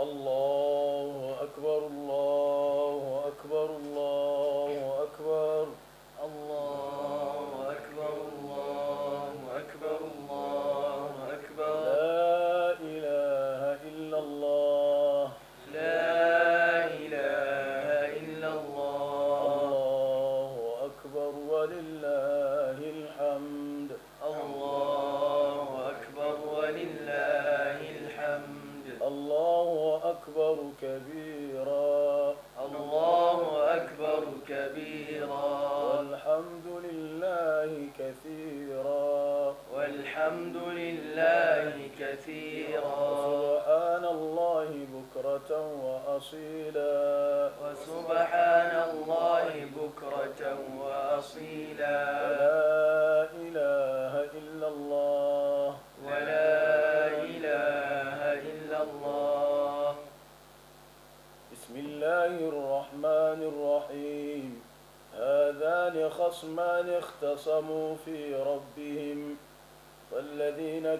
الله أكبر الله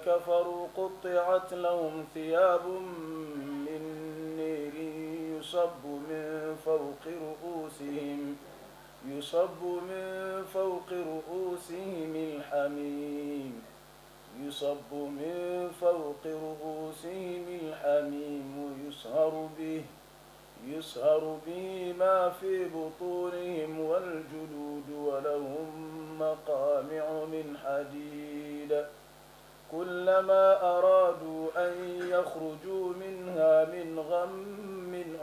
كفروا قطعت لهم ثياب من نير يصب من فوق رؤوسهم يصب من فوق رؤوسهم الحميم يصب من فوق رؤوسهم الحميم يسهر به يسهر به ما في بطونهم والجلود ولهم مقامع من حديد كلما أرادوا أن يخرجوا منها من غم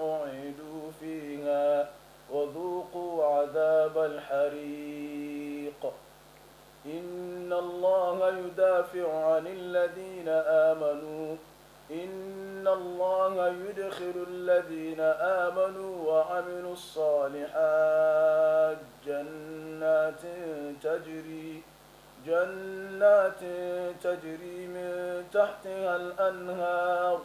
أعيدوا فيها وذوقوا عذاب الحريق إن الله يدافع عن الذين آمنوا إن الله يدخل الذين آمنوا وعملوا الصالحات جنات تجري جنات تجري تحتها الأنهار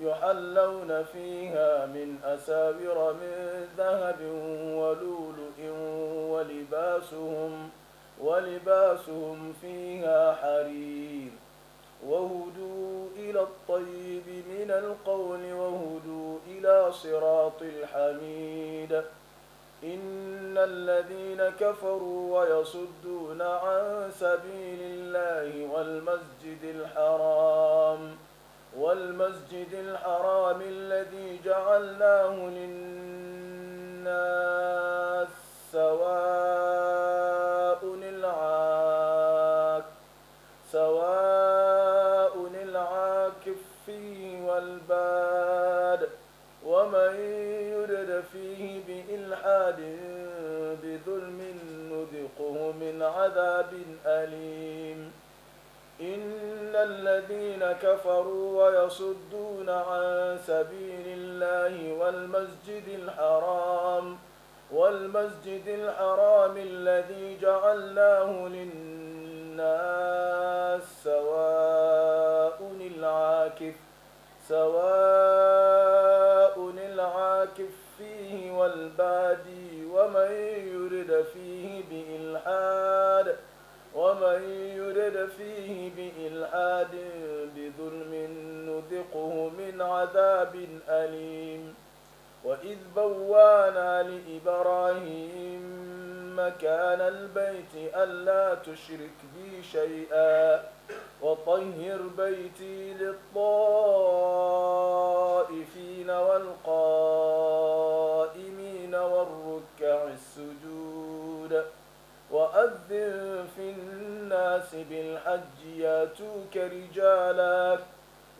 يحلون فيها من أساور من ذهب ولؤلؤ ولباسهم ولباسهم فيها حرير وهدوا إلى الطيب من القول وهدوا إلى صراط الحميد إن الذين كفروا ويصدون عن سبيل الله والمسجد الحرام والمسجد الحرام الذي جعلناه للناس سواء نذيقه من عذاب أليم إن الذين كفروا ويصدون عن سبيل الله والمسجد الحرام والمسجد الحرام الذي جعلناه للناس سواء العاكف سواء العاكف فيه والبادي ومن يرد فيه بإلحاد ومن يرد فيه بإلحاد بظلم نذقه من عذاب أليم وإذ بوانا لإبراهيم مكان البيت ألا تشرك بي شيئا وطهر بيتي للطائفين والقائمين والركع السجود وأذن في الناس بالحج ياتوك رجالاً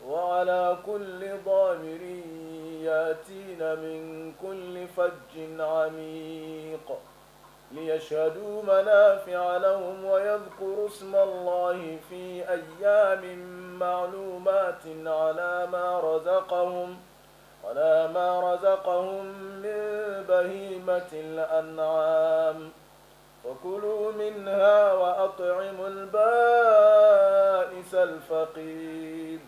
وعلى كل ضامر ياتين من كل فج عميق ليشهدوا منافع لهم ويذكروا اسم الله في أيام معلومات على ما رزقهم على ما رزقهم من بهيمة الأنعام فكلوا منها وأطعموا البائس الفقير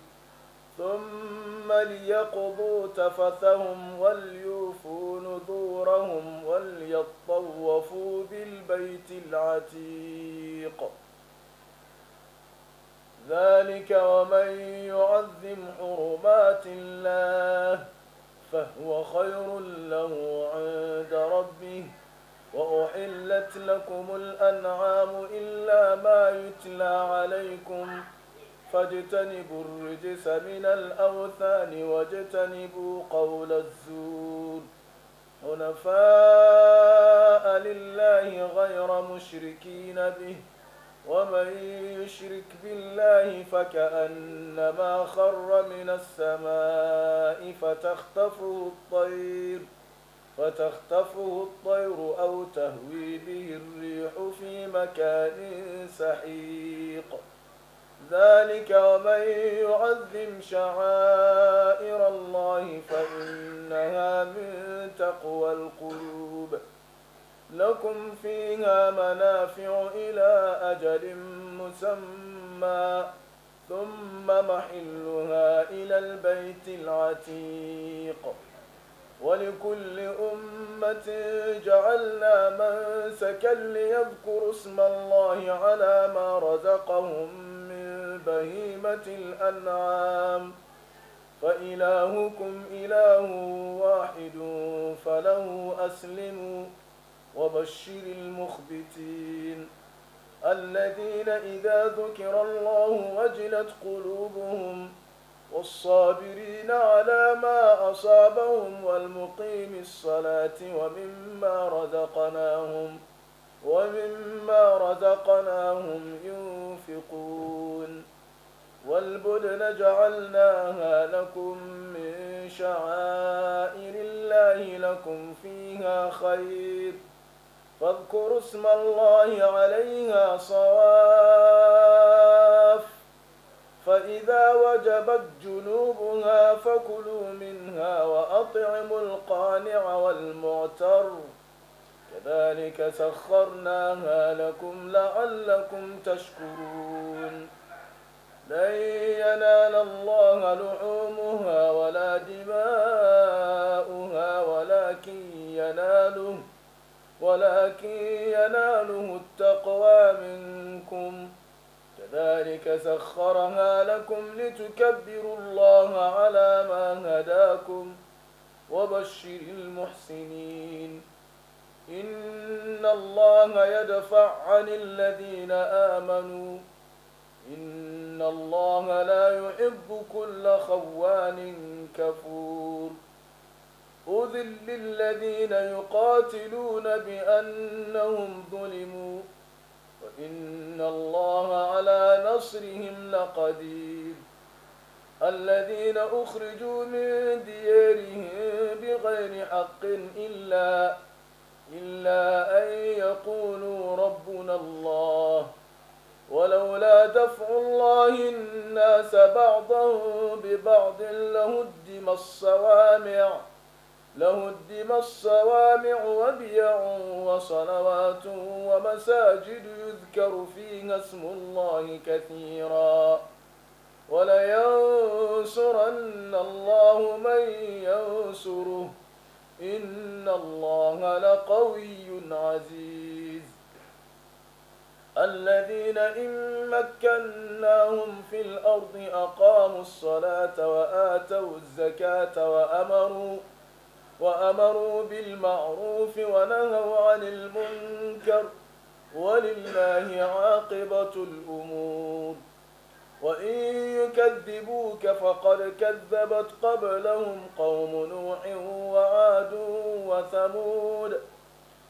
ثم ليقضوا تفثهم وليوفوا نذورهم وليطوفوا بالبيت العتيق ذلك ومن يعظم حرمات الله فهو خير له عند ربه وأحلت لكم الأنعام إلا ما يتلى عليكم ۖ فاجتنبوا الرجس من الأوثان واجتنبوا قول الزور حنفاء لله غير مشركين به ومن يشرك بالله فكأنما خر من السماء فتخطفه الطير فتختفه الطير أو تهوي به الريح في مكان سحيق ذلك ومن يعظم شعائر الله فإنها من تقوى القلوب لكم فيها منافع إلى أجل مسمى ثم محلها إلى البيت العتيق ولكل أمة جعلنا منسكا ليذكروا اسم الله على ما رزقهم بهيمة الأنعام فإلهكم إله واحد فله أسلموا وبشر المخبتين الذين إذا ذكر الله وجلت قلوبهم والصابرين على ما أصابهم والمقيم الصلاة ومما رزقناهم ومما رزقناهم ينفقون والبدن جعلناها لكم من شعائر الله لكم فيها خير فاذكروا اسم الله عليها صواف فإذا وجبت جنوبها فكلوا منها وأطعموا القانع والمعتر كذلك سخرناها لكم لعلكم تشكرون لن ينال الله لحومها ولا دماؤها ولكن يناله ولكن يناله التقوى منكم كذلك سخرها لكم لتكبروا الله على ما هداكم وبشر المحسنين إن الله يدفع عن الذين آمنوا إن الله لا يحب كل خوان كفور أذل للذين يقاتلون بأنهم ظلموا وإن الله على نصرهم لقدير الذين أخرجوا من ديارهم بغير حق إلا إلا أن يقولوا ربنا الله ۖ ولولا دفع الله الناس بعضهم ببعض لهدم الصوامع لهدم الصوامع وبيع وصلوات ومساجد يذكر فيها اسم الله كثيرا ولينصرن الله من ينصره إن الله لقوي عزيز الذين إن مكناهم في الأرض أقاموا الصلاة وآتوا الزكاة وأمروا وأمروا بالمعروف ونهوا عن المنكر ولله عاقبة الأمور وإن يكذبوك فقد كذبت قبلهم قوم نوح وعاد وثمود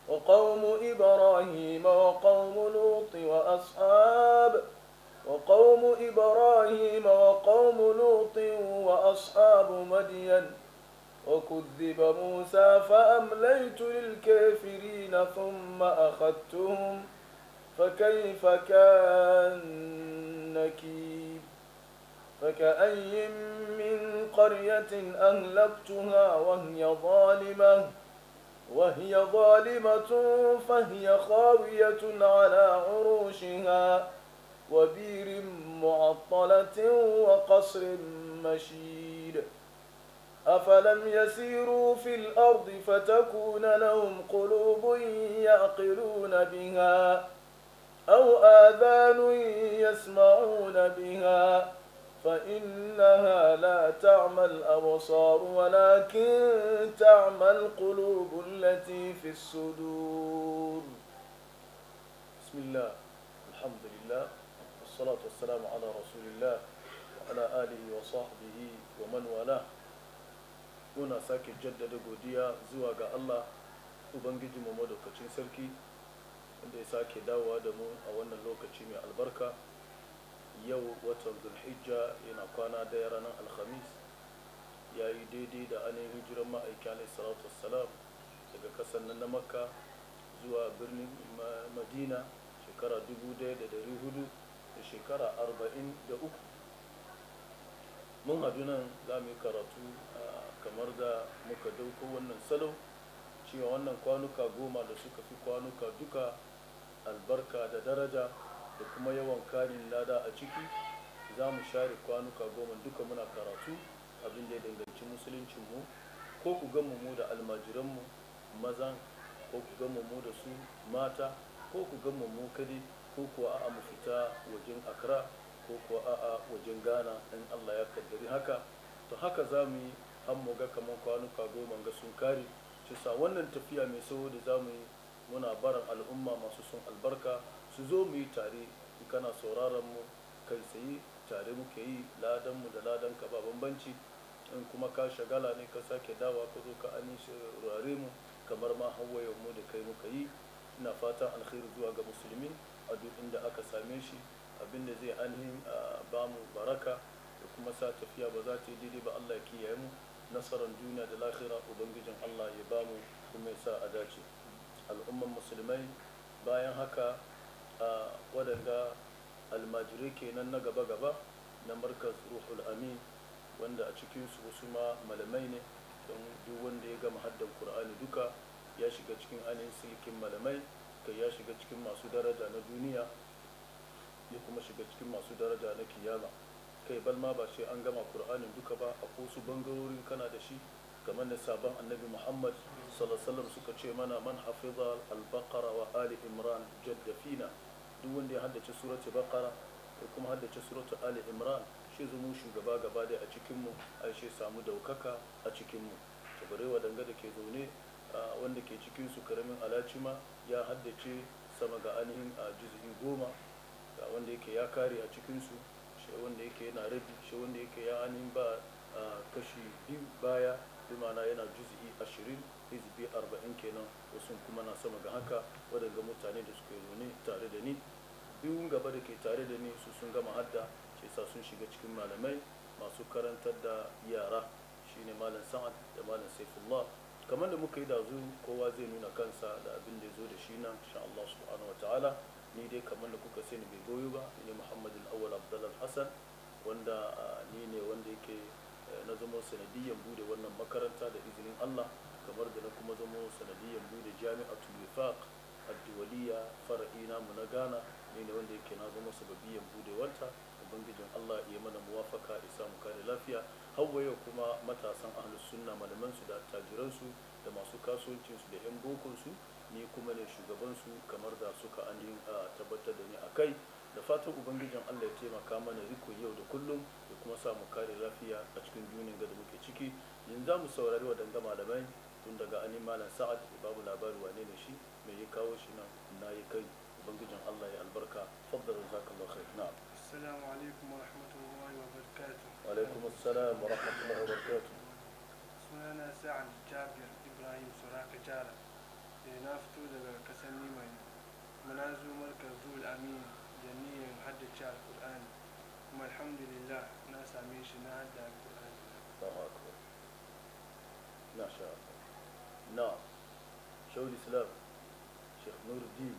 وقوم إبراهيم وقوم لوط وأصحاب وقوم إبراهيم وقوم لوط وأصحاب مدين وكذب موسى فأمليت للكافرين ثم أخذتهم فكيف كان نكير فكأي من قرية أهلكتها وهي ظالمة وهي ظالمة فهي خاوية على عروشها وبير معطلة وقصر مشيد أفلم يسيروا في الأرض فتكون لهم قلوب يعقلون بها أو آذان يسمعون بها فإنها لا تعمى الأبصار ولكن تعمى القلوب التي في الصدور بسم الله الحمد لله والصلاة والسلام على رسول الله وعلى آله وصحبه ومن والاه هنا ساكي جدد قديا زواج الله وبنجي ممدو كتشين سلكي عند ساكي داوى دمو أو أن اللوكتشين البركة yau watan zulhijja yana kwana daya ranar alhamis ya yi daidai da anin hijiran ma'aiki alaihissalatu wassalam daga kasan nan na makka zuwa birnin madina shekara 1400 da shekara 43 mun hadu nan za mu yi karatu kamar da muka dauko wannan salo cewa wannan kwanuka goma da suka fi kwanuka duka albarka da daraja da kuma yawan karin lada a ciki za mu share kwanuka goma duka muna karatu abin da ya danganci musuluncinmu ko ku gan mu da almajiranmu mazan ko ku gan mu da su mata ko ku gan mu kadi ko kuwa a'a mu fita wajen akra ko kuwa a'a wajen ghana in allah ya kaddari haka to haka za mu yi an mu ga kamar kwanuka goma ga sun kare cisa wannan tafiya mai sauri da za mu yi muna barin al'umma masu sun albarka su zo mu yi tare in kana sauraron mu kai tsaye tare muke yi ladan mu da ladan ka ba bambanci in kuma ka shagala ne ka sake dawa ka zo ka an saurare mu kamar ma hawayen mu da kai muka yi ina fatan alkhairu zuwa ga musulmi a duk inda aka same shi abinda zai ainihin ba mu baraka da kuma sa tafiya ba za ta yi daidai ba Allah ya kiyaye mu nasarar duniya da lahira ubangijin Allah ya ba mu kuma ya sa a dace al'umman musulmai bayan haka waɗanda almajirai kenan na gaba-gaba na markas ruhul amin wanda a cikinsu wasu ma malamai ne don duk wanda ya gama haddan kur'ani duka ya shiga cikin ainihin silikin malamai kai ya shiga cikin masu daraja na duniya ya kuma shiga cikin masu daraja na kiyama kai bal ma ba an gama kur'anin duka ba a wasu bangarorin kana da shi kamar na sabon annabi muhammad sallallahu suka ce mana man hafiza al-baqara wa ali imran jaddafina duk wanda ya haddace suratul baqara ya kuma haddace suratul ali imran shi zama shugaba gaba da a cikinmu a shi samu daukaka a cikinmu tabarewa danga da ke zaune wanda ke cikin su karamin alacima ya haddace sama ga ainihin a juz'i goma ga wanda yake ya kare a cikin su shi wanda yake yana rabi shi wanda yake ya ainihin ba kashi biyu baya bi ma'ana yana juzu'i ashirin hizbi arba'in kenan wasu kuma na sama ga haka waɗanda mutane da suke zaune tare da ni biyun gaba da ke tare da ni su sun gama hadda shi sa sun shiga cikin malamai masu karantar da yara shine malam sa'ad da malam saifullah kamar da muka yi da zu kowa zai nuna kansa da abin da ya zo da shi nan insha Allah subhanahu wa ta'ala ni dai kamar da kuka sani bai goyo ba ni Muhammad al-Awwal Hassan wanda ni ne wanda yake eh, na zama sanadiyan bude wannan makaranta da izinin Allah kamar da na kuma zama sanadiyan bude jami'atul wifaq ad-duwaliya far'i na mu na Ghana ni ne wanda yake na zama sababiyan budewanta ubangijin Allah ya mana muwafaka ya samu kare lafiya yau kuma matasan ahlus sunna malaman su da attajiran da masu kasuwancinsu da yan bokun ne kuma ne shugaban kamar da suka an tabbatar da ni a kai da fatan ubangijin Allah ya taimaka mana riko yau da kullum da kuma samu kare lafiya a cikin junin ga muke ciki yanzu za mu saurari wa danga malamai tun daga anin malam sa'ad babu labari wane ne shi me ya kawo shi nan na yi kai بنقدم الله البركه تفضل جزاك الله خير نعم السلام عليكم ورحمه الله وبركاته وعليكم السلام ورحمه الله وبركاته سنانا سعد جابر ابراهيم سراق جاره انا نافتو دبا كسني ماي منازو مركز ذو الامين جميع حد شعر القران ثم الحمد لله ناس امين شنال دار القران الله اكبر ما شاء الله نعم شو الاسلام شيخ نور الدين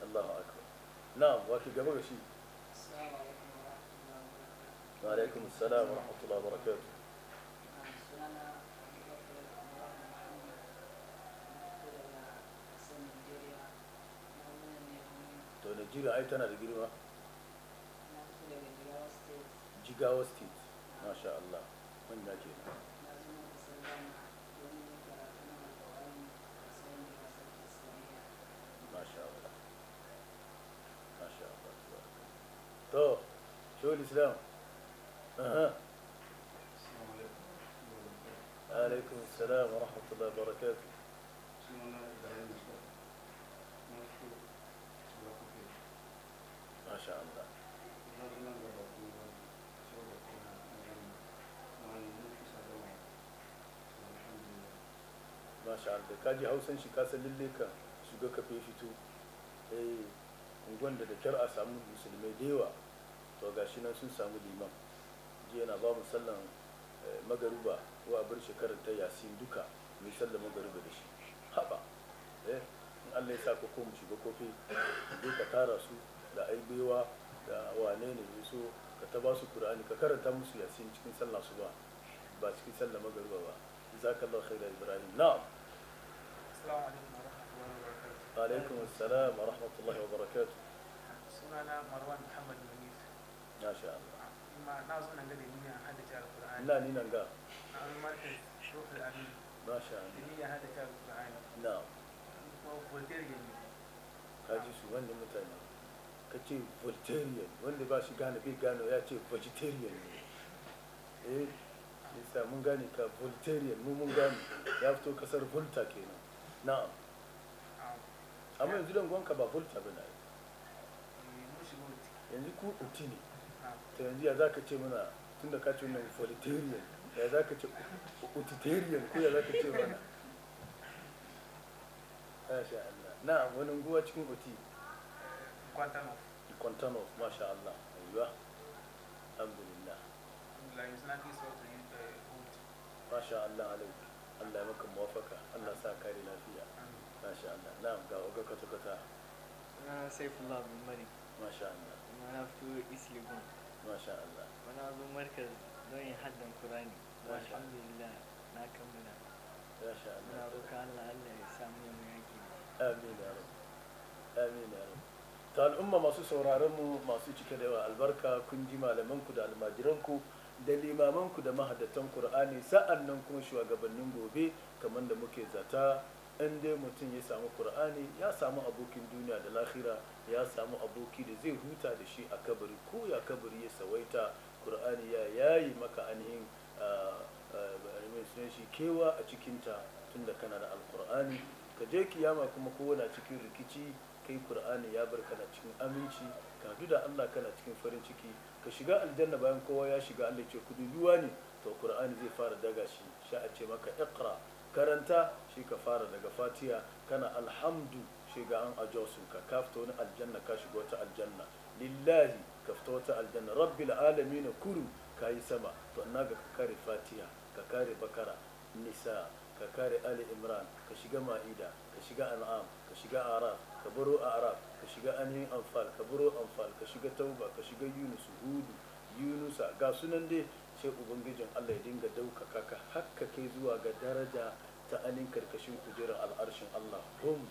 Allahu akbar na'am wa shi gaba ga shi wa alaikum wa rahmatullahi wa barakatuh to Najeriya ai tana da girma Jigawa state masha Allah wanda ke masha Allah طب شو الإسلام؟ أها عليكم السلام ورحمة الله وبركاته ما شاء الله ما شاء الله kaji hausan shi ka san lalle ka shiga ka unguwan da da a samu musulmai da yawa to shi nan sun samu liman jiya na ba mu sallan eh, magaruba ko a bar shekarar ta yasin duka mai sallan magaruba da shi haɓa eh in allah ya sa ka ko mu shiga kofi je ka tara su da aibewa da wane ne zai so ka ta ba su qur'ani ka karanta musu yasin cikin sallah su ba ba cikin sallan magaruba ba jazakallahu khairan ibrahim na'am assalamu alaikum alaikum assalam wa rahmatullahi wa barakatu sunana marwan muhammad munif masha Allah ma na zo alqur'ani la ni nan an marke ruhul amin masha Allah niyan haddace alqur'ani na ko voltaire ne kaji su wannan mutane ka ce voltarian wanda ba gane bai gano ya ce ne eh nisa mun gane ka voltarian mu mun gane ya fito kasar volta kenan na'am amma yanzu gwanka ba volta ba na yanzu ku uti ne ta yanzu ya za ka ce mana tun da ka ce wannan folitarian ya za ka ce utitarian ko ya za ka ce mana masha Allah na wani guwa cikin uti kwantanof masha Allah ayyuwa alhamdulillah eh, masha Allah alaiki Allah ya maka mawafaka Allah sa kare lafiya Masha Allah. Na'am ga oga kwata-kwata. saifu Saifullah bin Mari. Masha Allah. Kuma na fito East Legon. Masha Allah. Wani zo markaz don yin haddan Kurani. masha Alhamdulillah na kammala. Masha Allah. na roƙa Allah Allah ya samu yamma yaki. Amin ya rabu. Amin ya rabu. ta al'umma masu sauraron mu masu cike da yawa albarka kun ji malamanku da almajiranku da limamanku da mahaddatan kur'ani sa'an nan kuma shugabannin gobe kamar da muke zata in dai mutum ya samu qur'ani ya samu abokin duniya da lahira ya samu aboki da zai huta da shi a kabari ko ya kabari ya sawaita qur'ani ya yayi maka ainihin sunan shi kewa a cikinta tun da kana da alqur'ani ka je kiyama kuma kowane cikin rikici kai qur'ani ya bar kana cikin aminci ka da Allah kana cikin farin ciki ka shiga aljanna bayan kowa ya shiga Allah ce kudu ne to qur'ani zai fara daga shi sha a ce maka ikra. karanta shi ka fara daga fatiya kana alhamdu shi ga an ajo su ka ka fito aljanna ka shiga wata aljanna lillahi ka fito wata aljanna rabbil alamin kuru ka yi sama to na ga ka kare fatiya ka kare bakara nisa ka kare ali imran ka shiga ma'ida ka shiga an'am ka shiga araf ka baro araf ka shiga anhin anfal ka baro anfal ka shiga tauba ka shiga yunus hudu yunusa ga sunan dai sai ubangijin Allah ya dinga daukaka ka hakka kai zuwa ga daraja ta anin karkashin kujerar al'arshin Allah hum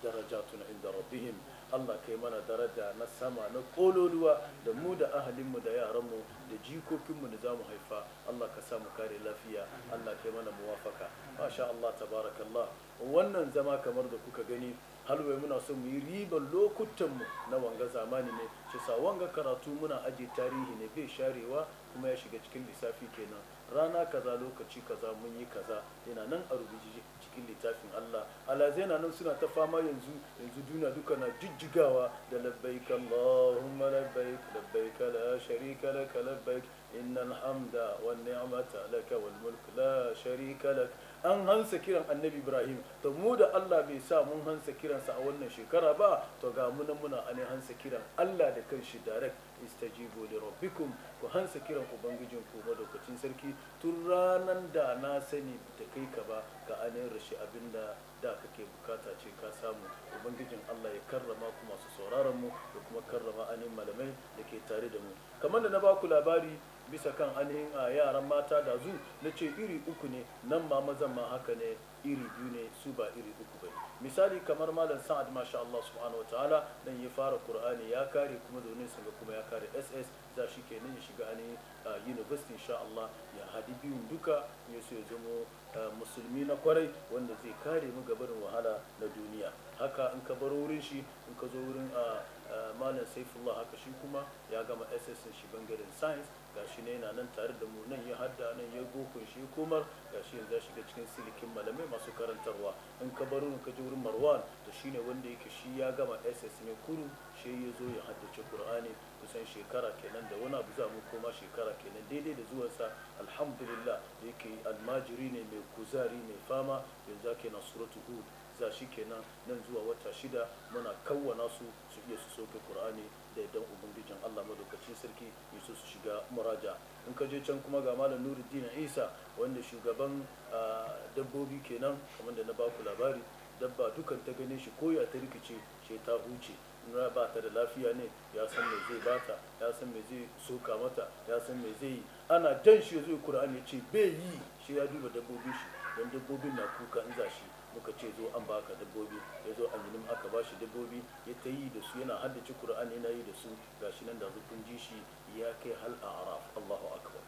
tuna inda rabbihim Allah kai mana daraja na sama na kololuwa da mu da ahalinmu da yaranmu da jikokinmu da za mu haifa Allah ka samu kare lafiya Allah kai mana muwafaka masha Allah tabarakallah wannan zama kamar da kuka gani halwai muna so mu yi riban lokutanmu na wanga zamani ne shi sa wanga karatu muna aje tarihi ne bai sharewa kuma ya shiga cikin lissafi kenan rana kaza lokaci kaza mun yi kaza yana nan a rubuce cikin littafin Allah alazai na nan suna ta fama yanzu yanzu duna duka na jijjigawa da labbaik Allahumma labbaik labbaik la sharika lak labbaik innal hamda wan ni'mata lak wal mulk la sharika lak an hansa kiran annabi ibrahim to mu da allah bai sa mun hansa kiransa a wannan shekara ba to ga muna muna an hansa kiran allah da kanshi direct istajibu li rabbikum ku hansa kiran ubangijin ku madaukacin sarki tun ranan da na sani da kai ka ba ga anin rashi abinda da kake bukata ce ka samu ubangijin allah ya karrama ku masu sauraron mu da kuma karrama anin malamai da ke tare da mu kamar da na baku labari bisa kan ainihin a yaran mata da zu na ce iri uku ne nan ma mazan ma haka ne iri biyu ne su ba iri uku ba misali kamar malam sa'ad masha Allah subhanahu wataala dan ya fara qur'ani ya kare kuma zaunin sa ga kuma ya kare ss za shi ke nan ya shiga ne university insha Allah ya hadi biyun duka ya so ya zamo musulmi na kwarai wanda zai kare mu gabarin wahala na duniya haka in ka baro wurin shi in ka zo wurin malam saifullah haka shi kuma ya gama ss shi bangaren science gashi ne yana nan tare da mu nan ya hada nan ya gokun shi komar gashi yanzu shiga cikin silikin malamai masu karantarwa in ka baro in ka je wurin marwan to shine wanda yake shi ya gama ss ne kuru shi ya zo ya haddace qur'ani kusan shekara kenan da wani abu za mu koma shekara kenan daidai da zuwansa alhamdulillah yake almajiri ne mai kuzari mai fama yanzu ake na suratu hud za shi kenan nan zuwa wata shida muna kawwana su su iya su soke qur'ani da idan ubangijin allah madaukacin sarki yusuf su shiga muraja in ka je can kuma ga malam nuruddin isa wanda shugaban dabbobi kenan kamar da na baku labari dabba dukan ta gane shi ko ya ta rikice ce ta huce na ba ta da lafiya ne ya san me zai bata ya san me zai soka mata ya san me zai yi ana jan shi ya kur'ani qur'ani ce bai yi shi ya duba dabbobi shi don dabbobin na kuka in za shi muka ce zo an baka dabbobi ya zo aminim aka ba shi dabbobi ya ta yi da su yana haddace qur'ani yana yi da su ga shi nan da kun ji shi ya kai hal a araf allahu akbar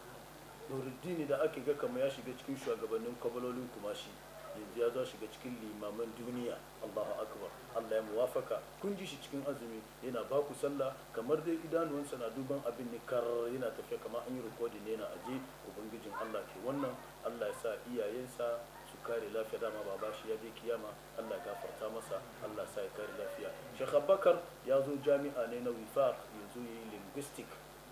nuruddini da ake ga kama ya shiga cikin shugabannin kwabalolin kuma shi yanzu ya zo shiga cikin limaman duniya allahu akbar allah ya muwafaka kun ji shi cikin azumi yana ba ku sallah kamar dai idanuwansa na duban abin ne karar yana tafiya kamar an yi rikodin ne na aje ubangijin allah ke wannan allah ya sa iyayensa kare lafiya dama baba shi ya je kiyama Allah gafarta masa Allah sa ya kare lafiya Sheikh Abubakar ya zo jami'a ne na Wifaq yanzu yayi linguistic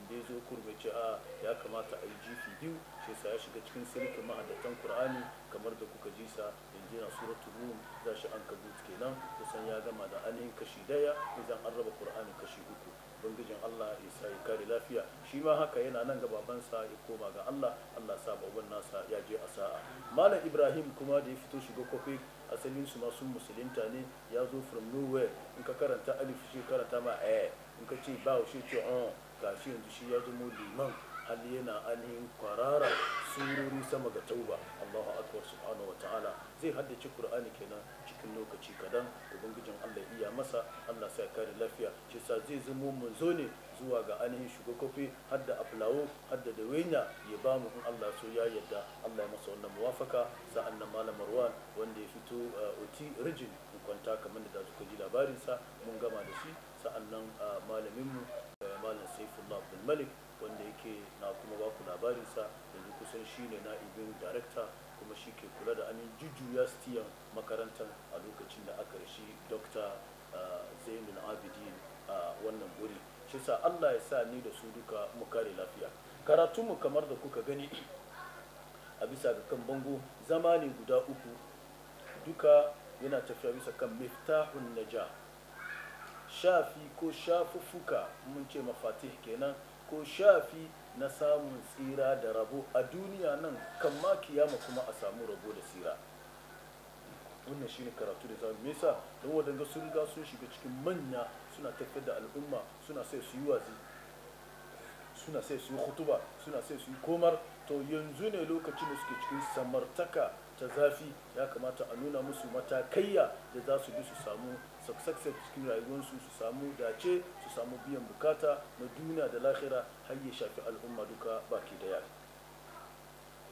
da ya zo kurbe ce a ah, ya kamata a yi jifi biyu shi sa ya shiga cikin sirkin ma'adatan Qur'ani kamar da kuka ji sa yanzu na suratul Rum za shi an kabut kenan kusan ya gama da ainihin kashi daya idan an raba Qur'ani kashi uku bangijin Allah ya sa ya kare lafiya shi ma haka yana nan ga babansa ya koma ga Allah Allah sa baban nasa ya je a sa'a malam Ibrahim kuma da ya fito shiga kofi asalin su masu musulunta ne ya zo from nowhere in ka karanta alif shi karanta ma a eh in ka ce ba shi ce on ah, gashi yanzu shi ya zama liman hali yana ainihin kwarara sururi sama ga tauba Allahu akbar subhanahu wa ta'ala zai haddace Qur'ani kenan cikin lokaci kadan ubangijin allah iya masa allah sai kare lafiya shi sa zai zamo mu zo ne zuwa ga ainihin kofi har da aflawo har da dawenya ya ba mu in allah so ya yadda allah ya masa wannan muwafaka sa'an nan malam marwan wanda ya fito uh, oti rijin kwanta kamar da kuka ji labarinsa mun gama da shi sa'an nan uh, mu uh, malam saifullah abdulmalik wanda yake na kuma ba ku labarinsa yanzu kusan shine na ibin director kuma shi ke kula da anin jujjuya stiyan makarantar a lokacin da aka rashi dokta ah, zainul abidin a wannan guri shi sa allah ya sa ni da su duka mu kare lafiya karatunmu kamar da kuka gani a bisa ga kan bango zama ne guda uku duka yana tafiya bisa kan miftahun naja shafi ko shafuffuka mun ce mafatih kenan ko shafi na samun tsira da rabo a duniya nan kan ma kiyama kuma a samu rabo da tsira wannan shi ne karatu da zamu mesa don waɗanda sun riga sun shiga cikin manya suna tafiyar da al'umma suna sai su yi wazi suna sai su yi hutuba suna sai su yi komar to yanzu ne lokacin da suke cikin samartaka ta zafi ya kamata a nuna musu matakaiya da za su bi su samu success cikin rayuwarsu su samu dace su samu biyan bukata na duniya da lahira har ya shafi al'umma duka baki daya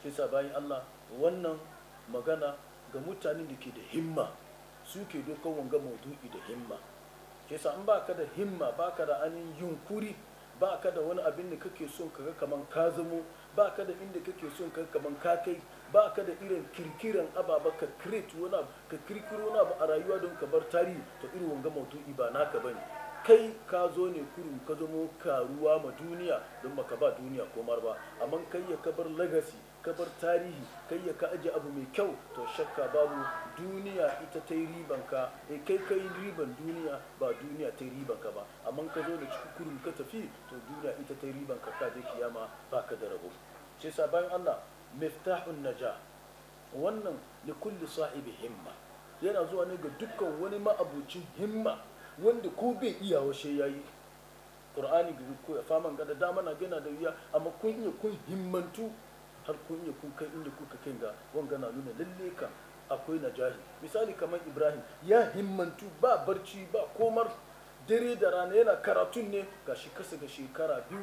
shi sa bayan allah wannan magana ga mutane da ke da himma su ke dokan wanga maudu'i da himma shi sa in baka da himma baka da anin yunkuri baka da wani abin da kake son kaga kamar ka zamo ba ka da inda kake son ka kaman ka kai ba ka da irin kirkiran ababa ka create wani abu ka kirkiro wani abu a rayuwa don ka bar tarihi to irin wanga maudu'i ba naka bane kai ka zo ne kuru ka zamo karuwa ma duniya don baka ba duniya komar ba amma kai ya ka bar legacy ka tarihi kai ya ka aje abu mai kyau to shakka babu duniya ita ta yi riban ka e kai kai riban duniya ba duniya ta yi riban ka ba amma ka zo da cikin kurum ka tafi to duniya ita ta yi riban ka ka kiyama ba ka da rabo ce sa bayan Allah miftahun naja wannan li kulli sahibi himma yana zuwa ne ga dukkan wani ma'abucin himma wanda ko bai iya washe yayi qur'ani ga ko ya faman ga da dama na gina da wuya amma kun iya kun himmantu har kun yi kun inda kuka kai ga wanga na nuna lalle ka akwai na jahi misali kamar ibrahim ya himmantu ba barci ba komar dare da rana yana karatun ne ga shi kasa ga shekara biyu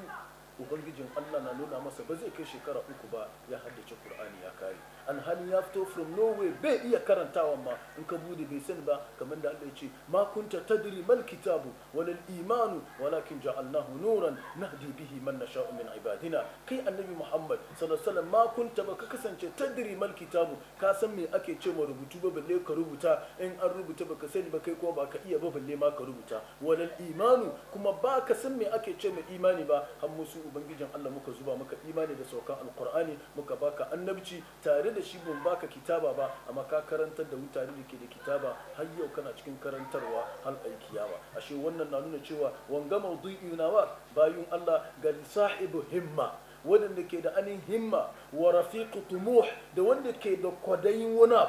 ubangijin allah na nuna masa ba zai kai shekara uku ba ya haddace Kur'ani ya kare alhali ya fito from norway bai iya karantawa ma in ka bude bai sani ba kamar da Allah ya ce ma kunta tadri mal kitabu wal imanu walakin ja'alnahu nuran nahdi bihi man nasha'u min ibadina kai annabi muhammad sallallahu alaihi ma kunta ba ka kasance tadri mal kitabu ka san me ake ce ma rubutu ba balle ka rubuta in an rubuta baka sani ba kai ko ba ka iya ba balle ma ka rubuta wal imanu kuma ba ka san me ake ce ma imani ba har musu ubangijin Allah muka zuba maka imani da saukan alqur'ani muka baka annabci tare da shi ban baka kitaba ba amma ka karantar da mutane da ke da kitaba har yau kana cikin karantarwa har aikiya ba, ashe wannan na nuna cewa wanga na nawa bayun Allah ga sahibu himma wanda ke da anin himma wa rafiqu tumuh da wanda ke da kwadayin wani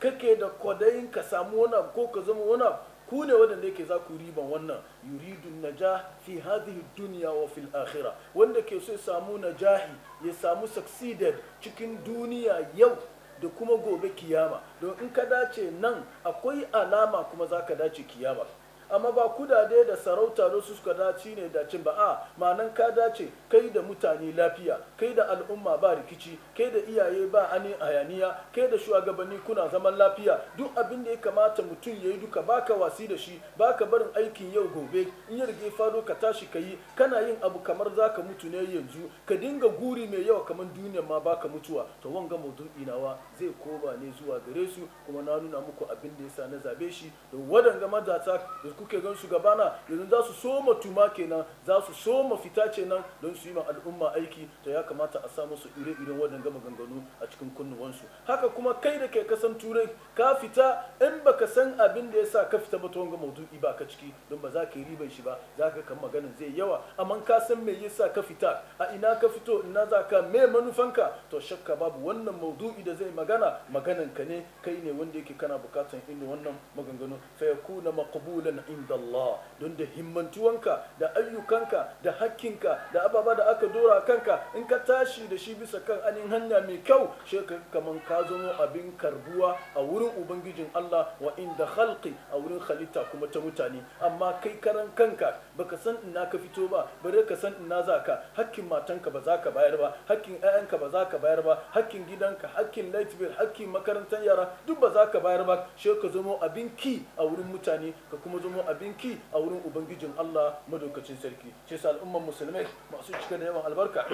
kake da kwadayin ka samu wani ko ka zama wani ku ne waɗanda yake za ku riba wannan yuridun najah fi hadhihi dunya wa fil akhirah wanda ke so ya samu najahi ya samu succeeded cikin duniya yau da kuma gobe kiyama don in ka dace nan akwai alama kuma za ka dace kiyama amma ba kudade da sarauta da su suka dace ne da cin ba a ma'anan ka dace kai da mutane lafiya kai da al'umma ba rikici kai da iyaye ba ani hayaniya kai da shugabanni kuna zaman lafiya duk abin da ya kamata mutum ya yi duka baka wasi da shi baka barin aikin yau gobe in ya rige faro ka tashi ka yi kana yin abu kamar zaka mutu ne yanzu ka dinga guri mai yawa kamar duniyar ma baka mutuwa to wanga maudu'i nawa zai koba ne zuwa gare su kuma na nuna muku abin da yasa na zabe shi don wadanga matasa kuke gan su gabana yanzu za su soma tuma kenan za su soma fita kenan don su yi ma al'umma aiki ta ya kamata a samu su ire-iren waɗanda maganganu a cikin kunnuwansu haka kuma kai da ke kasan turai ka fita in baka san abin da yasa ka fita ba ta wanga maudu'i ba ka ciki don ba za ka yi riban shi ba za ka kan maganin zai yawa amma ka san me yasa ka fita a ina ka fito ina za ka me manufanka to shakka babu wannan maudu'i da zai magana maganan ka ne kai ne wanda yake kana bukatan inda wannan maganganu fa yakuna maqbulan inda Allah don da himmantuwanka da ayyukanka da hakkinka da ababa da aka dora kanka in ka tashi da shi bisa kan anin hanya mai kyau shi kamar ka zama abin karbuwa a wurin ubangijin Allah wa inda khalqi a wurin halitta kuma ta mutane amma kai karan kanka baka san ina ka fito ba bare ka san ina za ka hakkin matanka ba za ka bayar ba hakkin 'ya'yanka ba za ka bayar ba hakkin gidanka hakkin light bill hakkin makarantar yara duk ba za ka bayar ba shi ka zama abin ki a wurin mutane ka kuma zama samun abinki a wurin ubangijin Allah madaukacin sarki shi sa al'umman musulmai masu cika da yawan albarka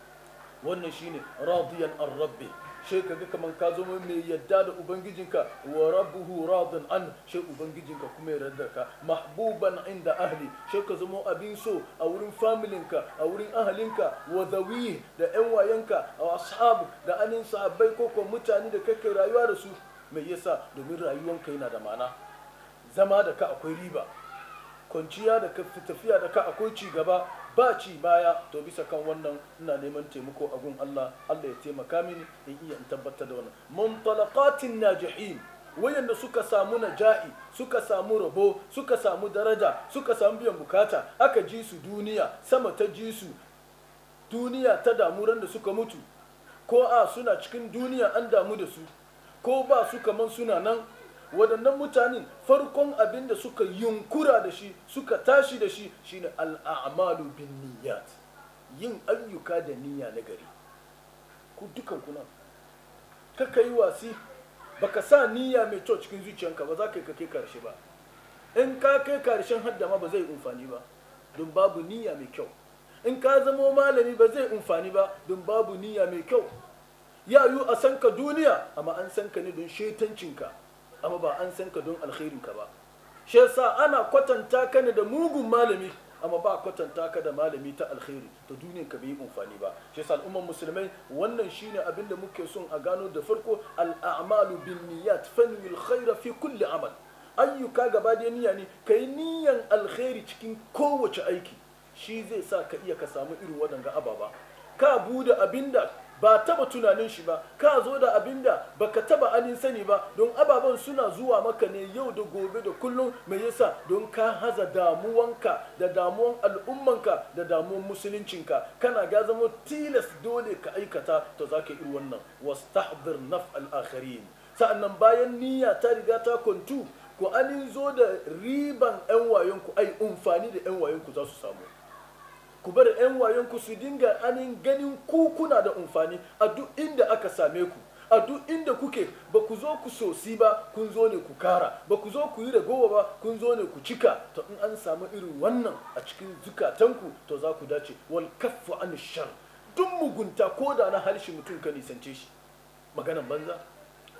wannan shine radiyan ar-rabbi she ga kaman ka zo mai yadda da ubangijinka wa rabbuhu radin an she ubangijinka kuma yarda ka mahbuban inda ahli she ka abin so a wurin familinka a wurin ahalinka wa zawi da yan wayanka a ashabu da anin sahabbai ko ko mutane da kake rayuwa da su me yasa domin rayuwanka yana da ma'ana zama da ka akwai riba kwanciya da ka tafiya da ka akwai ci gaba ba ci baya to bisa kan wannan ina neman taimako a gun Allah Allah ya taimaka mini in iya in tabbatar da wannan muntalaqatin najihin wayanda suka samu naja'i suka samu rabo suka samu daraja suka samu biyan bukata aka ji su duniya sama ta ji su duniya ta damu ran da suka mutu ko a suna cikin duniya an damu da su ko ba su kaman suna nan waɗannan mutanen farkon abin da suka yunkura da shi suka tashi da shi shine al'amalu bin niyyat yin ayyuka da niyya na gari ku dukan kuna kaka yi wasi baka sa niyya mai kyau cikin zuciyanka ba za ka kai karshe ba in ka kai karshen hadda ma ba zai umfani ba don babu niyya mai kyau in ka zamo malami ba zai umfani ba don babu niyya mai kyau ya yiwu a sanka duniya amma an sanka ne don shetancinka amma ba an san ka don alkhairin ka ba shi yasa ana kwatanta ka ne da mugun malami amma ba kwatanta ka da malami ta alkhairi to duniyar ka bai amfani ba shi yasa al'ummar musulmai wannan shine abin da muke son a gano da farko al'amalu bin niyyat fanwil khaira fi kulli amal ayyuka gaba da niyya ne kai niyyan alkhairi cikin kowace aiki shi zai sa ka iya ka samu irin wadanga ababa ka bude abinda ba taba tunanin shi ba ka zo da abinda da baka taba anin sani ba don ababen suna zuwa maka ne yau da gobe da kullum mai yasa don ka haza damuwanka da damuwan al'ummanka da damuwan musuluncinka kana ga zama tilas dole ka aikata to zaka yi wannan wastahdir naf al-akharin sa'annan bayan niyya ta riga ta kuntu ku anin zo da riban 'yan wayonku ai umfani da 'yan wayonku za su samu ku bar 'yan ku su dinga anin ganin ku kuna da amfani a duk inda aka same ku a duk inda kuke ba ku zo ku sosi ba kun zo ne ku kara ba ku zo ku yi ragowa ba kun zo ne ku cika to in an samu irin wannan a cikin zukatanku to za ku dace wal kaffu an shar duk mugunta ko da na harshe mutum ka nisance shi maganan banza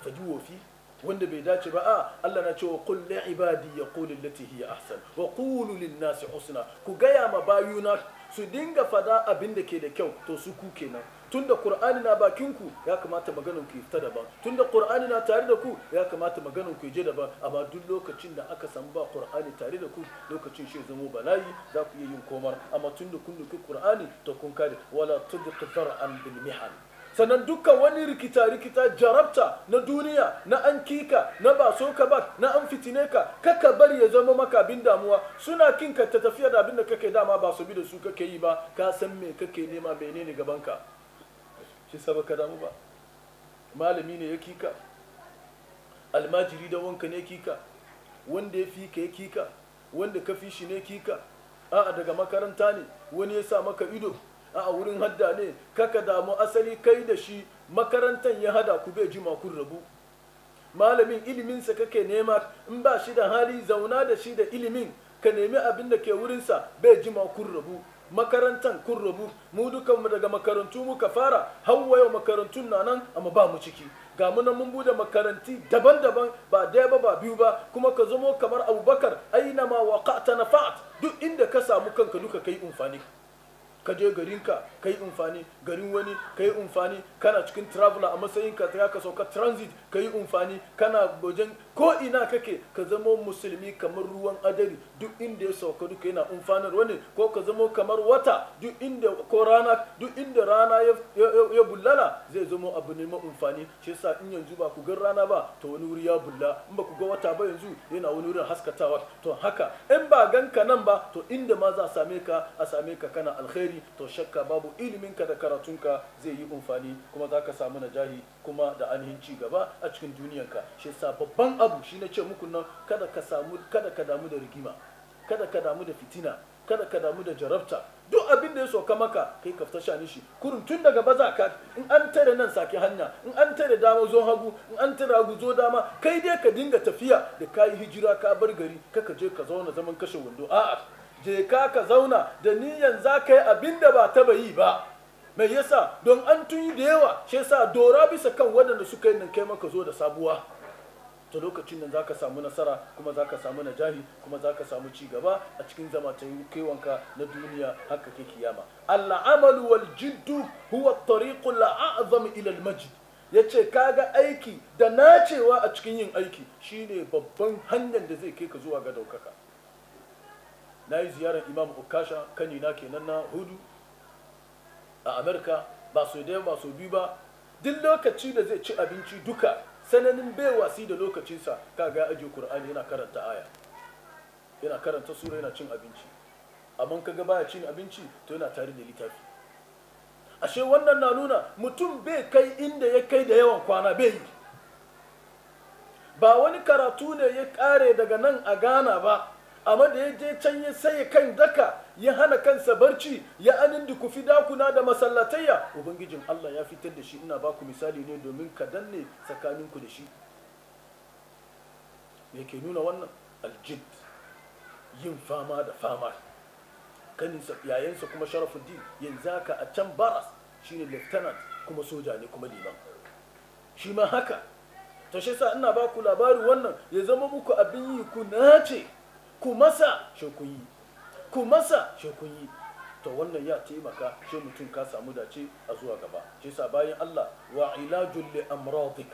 faji wofi wanda bai dace ba a Allah na cewa qul li ibadi yaqulu allati hiya ahsan wa qulu lin nasi husna ku gaya ma bayuna su dinga fada abin da ke da kyau to su ku kenan tunda qur'ani na bakin ku ya kamata maganar ku ta daban tunda qur'ani na tare da ku ya kamata maganar ku je daban amma duk lokacin da aka samu ba qur'ani tare da ku lokacin shi zamo bala'i za ku iya yin komar amma tunda kun duki qur'ani to kun kare wala tudqi an bil mihal sannan dukkan wani rikita-rikita jarabta na duniya na an kika na ba so ka ba na an fitine ka kaka bari ya zama maka abin damuwa suna kin ka tafiya da abin da kake dama ba su bi da su kake yi ba ka san me kake nema bene ne gaban ka shi saba ka damu ba malami ne ya kika almajiri da wanka ne kika wanda ya fi ka ya kika wanda ka fi shi ne kika a'a daga makaranta ne wani ya sa maka ido a wurin hadda ne kaka damu asali kai da shi makarantar ya hada ku bai jima kun rabu malamin iliminsa kake nema in ba shi da hali zauna da shi da ilimin ka nemi abin da ke wurinsa bai jima kun rabu makarantar kun rabu mu dukanmu daga makarantu muka fara hawa yau makarantun na nan amma ba mu ciki ga mu nan mun bude makaranti daban-daban ba daya ba ba biyu ba kuma ka zamo kamar abubakar aina ma waqa'ta nafa'at duk inda ka samu kanka duka kai umfani ka je garinka ka yi umfani garin wani ka yi umfani kana cikin traveler a matsayin ka ka sauka transit ka yi umfani kana wajen ko ina kake ka zama musulmi kamar ruwan adari duk inda ya sauka duka yana umfanar wani ko ka zama kamar wata duk inda ko rana duk inda rana ya bullala zai zama abu ne umfani shi yasa in yanzu ba ku ga rana ba to wani wuri ya bulla in ba ku ga wata ba yanzu yana wani wurin haskatawa to haka in ba ganka nan ba to inda ma za a same ka a same ka kana alkhairi alkhairi to shakka babu iliminka da karatunka zai yi amfani kuma za ka samu najahi kuma da ainihin ci gaba a cikin duniyanka shi yasa babban abu shi na ce muku nan kada ka samu kada ka damu da rigima kada ka damu da fitina kada ka damu da jarabta duk abin da ya soka maka kai ka fita ni shi kurun tun daga baza ka in an tare nan saki hanya in an tare dama zo hagu in an tare hagu zo dama kai dai ka dinga tafiya da kayi hijira ka bar gari kaka je ka zauna zaman kashe wando a'a je ka ka zauna da niyan za ka yi abin da ba taba yi ba mai yasa don an tun yi da yawa shi yasa dora bisa kan waɗanda suka yi nan kai maka zo da sabuwa ta lokacin nan zaka samu nasara kuma zaka samu najahi kuma zaka samu ci gaba a cikin zama kaiwanka na duniya haka ke kiyama al'amalu wal jiddu huwa al a'zam ila al majd yace kaga aiki da nacewa a cikin yin aiki shine babban hanyar da zai kai ka zuwa ga daukaka na yi ziyarar imam okasha kanina kenan na hudu a amerika ba so daya ba so biyu ba duk lokaci da zai ci abinci duka sananin bai wasi da lokacinsa kaga ajiye kur'ani yana karanta aya yana karanta sura yana cin abinci amma kaga baya cin abinci to yana tare da littafi ashe wannan na nuna mutum bai kai inda ya kai da yawan kwana bai ba wani karatu ne ya kare daga nan a ghana ba amma da ya je can ya saye kan daka ya hana kansa barci ya anin da kufi dakuna da masallatayya ubangijin Allah ya fitar da shi ina ba ku misali ne domin ka danne tsakaninku da shi me ke nuna wannan aljid yin fama da fama kaninsa yayansa kuma sharafuddin yanzu haka a can baras shine lieutenant kuma soja ne kuma liman shi ma haka ta shi sa ina ba ku labarin wannan ya zama muku abin yi ku nace ku masa shi yi ku masa shi yi to wannan ya taimaka shi mutum ka samu dace a zuwa gaba shi sa bayan Allah wa ilajul li amradik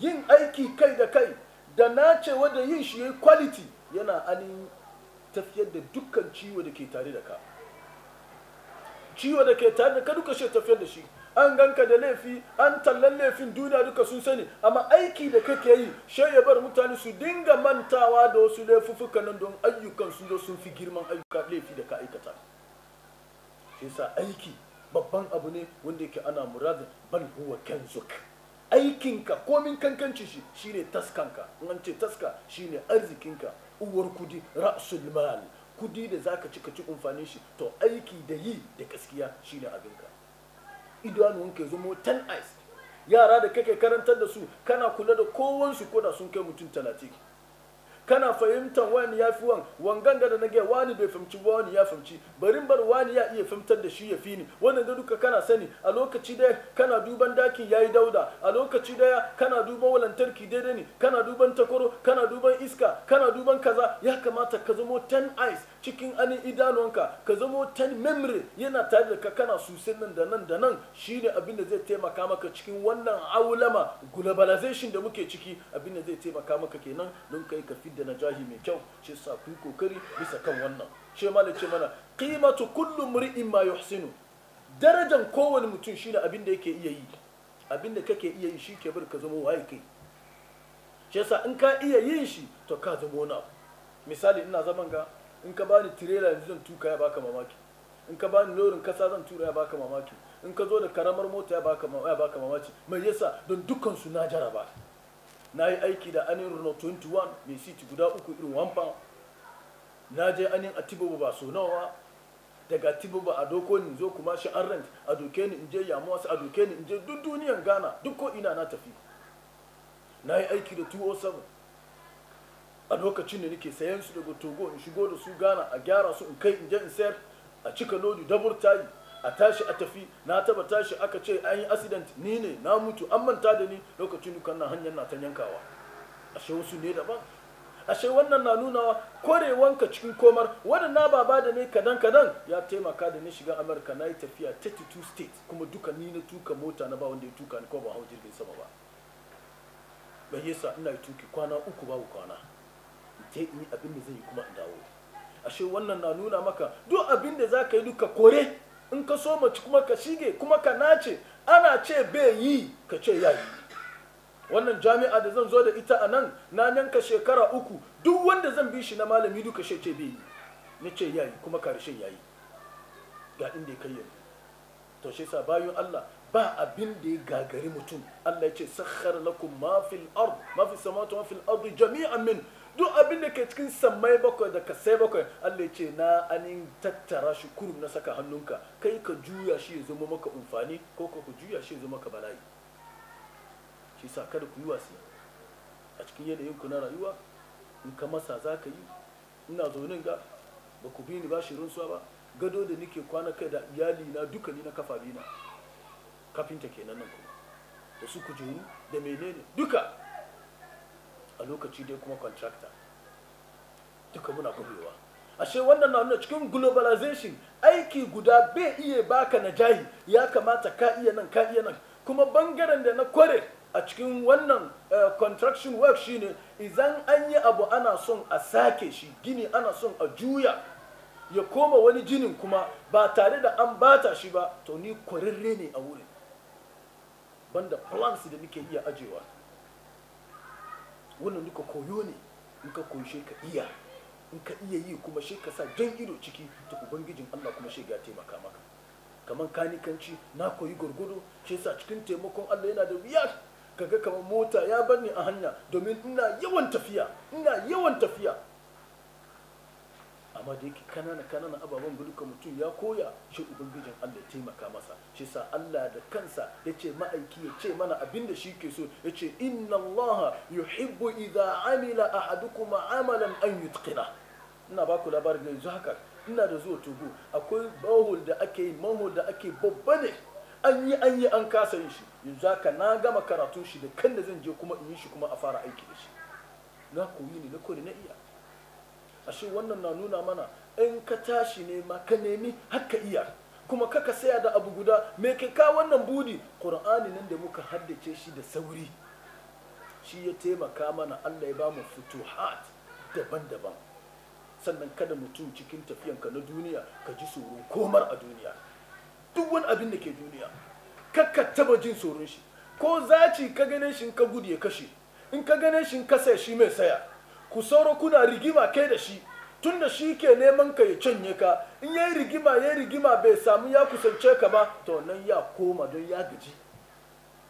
yin aiki kai da kai da nace da yin shi quality yana anin tafiyar da dukkan ciwo da ke tare da ka ciwo da ke tare da ka duka shi tafiyar da shi an ganka da laifi an tallan laifin duniya duka sun sani amma aiki da kake yi shai ya bar mutane su dinga mantawa da wasu laifuffuka nan don ayyukan su zo sun fi girman ayyuka laifi da ka aikata shi sa aiki babban abu ne wanda yake ana muradin bal huwa kanzuk aikinka komin kankanci shi shine taskanka in an ce taska shine arzikinka uwar kudi ra'sul mal kudi da zaka ci ka ci amfanin shi to aiki da yi da gaskiya shine abinka idanuwan ya zama ten eyes yara da kake karantar da su kana kula da kowansu ko da sun kai mutum talatin kana fahimtar wani ya fi wan wangan da na gaya wani bai fahimci ba wani ya fahimci barin bar wani ya iya fahimtar da shi ya fi ni wannan da duka kana sani a lokaci daya kana duban daki ya yi dauda a lokaci daya kana duban walantarki daidai ne kana duban takwaro kana duban iska kana duban kaza ya kamata ka zamo ten eyes cikin anin idanuwanka ka zamo ta memory yana tare da ka kana sosai nan da nan da nan shine abin da zai taimaka maka cikin wannan aulama globalization da muke ciki abin da zai taimaka maka kenan don kai ka fidda jahi mai kyau ce sa ku kokari bisa kan wannan ce mana ce mana qimatu kullu mri'in ma yuhsinu darajan kowane mutum shine abin da yake iya yi abin da kake iya yi shi ke bar ka zama waye kai ce sa in ka iya yin shi to ka zama wani misali ina zaman ga in ka bani tirela yanzu zan tuka ya baka mamaki in ka bani lorin kasa zan tura ya baka mamaki in ka zo da karamar mota ya baka ya baka mamaki mai yasa don dukkan su na jaraba na yi aiki da anin Renault 21 mai siti guda uku irin one pound na je anin Atibabu ba so nawa daga Atibabu a doko ni zo kuma shi an rent a doke ni in je Yamuwa a doke ni in je duk duniyar gana duk ko ina na tafi na yi aiki da 207 a lokacin da nake sayan su daga togo in shigo da su gana a gyara su in kai in je in sayar a cika lodi dabur tayi a tashi a tafi na taba tashi aka ce an yi accident ni ne na mutu an manta da ni lokacin da hanyar na ta yankawa ashe wasu ne daban ashe wannan na nunawa korewanka cikin komar ba baba da ne kadan kadan ya taimaka da ni shiga amurka na yi tafiya 32 states kuma duka ni na tuka mota na ba wanda ya tuka ni ko ba hau jirgin sama ba bai yasa ina yi tuki kwana uku babu kwana sai in abin da zai yi kuma dawo ashe wannan na nuna maka duk abin da za ka yi duka kore in ka so mace kuma ka shige kuma ka nace ana ce bai yi ka ce ya yi wannan jami'a da zan zo da ita a nan na yanka shekara uku duk wanda zan bi shi na malami duka shi ce bai yi na ce ya yi kuma karshe ya yi ga inda ya kayyar to shi sa bayan Allah ba abin da ya gagari mutum Allah ya ce sakhar lakum ma fil ard ma fil samawati jami'an min duk abin da ke cikin samai bakwai da kasai bakwai Allah ce na anin tattara shi kurum na saka hannunka kai ka juya shi ya zama maka amfani ko ka juya shi ya zama maka bala'i shi sa kada ku yi wasi a cikin yanayin ku na rayuwa in ka masa za ka yi ina zaunin ga ba ku bi ni ba shirin suwa ba gado da nike kwana kai da iyali na duka ni na kafa bina kafinta kenan nan kuma da su ku kujeru da menene duka a lokaci dai kuma contractor duka muna a ashe wannan na nuna cikin globalization aiki guda bai iya baka na jahi ya kamata ka iya nan ka iya nan kuma bangaren da na kware a cikin wannan eh, contraction work shine idan an yi abu ana son a sake shi gini ana son a juya ya koma wani jinin kuma ba tare da an bata shi ba to ni kwararre ne a wurin banda plans da nake iya ajewa wannan duka koyo ne in ka koyi ka iya in ka iya yi kuma shi ka sa jan ido ciki ta ubangijin Allah kuma shi ya taimaka maka kamar kanikanci na koyi gurgudu shi sa cikin taimakon Allah yana da wuya kaga kamar mota ya bar ni a hanya domin ina yawan tafiya ina yawan tafiya amma da yake kanana kanana ababen ka mutum ya koya shi ubangijin Allah ya taimaka masa shi sa Allah da kansa ya ce ma'aiki ya ce mana abin da shi ke so ya ce inna Allah yuhibbu idza amila ahadukum amalan an yutqina ina ba ku labarin da yanzu haka ina da zuwa togo akwai bahul da ake yi mahul da ake babba ne an yi an yi an kasa yin shi yanzu haka na gama karatun shi da kan da zan je kuma in yi shi kuma a fara aiki da shi na koyi ne na kori na iya ashe wannan na nuna mana in ka tashi ne ma ka nemi haka iya kuma kaka saya da abu guda me ke ka wannan budi qur'ani nan da muka haddace shi da sauri shi ya taimaka mana Allah ya ba mu futuhat daban-daban sannan kada mutum cikin tafiyanka na duniya ka ji tsoron komar a duniya duk wani abin da ke duniya kakka taba jin tsoron shi ko zaci ka ganin shi ka gudu ya kashe in ka ganin shi ka saya shi mai saya ku sauro kuna rigima kai da shi tun da shi ke neman ka ya canye ka in yi rigima yayi rigima bai samu ya kusance ka ba to nan ya koma don ya gaji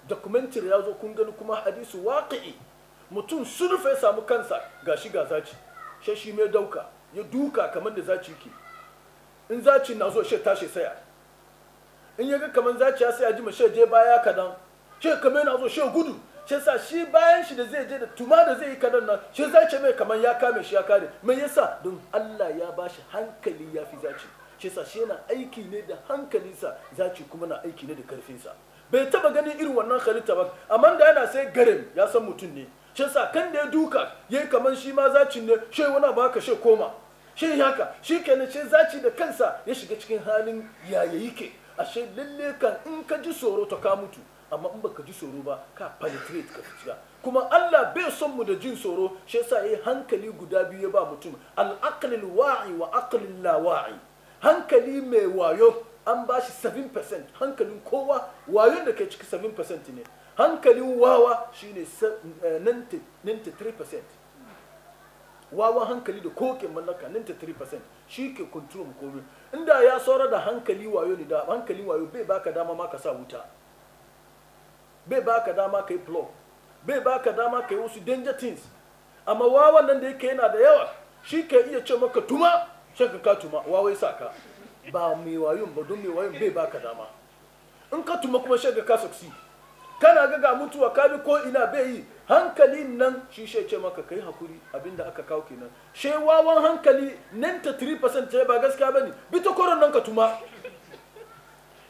documentary ya zo kun gani kuma hadisu waqi'i mutum surfa ya samu kansa gashi ga zaci shi shi mai dauka ya duka kamar da zaci ke in zaci na zo shi tashi saya in ya ga kamar zaci ya sai ya ji ma ya je baya kadan shi kamar na zo shi gudu shi sa shi bayan shi da zai je da tuma da zai yi kadan nan shi za ce mai kamar ya kame shi ya kare me yasa don Allah ya bashi hankali ya fi zaci shi sa shi yana aiki ne da hankalinsa zaci kuma na aiki ne da karfinsa bai taba ganin irin wannan halitta ba amma da yana sai garin ya san mutum ne shi sa kan da ya duka yayi kamar shi ma zacin ne shi wani ba ka shi koma shi haka shi kenan shi zaci da kansa ya shiga cikin halin yayayi ke ashe lalle kan in ka ji tsoro ta ka mutu amma in baka ji tsoro ba ka penetrate ka shiga kuma Allah bai son mu da jin tsoro shi yasa yayi hankali guda biyu ya ba mutum al-aqlil wa'i wa aqlil la wa'i hankali mai wayo an ba shi 7% hankalin kowa wayon da ke ciki 7% ne hankalin wawa shine 93% eh, wawa hankali da koke mallaka 93% shi ke control komai inda ya saura da hankali wayo ne da hankali wayo bai baka dama ma ka sa wuta bai ba ka dama ka yi plug bai ba ka dama ka yi wasu danger things amma wawan nan da yake yana da yawa shi ka iya ce maka tuma shan ka tuma wawai sa ka ba mai wayun ba don mai wayun bai ba ka dama in ka tuma kuma shan ka saksi kana ga ga mutuwa ka bi ko ina bai yi hankali nan shi shi ce maka kai hakuri abinda aka kawo kenan she wawan hankali 93% ce ba gaskiya bane bi ta koron nan ka tuma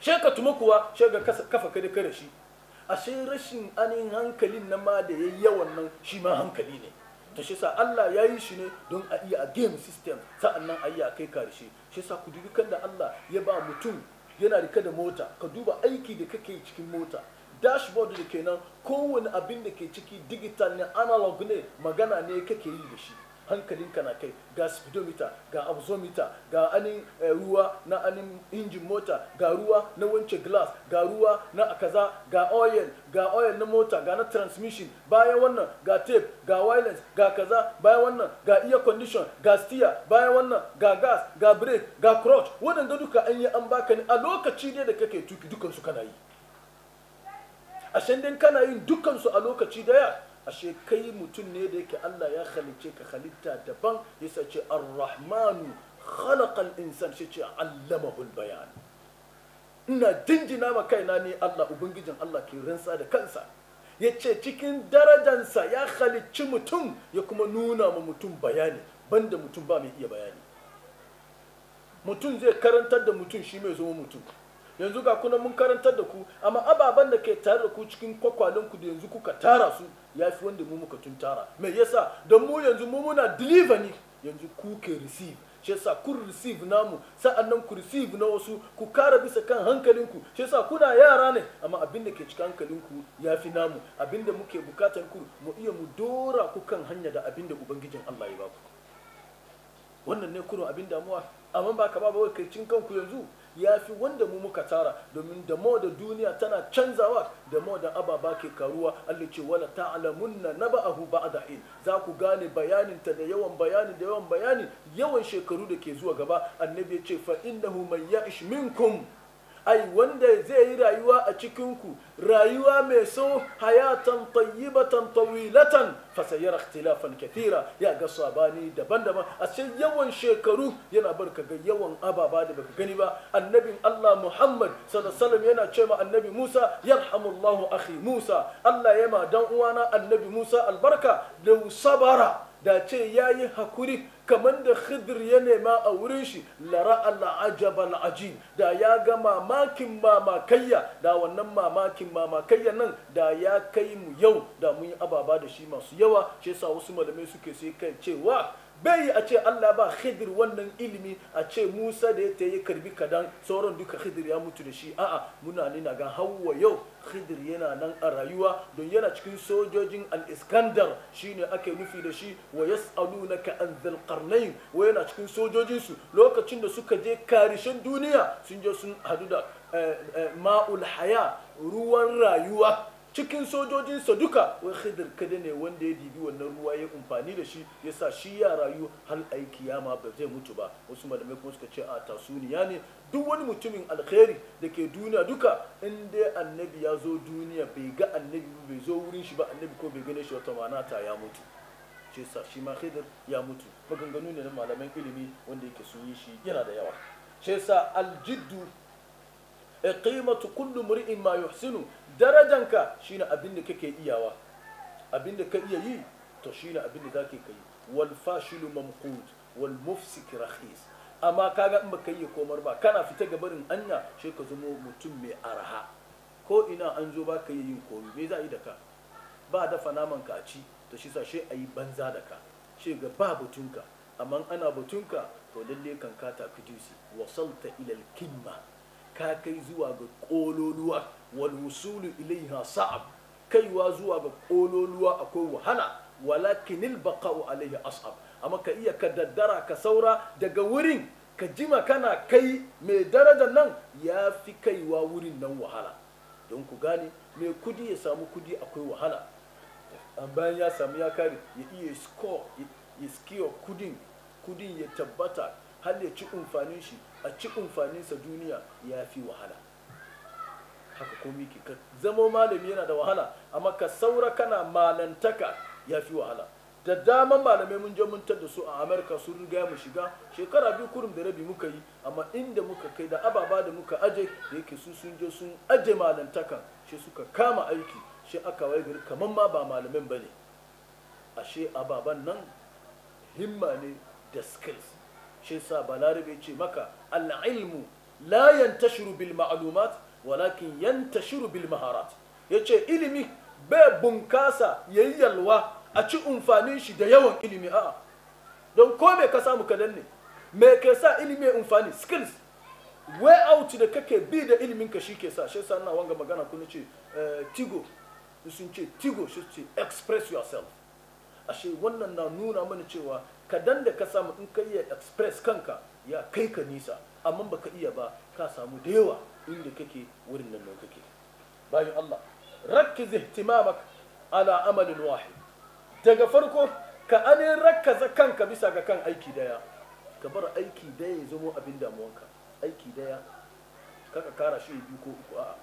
she ka tuma kuwa she ga kafa ka da shi ashe rashin anin hankalin na ma da ya yawan nan shi ma hankali ne ta shi sa Allah ya yi shi ne don a iya a game system sa'annan a a kai karshe shi sa ku dubi kan da Allah ya ba mutum yana rike da mota ka duba aiki da kake cikin mota dashboard da kenan kowane abin da ke ciki digital ne analog ne magana ne kake yi da shi hankalinka na kai ga speedometer ga absometer ga anin eh, ruwa na anin injin mota ga ruwa na wanke glass ga ruwa na kaza ga oil ga oil na mota ga na transmission bayan wannan ga tape ga wireless ga kaza bayan wannan ga air condition ga steer bayan wannan ga gas ga brake ga crotch waɗanda duka an yi an baka ni a lokaci ne da kake tuki dukansu kana yi a shandin kana yin dukansu a lokaci daya ashe kai mutum ne da yake Allah ya halice ka halitta daban yasa ce ar-rahmanu al insan shi ce al bayan ina dingina ma kaina ne Allah ubangijin Allah ke rinsa da kansa ya ce cikin darajansa ya halicci mutum ya kuma nuna ma mutum bayani banda mutum ba mai iya bayani mutum zai karantar da mutum shi mai zama mutum yanzu ga kuna mun karantar da ku amma ababen da ke tare da ku cikin kwakwalinku da yanzu kuka tara su ya fi wanda mu muka tuntara mai yasa don mu yanzu mu muna deliver ne yanzu ku ke receive shi yasa ku receive namu nan ku receive na wasu ku kara bisa kan hankalinku shi yasa kuna yara ne amma abin da ke cika hankalinku ya fi namu abin da muke bukatar ku mu iya mu dora ku kan hanya da abin da ubangijin Allah ya baku wannan ne kuro abin damuwa amma ba ka ba ba kai cin kanku yanzu ya fi wanda mu muka tara domin da mo da duniya tana canzawa da mo da ababa ke karuwa Allah ce wala ta'lamunna naba'ahu ba'da in za ku gane bayanin ta da yawan bayani da yawan bayani yawan shekaru da ke zuwa gaba annabi ya ce fa innahu man ya'ish minkum ai wanda zai yi rayuwa a cikinku rayuwa mai so hayatan tayyibatan tawilatan Fasayar ikhtilafan kathira ya ga sabani daban-daban a sai yawan shekaru yana barka ga yawan ababa da baka gani ba annabin Allah Muhammad sallallahu alaihi wasallam yana annabi Musa yarhamullahu akhi Musa Allah ya ma dan uwana annabi Musa albarka da sabara da ce ya yi hakuri kamar da khidir ya nema a wurin shi lara Allah ajaba da ya ga mamakin mamakayya da wannan mamakin mamakayya nan da ya kai mu yau da mun yi ababa da shi masu yawa shi yasa wasu malamai suke sai kai cewa bai a ce Allah ba khidir wannan ilimi a ce Musa da ya yi karbi kadan sauran duka khidir ya mutu da shi a'a muna nina ga hawa yau khidir yana nan a rayuwa don yana cikin sojojin Aliskandar iskandar shine ake nufi da shi wa yas'alunaka an dhil qarnayn wa yana cikin sojojinsu lokacin da suka je karishin duniya sun je sun hadu da eh, eh, ma'ul haya ruwan rayuwa cikin sojojinsa duka wai khidir kada ne wanda ya dibi wannan ruwa ya amfani da shi ya sa shi ya rayu hal ai kiyama ba zai mutu ba wasu malamai kuma suka ce a tasuniya ne duk wani mutumin alkhairi da ke duniya duka in dai annabi ya zo duniya bai ga annabi bai zo wurin shi ba annabi ko bai gane shi wata mana ta ya mutu ce sa shi ma khidir ya mutu maganganu ne na malaman ilimi wanda yake sun yi shi yana da yawa ce sa aljiddu qimatu kullu mri'in ma yuhsinu darajanka shine abin da kake iyawa abin da ka iya yi to shine abin da zaka kai wal fashilu mamqut wal mufsik rakhis amma kaga in baka yi komar ba kana fita gabarin anya shi ka zama mutum mai araha ko ina an zo baka yi yin komi me za a yi da ka ba dafa naman ka a ci to shi sa shi a yi banza da ka shi ga ba butunka amma ana batunka to lalle kan ka tafi dusi wasalta ilal kimma ka kai zuwa ga kololuwa wal wusulu ilaiha sa'ab kaiwa zuwa ga kololuwa akwai wahala walakinil baqa'u alayhi as'ab amma ka iya ka daddara ka saura daga wurin ka jima kana kai mai darajar nan ya fi kaiwa wurin nan wahala don ku gane mai kudi ya samu kudi akwai wahala bayan ya samu ya kare ya iya score ya skiyo kudin kudin ya tabbata har ya ci umfanin shi a ci umfanin sa duniya ya fi wahala haka komi ke ka zama malami yana da wahala amma ka saura kana malantaka ya fi wahala da daman malamai mun je mun da su a amerika sun riga mu shiga shekara biyu kurum da rabi muka yi amma inda muka kai da ababa da muka aje da yake su sun je sun aje malantakan shi suka kama aiki shi aka wai gari kamar ma ba malamin ba ne ashe ababan nan himma ne da skills shi sa balarabe ce maka al'ilmu la shiru bil ma’alumat walakin shiru bil maharat ce ilimi bai bunkasa yayyalwa yalwa a ci umfanin shi da yawan ilimi a'a don ko me ka samu kadan ne me ke sa ilimi umfani skills way out da kake bi da ilimin ka shike sa shi sa wanga magana kun ce eh, tigo sun ce tigo shi ce express yourself ashe wannan na nuna mana cewa kadan da ka samu in ka iya express kanka ya kai ka nisa amma ba ka iya ba ka samu da yawa inda kake wurin nan kake bayan Allah rakkiz ihtimamak ala amalin wahid daga farko ka anin rakkaza kanka bisa ga kan aiki daya ka bar aiki daya ya zama abin damuwanka aiki daya kaka kara shi biyu ko uku a'a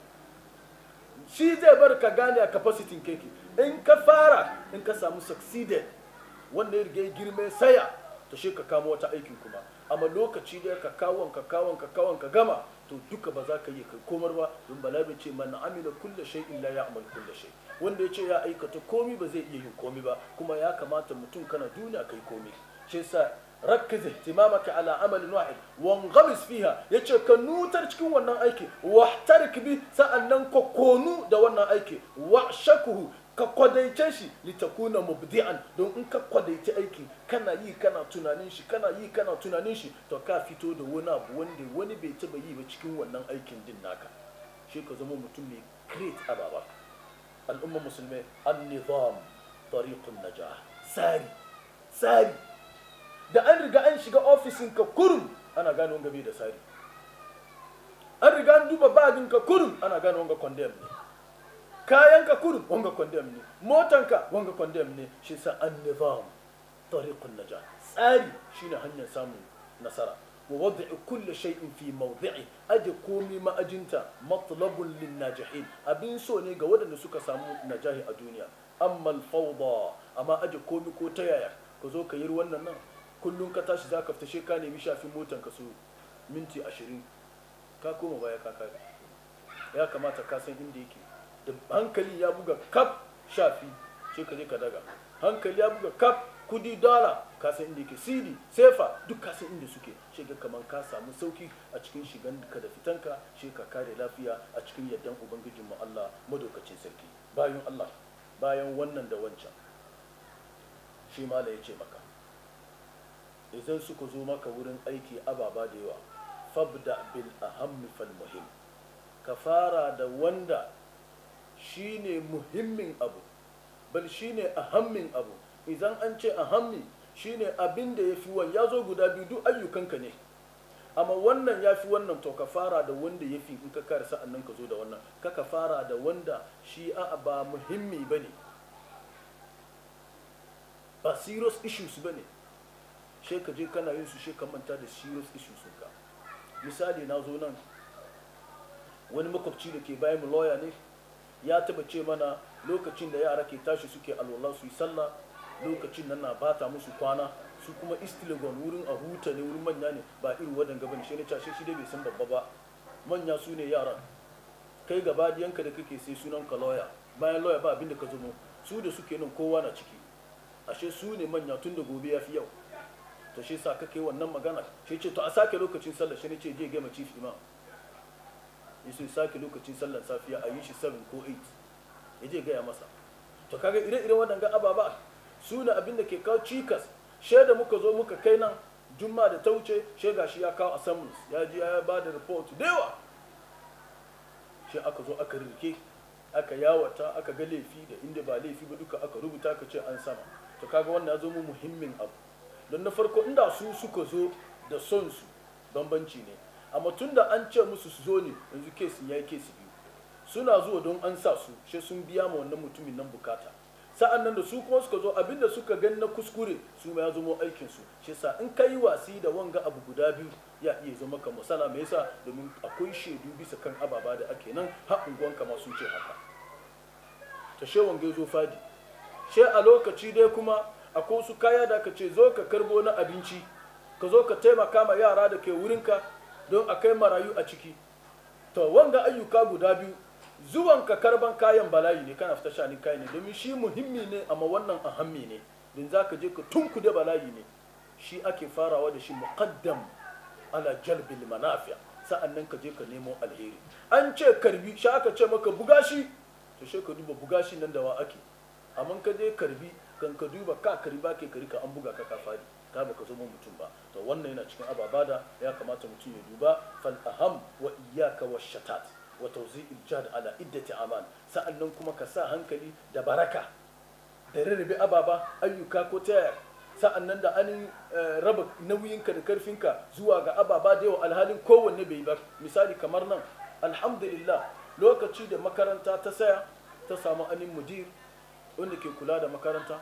shi zai bar ka gane a capacity keke in ka fara in ka samu succeeded wanda ya riga girme saya ta shi ka kama wata aikin kuma amma lokaci da ka kawon ka kawon ka kawon ka gama to duka ba za ka yi kai komar ba don bala bai ce man amina kulla illa ya amal kulla shay wanda ya ce ya aikata komi ba zai iya yin komi ba kuma ya kamata mutum kana duniya kai komi shi yasa rakkaza ihtimamaka ala amalin wahid wangamis fiha ce ka nutar cikin wannan aiki wahtarik bi sa'annan ka konu da wannan aiki wa shakuhu ka kwadaice shi litakuna mubdi'an don in ka kwadaice aiki kana yi kana tunanin shi kana yi kana tunanin shi to ka fito da wani abu wanda wani bai taba yi ba cikin wannan aikin din naka shi ka zama mutum mai create ababa al'umma musulmai an-nizam tariqun najah Sari, sari. da an riga an shiga ofisin ka kurum ana gano bai da sari. an riga an duba bagin ka kurum ana gano wanga condemn ne kayanka kudu wanga kwandem ne motanka wanga kwandem ne shi sa an nizam tariqun naja tsari shine hanyar samun nasara wa wadda shai in fi mawdi'i aje komi ma'ajinta matlabun lin najihin abin so ne ga waɗanda suka samu najahi a duniya amma al amma aje komi ko ta yaya ka zo ka yi wannan nan kullum ka tashi za ka fita she ka nemi shafin motan ka su minti ashirin ka koma baya ka kare ya kamata ka san inda yake da hankali ya buga kaf shafi sai ka je ka daga hankali ya buga kaf kudi dala ka san inda yake sidi sefa duk ka san inda suke sai ga kaman ka samu sauki a cikin shigan ka da fitanka sai ka kare lafiya a cikin yardan ubangijin mu Allah madaukacin sarki bayan Allah bayan wannan da wancan shi mala ya ce maka idan suka zo maka wurin aiki ababa da yawa fabda bil aham fal muhim ka fara da wanda Shi ne muhimmin abu bal ne ahammin abu idan an ce ahammi ne abin da ya fi wani ya zo guda biyu duk ayyukanka ne amma wannan ya fi wannan to ka fara da wanda ya fi in ka kare sa'annan ka zo da wannan ka ka fara da wanda shi a ba muhimmi ba ne ba serious issues ba ne shi ka je kana yin su shi ka manta da serious issues ka misali na zo nan wani makwabci da ke bayan lawyer ne ya taba ce mana lokacin da yara ke tashi suke alwala su yi sallah lokacin nan na bata musu kwana su kuma istilagon wurin a huta ne wurin manya ne ba irin wadan gaban shi ne cashe shi da bai san babba ba manya su ne yaran kai gaba diyanka da kake sai sunan ka lawyer bayan lawyer ba abin da ka zamo su da suke nan kowa na ciki ashe su ne manya tun da gobe ya fi yau ta shi sa kake wannan magana shi ce to a sake lokacin sallah shi ne ce je gama chief imam ya sake lokacin sallar safiya a yi shi 7 ko 8 ya je gaya masa to kaga ire-iren ga ababa su ne abin da ke kawo cikas shaida muka zo muka kai nan juma da ta wuce shaida shi ya kawo a samuns ya ji ya ba da report da yawa shi aka zo aka rirke aka yawata aka ga laifi da inda ba laifi ba duka aka rubuta ka ce an sama to kaga wannan ya zo mu muhimmin abu don na farko inda su suka zo da son su bambanci ne amma tun da an ce musu su zo ne yanzu kesi ya yi kesi biyu suna zuwa don an sa su shi sun biya ma wannan mutumin nan bukata sa'an nan da su kuma suka zo abinda suka gani na kuskure su ma ya zama aikin su shi sa in ka yi wasi da wanga abu guda biyu ya iya zama ka masala me yasa domin akwai shaidu bisa kan ababa da ake nan har unguwan kama sun ce haka ta she wanga zo fadi she a lokaci dai kuma akwai su kaya da ka ce zo ka karbo na abinci ka zo ka taimaka ma yara da ke wurinka don a kai marayu a ciki to wanga ayyuka guda biyu zuwan ka karban kayan bala'i ne kana fita shanin kayan ne domin shi muhimmi ne amma wannan ahammi ne din za ka je ka tunkude balayi ne shi ake farawa da shi muqaddam ala jalbil manafi' sa'annan ka je ka nemo alheri an ce karbi shi aka ce maka buga shi to shi ka duba buga shi nan da wa ake amma ka je karbi kan ka duba ka karba ke kari ka an buga ka ka fadi ka baka zama mutum ba to wannan yana cikin ababa da ya kamata mutum ya duba fal aham wa iyyaka washatat wa tawzi'il jad ala iddati amal sa'annan kuma ka sa hankali da baraka da rarrabe ababa ayyuka ko tayar sa'annan da an eh, raba nauyinka da karfinka zuwa ga ababa da yawa alhalin kowanne bai bar misali kamar nan alhamdulillah lokaci da makaranta ta saya ta samu anin mudir wanda ke kula da makaranta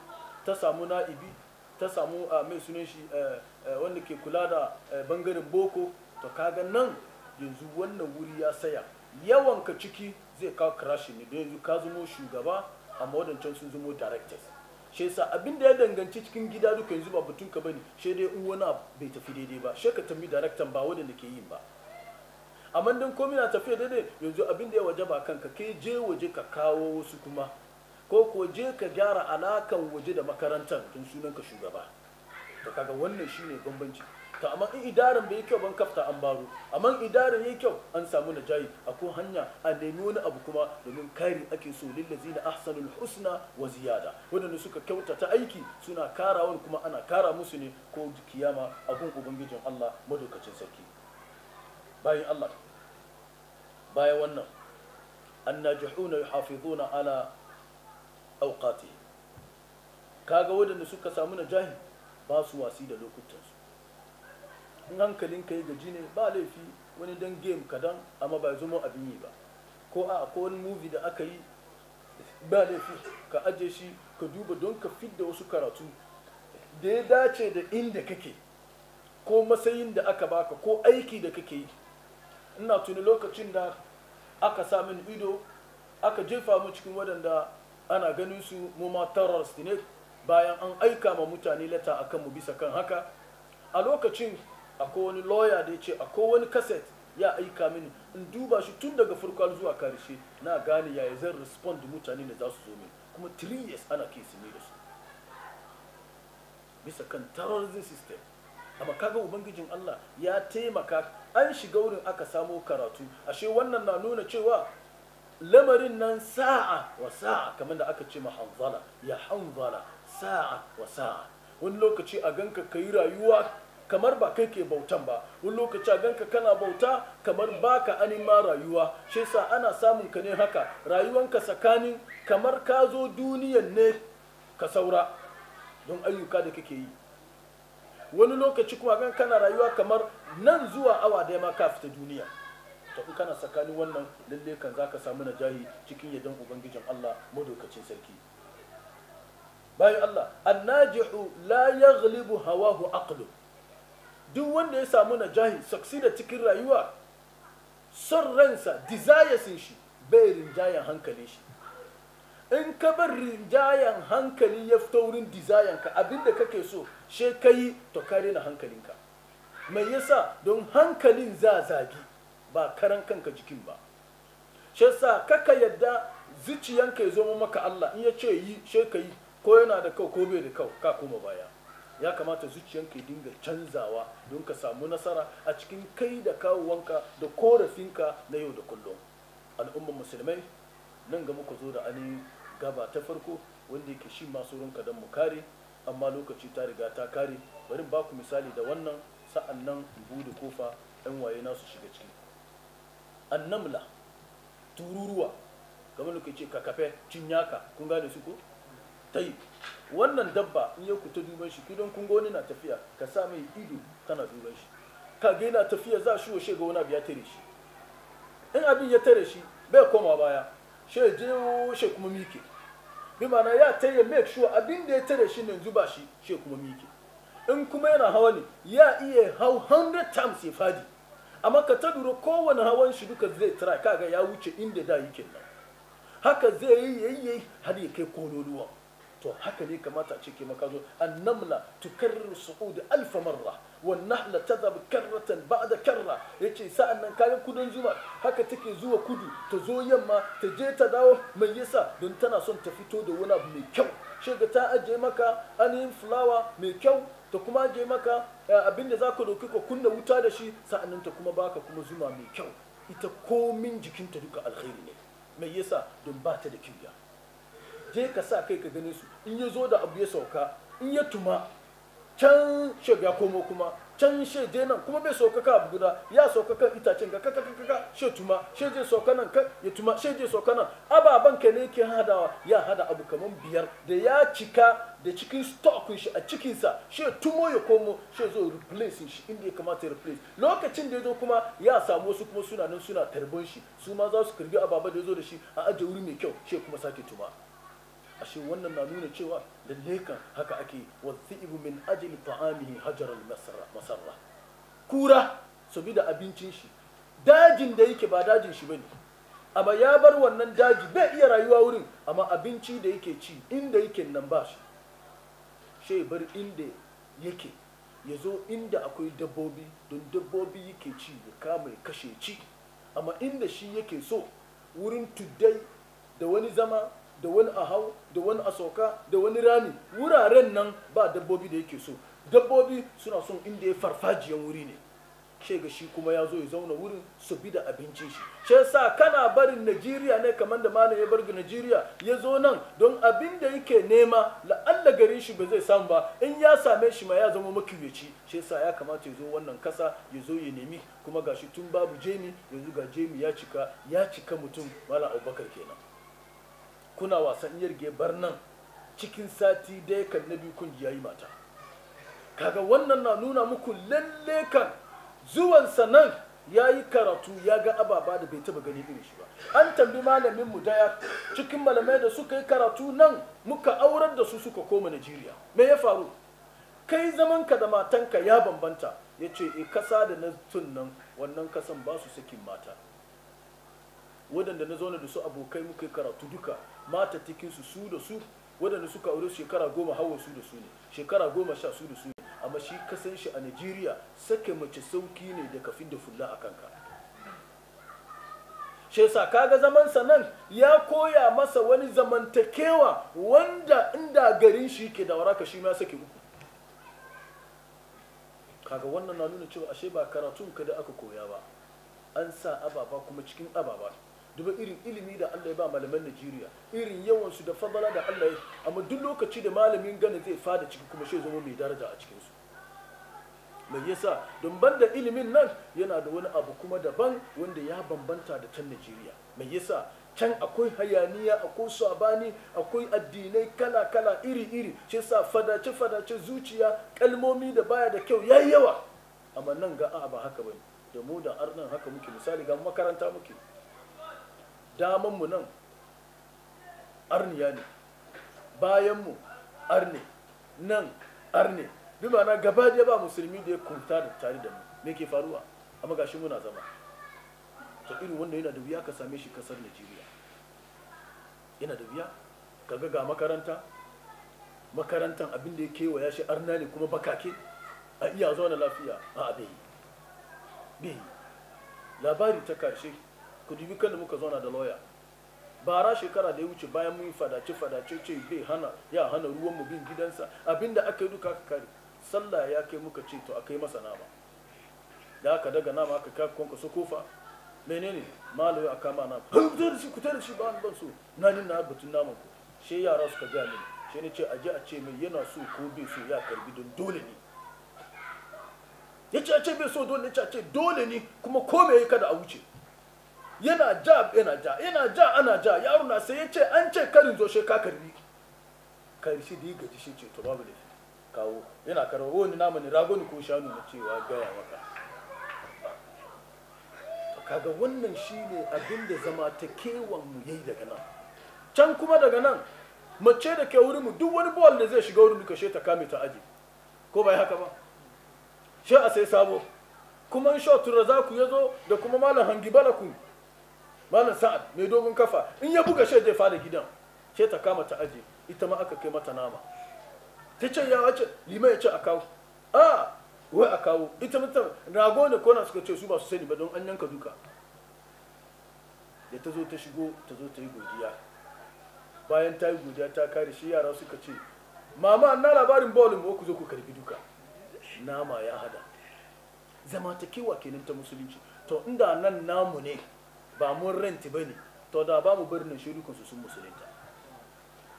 ta samu na'ibi ta samu a mai sunan shi wanda ke kula da bangaren boko to kaga nan yanzu wannan wuri ya saya yawan ka ciki zai kawo karashi ne don yanzu ka zumo shugaba amma wadancan sun zumo directors shi yasa abin da ya danganci cikin gida duka yanzu ba batun ka bane shi dai in wani bai tafi daidai ba shi ka tambi daraktan ba wadanda ke yin ba amma don komai na tafiya daidai yanzu abin da ya waje ba kanka ke je waje ka kawo wasu kuma ko ko je ka gyara alakan waje da makarantar tun sunan ka shugaba to kaga wannan shine bambanci to amma in idaran bai kyau ban kafta an baro amma idaran yayi kyau an samu na jayi akwai hanya a nemi wani abu kuma domin kari ake so lillazina ahsanul husna wa ziyada wadanda suka kyautata aiki suna karawan kuma ana kara musu ne ko kiyama abun ubangijin Allah madaukacin sarki bayan Allah bayan wannan annajihuna yuhafizuna ala Ka kaga waɗanda suka samu na jahi ba su wasi da lokutansu in hankalin ka yi gaji ne ba laifi wani dan game kadan amma ba zama abin yi ba ko a ko wani movie da aka yi ba laifi ka aje shi ka duba don ka fidda wasu karatu da ya dace da inda kake ko matsayin da aka baka ko aiki da kake yi ina tuni lokacin da aka sa min ido aka jefa mu cikin waɗanda ana ganin su mu ma terrorist ne bayan an aika ma mutane leta a kanmu bisa kan haka a lokacin akwai wani lawyer da ya ce akwai wani kaset ya aika mini in duba shi tun daga farko zuwa karshe na gane yayi zan respond mutane da za su zo mini kuma 3 years ana kisi ne da su bisa kan terrorism system amma kaga ubangijin Allah ya taimaka an shiga wurin aka samo karatu ashe wannan na nuna cewa lamarin nan sa'a wa sa'a kamar da aka ce mahanzala ya hanzala sa'a wa sa'a wani lokaci a ganka ka yi rayuwa kamar ba kai ke bautan ba wani lokaci a ganka kana bauta kamar baka anima rayuwa shi sa ana samun ka ne haka rayuwanka tsakanin kamar ka zo duniyan ne ka saura don ayyuka da kake yi wani lokaci kuma gan kana rayuwa kamar nan zuwa awa da ma ka fita duniya to kana tsakanin wannan lalle kan zaka samu najahi cikin yadon ubangijin Allah madaukacin sarki bayan Allah annajihu la yaghlibu hawahu aqlu duk wanda ya samu najahi succeed cikin rayuwa son ransa desires shi bai rinjayen hankalin shi in ka bar rinjayen hankali ya fito wurin dizayen ka abinda kake so she to kare na hankalinka mai yasa don hankalin za zagi ba karan kanka jikin ba shi yasa kaka yadda zuciyanka ya zo maka Allah in ya ce yi shi ka yi ko yana da kau ko bai da kau ka koma baya ya kamata zuciyanka ya dinga canzawa don ka samu nasara a cikin kai da kawowanka da korafinka na yau da kullum al'ummar musulmai nan ga muka zo da ani gaba ta farko wanda yake shi masu ka don mu kare amma lokaci ta riga ta kare bari ba ku misali da wannan sa'an nan bude kofa 'yan waye nasu shiga ciki annamla tururuwa kamar da ce kakafe cinyaka kun gane su ko yi, wannan dabba in ya kuta duban shi kidan kun ga na tafiya ka sa mai ido kana duban shi ka ga yana tafiya za shi washe ga wani abu ya tare shi in abin ya tare shi bai koma baya shi je washe kuma mike bi ma'ana ya tare make sure abin da ya tare shi ne zuba shi shi kuma mike in kuma yana hawa ne ya iya hau 100 times ya fadi amma ka ta lura kowane hawan shi duka zai tara kaga ya wuce inda da yake nan haka zai yi yayi yayi har ya kai kololuwa to haka ne kamata a ce ke maka zo annamla tukarrir su'ud alf marra wan nahla tadhab karratan ba'da karra yace sa'an nan kayan kudin zuma haka take zuwa kudu ta zo yamma ta je ta dawo mai yasa don tana son ta fito da wani abu mai kyau shega ta aje maka anin fulawa mai kyau ta kuma je maka eh, abinda za ka ɗauki ka kunna wuta da shi sa'annan ta kuma baka kuma zuma mai kyau ita komin jikinta duka alkhairi ne mai yasa don ba ta da kiyya je ka sa kai ka gane su in ya zo da abu ya sauka in ya tuma can shiga komo kuma can shi je nan kuma bai sauka ka abu guda ya sauka kan itacen ga kaka kaka shi tuma shi je sauka nan ka ya tuma shi je sauka nan ababan ka ne yake hadawa ya hada abu kaman biyar da ya cika da cikin stock shi a cikin sa shi tumo ya komo shi zo replace shi inda ya kamata ya replace lokacin da ya zo kuma ya samu wasu kuma suna nan suna tarbon shi su ma za su karbi ababa da ya zo da shi a aje wuri mai kyau shi kuma sake tuma ashe wannan na nuna cewa lalle kan haka ake wathibu min ajli ta'amihi hajaral masarra masarra kura da abincin shi dajin da yake ba dajin shi bane amma ya bar wannan daji bai iya rayuwa wurin amma abinci da yake ci inda yake nan ba shi shi bar inda yake ya zo inda akwai dabbobi don dabbobi yake ci ya kama ya kashe ci amma inda shi yake so wurin tuddai da wani zama da wani a hau da wani a sauka da wani rami wuraren nan ba dabbobi da yake so dabbobi suna son inda ya farfajiyan wuri ne ke ga shi kuma ya zo ya zauna wurin su bi da abincin shi ce sa kana barin Najeriya ne kamar da malam ya bar Najeriya ya zo nan don abin da yake nema la'alla garin shi ba zai samu ba in ya same shi ma ya zama makiyaci ce sa ya kamata ya zo wannan kasa ya zo ya nemi kuma gashi tun babu jemi yanzu ga jemi ya cika ya cika mutum malam Abubakar kenan kuna wasan iyar gebar nan cikin sati dai kan na biyu kun yi mata kaga wannan na nuna muku lalle kan zuwansa nan ya yi karatu ya ga ababa da bai taba gani irin shi ba an tambi malamin mu daya cikin malamai da suka yi karatu nan muka aurar da su suka koma najeriya me ya faru kai zaman ka da matanka ya bambanta ya ce e kasa da na tun nan wannan kasan ba su sakin mata Wadanda na zaune da su abokai muka yi karatu duka Mata matattakinsu su da su waɗanda suka aure shekara goma hawa su da su ne shekara goma sha su da su ne amma shi kasan shi a nigeria sake mace sauki ne da kafin da fulla a kanka shi yasa kaga zaman sa nan ya koya masa wani zamantakewa wanda inda garin shi ke da waraka shi ma sake uku kaga wannan na nuna cewa ashe ba karatun kada aka koya ba an sa ababa kuma cikin ababa duba irin ilimi da Allah ya ba malaman Najeriya irin yawansu su da fadala da Allah ya amma duk lokaci da malamin gana zai fada ciki kuma shi zama mai daraja a cikinsu su mai yasa don da ilimin nan yana da wani abu kuma daban wanda ya bambanta da can Najeriya mai yasa can akwai hayaniya akwai sabani akwai addinai kala kala iri iri shi sa fadace fadace zuciya kalmomi da baya da kyau yayi yawa amma nan ga a ba haka bane da mu da arnan haka muke misali ga makaranta muke damanmu nan arniya ne bayanmu arne nan arne bi ma'ana gaba da ba musulmi da ya kunta da tare da mu me ke faruwa amma gashi muna zama to irin wanda yana da wuya ka same shi kasar Najeriya yana da wuya ka ga ga makaranta makarantan abin da ya kewaya shi arna ne kuma bakake a iya na lafiya a abeyi labari ta karshe ku dubi kan da muka zauna da lawyer bara shekara da ya wuce bayan mun fadace fadace ce bai hana ya hana ruwan mu bin gidansa abinda aka yi duka aka kare sallah ya kai muka ce to akai masa nama da aka daga nama aka kai kwanka so kofa menene malu a kama nama ku da shi ku da shi ba ban so na ni na batun naman ku she yara suka ga ni she ne ce aje a ce mai yana so ko bai so ya karbi don dole ne ya ce a ce bai so dole ne ce a ce dole ne kuma ko me kada a wuce yana ja yana ja yana ja ana ja yaro na sai ya ce an ce karin zo shi ka karbi karshe da ya gaji shi ce to babu laifi kawo yana karbar wani nama ne rago ne ko shanu na cewa gaya maka to kaga wannan shine abin da zama ta kewan mu yayi daga nan can kuma daga nan mace da ke wurin mu duk wani bol da zai shiga wurin kashe ta kame ta aji ko bai haka ba shi a sai sabo kuma in sha tura za ku yazo da kuma malam hangi bala ku malam sa'ad mai dogon kafa in ya buga shi zai fara gidan ke ta kama ta aje ita ma aka kai mata nama ta ce ya wace lima ya ce a kawo a wai a kawo ita mutum rago ne kona suka ce su ba su sani ba don an yanka duka da ta zo ta shigo ta zo ta yi godiya bayan ta yi godiya ta kare shi yara suka ce mama na labarin bolin ba ku zo ku karbi duka nama ya hada kewa kenan ta musulunci to inda nan namu ne ba mun renti ba ne to da ba mu birnin su sun musulunta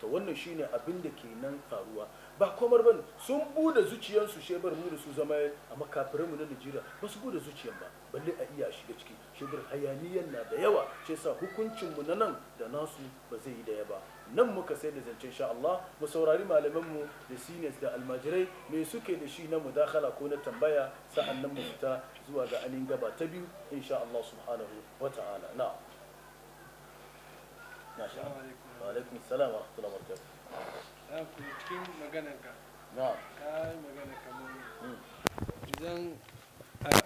to wannan shine abin da ke nan faruwa ba komar bane sun bude zuciyarsu shebar mu da su zama a makafirinmu na Najeriya ba su bude zuciyar ba balle a iya shiga ciki shigar hayaniyan na da yawa shi sa hukuncinmu na nan da nasu ba zai yi da ba nan muka sai da zance insha Allah mu saurari malamanmu da seniors da almajirai me suke da shi na mudakala ko na tambaya sa'an nan mu fita zuwa ga anin gaba ta biyu insha Allah subhanahu wa ta'ala na na wa alaikum salam wa rahmatullahi wa barakatuh cikin maganar ka na ka maganar kamar hmm. idan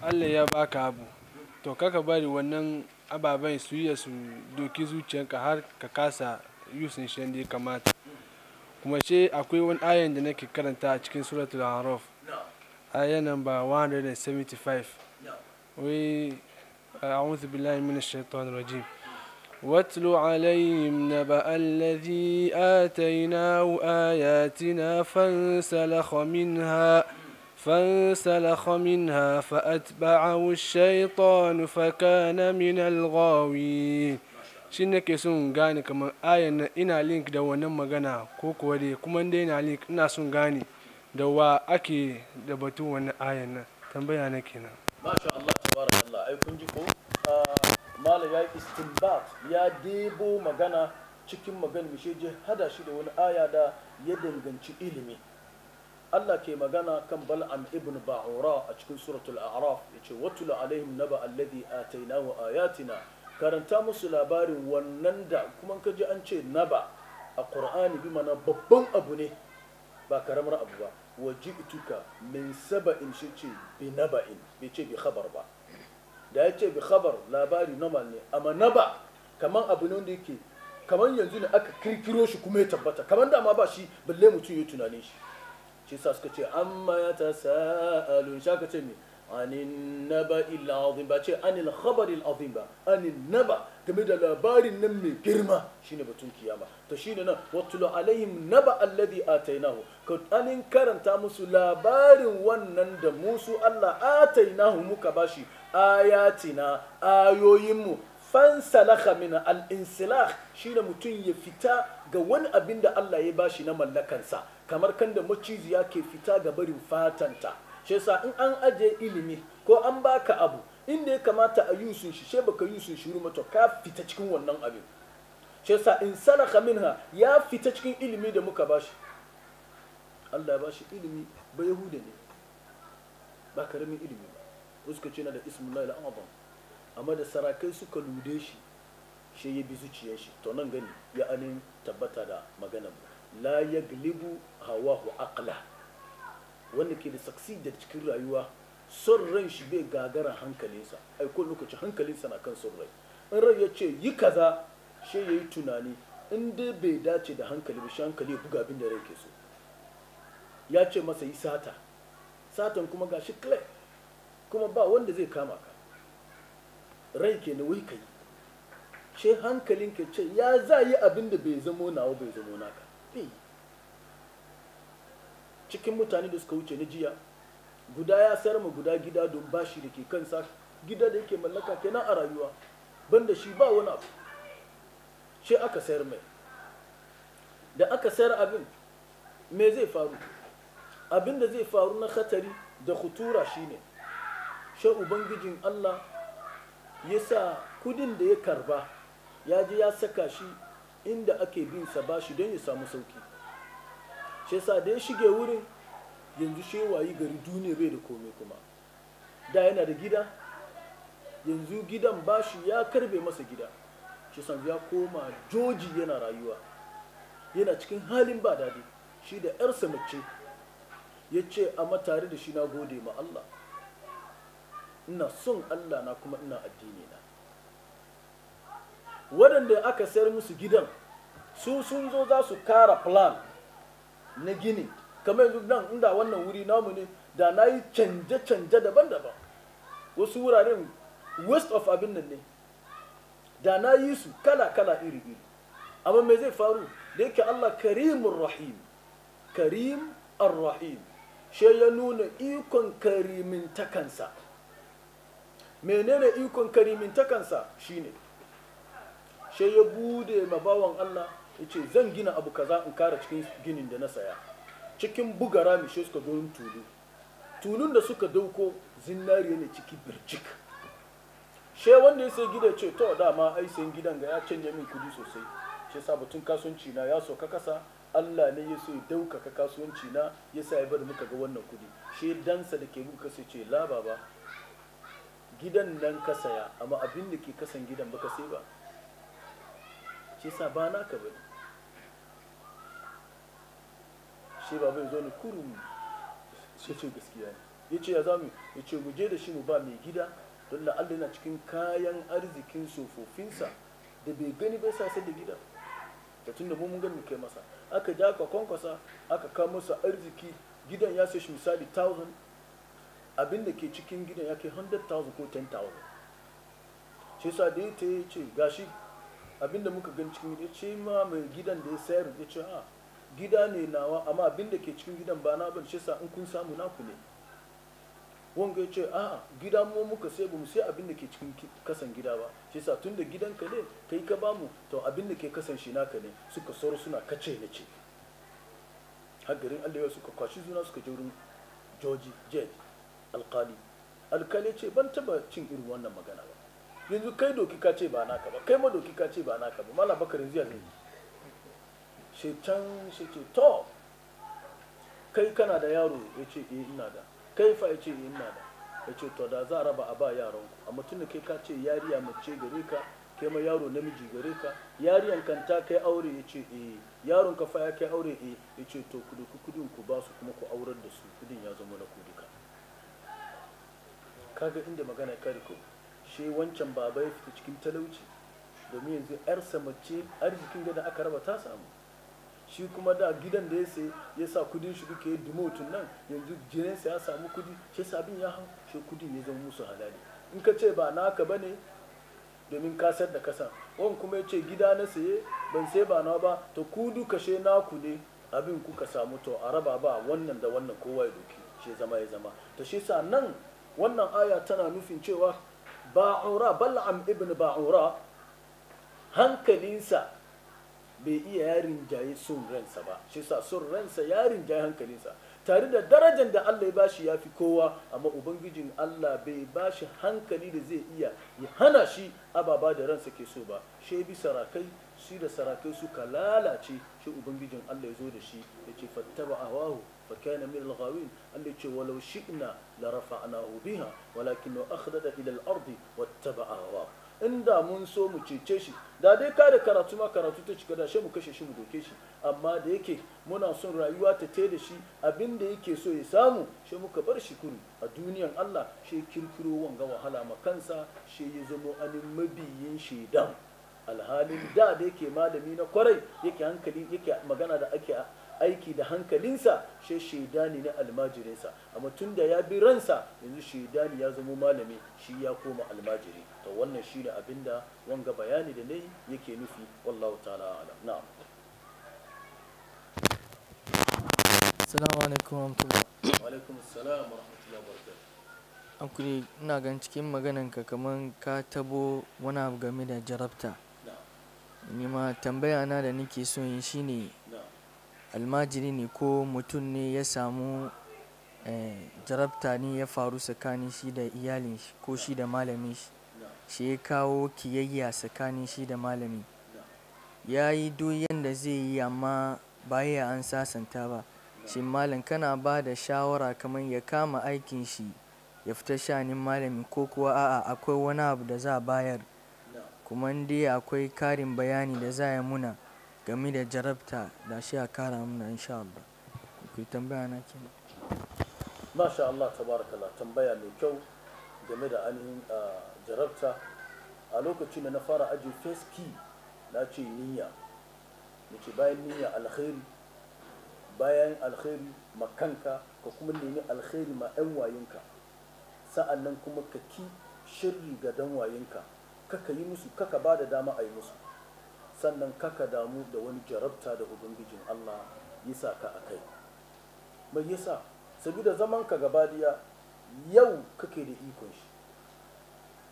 Allah ya baka abu to kaka bari wannan ababen su yi su doki zuciyanka har ka kasa yusin shi da ya kamata kuma ce akwai wani ayan da nake karanta a cikin suratul araf ayan number 175 wai a'udhu billahi minash shaitanir rajim واتلو عليهم نبأ الذي آتيناه آياتنا فانسلخ منها فانسلخ منها فأتبعه الشيطان فكان من الغاوين shi nake son gane kamar ayan na ina link da wannan magana ko kuwa dai kuma dai ina link ina son gane da wa ake da batun wannan ayan nan tambaya na kenan masha Allah tabarakallah ai kun ji ko malam ya istinbat ya debo magana cikin magana bishe je hada shi da wani aya da ya danganci ilimi Allah ke magana kan Bal'am ibn Ba'ura a cikin suratul A'raf yace watul alaihim naba alladhi atainahu ayatina karanta musu labarin wannan da kuma ka kaji an ce naba a Qur'ani bi mana babban abu ne ba karamar abu ba wa ji'tuka min saba'in shi ce bi naba'in bai ce bi khabar ba da ya ce bi khabar labari normal ne amma naba kaman abu ne wanda yake kaman yanzu ne aka kirkiro shi kuma ya tabbata kamar da ma ba shi balle mutum ya tunanin shi shi sa suka ce amma ya ta sa'alun shaka ce me anin naba azim ba ce anil khabar azim ba anin naba game da labarin nan mai girma shine batun kiyama to shine nan watulu alaihim naba alladhi atainahu ka anin karanta musu labarin wannan da musu Allah atainahu muka bashi ayatina ayoyinmu fansalakha min al-insilakh shine mutum ya fita ga wani abin da Allah ya bashi na mallakansa kamar kan da maciziya ke fita ga barin fatanta shi yasa in an ajiye ilimi ko an baka abu inda ya kamata a yusun shi she baka yusun shi ruma to ka fita cikin wannan abin shi yasa in salaka minha ya fita cikin ilimi da muka bashi Allah ya bashi ilimi ba yahuda ne ba karamin ilimi ba suka ce na da ismullahi al'azam amma da sarakai suka lude shi shi ya bi zuciyar shi to nan gani ya anin tabbata da maganar la hawa ko akala wanda ke da saksi da cikin rayuwa son ran shi bai gagara hankalinsa ai ko lokaci hankalinsa na kan son rai in rai ya ce yi kaza shi ya yi tunani in dai bai dace da hankali ba shi hankali ya buga abin da rai ke so ya ce masa yi sata satan kuma ga shi clay kuma ba wanda zai kama ka rai ke na wai kai shi hankalin ke ce ya za yi abin da bai zamo nawa bai zamo naka cikin mutane da suka wuce na jiya guda ya sayar ma guda gida don bashi da ke kansa gida da yake mallaka kenan a rayuwa banda shi ba wani abu shi aka sayar mai da aka sayar abin me zai faru abin da zai faru na khatari da khutura ne shi ubangijin allah ya sa kudin da ya karba ya ji ya saka shi inda ake bin sa bashi don ya samu sauki shi yasa da ya shige wurin yanzu shewayi gari duniya bai da komai kuma da yana da gida yanzu gidan bashi ya karbe masa gida shi san ya koma joji yana rayuwa yana cikin halin ba daɗi shi da yarsa mace ya ce amma tare da shi na gode ma Allah ina son Allah na kuma ina addini na waɗanda aka sayar musu gidan su sun zo za su kara plan na gini kamar yanzu nan inda wannan wuri namu ne da na yi canje-canje daban-daban wasu wuraren west of abin nan ne da na yi su kala-kala iri-iri amma me zai faru da yake allah karimun rahim karim ar-rahim shi ya nuna ikon karimin takansa menene ikon karimin takansa shine sai ya bude ma bawan Allah ya ce zan gina abu kaza in kara cikin ginin da na saya cikin buga rami shi suka gurin tulu tulun da suka dauko zinariya ne ciki birjik she wanda ya sai gida ce to dama ai sayan gidan ga ya canja min kudi sosai ce sa batun kasuwanci na ya sauka kasa Allah ne ya so ya daukaka kasuwanci na ya sa ya bar muka ga wannan kudi she dansa da ke muka sai ce la baba gidan nan ka saya amma abin da ke kasan gidan baka sai ba shi sa ba naka bane shi ba bai zo ni kurum shi ce gaskiya ne ya ce ya mu ya ce mu je da shi mu ba mai gida don da cikin kayan arzikin sofofinsa da bai gani bai sasa da gida da tun da mu mun kai masa aka ja ka kwankwasa aka kawo masa arziki gidan ya sai shi misali 1000 abin ke cikin gidan ya kai 100,000 ko 10,000 shi sa da ya ce gashi abinda muka gan cikin ya ce ma mai gidan da ya sayar ya ce a ah, gida ne nawa amma abinda ke cikin gidan ba na ban shi sa in kun samu naku ne wanga ya ce a ah, gida mu muka sai mu sai abinda ke cikin kasan gida ba shi sa tun gidan gidanka ne kai ka bamu to abinda ke kasan shi naka ne suka sauro suna kace na ce har garin Allah suka kwashi zuna suka je wurin George Jed alkali alkali ce ban taba cin irin wannan magana ba yanzu kai doki ka ce ba naka ba kai ma doki ka ce ba naka ba mala bakar yanzu yanzu shi can shi ce to kai kana da yaro ya ce eh ina da kai fa ya ce eh ina da ya ce to da za a raba a ba yaran ku amma tunda kai ka ce yariya mace gare ka kai ma yaro namiji gare ka yariyan kan ta kai aure ya ce eh yaron ka fa ya kai aure eh ya ce to ku duku kudin ku ba su kuma ku aurar da su kudin ya zama na ku duka kaga inda magana ko shi wancan baba ya fita cikin talauci domin yanzu yarsa mace arzikin gidan aka raba ta samu shi kuma da gidan da ya ya sa kudin shi duka ya tun nan yanzu jininsa ya samu kudi shi sabin ya hau shi kudin ya zama musu halali in ka ce ba naka ba ne domin kasar da kasa wan kuma ya ce gida na saye ban sai ba na ba to ku duka she naku ne abin kuka samu to a raba ba wannan da wannan kowa ya doki shi zama ya zama to shi sa nan wannan aya tana nufin cewa ba'ura bal'am ibn ba'ura hankalinsa bai iya yarin jaye sun ransa ba shi sa sun ransa yarin jaye hankalinsa tare da darajar da Allah ya bashi ya fi kowa amma ubangijin Allah bai bashi hankali da zai iya ya hana shi ababa da ransa ke so ba shi bi sarakai shi da sarakai su ka lalace shi ubangijin Allah ya zo da shi ya ce fattaba awahu fa kana min al-ghawin Allah ya ce walau shi'na larafa'nahu biha da akhlada ila al ba wattaba'a hawa inda mun so mu cece shi da dai ka da karatu ma karatu ta cika da shi mu kashe shi mu doke shi amma da yake muna son rayuwa ta te da shi abin da yake so ya samu shi muka bar shi kuru a duniyan Allah shi kirkiro wanga wahala ma kansa shi ya zamo anin mabiyin shaidan alhalin da da yake malami na kwarai yake hankali yake magana da ake aiki da hankalinsa shi shaidani na almajirinsa amma tun da ya bi ransa yanzu shaidani ya zama malami shi ya koma almajiri to wannan shi ne abinda wanga bayani da nayi yake nufi wallahu ta'ala ala na'am assalamu alaikum wa rahmatullahi wa alaikum assalam an kuri ina gan cikin maganarka kamar ka tabo wani abu game da jarabta ni ma tambaya na da nake so yin shine almajiri ne ko mutum ne ya samu eh, jarabta ne ya faru tsakanin shi da iyalin ko shi da malamin shi ya kawo kiyayya tsakanin shi da malami ya yi doyen da zai yi amma baya an sasanta ba shi malam kana ba da shawara kamar ya kama aikin shi ya fita shanin malami ko kuwa a'a akwai wani abu da za a bayar kuma dai akwai karin bayani da za a yi muna game da jarabta da shi a kara in sha Allah ku tambaya na ke sha Allah tabarakallah tambaya mai kyau game da ainihin jarabta a lokacin da na fara ajin face key na ce niyya na ce bayan niyya alkhairi bayan alkhairi makanka ka kuma nemi alkhairi ma 'yan wayinka nan kuma ka ki shirri ga dan wayinka kaka yi musu kaka ba da dama a yi musu sannan kaka damu da wani jarabta da ubangijin Allah yisa sa ka a kai mai yasa saboda zaman ka gabadiya yau kake da ikon shi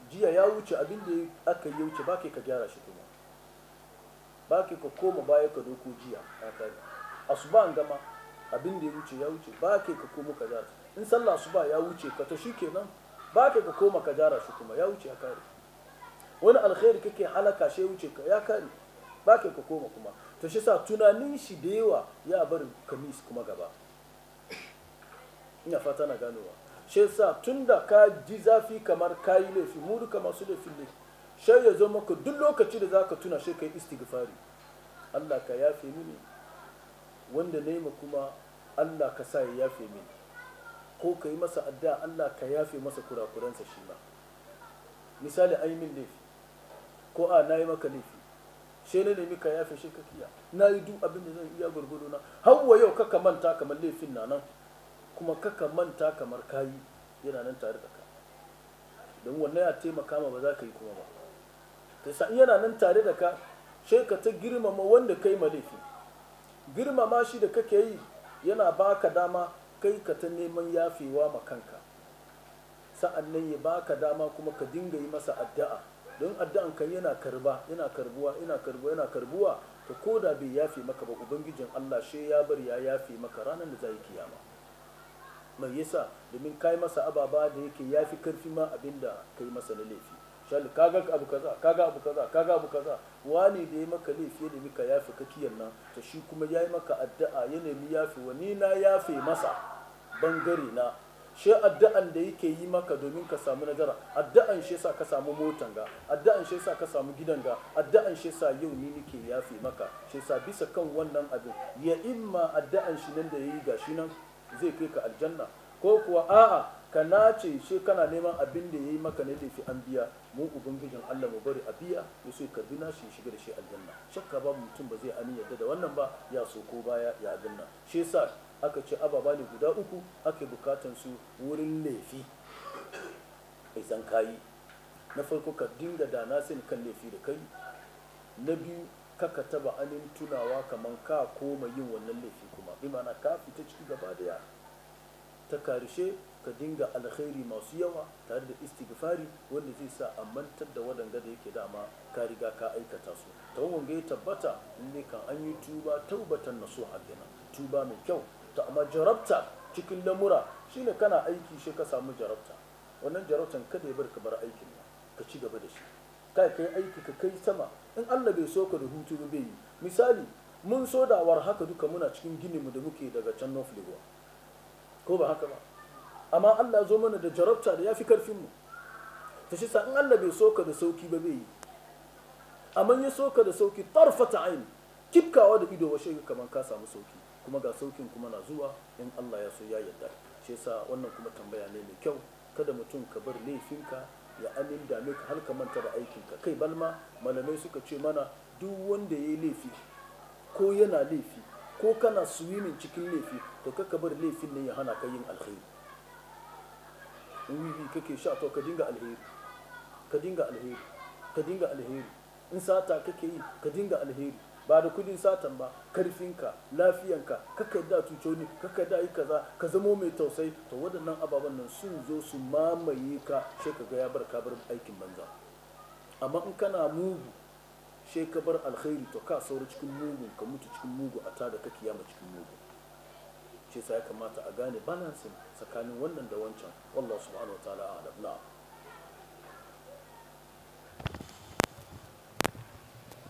jiya ya wuce abin da aka yi wuce baki ka gyara shi kuma baki ka koma baya ka doko jiya a su asuba an gama abin da ya wuce ya wuce baki ka koma ka gyara in sallah asuba ya wuce ka to ba baki ka koma ka gyara shi kuma ya wuce ya kare wani alkhairi kake halaka shi wuce ka ya kare ba ka koma kuma to shi sa tunanin shi da yawa ya bar kamis kuma gaba ina fata na ganowa shi sa tun da ka ji zafi kamar ka yi laifi mu duka masu laifin ne shai ya zo maka duk lokaci da za ka tuna shi ka yi istighfari allah ka yafe mini wanda na yi kuma allah ka sa ya yafe mini ko ka yi masa adda allah ka yafe masa kurakuransa shi ma misali ayi min laifi ko a na yi maka laifi sai na nemi ka yafe shi kakiya na yi duk abin da zan iya gurgudu na har yau kaka manta kamar laifin na nan kuma kaka manta kamar kayi yana nan tare da ka don wannan ya taimaka ma ba za ka yi kuma ba ta sa yana nan tare da ka sai ka ta girmama wanda kai ma laifi girmama shi da kake yi yana baka dama kai ka ta neman yafewa ma kanka sa'an nan ya baka dama kuma ka dinga yi masa addu'a don addu'an kan yana karba yana karbuwa yana karbuwa yana karbuwa to ko da bai yafe maka ba ubangijin Allah she ya bar ya yafe maka ranar da zai kiyama mai yasa domin kai masa ababa da yake yafi karfi ma abinda kai masa na laifi shal kaga abu kaza kaga abu kaza kaga abu kaza wani da ya maka laifi ya mika ka yafe kakiyan nan to shi kuma yayi maka addu'a ya nemi yafe wani na yafe masa bangare na shi addu'an da yake yi maka domin ka samu nazara addu'an shi yasa ka samu motan ga addu'an shi yasa ka samu gidan ga addu'an shi yasa yau ni nake yafe maka shi yasa bisa kan wannan abin ya imma addu'an shi nan da yayi gashi nan zai kai ka aljanna ko kuwa a'a ka nace shi kana neman abin da yayi maka ne da fi an biya mu ubangijin Allah mu bari a biya ya so ka bi nashi shiga da shi aljanna shakka ba mutum ba zai aniyar yadda da wannan ba ya so ko baya ya aljanna shi yasa aka ce ababa ne guda uku ake bukatan su wurin laifi a kayi kayi na farko ka dinga da na kan laifi da kai na biyu kaka taba anin tunawa kamar ka koma yin wannan laifi kuma imana ka fita ciki gaba ya ta karshe ka dinga alkhairi masu yawa tare da istighfari wanda zai sa a mantar da wadanga da yake dama ka riga ka aikata su ta wanga ya tabbata in ne kan an yi tuba taubatan nasu hakina tuba mai kyau to amma jarabta cikin lamura shine kana aiki shi ka samu jarabta wannan jarabtan kada ya bar ka bar aikin nan ka ci gaba da shi kai kai aiki ka kai sama in Allah bai so ka da hutu ba bai yi misali mun so da war haka duka muna cikin gini mu da muke daga can North Lagos ko ba haka ba amma Allah ya zo mana da jarabta da yafi karfin mu ta shi sa in Allah bai so ka da sauki ba bai yi amma ya so ka da sauki tarfata aini kifkawa da ido washe kamar ka samu sauki kuma ga saukin kuma na zuwa in Allah ya so ya yarda shi yasa wannan kuma tambaya ne mai kyau kada mutum ka bar laifinka ya amin dame ka har ka manta da aikinka kai balma malamai suka ce mana duk wanda ya yi laifi ko yana laifi ko kana suwimin cikin laifi to ka bar laifin ne ya hana ka yin alheri in wiwi kake sha to ka dinga alheri ka dinga alheri ka dinga alheri in sata kake yi ka dinga alheri ba da kudin satan ba karfinka lafiyanka kaka da tuto ne kaka da yi kaza ka zamo mai tausayi to waɗannan ababen nan sun zo su mamaye ka sai ka ga ya bar ka bar aikin banza amma in kana mugu sai ka bar alkhairi to ka saura cikin mugu ka mutu cikin mugu a tada ka kiyama cikin mugu ce sai ya kamata a gane balansin tsakanin wannan da wancan wallahu subhanahu wa ta'ala a'lam na'am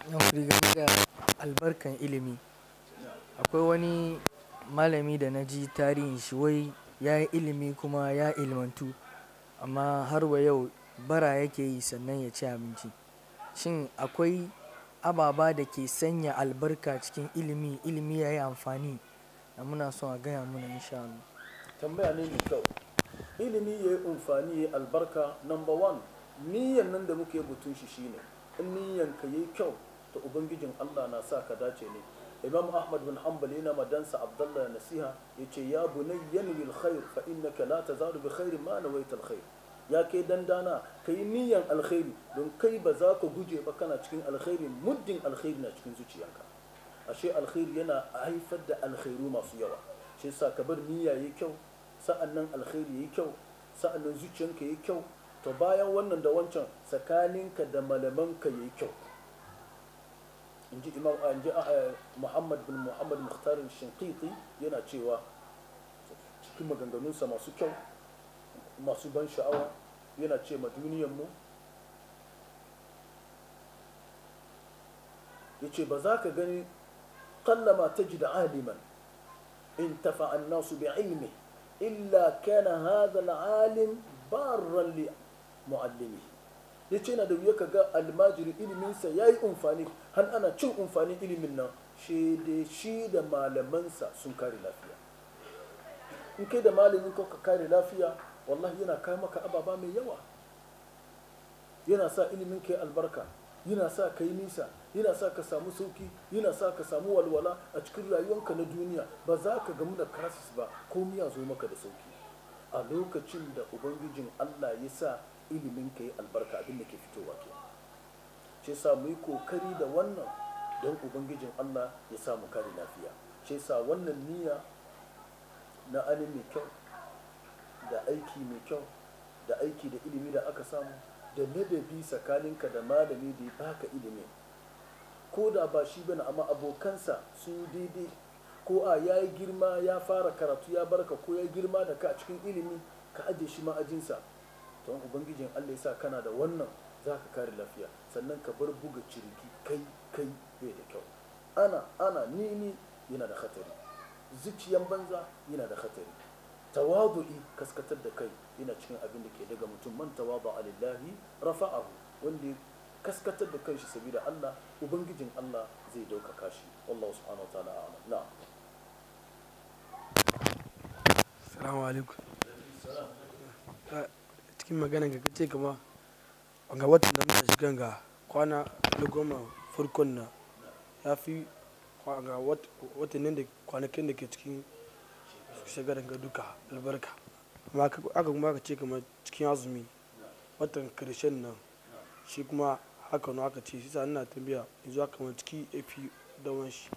Yan kuri albarkan ilimi. Akwai wani malami da na ji tarihin shi wai ya yi ilimi kuma ya ilmantu amma har wa yau bara yake yi sannan ya ci abinci. Shin akwai ababa da ke sanya albarka cikin ilimi, ilimi ya yi amfani? Da muna son a gaya muna in sha Allah. Tambaya ne mai kyau. Ilimi ya yi amfani yi albarka number one, niyyan nan da muke butun shi shine in ka yi kyau da ubangijin Allah na sa ka dace ne imam ahmad bin hanbal yana madansa abdullah nasiha ya ce ya bunayyan wil khair fa innaka la tazalu bi khairin ma nawaita al khair ya kai dandana kai yi niyyar alkhairi don kai ba za ka guje ba kana cikin alkhairi muddin alkhairi na cikin zuciyarka ashe alkhairi yana haifar da alkhairu masu yawa shi sa ka bar niyya yayi kyau sa'annan alkhairi yayi kyau sa'annan zuciyarka yayi kyau to bayan wannan da wancan tsakaninka da malamanka yayi kyau inji ji imam eh, inji ji eh, muhammad bin muhammad mukhtar shinkiti yana cewa cikin maganganunsa masu kyau masu ban sha'awa yana ce ma duniyanmu ya ce ba za ka gani kallama ta ji da aliman in tafa fa'an nasu bi ilmi illa kana hada al'alim barran li muallimi ya ce na da wuya ka ga almajiri iliminsa ya yi umfani. har ana cin amfanin ilimin nan shi da shi da malamansa sun kare lafiya in kai da malamin ka ka kare lafiya wallahi yana kai maka ababa mai yawa yana sa ilimin ka albarka yana sa ka yi nisa yana sa ka samu sauki yana sa ka samu walwala a cikin rayuwanka na duniya ba za ka gamu da crisis ba ko miya zo maka da sauki a lokacin da ubangijin allah ya sa ilimin ka yi albarka abin da ke fitowa ke shi sa mu yi kokari da wannan don ubangijin Allah ya sa mu kare lafiya shi sa wannan niyya na ani mai kyau da aiki mai kyau da aiki da ilimi da aka samu da ladabi tsakaninka da malami da ya baka ilimi ko da ba shi bane amma abokansa sun daidai ko a ya yi girma ya fara karatu ya barka ko ya girma da ka a cikin ilimi ka ajiye shi ma'ajinsa don ubangijin allah ya sa kana da wannan za ka kare lafiya sannan ka bar buga ciriki kai kai bai da kyau ana ana ni ni yana da hatari zuciyan banza yana da hatari tawadu'i kaskatar da kai yana cikin abin da ke daga mutum man tawadu alillahi rafa'ahu wanda kaskatar da kanshi sabida Allah ubangijin Allah zai daukaka shi Allah subhanahu wa ta'ala na'am assalamu alaikum cikin magana ga kace kuma ga watan da muka shiga ga kwana na goma farkon na ya fi ga watannin da kwanakin da ke cikin shagarin ga duka albarka aka kuma aka ce kamar cikin azumi watan karshen nan shi kuma haka nuna aka ce sisa ina tambaya yanzu zuwa kamar ciki ya fi dawon shi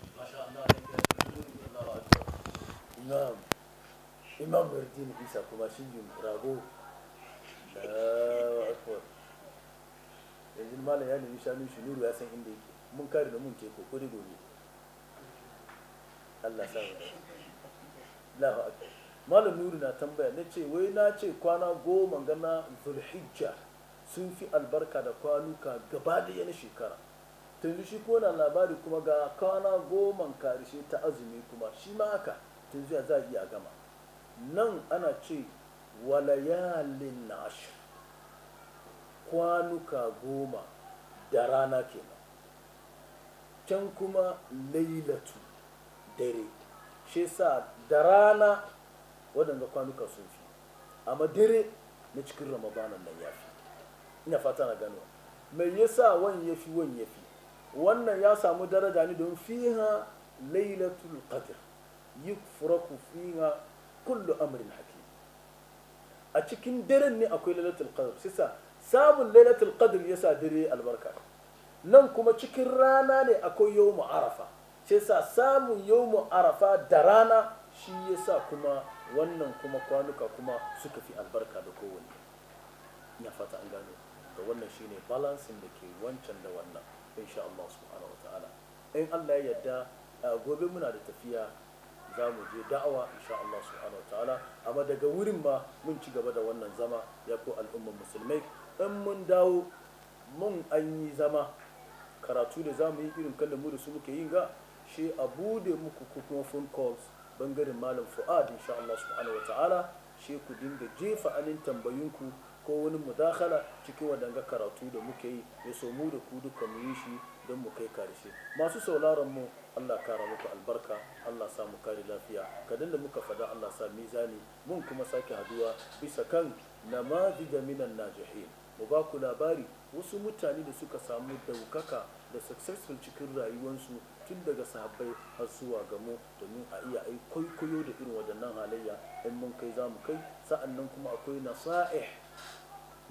imam berdin isa kuma shi rago da yanzu malam ya nemi shanu shi nuru ya san inda yake mun kare da mun ke kokori gobe Allah sa Allahu akbar malam nuru na tambaya na ce wai na ce kwana goma gana zulhijja sun fi albarka da kwanuka gaba da na shekara tunzu shi ko na labari kuma ga kwana goma karshe ta azumi kuma shi ma haka tunzu ya za a gama nan ana ce walayalin ashir kwanuka goma da rana kenan can kuma lailatu dare shi sa da rana waɗanda kwanuka sun fi amma dare na cikin ramadanan nan ya fi ina fata na gano mai yasa wani ya fi wani ya fi wannan ya samu daraja ne don fiha lailatul qadr yufraku fiha kullu amrin hakim a cikin daren ne akwai lailatul qadr sai samun lailatul qadr yasa dare albarka nan kuma cikin rana ne akwai yawmu arafa ce sa samun yawmu arafa da rana shi yasa kuma wannan kuma kwanuka kuma suka fi albarka da kowanne ina fata an gano da wannan shine balansin da ke wancan da wannan insha Allah subhanahu wataala in Allah ya yarda gobe muna da tafiya za mu je da'awa insha Allah subhanahu wataala amma daga wurin ma mun ci gaba da wannan zama ya ko al'ummar musulmai in mun dawo mun an yi zama karatu da zamu yi irin kan da mu da su muke yin ga shi a bude muku ko kuma phone calls bangaren malam fu'ad insha Allah subhanahu wa ta'ala shi ku dinga jefa anin tambayinku ko wani mudakala cikin wadanga karatu da muke yi ya so mu da ku duka mu yi shi don mu kai karshe masu sauraron mu Allah kara muku albarka Allah sa mu kare lafiya kadan da muka fada Allah sa mizani mun kuma sake haduwa bisa kan namazi da minan najihin mu ba ku labari wasu mutane da suka samu daukaka da successful cikin rayuwarsu tun daga sahabbai har zuwa gamo domin a iya ai kwaikwayo da irin waɗannan halayya in mun kai za mu kai sa'an nan kuma akwai nasa'ih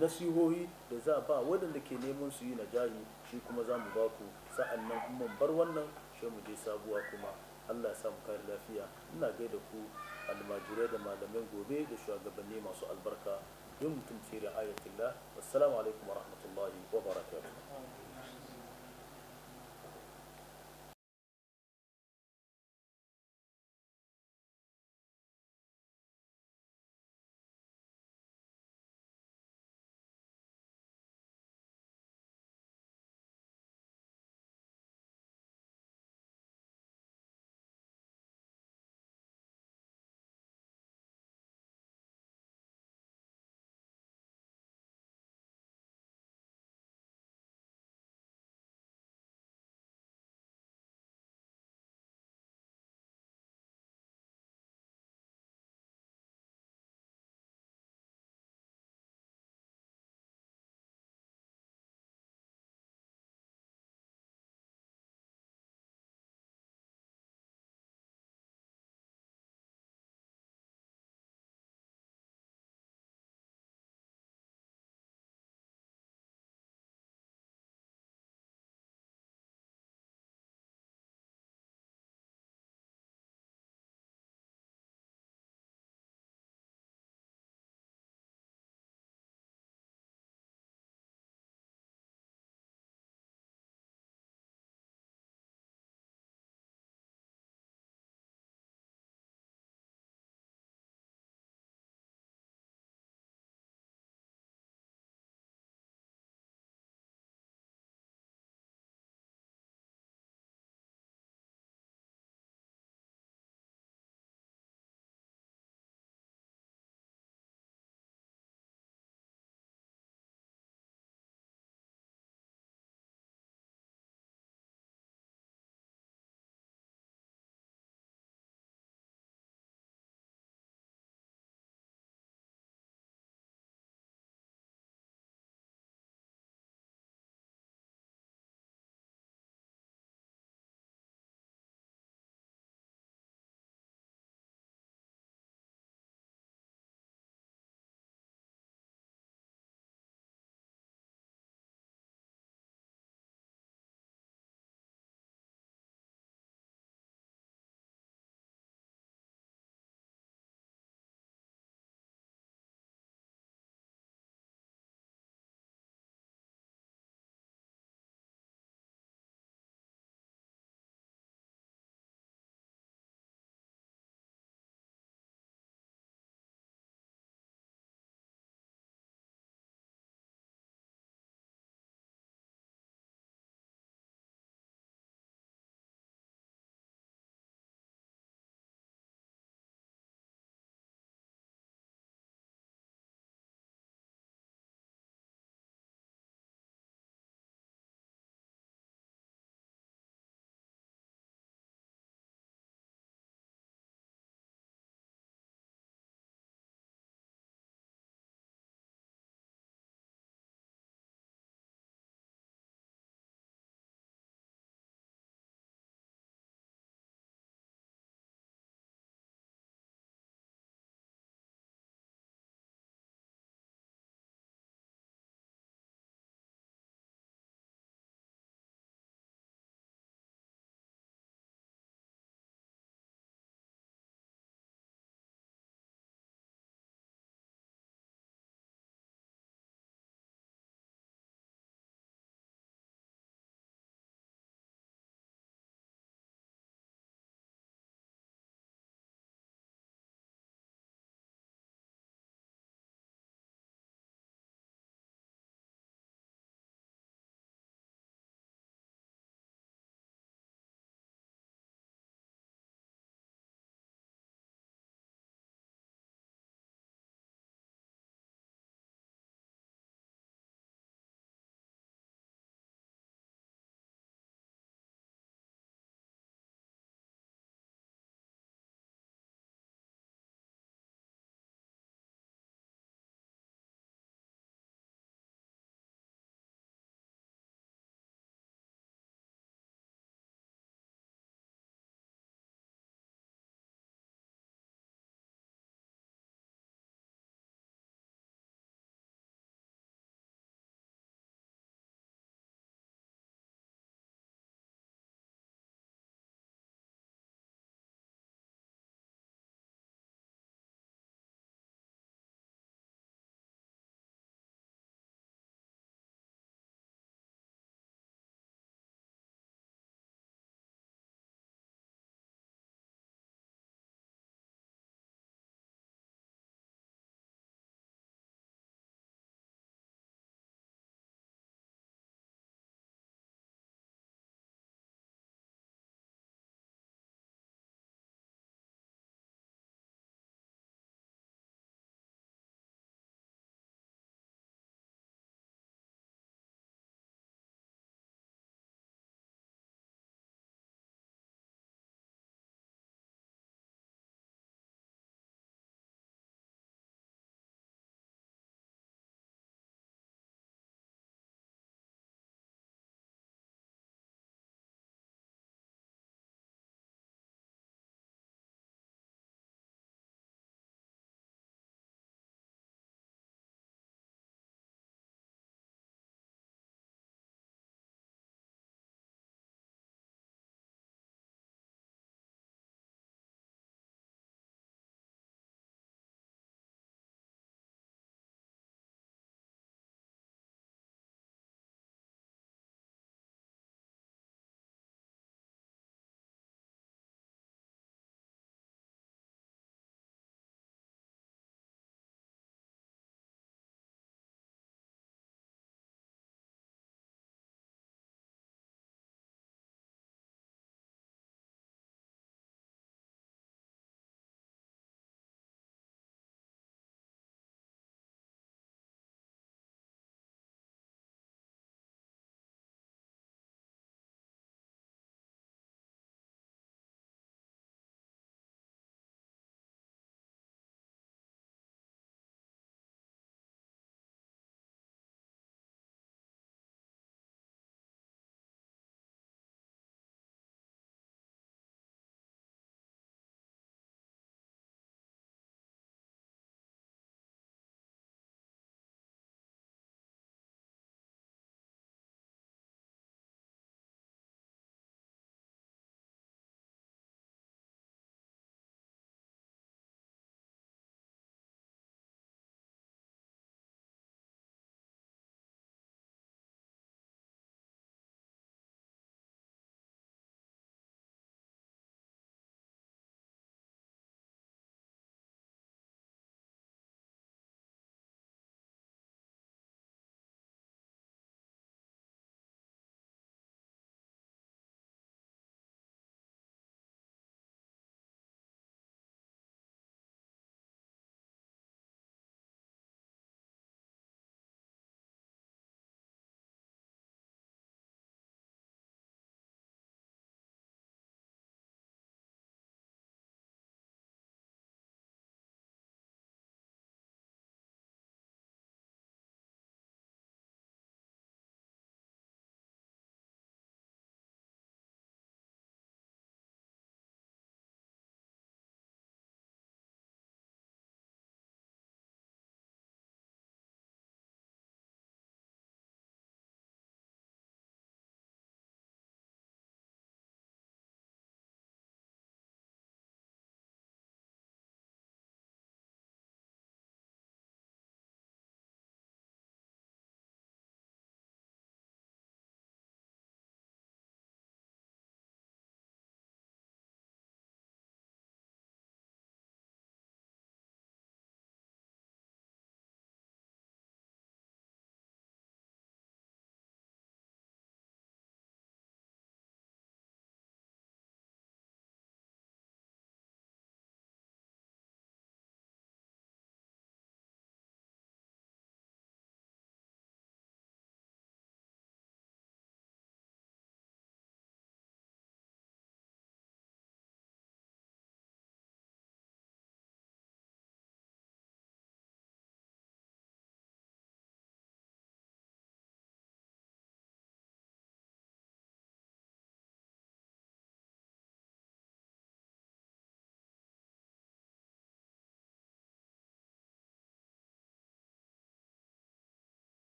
nasihohi da za ba waɗanda ke neman su yi na jari shi kuma za mu ba ku sa'an nan mun bar wannan shi mu je sabuwa kuma Allah ya sa mu kare lafiya ina gaida ku almajirai da malamai gobe da shugabanni masu albarka دمتم في رعاية الله والسلام عليكم ورحمة الله وبركاته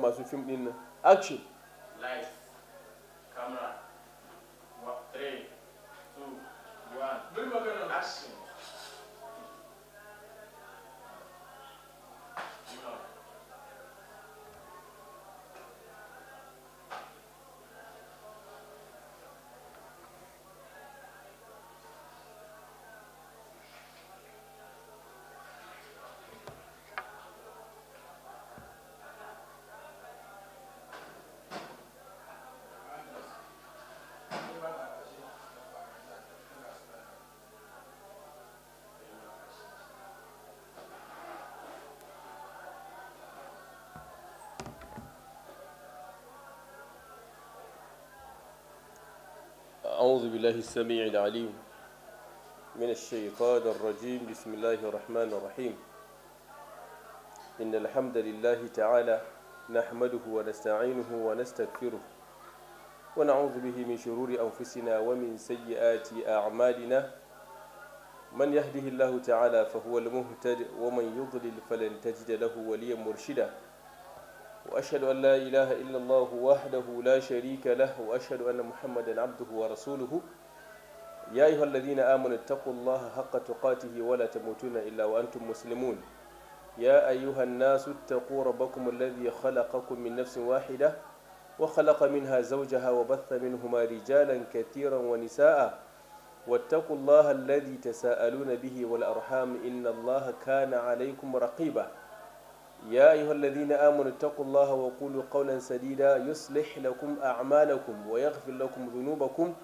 masu fim din nan action lights camera 3 2 1 action أعوذ بالله السميع العليم من الشيطان الرجيم بسم الله الرحمن الرحيم إن الحمد لله تعالى نحمده ونستعينه ونستغفره ونعوذ به من شرور أنفسنا ومن سيئات أعمالنا من يهده الله تعالى فهو المهتد ومن يضلل فلن تجد له وليا مرشدا وأشهد أن لا إله إلا الله وحده لا شريك له وأشهد أن محمدا عبده ورسوله يا أيها الذين آمنوا اتقوا الله حق تقاته ولا تموتون إلا وأنتم مسلمون يا أيها الناس اتقوا ربكم الذي خلقكم من نفس واحدة وخلق منها زوجها وبث منهما رجالا كثيرا ونساء واتقوا الله الذي تساءلون به والأرحام إن الله كان عليكم رقيباً يا أيها الذين آمنوا اتقوا الله وقولوا قولا سديدا يصلح لكم أعمالكم ويغفر لكم ذنوبكم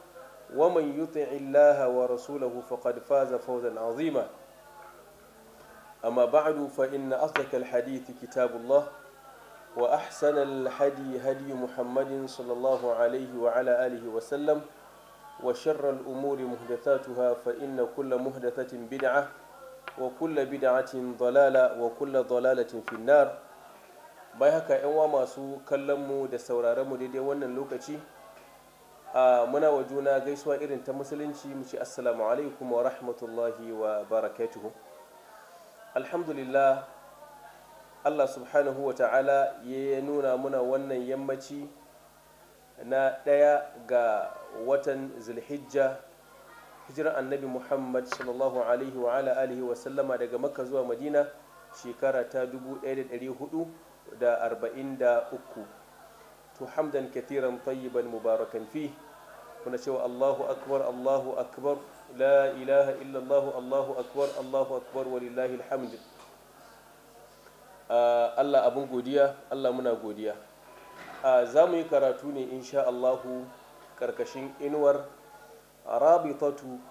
ومن يطع الله ورسوله فقد فاز فوزا عظيما أما بعد فإن أصدق الحديث كتاب الله وأحسن الهدي هدي محمد صلى الله عليه وعلى آله وسلم وشر الأمور محدثاتها فإن كل محدثة بدعة wa وكل بدعة ضلالة وكل ضلالة في النار bai haka yan wa masu kallon mu da sauraron mu daidai wannan lokaci a muna wa juna gaisuwa irin ta musulunci mu ce assalamu alaikum wa rahmatullahi wa barakatuhu alhamdulillah allah subhanahu wa ta'ala ya nuna muna wannan yammaci na ɗaya ga watan zulhijja hijirar annabi muhammad sallallahu alaihi wa ala alihi wa sallama daga makka zuwa madina shekara ta 1443 to hamdan kathiran tayyiban mubarakan fi kuna cewa allahu akbar allahu akbar la ilaha illallah allahu akbar allahu akbar lillahi alhamd ah, allah abin godiya allah muna godiya ah, za mu yi karatu ne insha allahu karkashin inuwar rabitatu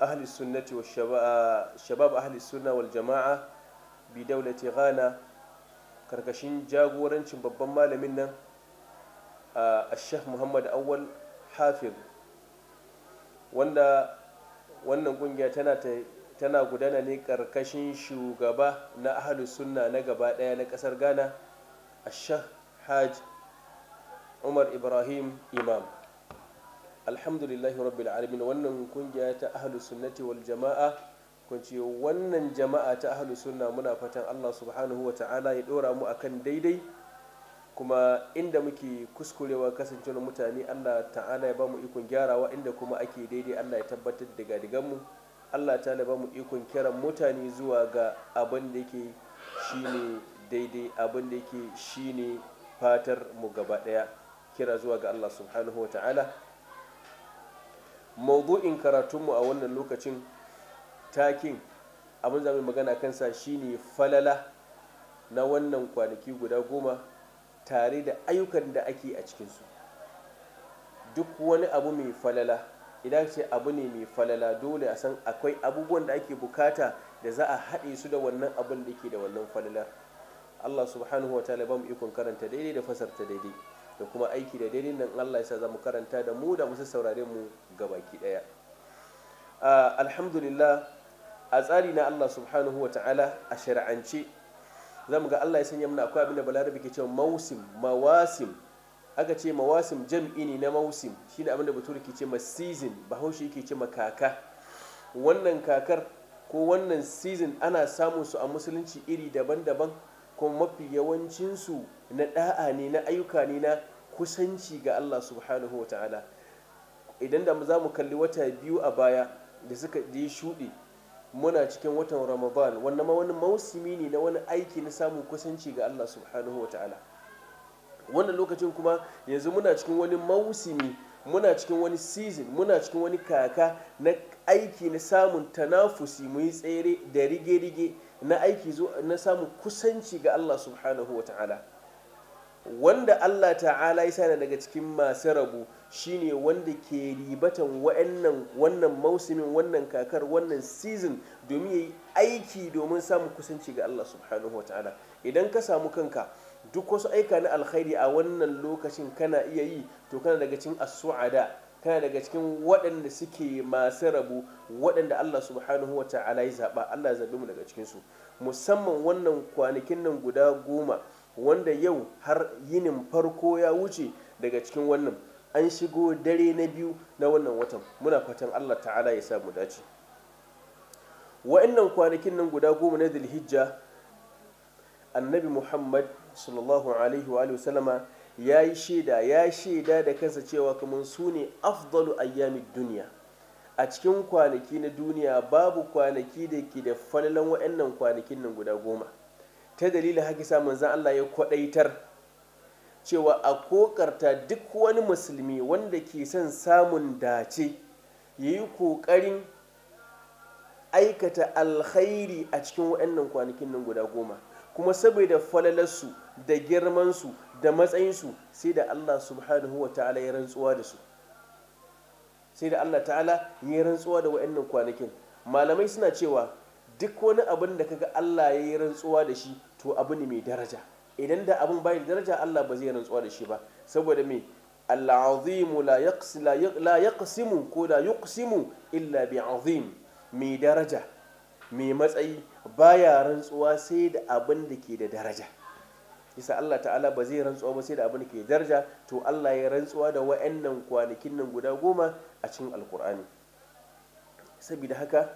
ahli sunnati shabab ahli sunna wal jama'a bi daulati ghana karkashin jagorancin babban malamin nan a sheikh muhammad awal hafiz wanda wannan kungiya tana tana gudana ne karkashin shugaba na ahli sunna na gaba daya na kasar ghana a shah haj umar ibrahim imam alhamdulillahi rabbil alamin wannan kungiya ta ahlus sunnati wal jama'a kun ce wannan jama'a ta ahlus sunna muna fatan Allah subhanahu wa ta'ala ya dora mu akan daidai kuma inda muke kuskurewa kasancewar mutane Allah ta'ala ya bamu ikon gyarawa inda kuma ake daidai Allah ya tabbatar da gadigan mu Allah ta'ala bamu ikon kira mutane zuwa ga abin da yake shine daidai abin da yake shine fatar mu gaba daya kira zuwa ga Allah subhanahu wa ta'ala maudu'in karatunmu a wannan lokacin takin abin zamu magana kansa shine falala na wannan kwanaki guda goma tare da ayyukan da ake a cikinsu duk wani abu mai falala idan ce abu ne mai falala dole a san akwai abubuwan da ake bukata da za a haɗe su da wannan abin da ke da wannan falala allah subhanahu wa ta'ala ba mu ikon karanta daidai da fasarta daidai da kuma aiki da daidai nan Allah ya sa za mu karanta da mu da musu saurare mu ga baki daya alhamdulillah a tsari na Allah subhanahu wa ta'ala a shari'ance za mu ga Allah ya sanya muna akwai abin da balarabi ke cewa mausim mawasim aka ce mawasim jam'i ne na mausim shine abin da bature ke ce ma season bahaushe ke ce ma kaka wannan kakar ko wannan season ana samun su a musulunci iri daban-daban kuma mafi yawancinsu na da'a ne na ayyuka ne na kusanci ga Allah subhanahu wa ta'ala idan da za mu kalli wata biyu a baya da suka je shuɗe muna cikin watan ramadan wannan ma wani mausimi ne na wani aiki na samun kusanci ga Allah subhanahu wa ta'ala wannan lokacin kuma yanzu muna cikin wani mausimi muna cikin wani season muna cikin wani kaka na aiki na samun tanafusi mu yi tsere da rige-rige na aiki na samun kusanci ga Allah subhanahu wa ta'ala wanda Allah ta'ala ya sani daga cikin masu rabu shine wanda ke ribatan wa'annan wannan mausimin wannan kakar wannan season domin yayi aiki domin samun kusanci ga Allah subhanahu ta'ala idan ka samu kanka duk wasu aika na alkhairi a wannan lokacin kana iya yi to kana daga cikin as-su'ada kana daga cikin waɗanda suke masu rabu waɗanda Allah subhanahu wa ta'ala ya zaba Allah ya zabe mu daga cikinsu musamman wannan kwanakin nan guda goma wanda yau har yinin farko ya wuce daga cikin wannan an shigo dare na biyu na wannan watan muna fatan allah ta'ala ya sa mu dace wa'annan kwanakin nan guda goma na dilhijja annabi muhammad sallallahu alaihi wa sallama ya yi shaida ya shaida da kansa cewa kamar su ne afdalu ayyamin duniya a cikin kwanaki na duniya babu kwanaki da ke da falalan wa'annan kwanakin nan guda goma ta dalilin haka samun manzan Allah ya kwaɗaitar cewa a kokarta duk wani musulmi wanda ke son samun dace ya yi kokarin aikata alkhairi a cikin waɗannan kwanakin nan guda goma kuma saboda falalarsu da girmansu da matsayinsu sai da Allah subhanahu wa ta'ala ya rantsuwa da su sai da Allah ta'ala ya rantsuwa da waɗannan kwanakin malamai suna cewa duk wani abin da kaga Allah ya yi rantsuwa da shi to abu ne mai daraja idan da abin bai da daraja Allah ba zai rantsuwa da shi ba saboda me al'azimu la yaqsimu ko da yuqsimu illa bi azim mai daraja mai matsayi baya rantsuwa sai da abin da ke da daraja isa Allah ta'ala ba zai rantsuwa ba sai da abin da ke daraja to Allah ya rantsuwa da wa'annan kwanakin nan guda goma a cikin alkur'ani saboda haka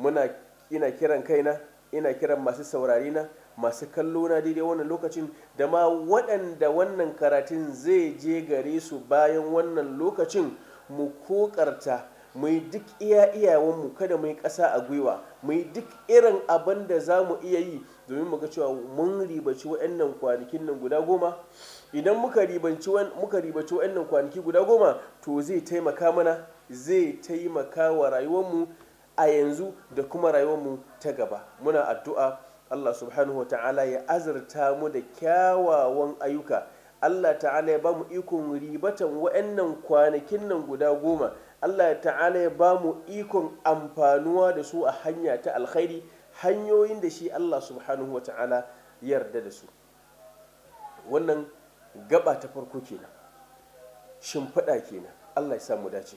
muna ina kiran kaina ina kiran masu saurari na masu kallo na daidai wannan lokacin da ma waɗanda wannan karatun zai je gare su bayan wannan lokacin mu kokarta mu yi duk iya mu kada mu yi ƙasa a gwiwa mu yi duk irin abin da za mu iya yi domin mu ga cewa mun ribaci waɗannan kwanakin nan guda goma idan muka ribanci ribaci waɗannan kwanaki guda goma to zai taimaka mana zai taimaka wa rayuwarmu a yanzu da kuma rayuwarmu ta gaba muna addu'a Allah subhanahu wa ta'ala ya azurta mu da kyawawan ayyuka Allah ta'ala ya bamu ikon ribatan wa'annan kwanakin nan guda goma Allah ta'ala ya ba mu ikon amfanuwa da su a hanya ta alkhairi hanyoyin da shi Allah subhanahu wa ta'ala yarda da su wannan gaba ta farko kenan shimfiɗa kenan Allah ya samu dace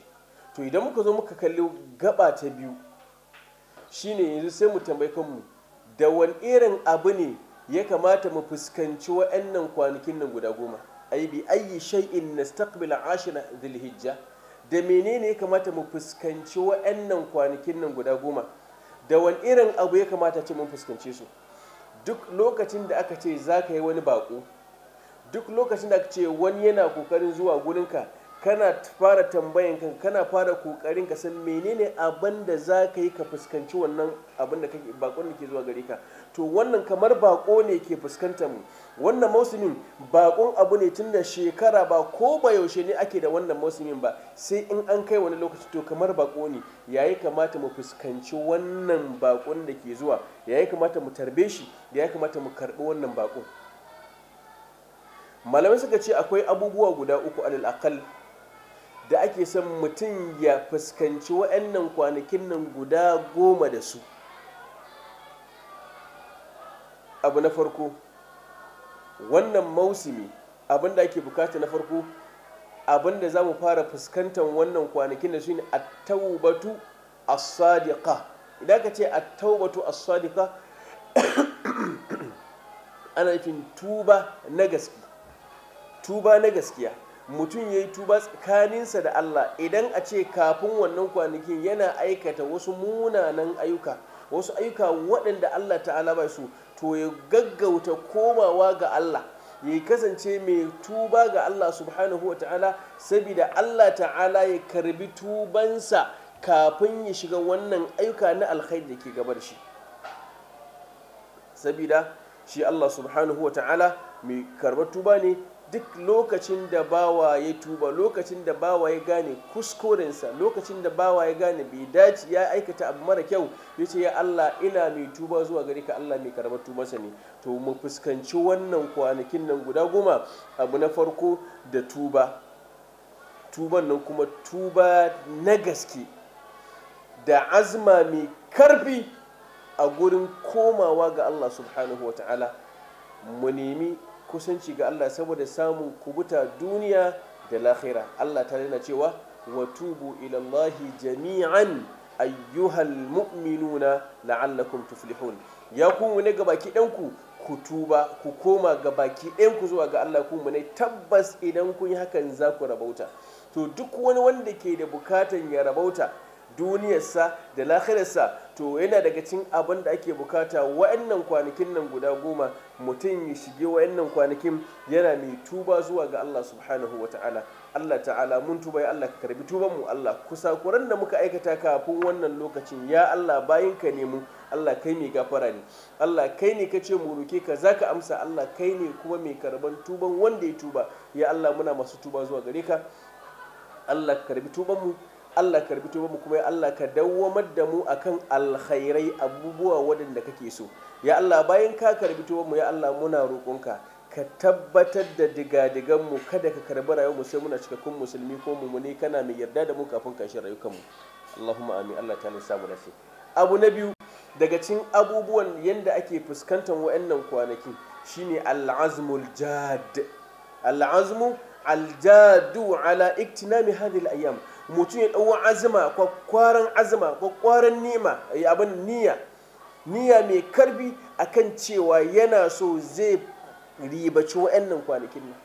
to idan muka zo muka kalli gaba ta biyu shine yanzu sai mu tambayi kanmu da wani irin abu ne ya kamata mu fuskanci wa'annan kwanakin nan guda goma ai bi ayyi shay'in nastaqbil ashira dhilhijja da menene ya kamata mu fuskanci wa'annan kwanakin nan guda goma da wani irin abu ya kamata ce mun fuskance su duk lokacin da aka ce za ka yi wani baƙo? duk lokacin da aka ce wani yana kokarin zuwa gurinka kana fara tambayan kan kana fara kokarin ka san menene abin da za ka yi ka fuskanci wannan abin da kake bakon da ke zuwa gare ka to wannan kamar bako ne ke fuskanta mu wannan musulmin bakon abu ne tun da shekara ba ko ba yaushe ne ake da wannan musulmin ba sai in an kai wani lokaci to kamar bako ne yayi kamata mu fuskanci wannan bakon da ke zuwa yayi kamata mu tarbe shi da ya kamata mu karbi wannan bakon malamai suka ce akwai abubuwa guda uku alal aqal da ake son mutum ya fuskanci wa'annan kwanakin nan guda goma da su abu na farko wannan mausimi abin da ake bukata na farko abin da za mu fara fuskantar wannan kwanakin da su ne a taubatu as-sadiqa idan ka ce a taubatu as-sadiqa ana nufin tuba na gaskiya mutum ya yi tuba tsakaninsa da Allah idan a ce kafin wannan kwanakin yana aikata wasu munanan ayuka, wasu ayuka waɗanda Allah ta'ala bai su to ya gaggauta komawa ga Allah ya kasance mai tuba ga Allah subhanahu wa ta'ala saboda Allah ta'ala ya karbi tubansa kafin ya shiga wannan ayuka na alkhairi da ke gabar shi saboda shi Allah subhanahu wa ta'ala mai karbar tuba ne duk lokacin da bawa ya tuba lokacin da bawa ya gane kuskurensa lokacin da bawa ya gane bai dace ya aikata abu mara kyau ya ce ya Allah ina mai tuba zuwa gari ka Allah mai karbar tubarsa ne to mu fuskanci wannan kwanakin nan guda goma abu na farko da tuba tuban nan kuma tuba na gaske da azma mai karfi a gurin komawa ga Allah subhanahu wa ta'ala mu nemi kusanci ga Allah saboda samun kubuta duniya da lahira Allah ta nuna cewa wa tubu ilallahi jami'an ayyuhal mu'minuna la'allakum tuflihun ya ku ne baki ɗanku ku tuba ku koma ga baki ɗanku zuwa ga Allah ku ne tabbas idan kun yi hakan za ku rabauta to duk wani wanda ke da bukatan ya rabauta duniyarsa da lahirarsa to yana daga cin abin da ake bukata wa'annan kwanakin nan guda goma mutum ya shige wa'annan kwanakin yana mai tuba zuwa ga Allah subhanahu wa ta'ala Allah ta'ala mun tuba ya Allah ka karbi tuban mu Allah kuran da muka aikata kafin wannan lokacin ya Allah bayin ka ne mu Allah kai mai gafara ne Allah kai ne kace mu roke ka zaka amsa Allah kai ne kuma mai karban tuban wanda ya tuba ya Allah muna masu tuba zuwa gare ka Allah ka karbi tuban mu Allah karbi tuba mu kuma ya Allah ka dawwamar da mu akan alkhairai abubuwa waɗanda kake so ya Allah bayan ka karbi tuba mu ya Allah muna roƙonka ka tabbatar da digadigan mu kada ka karbi rayuwar mu sai muna cikakkun musulmi ko mumuni kana mai yarda da mu kafin ka shirya rayukan mu Allahumma amin Allah ta nisa mu dace abu na biyu daga cikin abubuwan yanda ake fuskantar wa'annan kwanaki shine al'azmul jad al'azmu aljadu ala iktinami hadhihi al-ayyam mutum ya ɗauwa azuma kwakwaran azuma kwakwaran nima eh, abin niyya niyya mai karbi akan cewa yana so zai ribaci wa'annan kwanakin nan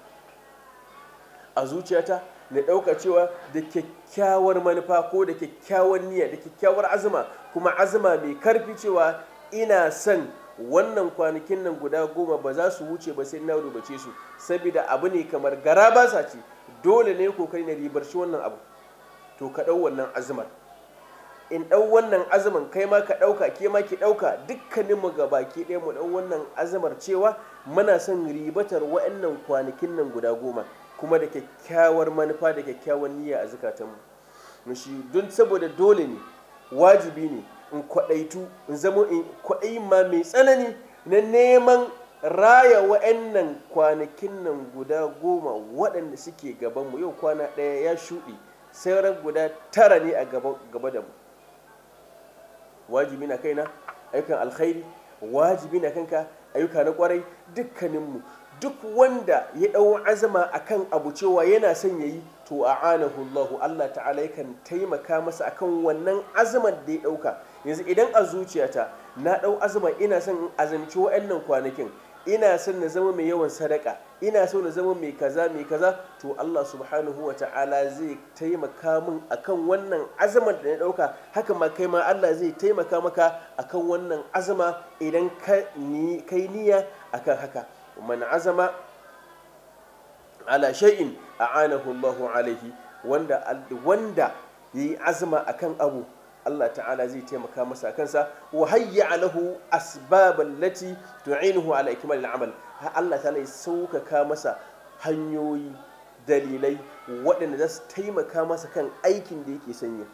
a zuciyata na ɗauka cewa da kyakkyawar manufa ko da kyakkyawar niyya da kyakkyawar azuma kuma azuma mai karfi cewa ina son wannan kwanakin nan guda goma ba za su wuce ba sai na rubace su saboda abu ne kamar gara ba ce dole ne kokari na ribarci wannan abu to ka ɗau wannan azumar in ɗau wannan azumin kai ma ka ɗauka ke ma ki ɗauka dukkanin mu ga baki ɗaya mu ɗau wannan azumar cewa muna son ribatar wa'annan kwanakin nan guda goma kuma da kyakkyawar manufa da kyakkyawar niyya a zukatanmu mu shi don saboda dole ne wajibi ne in kwaɗaitu in zama in kwaɗayi ma mai tsanani na neman raya wa'annan kwanakin nan guda goma waɗanda suke gabanmu yau kwana ɗaya ya shuɗe sauran guda tara ne a gaba da mu wajibi na kaina ayyukan alkhairi wajibi na kanka ayyuka na kwarai dukkaninmu duk wanda ya ɗau azama akan abu cewa yana son yayi to a anahu Allah Allah ta'ala yakan taimaka masa akan wannan azamar da ya ɗauka yanzu idan a zuciyata na ɗau azama ina son azamci wa'annan kwanakin ina son na zama mai yawan sadaka ina so na zama mai kaza mai kaza to Allah subhanahu wa ta'ala zai taimaka min akan wannan azaman da na dauka haka ma kai ma Allah zai taimaka maka akan wannan azama idan ka ni kai niyya akan haka man azama ala shay'in a'anahu Allahu alaihi wanda wanda yayi azama akan abu Allah ta'ala zai taimaka masa kansa wa hayya alahu asbaban lati tu'inuhu ala ikmal al'amal Allah ta'ala ya saukaka masa hanyoyi dalilai waɗanda za su taimaka masa kan aikin da yake sanya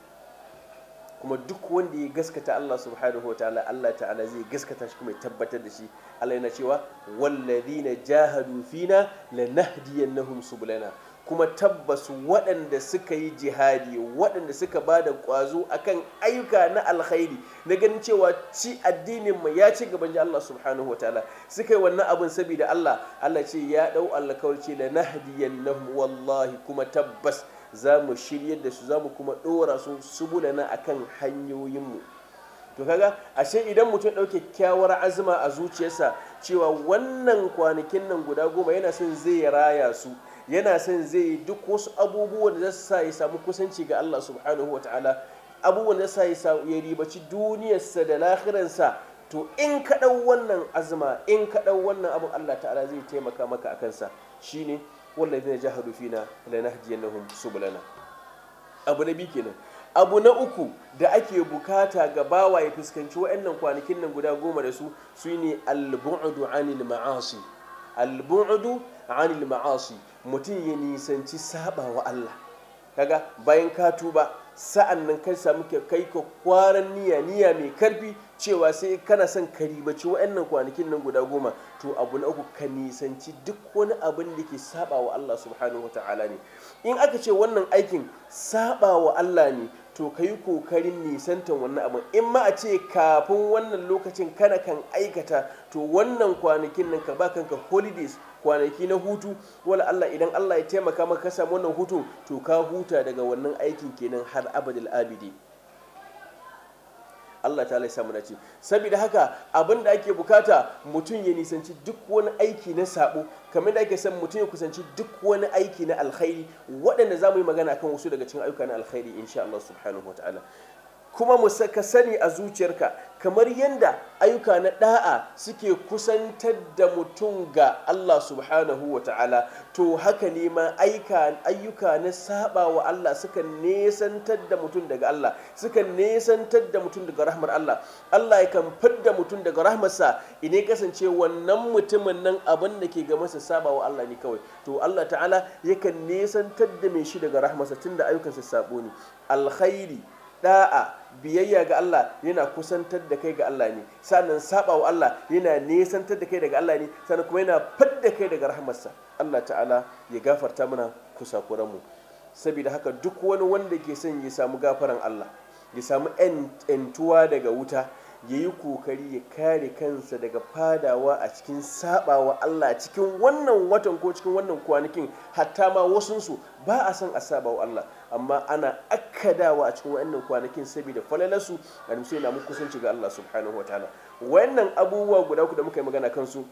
kuma duk wanda ya gaskata Allah subhanahu wa ta'ala Allah ta'ala zai gaskata shi kuma ya tabbatar da shi Allah yana cewa wallazina jahadu fina lanahdiyannahum subulana kuma tabbas waɗanda suka yi jihadi waɗanda suka ba da ƙwazo akan ayyuka na alkhairi na ganin cewa ci addinin mu ya ci gaban Allah subhanahu wataala suka yi wannan abin saboda Allah Allah ce ya ɗau alkawarci la na wallahi kuma tabbas za mu shiryar da su za mu kuma ɗora su na akan hanyoyinmu to kaga ashe idan mutum ɗauke kyawar azuma a zuciyarsa cewa wannan kwanakin nan guda goma yana son zai raya su yana san zai yi duk wasu abubuwan da sa ya samu kusanci ga Allah subhanahu wa ta'ala abubuwan da sa ya ribaci duniyarsa da lahirarsa to in ka ɗau wannan azuma in ka ɗau wannan abin Allah ta'ala zai taimaka maka a kansa shine na jahadu fina lanahdiyannahum subulana abu na biyu kenan abu na uku da ake bukata ga bawa ya fuskanci wa'annan kwanakin nan guda goma da su su ne albu'udu anil ma'asi albu'udu anil ma'asi mutum ya nisanci saba wa Allah kaga bayan ka tuba sa'an nan ka samu kai ka kwaran niyya niyya mai karfi cewa sai kana son ka ribaci wa'annan kwanakin nan guda goma to abu na uku ka nisanci duk wani abin da ke saba wa Allah subhanahu ta'ala ne in aka ce wannan aikin saba wa Allah ne to ka yi kokarin nisantan wannan abin in ma a ce kafin wannan lokacin kana kan aikata to wannan kwanakin nan ka ba kanka holidays kwanaki na hutu wala Allah idan Allah ya taimaka maka ka samu wannan hutu to ka huta daga wannan aikin kenan har abadil abidi Allah ta lai samu dace saboda haka abin da ake bukata mutum ya nisanci duk wani aiki na sabo kamar da ake son mutum ya kusanci duk wani aiki na alkhairi waɗanda za mu yi magana kan wasu daga cikin ayyuka na alkhairi insha Allah subhanahu wa ta'ala kuma mu saka sani a zuciyarka kamar yadda ayyuka na ɗa'a suke kusantar da mutum ga Allah subhanahu wa ta'ala to haka ne ma ayyuka na saba wa Allah suka nesantar da mutum daga Allah suka nesantar da mutum daga rahmar Allah Allah ya kan fidda mutum daga rahmarsa ine kasance wannan mutumin nan abin da ke ga saba wa Allah ne kawai to Allah ta'ala yakan nesantar da mai shi daga rahmarsa tunda ayyukansa sabo ne alkhairi da'a biyayya ga Allah yana kusantar da kai ga Allah ne sannan saba wa Allah yana nesantar da kai daga Allah ne sannan kuma yana fadda kai daga rahamarsa Allah ta'ala ya gafarta mana kusakuranmu saboda haka duk wani wanda ke son ya samu gafaran Allah ya samu 'yantuwa daga wuta ya yi kokari ya kare kansa daga fadawa a cikin sabawa Allah cikin wannan watan ko cikin wannan kwanakin hatta ma wasunsu ba a san a sabawa Allah amma ana akkadawa a cikin wannan kwanakin saboda falalarsu a sai na muku sun ga Allah subhanahu wa ta'ala wannan abubuwa guda ku da muka yi magana kansu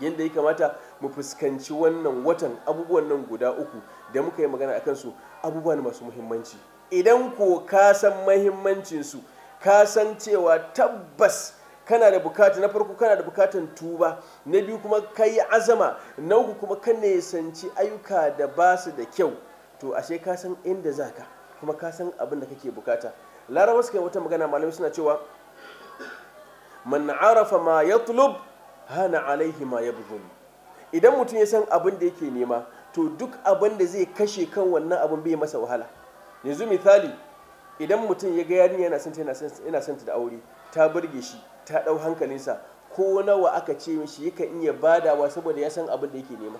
yadda ya kamata mu fuskanci wannan watan abubuwan nan guda uku da muka yi magana a kansu abubuwa masu muhimmanci idan ko ka san muhimmancinsu su ka san cewa tabbas kana da bukata na farko kana da bukatan tuba na biyu kuma ka yi azama na uku kuma ka nesanci ayyuka da ba su da kyau to ashe ka san inda za ka kuma ka san abin da kake bukata larabawa suka yi wata magana malamai suna cewa man arafa ma tulub hana alaihi ma ya yabghun idan mutum ya san abin da yake nema to duk abin da zai kashe kan wannan abin bai masa wahala yanzu misali idan mutum ya ga yarinya yana son da aure ta burge shi ta dau hankalinsa ko nawa aka ce mishi yakan iya badawa saboda ya san abin da yake nema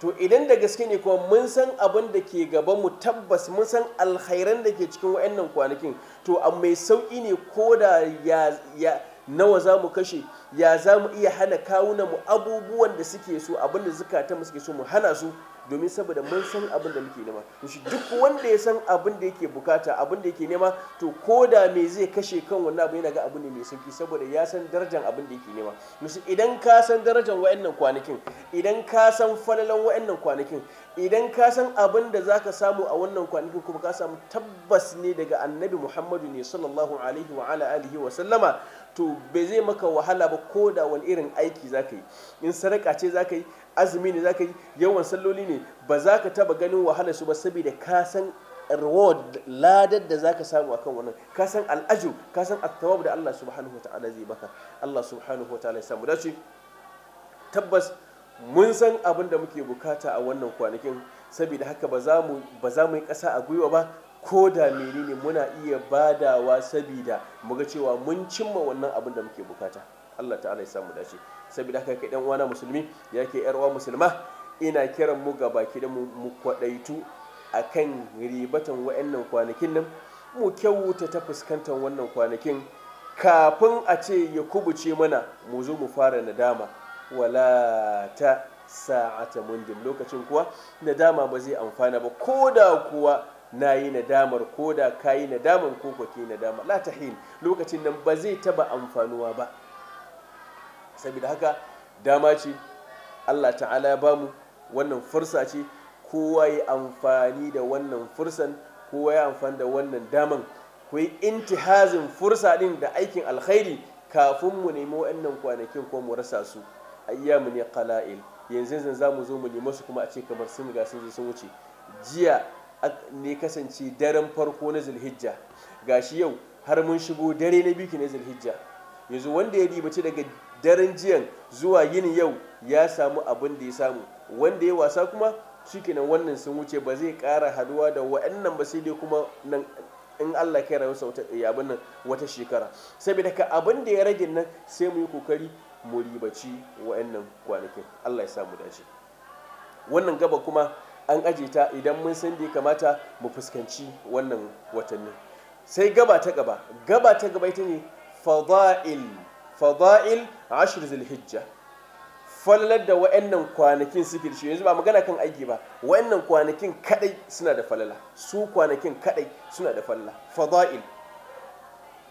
to idan da gaske ne kuma mun san abin da ke gaban mu tabbas mun san alkhairan da ke cikin wa'annan kwanakin to a mai sauki ne ko da ya nawa za mu kashe ya za mu iya hana kawunan mu abubuwan da suke so abin da zukatan mu suke so mu hana su domin saboda mun san abin da muke nema shi duk wanda ya san abin da yake bukata abin da yake nema to ko da me zai kashe kan wannan abu yana ga abu ne mai sauki saboda ya san darajar abin da yake nema musu idan ka san darajar wayannan kwanakin idan ka san falalan wayannan kwanakin idan ka san abin da zaka samu a wannan kwanakin kuma ka samu tabbas ne daga annabi Muhammadu ne sallallahu alaihi wa ala alihi wa sallama to bai zai maka wahala ba ko da wani irin aiki za ka yi in sarƙa ce za ka yi azumi ne za ka yi yawan salloli ne ba za ka taba ganin wahala su ba saboda ka san reward ladar da zaka samu akan wannan ka san kasan ka san da Allah subhanahu ta'ala zai baka Allah subhanahu ta'ala ya samu dace tabbas mun san abin da muke bukata a wannan kwanakin saboda haka ba za mu yi ƙasa a gwiwa ba ko da menene muna iya badawa sabida muga cewa mun cimma wannan abin da muke bukata Allah ta'ala ya samu dace saboda haka kai dan uwana musulmi yake yar uwa musulma ina kiran mu ga baki da mu kwadaitu akan ribatan wa'annan kwanakin nan mu kyauta ta fuskantar wannan kwanakin kafin a ce ya kubuce mana mu zo mu fara nadama wala ta sa'ata mundin lokacin kuwa nadama ba zai amfana ba ko da kuwa na yi nadamar ko da ka yi nadamar ko ka ke nadama la lokacin nan ba zai taba amfanuwa ba saboda haka dama ce Allah ta'ala ya bamu wannan fursa ce kowa yi amfani da wannan fursan kowa ya amfani da wannan daman ku yi intihazin fursa din da aikin alkhairi kafin mu nemi wa'annan kwanakin ko mu rasa su ayyamun ya qala'il yanzu yanzu za mu zo mu nemi su kuma a ce kamar sun ga sun zo sun wuce jiya ne kasance daren farko na zulhijja ga shi yau har mun shigo dare na biki na zulhijja yanzu wanda ya ribaci daga daren jiyan zuwa yin yau ya samu abin da ya samu wanda ya wasa kuma shikenan wannan sun wuce ba zai kara haduwa da wa'annan ba sai dai kuma nan in Allah kai rayuwarsa wata eh, abin nan wata shekara saboda ka abin da ya rage nan sai mu yi kokari mu ribaci wa'annan kwanakin Allah ya samu dace wannan gaba kuma an aje ta idan mun san da ya kamata mu fuskanci wannan watanni sai gaba ta gaba gaba ta gaba ita ne fada'il fada'il ashir zulhijja falalar da wa'annan kwanakin suke da shi yanzu ba magana kan aiki ba wa'annan kwanakin kadai suna da falala su kwanakin kadai suna da falala fada'il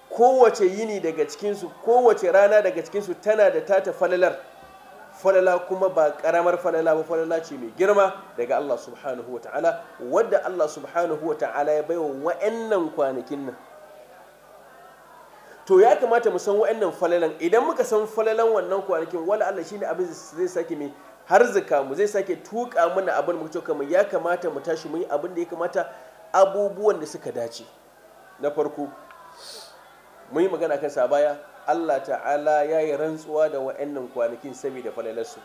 kowace yini daga cikinsu kowace rana daga cikinsu tana da tata falalar falala kuma ba karamar falala ba falala ce mai girma daga Allah subhanahu ta'ala wadda Allah subhanahu ta'ala ya baiwa wa'annan kwanakin nan to ya kamata mu san wa'annan falalan idan muka san falalan wannan kwanakin wala Allah shine abin zai sake mai harzika mu zai sake tuka mana abin mu cewa kamar ya kamata mu tashi mu yi abin da ya kamata abubuwan da suka dace na farko mu yi magana kan sa baya Allah ta'ala ya yi rantsuwa da wa'annan kwanakin saboda falalarsu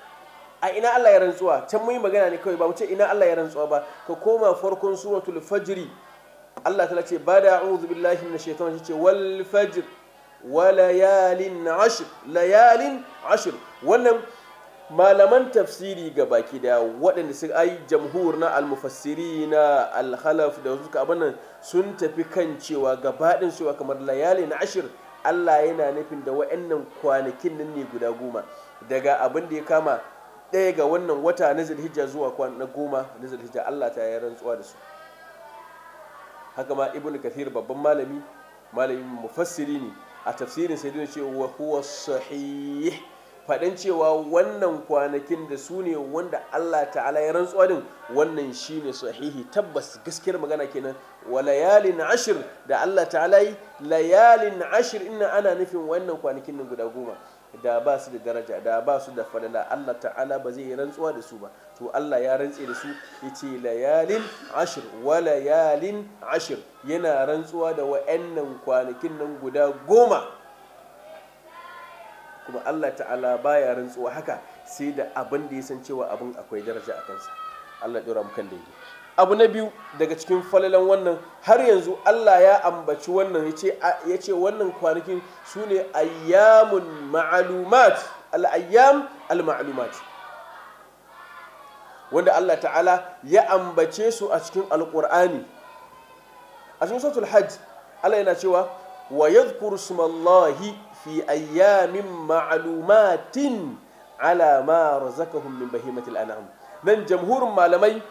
a ina Allah ya rantsuwa can mun magana ne kawai ba mu ce ina Allah ya rantsuwa ba ka koma farkon suratul fajri Allah ta'ala ce bada a'udhu billahi minash shaitani ce wal fajr wa layalin ashr layalin ashr wannan malaman tafsiri ga baki da waɗanda su ai jamhur na almufassiri na alhalaf da suka abin sun tafi kan cewa gabaɗin cewa kamar layali na ashir Allah yana nufin da wa'annan kwanakin nan ne guda goma daga abin da ya kama ɗaya ga wannan wata na zulhijja zuwa kwana goma na zulhijja Allah ta yi rantsuwa da su haka ma ibnu kathir babban malami malamin mufassiri ne a tafsirin sai ce cewa huwa sahih faɗin cewa wannan kwanakin da su ne wanda Allah ta'ala ya rantsuwa din wannan shine sahihi tabbas gaskiyar magana kenan wa layalin ashir da Allah ta'ala yi layalin ashir ina ana nufin wannan kwanakin nan guda goma da ba su da daraja da ba su da fadala Allah ta'ala ba zai rantsuwa da su ba to Allah ya rantse da su yace layalin ashir wa layalin ashir yana rantsuwa da wa'annan kwanakin nan guda goma kuma Allah ta'ala baya rantsuwa haka sai da abin da ya san cewa abin akwai daraja a kansa Allah dora mu kan daidai abu na biyu daga cikin falalan wannan har yanzu Allah ya ambaci wannan ya ce wannan kwanakin su ne ayyamun ma'alumat al'ayyam al-ma'alumat wanda Allah ta'ala ya ambace su a cikin alƙur'ani a cikin sautul hajj Allah yana cewa wa yadhkuru smallahi fi ayyamin ma'lumatin ala ma razaqahum min bahimatil an'am nan jamhurin malamai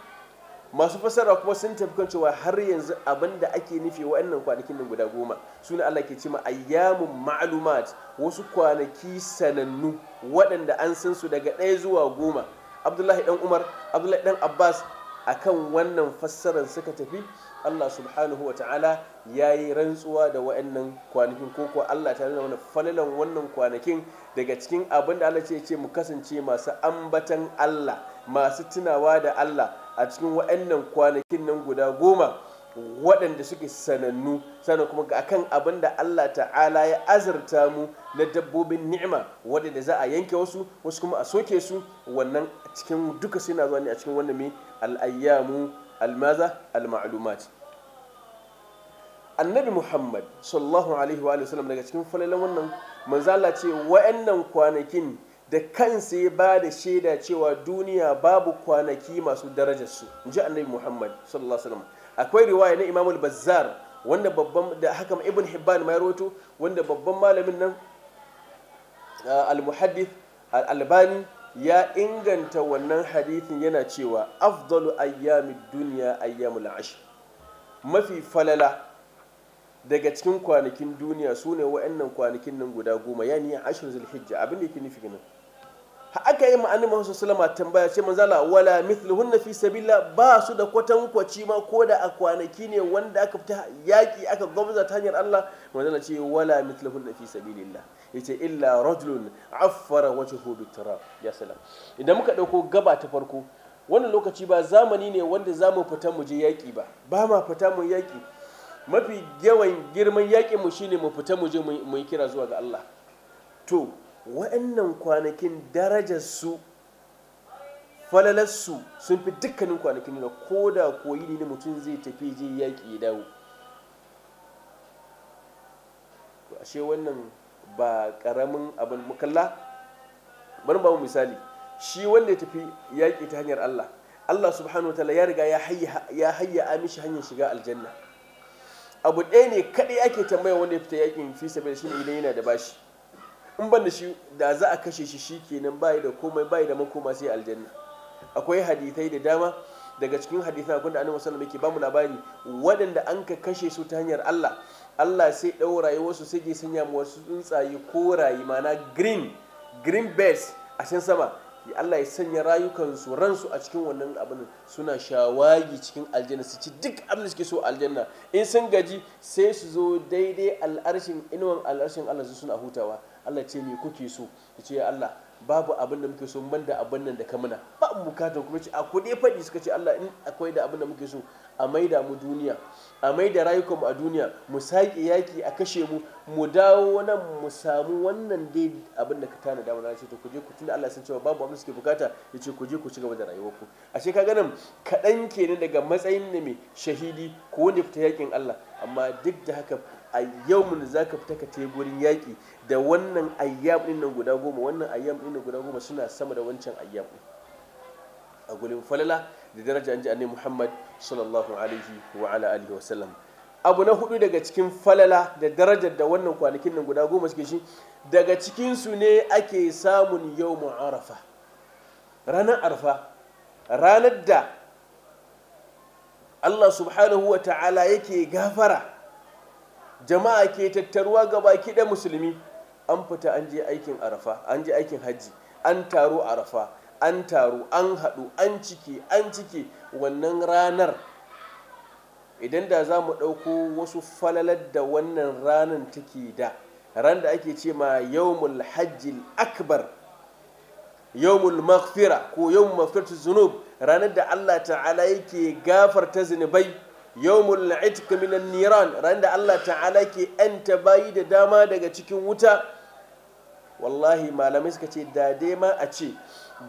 masu fasara kuma sun tafi kan har yanzu abinda ake nufi wa'annan kwanakin nan guda goma suna Allah ke cima ayyamun ma'lumat wasu kwanaki sanannu waɗanda an san su daga ɗaya zuwa goma abdullahi ɗan umar abdullahi ɗan abbas akan wannan fassarar suka tafi Allah subhanahu ta'ala ya yi rantsuwa da wa'annan kwanakin ko kuwa Allah ta nuna wani falalan wannan kwanakin daga cikin abin da Allah ce ce mu kasance masu ambatan Allah masu tunawa da Allah a cikin wa'annan kwanakin nan guda goma waɗanda suke sanannu sannan kuma ga kan abin da Allah ta'ala ya azarta mu na dabbobin ni'ima waɗanda za a yanke wasu wasu kuma a soke su wannan cikin duka suna zuwa ne a cikin wannan mai al'ayyamu almaza al annabi muhammad sallallahu alaihi wa sallam daga cikin falalan wannan manzala ce wa'annan kwanakin da kansa ya ba da shaida cewa duniya babu kwanaki masu darajarsu in ji annabi muhammad sallallahu alaihi wasallam akwai riwaya na imamul bazzar wanda babban da hakan ibn hibban ma rawaito wanda babban malamin nan ah, al-muhaddith al-albani ya inganta wannan hadithin yana cewa afdalu ayyamid dunya ayyamul ashr mafi falala daga cikin kwanakin duniya su ne wa'annan kwanakin nan guda goma ya ni ashirin zulhijja abin da yake nufi ha aka yi ma'anin masu sulama tambaya ce manzala wala mithluhun fi sabila ba su da kwaci ma ko da a kwanaki ne wanda aka fita yaƙi aka gwamza ta hanyar Allah manzala ce wala mithluhun fi sabilillah yace illa rajulun affara wajhu bitirab ya salam idan muka dauko gaba ta farko wannan lokaci ba zamani ne wanda zamu fita mu je yaƙi ba ba ma fita mu yaƙi mafi yawan girman yaƙin mu shine mu fita mu je mu yi kira zuwa ga Allah to wa'annan kwanakin darajarsu falalarsu sun fi dukkanin kwanakin da ko da koyi ne mutum zai tafi je yaƙi ya dawo to ashe wannan ba ƙaramin abin mukalla bari ba mu misali shi wanda ya tafi yaƙi ta hanyar Allah Allah subhanahu wa ta'ala ya riga ya hayya amishi hanyar shiga aljanna abu ɗaya ne kaɗai ake tambaya wanda ya fita yakin fi shi ne idan yana da bashi in ban da shi da za a kashe shi shi kenan bayi da komai bayi da makoma sai aljanna akwai hadithai da dama daga cikin hadithan akwai da annabi sallallahu alaihi bamu labari waɗanda an ka kashe su ta hanyar Allah Allah sai ɗau rayuwarsu sai ya sanya mu wasu tsuntsaye ko rayi ma'ana green green birds a can sama ya Allah ya sanya rayukansu ransu a cikin wannan abin suna shawagi cikin aljanna su ci duk abin da suke so aljanna in sun gaji sai su zo daidai al'arshin inuwan al'arshin Allah suna hutawa Allah ce me kuke so ya ce Allah babu abin da muke so man da abin nan da ka muna ba mu bukatar kuma ce a dai faɗi suka ce Allah in akwai da abin da muke so a maida mu duniya a maida rayukanmu a duniya mu sake yaki a kashe mu mu dawo nan mu samu wannan dai abin da ka tana da wannan ce to ku je ku tunda Allah sun cewa babu abin da suke bukata ya ce ku je ku ci gaba da rayuwarku a ce ka ganin kaɗan kenan daga matsayin da mai shahidi ko wanda fita yakin Allah amma duk da haka a yau mun za ka fita ka tafi gurin yaƙi da wannan ayyam ɗin nan guda goma wannan ayyam ɗin nan guda goma suna sama da wancan ayyam a gurin falala da daraja an ji annabi Muhammad sallallahu alaihi wa ala alihi wa sallam abu na hudu daga cikin falala da darajar da wannan kwanakin nan guda goma suke shi daga cikin su ne ake samun yau arafa ranar arfa ranar da allah subhanahu wa ta'ala yake gafara jama'a ke tattaruwa ga baki da musulmi an fita an je aikin arafa an je aikin hajji an taro arafa an taru an haɗu an cike an cike wannan ranar idan da za mu ɗauko wasu falalar da wannan ranar take da ran da ake ce ma yawmul hajjil akbar yawmul maghfira ko yawmul maghfiratu zunub ranar da Allah ta'ala yake gafarta zunubai yawmul itq minan niran ranar da Allah ta'ala ke anta bayi da dama daga cikin wuta wallahi malamai suka ce da dai ma a ce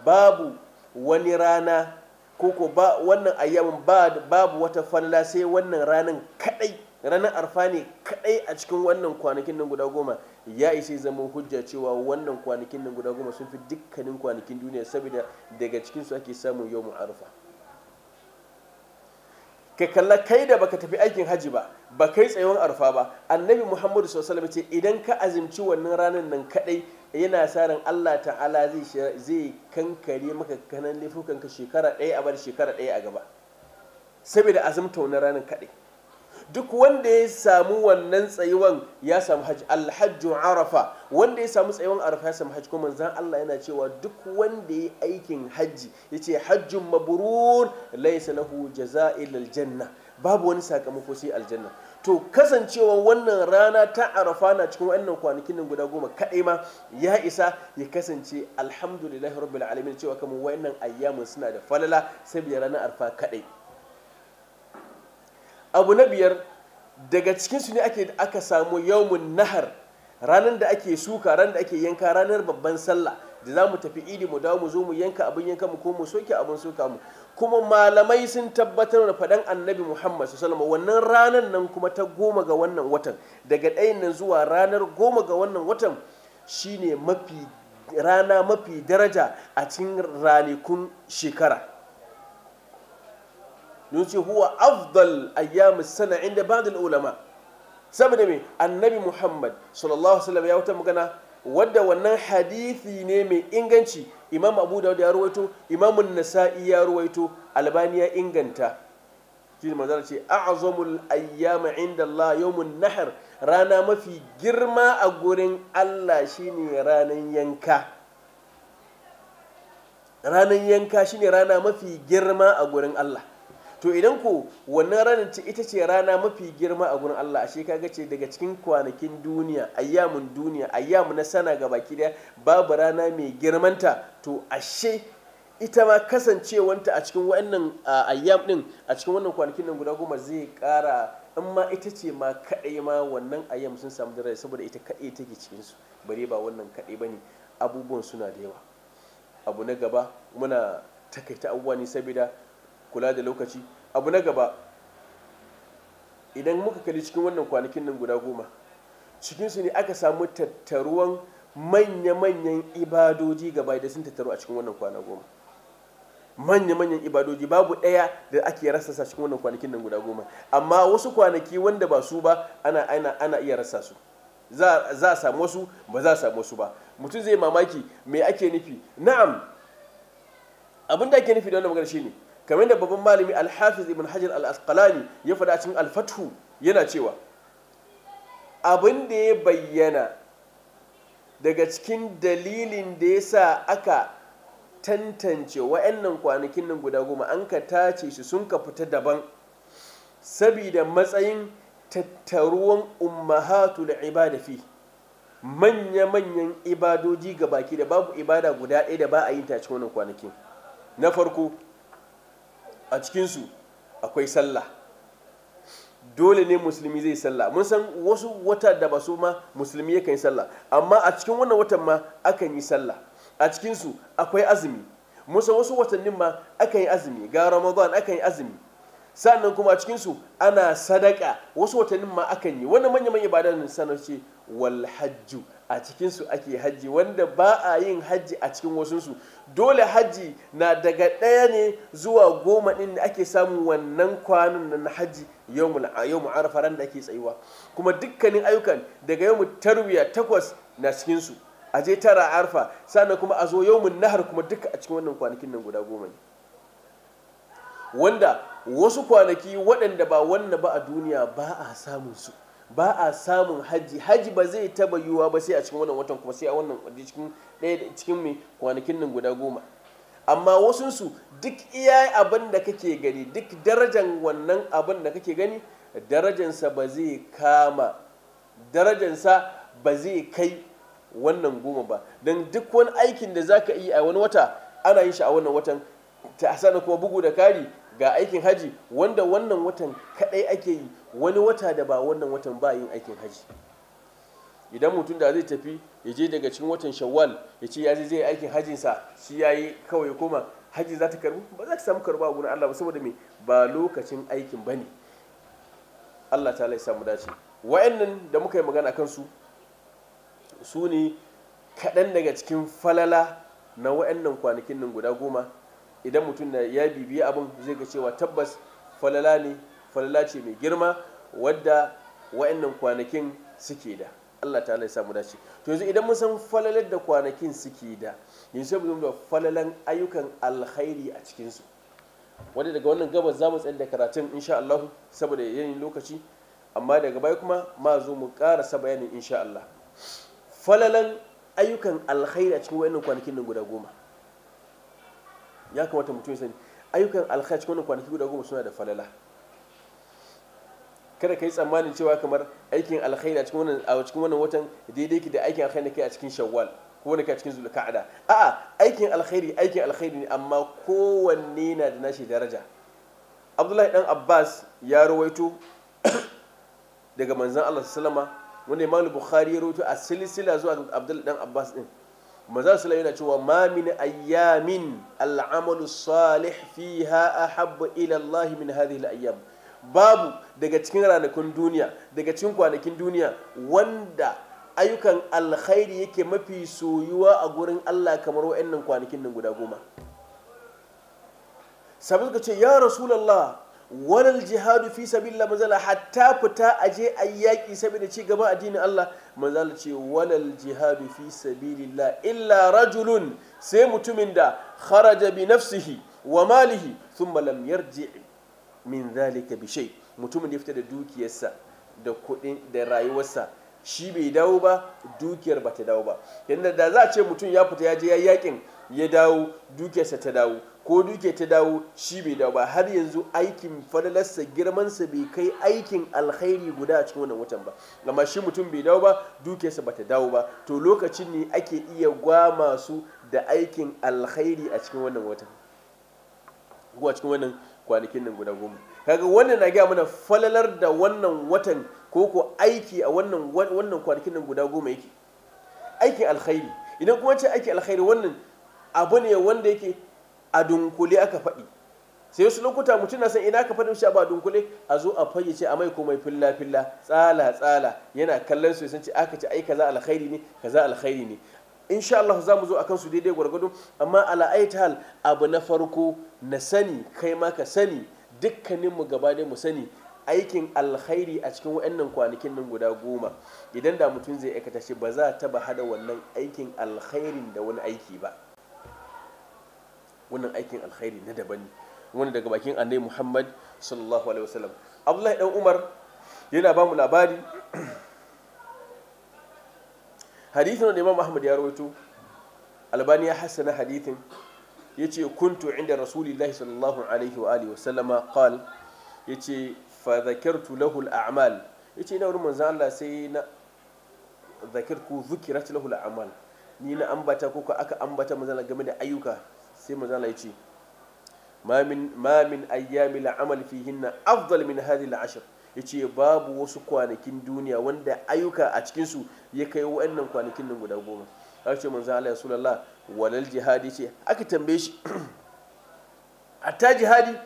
babu wani rana ko ba wannan ayyamin babu wata falla sai wannan ranan kadai ranar arfa ne kadai a cikin wannan kwanakin nan guda goma ya ishe zama hujja cewa wannan kwanakin nan guda goma sun fi dukkanin kwanakin duniya saboda daga cikin su ake samun yawon arfa ka kalla kai da baka tafi aikin haji ba ba kai tsayon arfa ba annabi muhammadu sallallahu ce idan ka azimci wannan ranar nan kadai yana sa Allah ta'ala zai kankare maka kanan laifukanka shekara ɗaya a bar shekara ɗaya a gaba saboda azumta wani ranar kaɗai duk wanda ya samu wannan tsayuwan ya samu hajji alhajjun arafa wanda ya samu tsayuwan arafa ya samu hajji kuma manzan Allah yana cewa duk wanda ya aikin hajji ya ce hajjun mabrur laisa lahu jaza janna babu wani sakamako sai aljanna to kasancewa wannan rana ta arafa na cikin wannan kwanakin nan guda goma kaɗai ma ya isa ya kasance alhamdulillahi rabbil alamin cewa kamar wannan ayyamin suna da falala saboda ranar arfa kaɗai abu na biyar daga cikin su ne ake aka samu yawmun nahar ranar da ake suka ranar da ake yanka ranar babban sallah da za mu tafi idi mu dawo mu zo mu yanka abin yanka mu ko mu soke abin soka mu kuma malamai sun tabbatar da faɗan annabi muhammad su salama wannan ranar nan kuma ta goma ga wannan watan daga ɗayan nan zuwa ranar goma ga wannan watan shine mafi rana mafi daraja a cikin ranakun shekara yace huwa afdal ayyam sana inda ba'd ulama saboda me annabi muhammad sallallahu alaihi wasallam ya wuta magana wadda wannan hadithi ne mai inganci imam abu da ya ruwaito imam nasa'i ya ruwaito albaniya inganta shi manzara ce azomul ayyama inda Allah yawmun nahar rana mafi girma a gurin Allah shine ranan yanka ranan yanka shine rana mafi girma a gurin Allah to idan ku wannan ranar ce ita ce rana mafi girma a gurin Allah ashe kaga ce daga cikin kwanakin duniya ayyamun duniya ayyamu na sana ga baki daya babu rana mai girmanta to ashe ita ma kasancewanta a cikin wannan ayyam din a cikin wannan kwanakin nan guda goma zai kara in ma ita ce ma kaɗai ma wannan ayyam sun samu daraja saboda ita kaɗai take cikin su bare ba wannan kaɗai bane abubuwan suna da yawa abu na gaba muna takaita abubuwa ne saboda kula da lokaci abu na gaba idan muka kalli cikin wannan kwanakin nan guda goma cikinsu ne aka samu tattaruwan manya-manyan ibadoji gaba da sun tattaru a cikin wannan kwana goma manya-manyan ibadoji babu ɗaya da ake rasa sa cikin wannan kwanakin nan guda goma amma wasu kwanaki wanda ba su ba ana, ana, ana iya rasa su za a samu wasu ba za a samu wasu ba mutum zai mamaki me ake nufi na'am abin da ake nufi da wannan magana shine ne kamar da babban malami alhafiz ibn hajar al ya faɗa a cikin alfathu yana cewa abin da ya bayyana daga cikin dalilin da ya sa aka tantance wa'annan kwanakin nan guda goma an ka tace shi sun ka fita daban sabida matsayin tattaruwan ummahatul ibada fi manya-manyan ibadoji ga baki da babu ibada guda ɗaya da ba a yi ta wannan kwanakin na farko a cikinsu akwai sallah dole ne musulmi zai sallah mun san wasu wata da ba su ma musulmi yakan yi sallah amma a cikin wannan watan ma akan yi sallah a cikinsu akwai azumi mun san wasu watannin ma akan yi azumi ga ramadan akan yi azumi sannan kuma a cikinsu ana sadaka wasu watannin ma akan yi wannan manya-manya ba da nisanar ce walhajju. a cikinsu ake hajji wanda ba a yin hajji a cikin wasunsu dole hajji na daga ɗaya ne zuwa goma ɗin da ake samun wannan kwanan na hajji yau mu ran da ake tsayuwa kuma dukkanin ayyukan daga yau mu tarwiya takwas na cikinsu a je tara arfa sannan kuma a zo yau mu nahar kuma duka a cikin wannan kwanakin nan guda goma ne wanda wasu kwanaki waɗanda ba wannan ba a duniya ba a samun su ba a samun haji haji ba zai taba yiwuwa ba sai a cikin wannan watan kuma sai a wannan cikin ɗaya cikin mai kwanakin nan guda goma amma su duk iya abin da kake gani duk darajan wannan abin da kake gani darajansa ba zai kama darajansa ba zai kai wannan goma ba don duk wani aikin da za ka yi a wani wata ana yin shi a wannan watan ta kuma bugu da kari ga aikin haji wanda wannan watan kadai ake yi wani wata da ba wannan watan ba yin aikin haji idan mutum da zai tafi ya je daga cikin watan shawwal ya ce ya je zai aikin hajinsa shi ya yi kawai koma haji za ta karbu ba za ka samu karba gurin Allah ba saboda me ba lokacin aikin ba ne Allah ta lai samu dace wa'annan da muka yi magana kansu su ne kaɗan daga cikin falala na wa'annan kwanakin nan guda goma idan mutum na ya bibiya abin zai ga cewa tabbas falala ne falala ce mai girma wadda wa'annan kwanakin suke da Allah ta halayi samu dace to yanzu idan mun san falalar da kwanakin suke da yanzu sai mu da falalan ayyukan alkhairi a cikinsu wadda daga wannan gabas za mu tsayar da karatun insha Allah saboda yanayin lokaci amma daga baya kuma ma zo mu karasa bayanin insha Allah falalan ayyukan alkhairi a cikin wa'annan kwanakin nan guda goma ya kamata mutum ya sani ayyukan alhaj kwanan kwanaki guda goma suna da falala kada ka yi tsammanin cewa kamar aikin alkhairi a cikin wannan watan daidai ki da aikin alkhairi kai a cikin shawwal ko wani kai a cikin zulqa'ada a'a aikin alkhairi aikin alkhairi ne amma kowanne na da nashi daraja abdullahi dan abbas ya rawaito daga manzon allah sallama wanda imam bukhari ya rawaito a silsila zuwa abdullahi dan abbas din maza su yana cewa ma min ayyamin al'amalu salih fiha ahabbu ila Allah min hadhihi ayyam babu daga cikin ranakun duniya daga cikin kwanakin duniya wanda ayyukan alkhairi yake mafi soyuwa a gurin Allah kamar wa'annan kwanakin nan guda goma sabu suka ce ya rasulallah walal jihadu fi la manzala hatta fita a je a yaƙi saboda ci gaban addinin Allah manzala ce walal jihadu fi sabilillah illa rajulun sai mutumin da kharaja bi nafsihi wa malihi sun lam yarji min zalika bi shai mutumin da ya fita da dukiyarsa da kuɗin da rayuwarsa shi bai dawo ba dukiyar ba ta dawo ba yadda da za a ce mutum ya fita ya je ya yaƙin ya dawo dukiyarsa ta dawo ko duke ta dawo shi bai dawo ba har yanzu aikin falalarsa girmansa bai kai aikin alkhairi guda a cikin wannan watan ba amma shi mutum bai dawo ba dukiyarsa bata dawo ba to lokacin ne ake iya gwama su da aikin alkhairi a cikin wannan watan ko a cikin wannan kwanakin nan guda goma kaga wannan na gaya mana falalar da wannan watan ko ko aiki a wannan wannan kwanakin nan guda goma yake aikin alkhairi idan kuma ce aikin alkhairi wannan abu ne wanda yake a dunkule aka faɗi sai wasu lokuta mutum na san ina ka faɗi shi ba dunkule a zo a fayyace a mai komai filla filla tsala tsala yana kallon su san ce aka ce ai kaza alkhairi ne kaza alkhairi ne insha Allah za mu zo akan su daidai gwargwado amma ala hal abu na farko na sani kai ma ka sani dukkaninmu gaba dai mu sani aikin alkhairi a cikin wa'annan kwanakin nan guda goma idan da mutum zai aikata shi ba za ta ba hada wannan aikin alkhairin da wani aiki ba wannan aikin alkhairi na daban wani daga bakin annai muhammad sallallahu alaihi wasallam abdullahi dan umar yana ba mu labari hadithin da imam ahmad ya rawaito albani ya hassana hadithin yace kuntu inda rasulillahi sallallahu alaihi wa alihi wasallama qal yace fa dhakartu lahu al-a'mal yace ina wurin manzon Allah sai na zakirku dhukirat lahu al-a'mal ni na ambata ko aka ambata manzon game da ayyuka sai manzo Allah ya ce ma min ayyami min amal fi hinna afdal min hadhihi al'ashr yace babu wasu kwanakin duniya wanda ayyuka a cikin su ya kai wa'annan kwanakin nan guda goma ya ce manzo Allah ya sallallahu walal jihadi ce aka tambaye shi hatta jihadi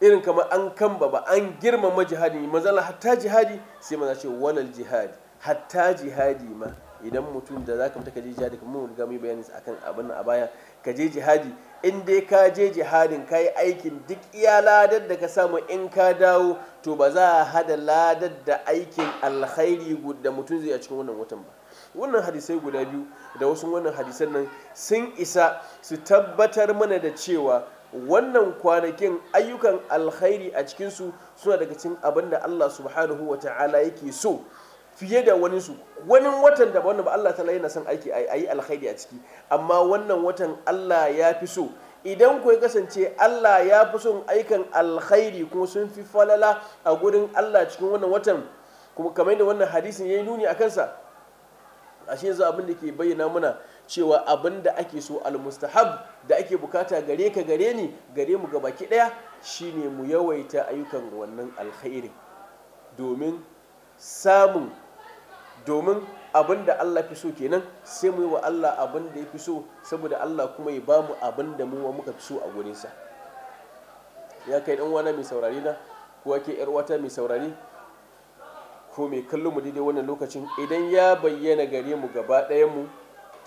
irin kama an kan baba an girmama jihadi manzo Allah hatta jihadi sai manzo ce walal jihadi hatta jihadi ma idan mutum da zaka mutaka je jihadi kuma mun ga mu bayani akan abin a baya ka je jihadi in dai ka je jihadin ka yi aikin duk iya ladar da ka samu in ka dawo to ba za a hada ladar da aikin alkhairi da mutum zai a cikin wannan watan ba wannan hadisai guda biyu da wasu wannan hadisan nan sun isa su tabbatar mana da cewa wannan kwanakin ayyukan alkhairi a cikinsu suna daga cikin abin da Allah subhanahu wa ta'ala yake so fiye da wani su wani watan da wani ba Allah ta'ala yana son aiki a yi alkhairi a ciki amma wannan watan Allah ya fi so idan ku kasance Allah ya fi son aikan alkhairi kuma sun fi falala a gurin Allah cikin wannan watan kuma kamar da wannan hadisin ya yi nuni a kansa ashe yanzu abin da ke bayyana mana cewa abin da ake so almustahab da ake bukata gare ka gare ni gare mu gabaki daya shine mu yawaita ayyukan wannan alkhairi domin samun domin abin da Allah fi so kenan sai mu yi wa Allah abin da ya fi so saboda Allah kuma ya ba mu abin da mu muka fi so a gurinsa ya kai dan wana mai saurari na ko ke yar wata mai saurari ko mai kallo mu daidai wannan lokacin idan ya bayyana gare mu gaba ɗayan mu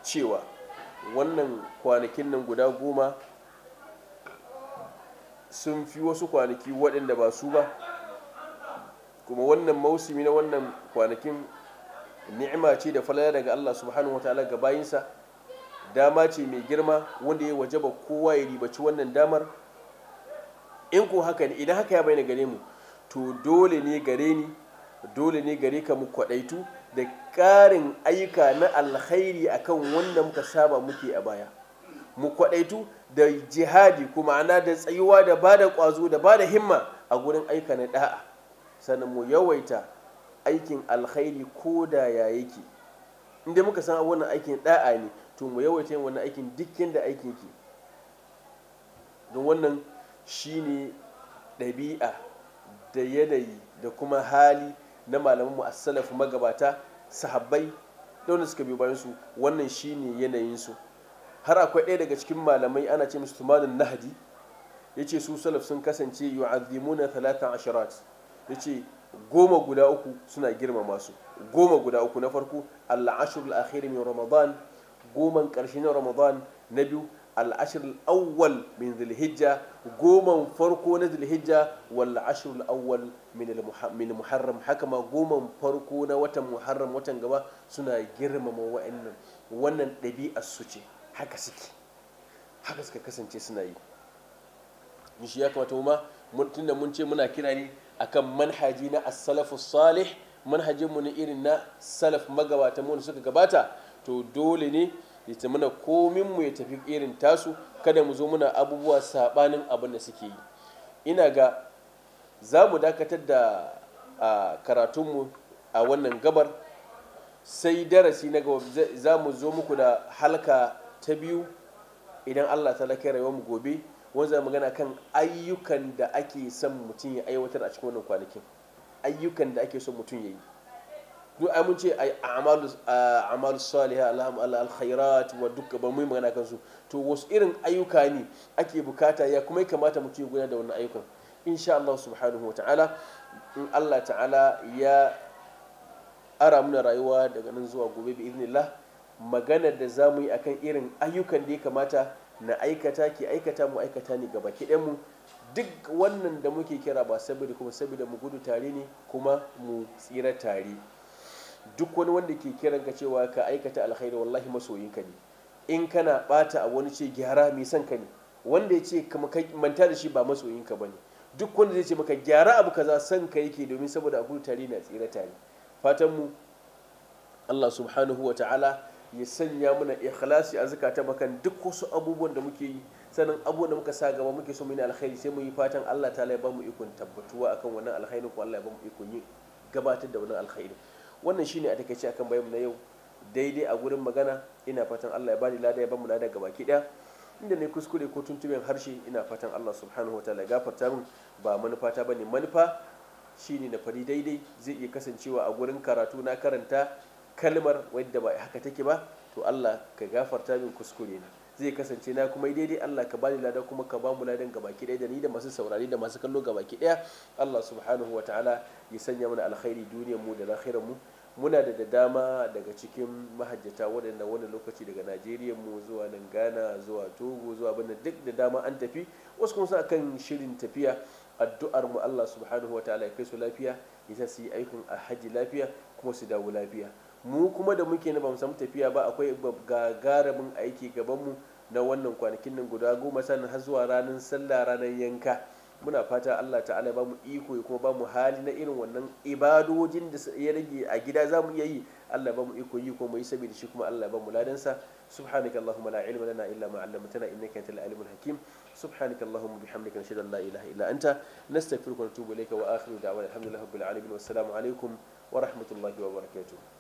cewa wannan kwanakin nan guda goma sun fi wasu kwanaki waɗanda ba su ba kuma wannan mausumi na wannan kwanakin ni'ima ce da falala daga Allah subhanahu ta'ala ga bayinsa dama ce mai girma wanda ya waje ba kowa ya ribaci wannan damar in ko haka ne idan haka ya bayyana gare mu to dole ne gare ni dole ne gare ka mu kwadaitu da ƙarin aika na alkhairi akan wanda muka saba muke a baya mu kwadaitu da jihadi kuma ana da tsayuwa da bada kwazo da bada himma a gurin aika na da'a sannan mu yawaita aikin alkhairi ko da ya yake inda muka san wannan aikin da'a ne to mu yawaita yin wannan aikin dukkan da aikin ke don wannan shine ɗabi'a da yanayi da kuma hali na malaman mu as magabata sahabbai da wanda suka biyo bayan su wannan shine yanayin su har akwai ɗaya daga cikin malamai ana ce musu tumanin nahdi yace su salaf sun kasance yu'azzimuna thalatha asharat yace goma guda uku suna girmama su goma guda uku na farko al'ashir al'akhir min ramadan Goma karshen ramadan na biyu al'ashir al'awwal min zulhijja goma farko na zulhijja wal ashir al'awwal min muharram haka ma Goma farko na watan muharram watan gaba suna girmama wa'annan wannan ɗabi'a su ce haka suke haka suka kasance suna yi shi ya kamata mu ma tunda mun ce muna kira ne akan manhaji na as-salafu salih manhajin mu na irin na salaf magabata mu suka gabata to dole ne ya muna komin mu ya tafi irin tasu kada mu zo muna abubuwa sabanin abin da suke yi ina ga za mu dakatar da karatunmu a wannan gabar sai darasi na gaba za mu zo muku da halka ta biyu idan allah ta lakai rayuwar mu gobe wanda mu magana kan ayyukan da ake son mutum ya aiwatar a cikin wannan kwanakin ayyukan da ake son mutum ya yi duk ai mun ce ai a'malu salihah allahumma allah alkhairat wa duk ba mu magana kan su to wasu irin ayyuka ne ake bukata ya kuma kamata mutum ya gudanar da wannan ayyukan insha Allah subhanahu wa ta'ala in Allah ta'ala ya ara muna rayuwa daga nan zuwa gobe bi iznillah magana da zamu yi akan irin ayyukan da ya kamata na aikata ki aikata mu aikata ni gaba ki mu duk wannan da muke kira ba saboda kuma saboda mu gudu tare ne kuma mu tsira tare duk wani wanda ke kiran ka cewa ka aikata alkhairi wallahi masoyinka ne in kana bata a wani ce gyara mai son ka ne wanda ya ce ka manta da shi ba masoyinka ba ne duk wanda zai ce maka gyara abu kaza son ka yake domin saboda a gudu tare na tsira tare fatan mu Allah subhanahu wa ta'ala ya sanya mana ikhlasi a ta bakan duk wasu abubuwan da muke yi sanin abubuwan da muka sa gaba muke so mini yi alkhairi sai mu yi fatan Allah ta ya ba mu ikon tabbatuwa akan wannan alkhairi ko Allah ya ba mu ikon yi gabatar da wannan alkhairi wannan shine a takeice akan bayan na yau daidai a gurin magana ina fatan Allah ya bani lada ya bamu lada gabaki daya inda ne kuskure ko tuntuben harshe ina fatan Allah subhanahu wataala ya gafarta min ba manufa ta bane manufa shine na fari daidai zai iya kasancewa a gurin karatu na karanta kalmar wadda ba haka take ba to Allah ka gafarta min kuskure na zai kasance na kuma daidai Allah ka bani lada kuma ka bamu ladan gabaki daya da ni da masu saurari da masu kallo gabaki daya Allah subhanahu wa ta'ala ya sanya mana alkhairi duniyar mu da lakhirar mu muna da dama daga cikin mahajjata waɗanda wani lokaci daga najeriya mu zuwa nan ghana zuwa togo zuwa birnin duk da dama an tafi wasu kuma suna kan shirin tafiya addu'ar mu allah subhanahu wa ta'ala ya kai su lafiya ya sa su yi aikin alhaji lafiya kuma su dawo lafiya mu kuma da muke na bamu samu tafiya ba akwai gagarumin aiki gabanmu na wannan kwanakin nan guda goma sannan har zuwa ranar sallah ranar yanka muna fata Allah ta'ala ba mu iko ya kuma ba mu hali na irin wannan ibadojin da ya rage a gida za mu iya yi Allah ba mu iko yi ko mu shi kuma Allah ba mu ladansa subhanaka allahumma la ilma lana illa ma 'allamtana innaka antal alimul hakim subhanaka allahumma bihamdika nashhadu an la ilaha illa anta nastaghfiruka wa natubu ilayka wa akhiru da'wana alhamdulillahi rabbil alamin wassalamu wa rahmatullahi wa barakatuh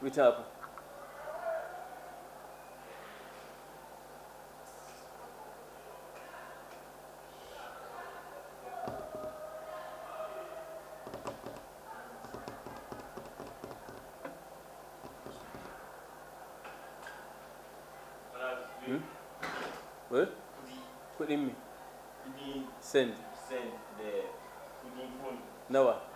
Reach up. Hmm? What? Put in me. Send. Noah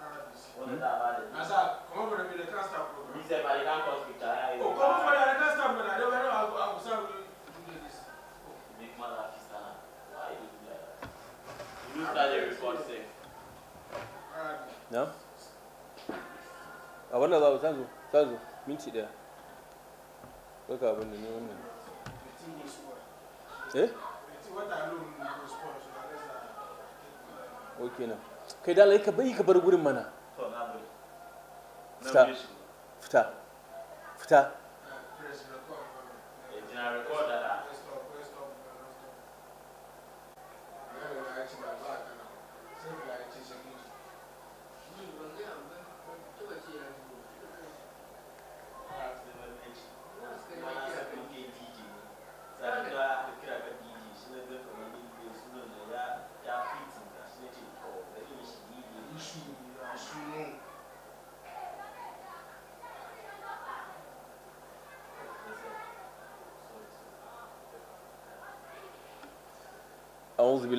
kai da ka bai ka bar gurin mana fita fita fita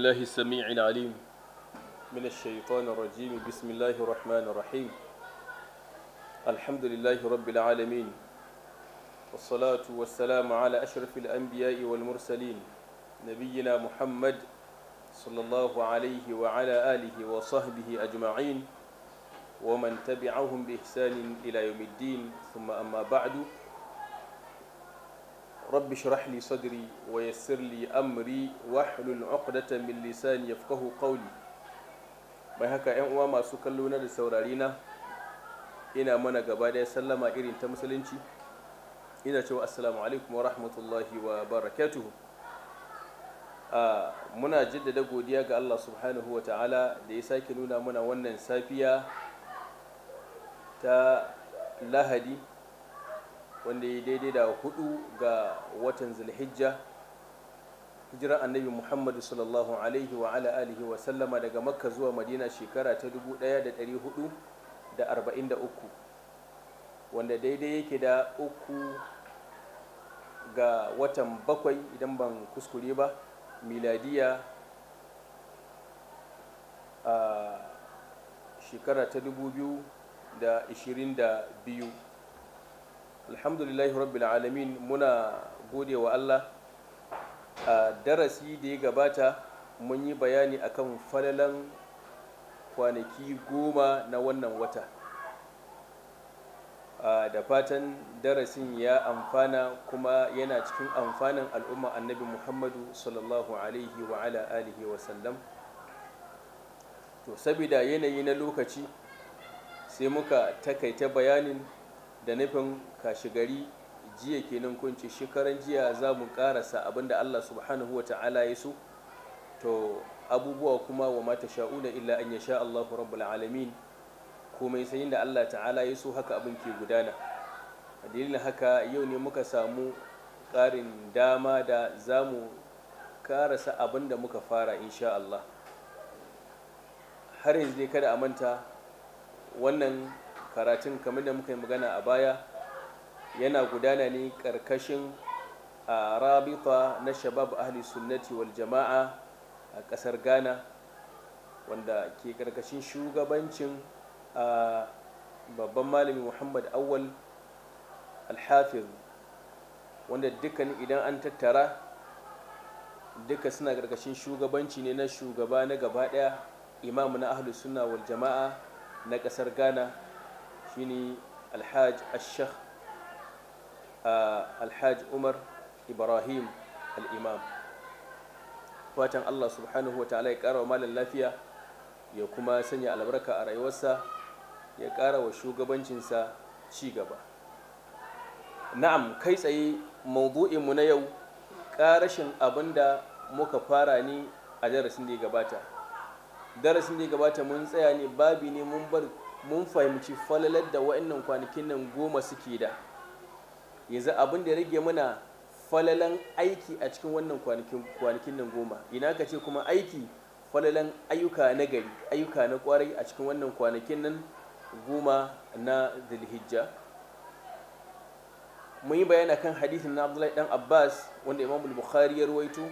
الله السميع العليم من الشيطان الرجيم بسم الله الرحمن الرحيم الحمد لله رب العالمين والصلاة والسلام على أشرف الأنبياء والمرسلين نبينا محمد صلى الله عليه وعلى آله وصحبه أجمعين ومن تبعهم بإحسان إلى يوم الدين ثم أما بعد rabbi shrah li sadri wa yassir li amri wahlul uqdatan min lisani yafqahu qawli mai haka yan uwa masu kallo na da saurari na ina mana gaba daya sallama irin ta musulunci ina cewa assalamu alaikum wa rahmatullahi wa barakatuhu muna jaddada godiya ga Allah subhanahu wa ta'ala da ya sake nuna mana wannan safiya ta lahadi wanda ya daidai da hudu ga watan zulhijja hijiran annabi muhammadu sallallahu alaihi wa ala alihi wa sallama daga makka zuwa madina shekara ta 1443 wanda daidai yake da uku ga watan bakwai idan ban kuskure ba miladiya a shekara ta 2022 alhamdulillahi rabbil alamin muna gode wa Allah a darasi da ya gabata mun yi bayani akan falalan kwanaki goma na wannan wata da fatan darasin ya amfana kuma yana cikin amfanin al'umma annabi muhammadu sallallahu alaihi wa ala alihi wa sallam to saboda yanayi na lokaci sai muka takaita bayanin da nufin kashigari jiya kenan kunci shekaran jiya za mu karasa abinda Allah subhanahu wata'ala ya so to abubuwa kuma wa mata sha'una illa an yasha Allah rabbul alamin komai sanin da Allah ta'ala ya so haka abin ke gudana dalilin haka yau ne muka samu ƙarin dama da za mu karasa abin da muka fara insha Allah har yanzu kada a manta wannan karatun kamar da muka yi magana a baya yana gudana ne karkashin a rabita na shabab ahli sunnati wal jama'a a kasar ghana wanda ke karkashin shugabancin a babban malami muhammad awal alhafiz wanda dukkan idan an tattara duka suna karkashin shugabanci ne na shugaba na gaba daya imamu na ahli sunna wal jama'a na kasar ghana shine alhaj a uh, alhaj umar ibrahim Al-Imam? fatan allah subhanahu wa ta'ala ya kara wa malin lafiya ya kuma sanya albarka a rayuwarsa ya kara wa shugabancinsa ci gaba na'am kai tsaye mu na yau ƙarashin abin da muka fara ni a darasin da ya gabata darasin da ya gabata mun tsaya ne babi ne mun bar mun fahimci falalar da wa'annan kwanakin nan goma suke da yanzu abin da rage mana falalan aiki a cikin wannan kwanakin nan goma ina ka ce kuma aiki falalan ayyuka na gari ayyuka na kwarai a cikin wannan kwanakin nan goma na zilhijja mun yi bayana kan hadithin na abdullahi dan abbas wanda imam bukhari ya ruwaito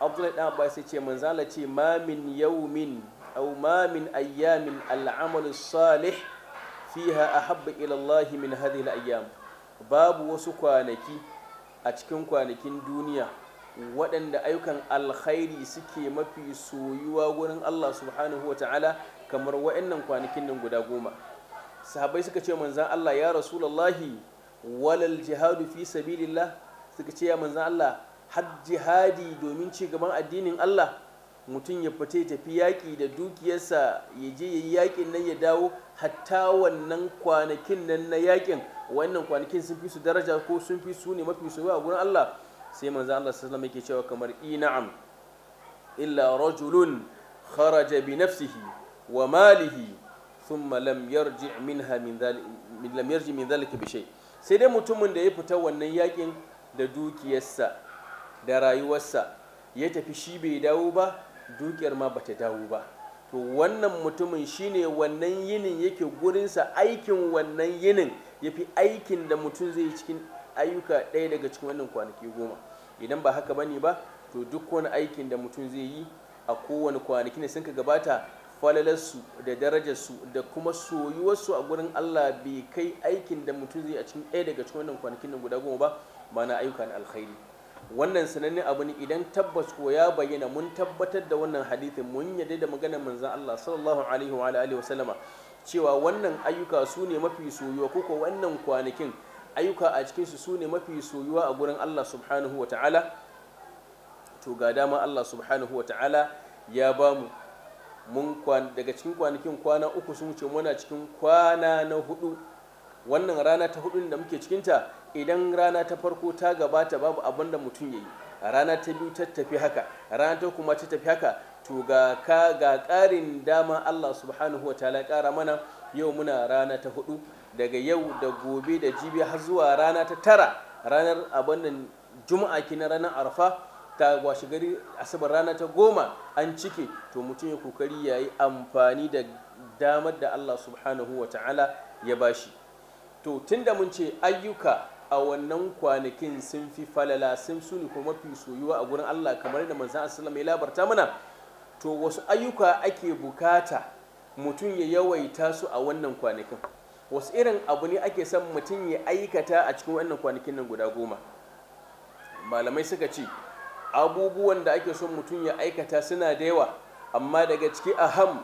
abdullahi dan abbas ya ce manzala ce ma min أو ما من أيام العمل الصالح فيها أحب إلى الله من هذه الأيام باب وسكوانكي cikin كوانكين دنيا waɗanda ayyukan alkhairi suke mafi soyuwa wurin Allah subhanahu ta'ala kamar wa'annan kwanakin nan guda goma sahabai suka ce manzan Allah ya rasulallahi walal jihadu fi sabilillah suka ce ya manzan Allah har jihadi domin ci gaban addinin Allah mutum ya fita tafi yaƙi da dukiyarsa ya je ya yi yaƙin nan ya dawo hatta wannan kwanakin nan na yaƙin wannan kwanakin sun fi su daraja ko sun fi su ne mafi su a gurin Allah sai manzo Allah sallallahu alaihi yake cewa kamar ina'am illa rajulun kharaja bi nafsihi wa malihi thumma lam yarji minha min lam yarji min dhalika bi sai dai mutumin da ya fita wannan yaƙin da dukiyarsa da rayuwarsa ya tafi shi bai dawo ba dukiyar ma bata dawo ba to wannan mutumin shine wannan yinin yake gurinsa aikin wannan yinin ya fi aikin da mutum zai cikin ayyuka ɗaya daga cikin wannan kwanaki goma idan ba haka bane ba to duk wani aikin da mutum zai yi a kowane kwanaki ne sun ka gabata falalarsu da darajarsu da kuma soyuwarsu a gurin Allah bai kai aikin da mutum zai a cikin ɗaya daga cikin wannan kwanakin nan guda goma ba ayyuka na alkhairi wannan sanannen abu ne idan tabbas ko ya bayyana mun tabbatar da wannan hadithin mun yadda da maganar manzan Allah sallallahu alaihi wa alihi wasallama cewa wannan ayyuka su ne mafi soyuwa ko wannan kwanakin ayyuka a cikin su su ne mafi soyuwa a gurin Allah subhanahu wa ta'ala to ga dama Allah subhanahu wa ta'ala ya bamu mun daga cikin kwanakin kwana uku sun wuce muna cikin kwana na hudu wannan rana ta hudu da muke cikinta idan rana ta farko ta gabata babu abin da mutum ya yi rana ta biyu ta tafi haka rana ta kuma ta tafi haka to ga ka ga ƙarin dama Allah subhanahu wataala ƙara mana yau muna rana ta hudu daga yau da gobe da jibi har zuwa rana ta tara ranar abin juma'a kina ranar arfa ta washe gari asabar rana ta goma an cike to mutum ya kokari ya yi amfani da damar da Allah subhanahu wata'ala ya bashi to tun da mun ce ayyuka a wannan kwanakin sun fi falala sun su ne kuma mafi soyuwa a gurin Allah kamar da manzan asalam ya labarta mana to wasu ayyuka ake bukata mutum ya yawaita su a wannan kwanakin wasu irin abu ne ake son mutum ya aikata a cikin wannan kwanakin nan guda goma malamai suka ce abubuwan da ake son mutum ya aikata suna da yawa amma daga ciki aham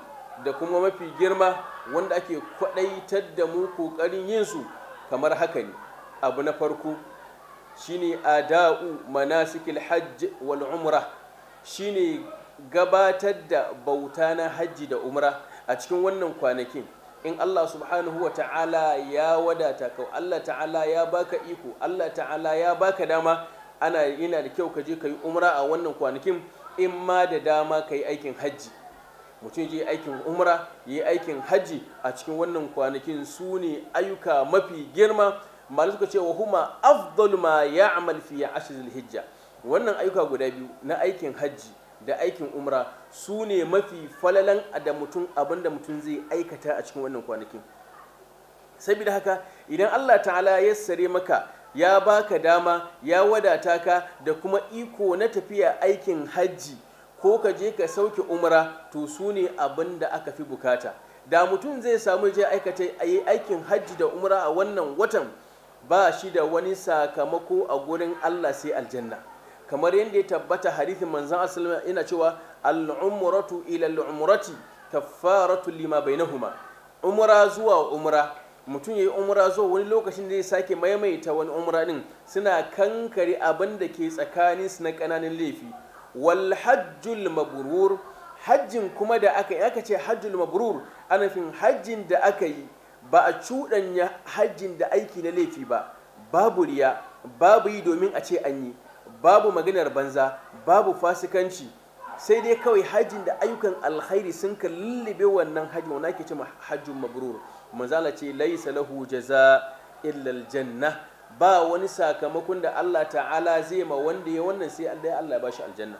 da kuma mafi girma wanda ake kwaɗaitar da mu ƙoƙarin yin su kamar haka ne abu na farko shine ada'u manasikil hajj wal umra shine gabatar da bauta na hajji da umra a cikin wannan kwanakin in Allah subhanahu wa ta'ala ya wadata ka Allah ta'ala ya baka iko Allah ta'ala ya baka dama ana yana da kyau ka je ka yi umra a wannan kwanakin in ma da dama ka yi aikin hajji mutum je aikin umra ya yi aikin hajji a cikin wannan kwanakin su ne ayyuka mafi girma malu suka ce wa huma afdal ma ya'mal fi ashr hijja wannan ayyuka guda biyu na aikin hajji da aikin umra su ne mafi falalan da mutum abinda mutum zai aikata a cikin wannan kwanakin saboda haka idan Allah ta'ala ya sare maka ya baka dama ya wadata ka da kuma iko na tafiya aikin hajji ko ka je ka sauke umra to su ne abin da aka fi bukata da mutum zai samu je aikata yi aikin hajji da umra a wannan watan ba shi da wani sakamako a gurin Allah sai aljanna kamar yadda ya tabbata hadithin manzan asalama yana cewa al'umratu ila al-umrati kaffaratu lima bainahuma umra zuwa umra mutum ya yi umra zuwa wani lokacin da ya sake maimaita wani umra din suna kankare abin da ke tsakaninsu na ƙananan laifi wal hajjul mabrur hajjin kuma da aka yi aka ce hajjul mabrur ana fin hajjin da aka yi ba a cuɗanya hajjin da aiki na laifi ba babu riya babu yi domin a ce an yi babu maganar banza babu fasikanci sai dai kawai hajjin da ayyukan alkhairi sun ka lullube wannan hajji wanda ake ce hajjun mabrur manzala ce laisa lahu jaza illa aljanna ba wani sakamakon da Allah ta'ala zai ma wanda ya wannan sai Allah Allah ya bashi aljanna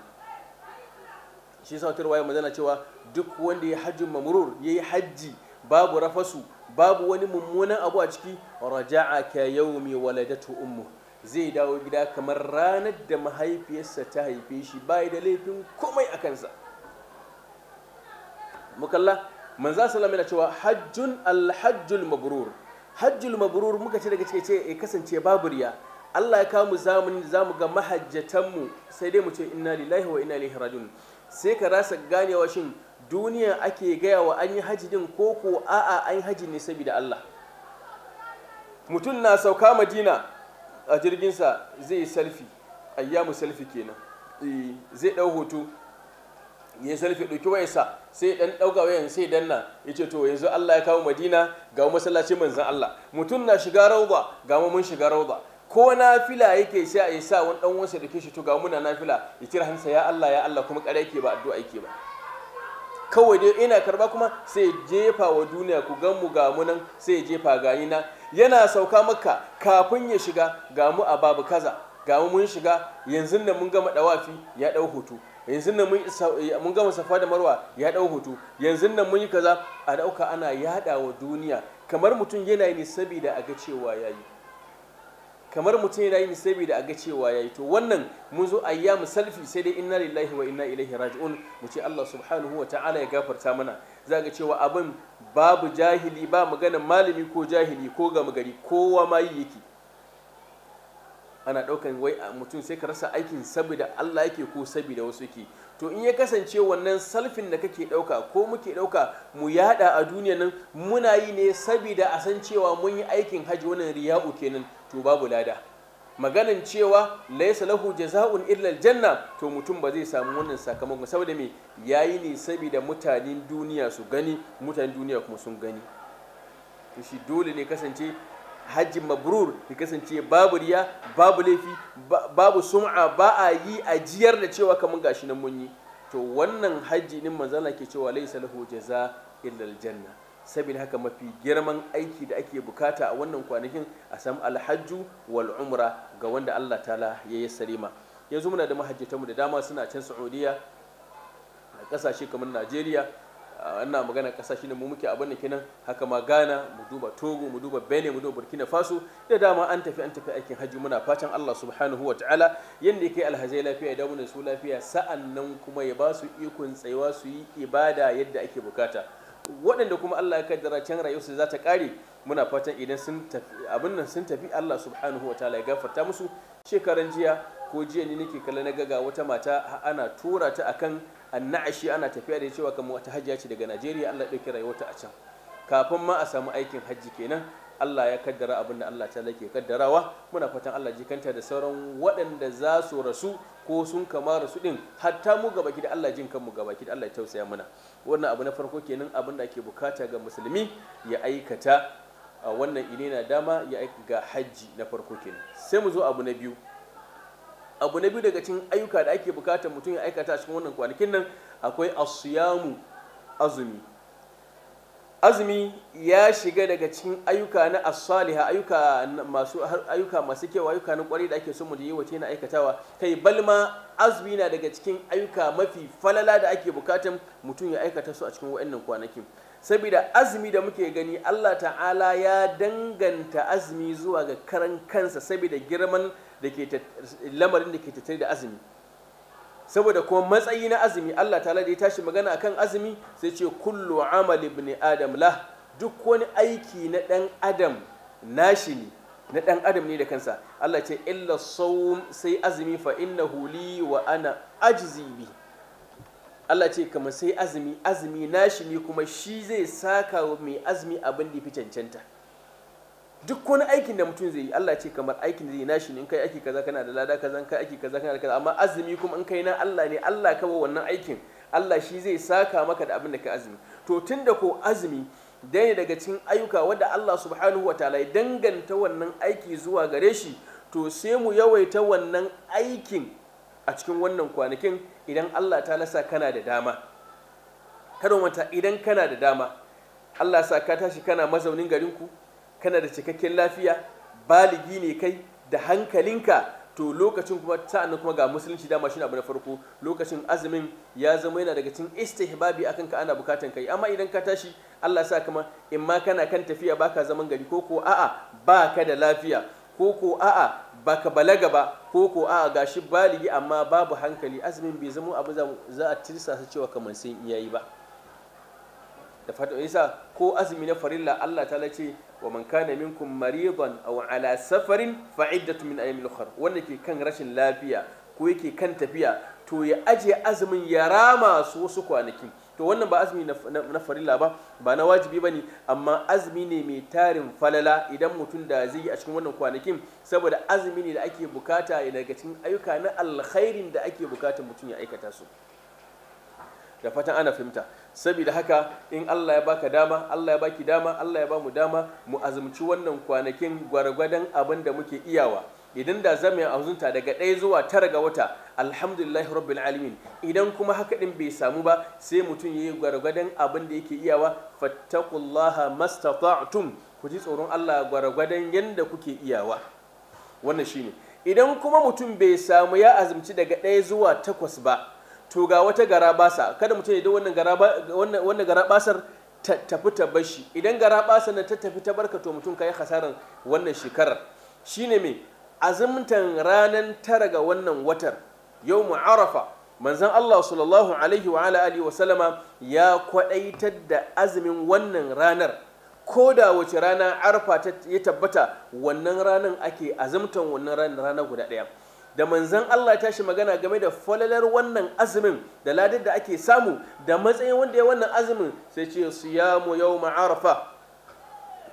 shi sa wata ruwaya magana cewa duk wanda ya hajjin mamurur ya yi hajji babu rafasu babu wani mummunan abu a ciki raja'a ka yaumi waladatu ummu zai dawo gida kamar ranar da mahaifiyarsa ta haife shi bai da laifin komai a kansa mukalla manzo sallallahu alaihi cewa hajjun alhajjul mabrur hajjul mabrur muka ce daga cikin ce ya eh, kasance babu riya Allah ya kamu zamani za mu ga mahajjatan mu sai dai mu ce inna lillahi wa inna ilaihi rajiun sai ka rasa ganewa shin duniya ake gaya wa an yi haji din ko ko a'a an yi haji ne saboda Allah mutum na sauka madina a jirgin sa zai yi selfie ayyamu selfie kenan eh, zai dau hoto ya selfie ɗauki wayansa sai ɗan ɗauka wayan sai danna ya ce to yanzu Allah ya kawo Madina ga masallaci manzan Allah mutum na shiga rauba ga mu mun shiga rauba ko nafila yake sai a yi sa wani dan da dake shi to ga muna nafila ya tira hansa ya Allah ya Allah kuma ƙarya ke ba addu'a yake ba kawai dai ina karba kuma sai jefa wa duniya ku gan mu ga munan sai jefa gani na yana sauka maka kafin ya shiga ga mu a babu kaza ga mu mun shiga yanzu da mun gama dawafi ya dau hutu yanzu nan eh, mun gama safa da marwa ya dau hoto yanzu nan mun yi kaza a dauka ana yada wa duniya kamar mutum yana yi ne saboda a ga cewa yayi kamar mutum yana yi ne saboda a ga cewa yayi to wannan mun zo ayyamu salfi sai dai inna lillahi wa inna ilaihi raji'un mu ce Allah subhanahu wa ta'ala ya gafarta mana za ga cewa abin babu jahili ba magana, malami ko jahili ko gama gari kowa ma yi yake ana ɗaukan wai mutum sai ka rasa aikin saboda Allah yake ko saboda wasu yake to in ya kasance wannan salfin da kake ɗauka ko muke ɗauka mu yada a duniya nan muna yi ne saboda a san cewa mun yi aikin hajji wannan riya'u kenan to babu lada maganin cewa laysa lahu jaza'un illa janna, to mutum ba zai samu wannan sakamakon saboda me yayi ne saboda mutanen duniya su gani mutanen duniya kuma sun gani to shi dole ne kasance hajji mabrur ya kasance babu riya babu laifi babu sum'a ba a yi ajiyar da cewa kamar gashi nan mun yi to wannan hajji ne manzana ke cewa laisa lahu jaza illa aljanna saboda haka mafi girman aiki da ake bukata a wannan kwanakin a sam alhajju wal umra ga wanda Allah ta'ala ya yi salima yanzu muna da mahajjatanmu da dama suna can Saudiya a kasashe kamar Najeriya ana magana kasashe ne mu muke abin da kenan haka ma Ghana mu duba Togo mu duba Benin mu duba Burkina Faso da dama an tafi an tafi aikin haji muna fatan Allah subhanahu wa ta'ala yanda yake alhazai lafiya da damu da su lafiya sa'annan kuma ya ba su ikon tsayawa su yi ibada yadda ake bukata waɗanda kuma Allah ya kaddara can su za ta kare muna fatan idan sun tafi abin nan sun tafi Allah subhanahu wa ta'ala ya gafarta musu shekaran jiya ko jiya ne nake kalla na gaga wata mata ana tura ta akan anna annashi ana tafiya da cewa kamar wata hajjiya ce daga najeriya allah ya rayuwarta a can kafin ma a samu aikin hajji kenan allah ya kaddara abin da allah ta ke kaddarawa muna fatan allah jikanta da sauran waɗanda za su rasu ko sun kama rasu din hatta mu gaba da allah jin kanmu gaba da allah ya tausaya mana wannan abu na farko kenan abin da ake bukata ga musulmi ya aikata wannan ine na dama ya aika ga hajji na farko kenan sai mu zo abu na biyu abu na biyu daga cikin ayyuka da ake bukata mutum ya aikata cikin wannan kwanakin nan akwai asiyamu azumi azumi ya shiga daga cikin ayyuka na asaliha ayyuka masu ayyuka masu kyau ayyuka na kwarai da ake so mu yi wace na aikatawa kai balma azumi na daga cikin ayyuka mafi falala da ake bukatan mutum ya aikata su a cikin wa'annan kwanakin saboda azumi da muke gani Allah ta'ala ya danganta azumi zuwa ga karan kansa saboda girman da ke lamarin da ke tattare da azumi saboda kuma matsayi na azumi Allah ta'ala da ya tashi magana a kan azumi sai ce kullu amali ibn adam la duk wani aiki na dan adam nashi ne na dan adam ne da kansa Allah ce illa sawm sai azumi fa innahu li wa ana ajzi bi Allah ce kamar sai azumi azumi nashi ne kuma shi zai saka mai azumi abin da fi cancanta duk wani aikin da mutum zai yi Allah ce kamar aikin da zai nashi ne in kai aiki kaza kana da lada kaza kai aiki kaza kana da kaza amma azumi kuma in kai na Allah ne Allah ka wannan aikin Allah shi zai saka maka da abin da ka azumi to tunda ko azumi dai ne daga cikin ayyuka wanda Allah subhanahu wataala ya danganta wannan aiki zuwa gare shi to sai mu yawaita wannan aikin a cikin wannan kwanakin idan Allah ta lasa kana da dama kada manta idan kana da dama Allah sa ka tashi kana mazaunin garin ku. kana da cikakken lafiya baligi ne kai da hankalinka to lokacin kuma sa'annan kuma ga musulunci dama shi abu na farko lokacin azumin ya zama yana daga cikin istihbabi akan ka ana bukatan kai amma idan ka tashi Allah sa kama in ma kana kan tafiya baka zaman gari ko ko a'a baka da lafiya ko ko a'a baka balaga ba ko ko a'a shi baligi amma babu hankali azumin bai zama abu za a tirsa su cewa kamar sun iyayi ba da fata isa ko azumi na farilla Allah ta ce wa man kana minkum maridan aw ala safarin fa iddatu min ukhra wanda ke kan rashin lafiya ko yake kan tafiya to ya aje azumin ya rama su wasu kwanakin. to wannan ba azumi na farilla ba ba na wajibi bane amma azumi ne mai tarin falala idan mutum da zai yi a cikin wannan kwanakin saboda azumi ne da ake bukata ya daga cikin ayyuka na alkhairin da ake bukata mutum ya aikata su da fatan ana fahimta saboda haka in Allah ya baka dama Allah ya baki dama Allah ya bamu dama mu azumci wannan kwanakin gwargwadon abin da muke iyawa idan da zama ya azunta daga ɗaya zuwa tara ga wata alhamdulillah rabbil alamin idan kuma haka din bai samu ba sai mutum yayi gwargwadon abin da yake iyawa fattaqullaha mastata'tum ku ji tsoron Allah gwargwadon yanda kuke iyawa wannan shine idan kuma mutum bai samu ya azumci daga ɗaya zuwa takwas ba to ga wata gara basa kada mutum ya da wannan gara wannan ta tafi ta bashi idan gara basar ta tafi ta barka to mutum kai hasaran wannan shekarar shine mai azumtan ranan tara ga wannan watar yawmu arafa manzon Allah sallallahu alaihi wa alihi wa sallama ya kwadaitar da azumin wannan ranar ko da wace rana arfa ya tabbata wannan ranar ake azumtan wannan ranar guda ɗaya da manzan Allah tashi magana game da falalar wannan azumin da ladar da ake samu da matsayin wanda ya wannan azumin sai ce siyamu ya arafa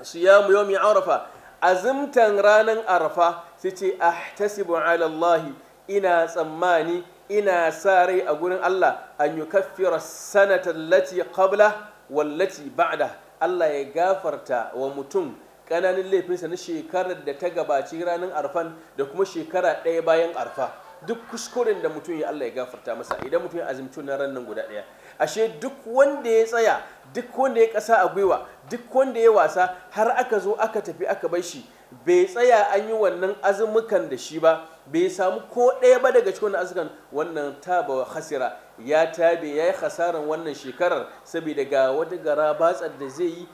siyamu yawmi arafa azumtan ranar arafa sai ce ahtasibu ala alallahi ina tsammani ina sa rai a gurin Allah an yukaffira sanatar lati wa wallati ba'da Allah ya gafarta wa mutum ƙananan laifinsa na shekarar da ta gabaci ranar arfan da kuma shekara ɗaya bayan arfa duk kuskuren da mutum ya Allah ya gafarta masa idan mutum ya azumci na ran nan guda ɗaya ashe duk wanda ya tsaya duk wanda ya ƙasa a gwiwa duk wanda ya wasa har aka zo aka tafi aka bar shi bai tsaya an yi wannan azumukan da shi ba bai samu ko ɗaya ba daga cikin azumukan wannan taba hasira ya tabe ya yi hasaran wannan shekarar saboda ga wata gara batsar da zai yi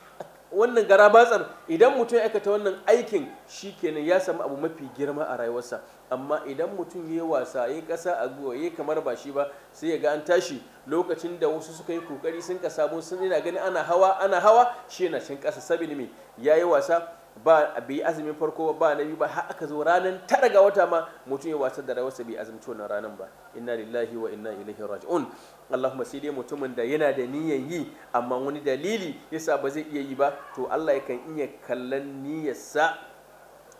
wannan gara batsar idan mutum ya aikata wannan aikin shi kenan ya samu abu mafi girma a rayuwarsa amma idan mutum ya yi wasa ya kasa a guwa ya kamar ba shi ba sai ya ga an tashi lokacin da wasu suka yi kokari sun kasa sun ina gani ana hawa ana hawa shi yana cin kasa sabili mai ya yi wasa ba bai azumin farko ba na biyu ba har aka zo ranar tara ga wata ma mutum ya wasa da rawarsa bai azumci wannan ranar ba inna lillahi wa inna ilaihi raji'un Allahumma sai dai mutumin da yana da niyyar yi amma wani dalili yasa ba zai iya yi ba to Allah kan iya kallon niyyarsa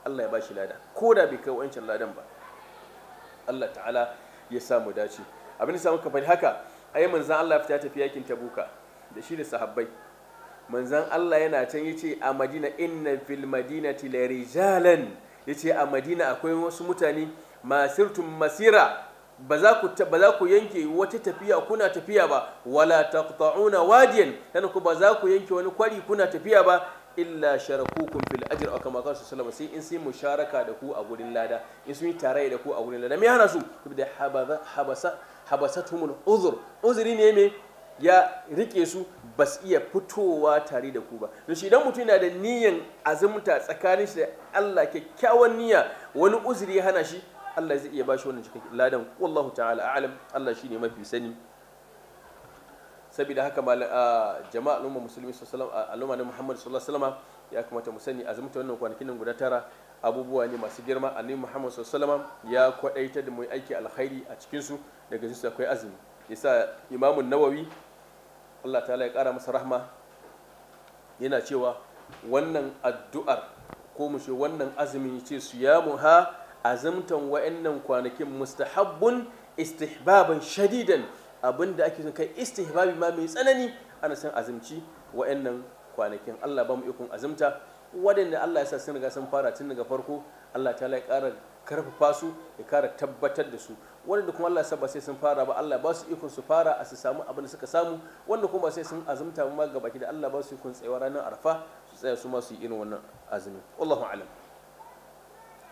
Allah ya bashi lada ko da bai kai wancan ladan ba Allah ta'ala ya samu dace abin da samu ka haka ai manzon Allah ya fita tafiya yakin tabuka da shi da sahabbai manzan Allah yana can yace a Madina inna fil madinati la rijalan yace a Madina akwai wasu mutane masirtum masira ba za ku ba za ku yanke wata tafiya kuna tafiya ba wala taqta'una wadiyan kana ku ba za ku yanke wani kwari kuna tafiya ba illa sharakukum fil ajr aw kama qala sallallahu sai in sai musharaka da ku a gurin lada in sun yi tarayya da ku a gurin lada me hana su da habasa habasatuhumul uzr uzri ne me ya rike su ba su iya fitowa tare da ku ba don shi idan mutum yana da niyan azumta tsakanin shi da Allah kyakkyawan niyya wani uzuri ya hana shi Allah zai iya ba shi wannan cikin ladan wallahu ta'ala a'lam Allah shine mafi sani saboda haka jama'a al'umma musulmi sallallahu alaihi Muhammad sallallahu alaihi ya kamata mu sani azumta wannan kwanakin nan guda tara abubuwa ne masu girma annabi Muhammad sallallahu alaihi ya kwadaita da mu aiki alkhairi a cikin su daga cikin akwai azumi yasa Imamu nawawi Allah ta ya ƙara masa rahma yana cewa wannan addu'ar ko mu wannan azumin ce su ya ha azumtan wa'annan kwanakin mustahabbun istihbaban shadidan abinda ake sun kai istihbabi ma mai tsanani ana san azumci wa'annan kwanakin Allah ba mu ikon azumta waɗanda Allah ya sa sun riga sun fara tun daga farko Allah ta ya ƙara karfafa su ya kara tabbatar da su wanda kuma Allah ya ba sai sun fara ba Allah ba su ikon su fara a su samu abin da suka samu wanda kuma sai sun azumta ma ga baki da Allah ba su ikon tsayawa ranar arfa su tsaya su masu yi irin wannan azumi Allah alam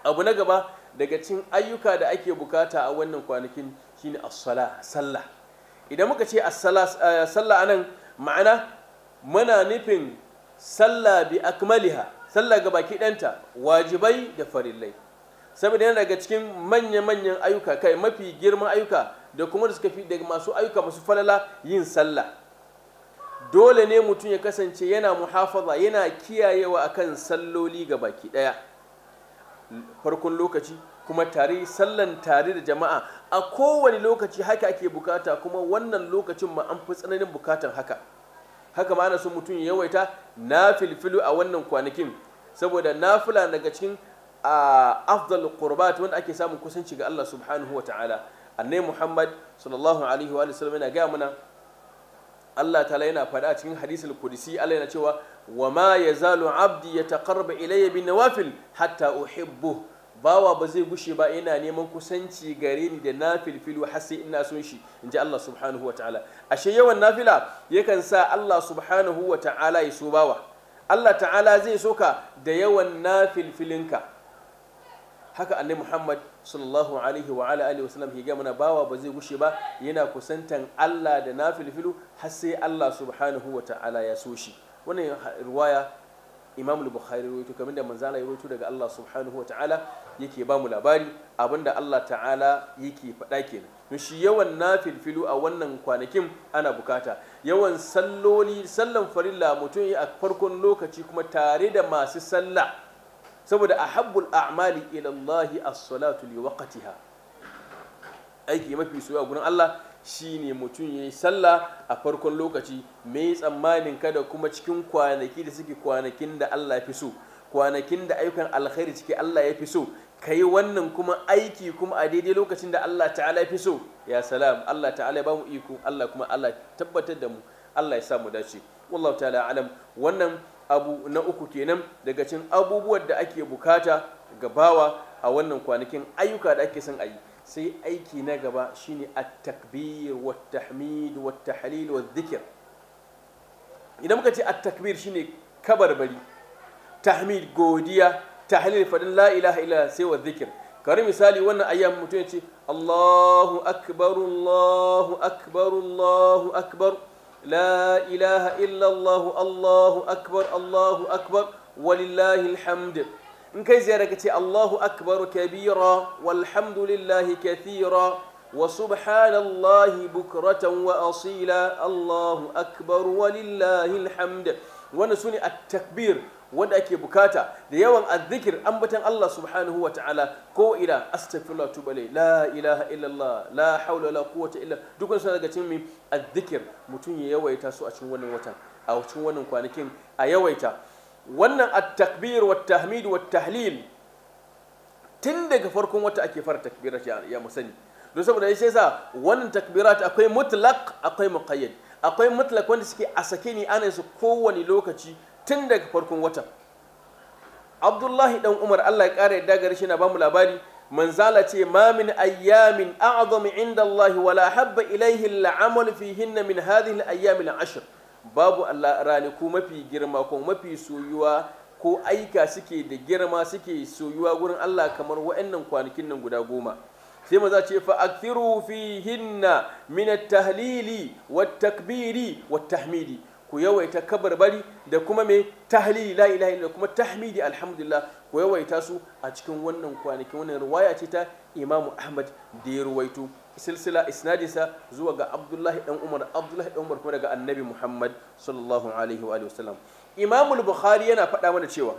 abu na gaba daga cin ayyuka da ake bukata a wannan kwanakin shine as-sala sallah idan muka ce as-sala eh, anan ma'ana muna nufin sallah bi akmaliha sallah ga baki ɗanta wajibai da farillai saboda yana daga cikin manya-manyan ayyuka kai mafi girman ayyuka da kuma da suka fi daga masu ayyuka masu falala yin sallah dole ne mutum ya kasance yana muhafaza yana kiyayewa akan salloli ga baki daya farkon lokaci kuma tare sallan tare da jama'a a kowane lokaci haka ake bukata kuma wannan lokacin ma an fi tsananin bukatan haka haka ma ana son mutum ya yawaita na filfilu a wannan kwanakin saboda na nafila daga cikin afdal qurbat wanda ake samun kusanci ga Allah subhanahu wataala annai Muhammad sallallahu alaihi wa sallam yana ga Allah ta'ala yana faɗa a cikin hadisul qudsi Allah yana cewa wa ma yazalu abdi yataqarraba ilayya bin nawafil hatta uhibbu bawa ba zai gushe ba yana neman kusanci gare ni da nafilfilu har sai ina son shi in ji Allah subhanahu wataala ashe yawan nafila yakan sa Allah subhanahu wataala ya so bawa Allah ta'ala zai soka da yawan nafilfilinka haka annabi Muhammad sallallahu alaihi wa ala alihi wasallam ya mana bawa ba zai gushe ba yana kusantan Allah da nafilfilu har sai Allah subhanahu wa ta'ala ya so shi wannan riwaya Imam al-Bukhari rawaito kamar da manzala ya rawaito daga Allah subhanahu wa ta'ala yake ba mu labari abinda Allah ta'ala yake faɗa kenan to shi yawan nafilfilu a wannan kwanakin ana bukata yawan salloli sallan farilla mutum a farkon lokaci kuma tare da masu sallah saboda ahabbul a'mali ilallahi Allah as-salatu li waqtiha aiki mafi soya gurin Allah shine mutum yayi sallah a farkon lokaci mai tsammanin kada kuma cikin kwanaki da suke kwanakin da Allah ya fi so kwanakin da ayyukan alkhairi ciki Allah ya fi so kai wannan kuma aiki kuma a daidai lokacin da Allah ta'ala ya fi so ya salam Allah ta'ala ya bamu iko Allah kuma Allah tabbatar da mu Allah ya sa mu dace wallahu ta'ala alam wannan abu na uku kenan daga cikin abubuwan da ake bukata ga bawa a wannan kwanakin ayyuka da ake son ayi sai aiki na gaba shine at-takbir wa tahmid wa tahlil wa dhikr idan muka ce at-takbir shine kabarbari tahmid godiya tahlil fadin la ilaha illa sai wa dhikr kare misali wannan ayya mutum ya ce Allahu akbar Allahu akbar Allahu akbar لا إله إلا الله الله أكبر الله أكبر ولله الحمد إن كي زيارة الله أكبر كبيرا والحمد لله كثيرا وسبحان الله بكرة وأصيلا الله أكبر ولله الحمد ونسوني التكبير wanda ake bukata da yawan azzikir batan Allah subhanahu wa ta'ala ko ila astaghfirullah tubale la ilaha illallah la hawla la quwwata illa dukkan suna daga cikin azzikir mutum ya yawaita su a cikin wannan watan a cikin wannan kwanakin a yawaita wannan at-takbir wat tahmid wat tahlil tun daga farkon wata ake fara takbirat ya musani don saboda sai sa wannan takbirat akwai mutlak akwai muqayyad akwai mutlaq wanda suke a sake ni ana su kowane lokaci tun daga farkon watan abdullahi dan umar allah ya kara yadda gare shi na bamu labari manzala ce ma min ayyamin a'zamu inda allahi wala habba ilaihi fi hinna min hadhihi al-ayyam ashr babu ranaku mafi girma ko mafi soyuwa ko aika suke da girma suke soyuwa gurin Allah kamar wa'annan kwanakin nan guda goma sai maza ce fa akthiru fihinna min at-tahlili wat-takbiri wat-tahmidi ku yawaita kabarbari da kuma mai tahlili la ilaha illallah kuma tahmidi alhamdulillah ku yawaita su a cikin wannan kwanakin wannan riwaya ce ta Imam Ahmad da ya ruwaito silsila isnadinsa zuwa ga Abdullahi dan Umar Abdullahi dan Umar kuma daga Annabi Muhammad sallallahu alaihi wa sallam Imam bukhari yana faɗa mana cewa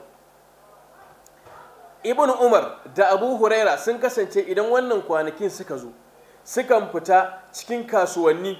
Ibn Umar da Abu Huraira sun kasance idan wannan kwanakin suka zo sukan fita cikin kasuwanni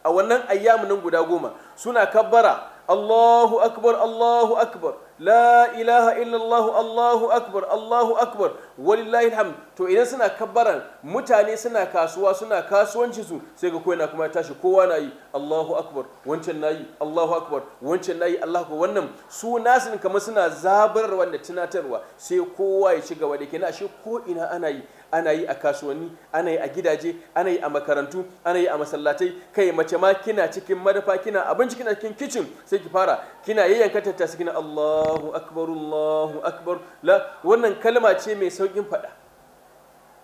a wannan ayyamin guda goma suna kabbara Allahu akbar Allahu akbar la ilaha illallah Allahu akbar Allahu akbar walillahi alhamd to idan suna kabbaran mutane suna kasuwa suna kasuwanci su sai ga kowa kuma tashi kowa na yi Allahu akbar wancan na yi Allahu akbar wancan na yi Allahu akbar wannan su nasin kamar suna zabarwa da tunatarwa sai kowa ya ci gaba da kenan ashe ko ina ana yi ana yi a kasuwanni ana yi a gidaje ana yi a makarantu ana yi a masallatai kai mace ma kina cikin madafa kina abinci kina cikin kicin sai ki fara kina yayyanka tattasa kina Allahu akbar Allahu akbar la wannan kalma ce mai saukin faɗa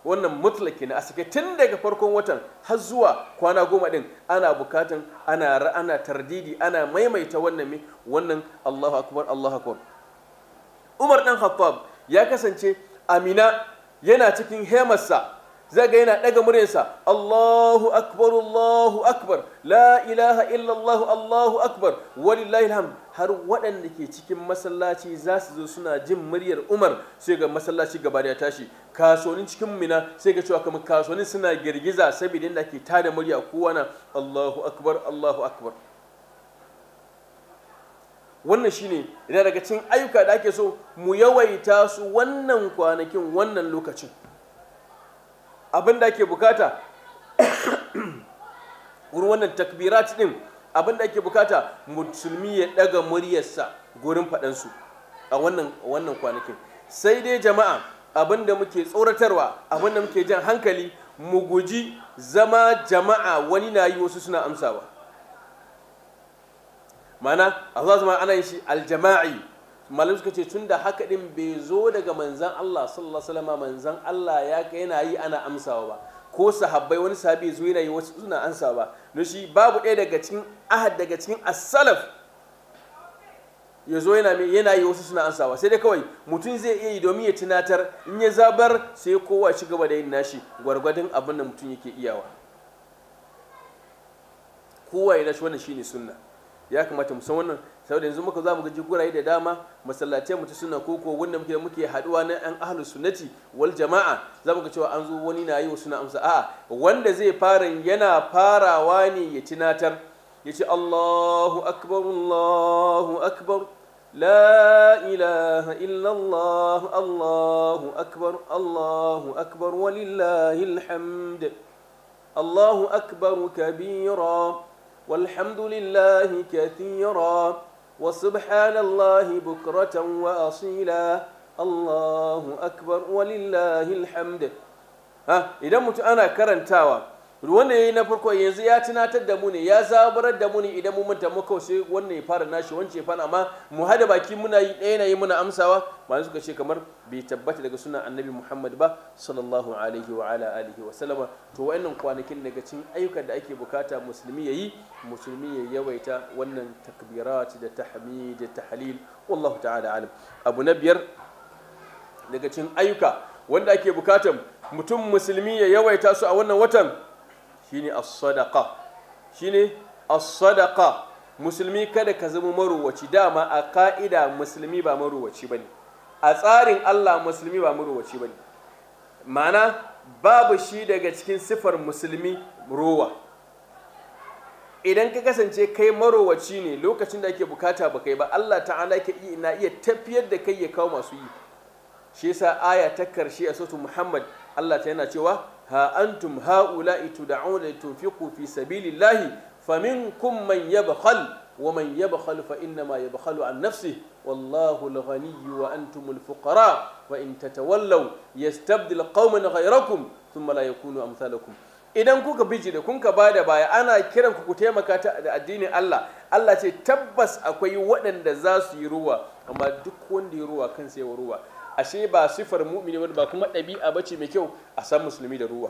wannan mutlaki na asake tun daga farkon watan har zuwa kwana goma din ana bukatan ana ana tardidi ana maimaita wannan mai. wannan Allahu akbar Allahu akbar Umar dan Khattab ya kasance Amina yana cikin hemarsa ga yana daga muryarsa Allahu akbar Allahu akbar la ilaha illallah Allahu akbar walillahi alhamd har waɗanda ke cikin masallaci za su zo suna jin muryar Umar sai ga masallaci gaba da tashi kasuwanin cikin mina sai ga cewa kamar kasuwanin suna girgiza saboda yadda ke tada murya kowa na Allahu akbar Allahu akbar wannan shine yana daga cikin ayyuka da ake so mu yawaita su wannan kwanakin wannan lokacin abin da ake bukata wurin wannan takbirat din abin da ake bukata musulmi ya daga muryarsa gurin faɗansu a wannan wannan kwanakin sai dai jama'a abin da muke tsoratarwa abin da muke jan hankali mu guji zama jama'a wani na yi wasu suna amsawa mana Allah zama ana yin shi aljama'i malam suka ce tunda haka din bai zo daga manzan Allah sallallahu alaihi wasallam manzan Allah ya ga yana yi ana amsawa ba ko sahabbai wani sahabi zo yana yi wasu suna amsa ba don shi babu ɗaya daga cikin ahad daga cikin as-salaf ya zo yana yi wasu suna amsawa. sai dai kawai mutum zai iya yi domin ya tunatar in ya zabar sai kowa ci gaba da yin nashi gwargwadon abin da mutum yake iyawa kowa ya nashi wannan shine sunna ya kamata mu san wannan saboda yanzu muka za mu gaji guraye da dama masallatai mu ta sunna ko wanda muke muke haduwa na yan ahlus sunnati wal jama'a za mu ga cewa an zo wani na yi wa suna amsa a'a wanda zai fara yana farawa ne ya tunatar ya ce Allahu akbar Allahu akbar la ilaha illallah. Allahu Akbar Allahu Akbar أكبر ولله الحمد الله أكبر والحمد لله كثيرا وسبحان الله بكرة وأصيلا الله أكبر ولله الحمد ها إذا مت أنا كرنتاوا wanda ya yi na farko yanzu ya tunatar da mu ne ya zaburar da mu ne idan mu manta muka sai wannan ya fara nashi wancan ya fara amma mu hada baki muna yi ɗaya na yi muna amsawa malamai suka ce kamar bai tabbata daga sunan annabi muhammad ba sallallahu alaihi wa ala alihi wa sallama to wa'annan kwanakin daga cikin ayyukan da ake bukata musulmi ya yi musulmi ya yawaita wannan takbirat da tahmid da tahlil wallahu ta'ala alam abu na biyar daga cikin ayyuka wanda ake bukatan mutum musulmi ya yawaita su a wannan watan shine as-sadaqa shine as-sadaqa musulmi kada ka zama maruwaci dama a ka'ida musulmi ba maruwaci bane a tsarin Allah musulmi ba maruwaci bane ma'ana babu shi daga cikin sifar musulmi ruwa. idan ka kasance kai marowaci ne lokacin da ake bukata ba kai ba Allah ta'ala ke na iya tafiyar da kai ya kawo masu yi shi yasa aya ta karshe a sautu Muhammad Allah ta yana cewa ha antum ha'ula'i tud'auna litunfiqu fi sabilillahi faminkum man yabkhal wa man yabkhal fa inna ma yabkhalu an nafsihi wallahu al-ghani wa antum al-fuqara wa in tatawallaw yastabdil qauman ghayrakum thumma la yakunu amsalakum idan kuka bijire kun ka bada baya ana kiran ku ku taimaka ta da addinin Allah Allah ce tabbas akwai waɗanda za su yi ruwa amma duk wanda ya ruwa kansa ya ruwa ashe ba sifar mu'mini ba ba kuma ɗabi'a ba ce mai kyau a san musulmi da ruwa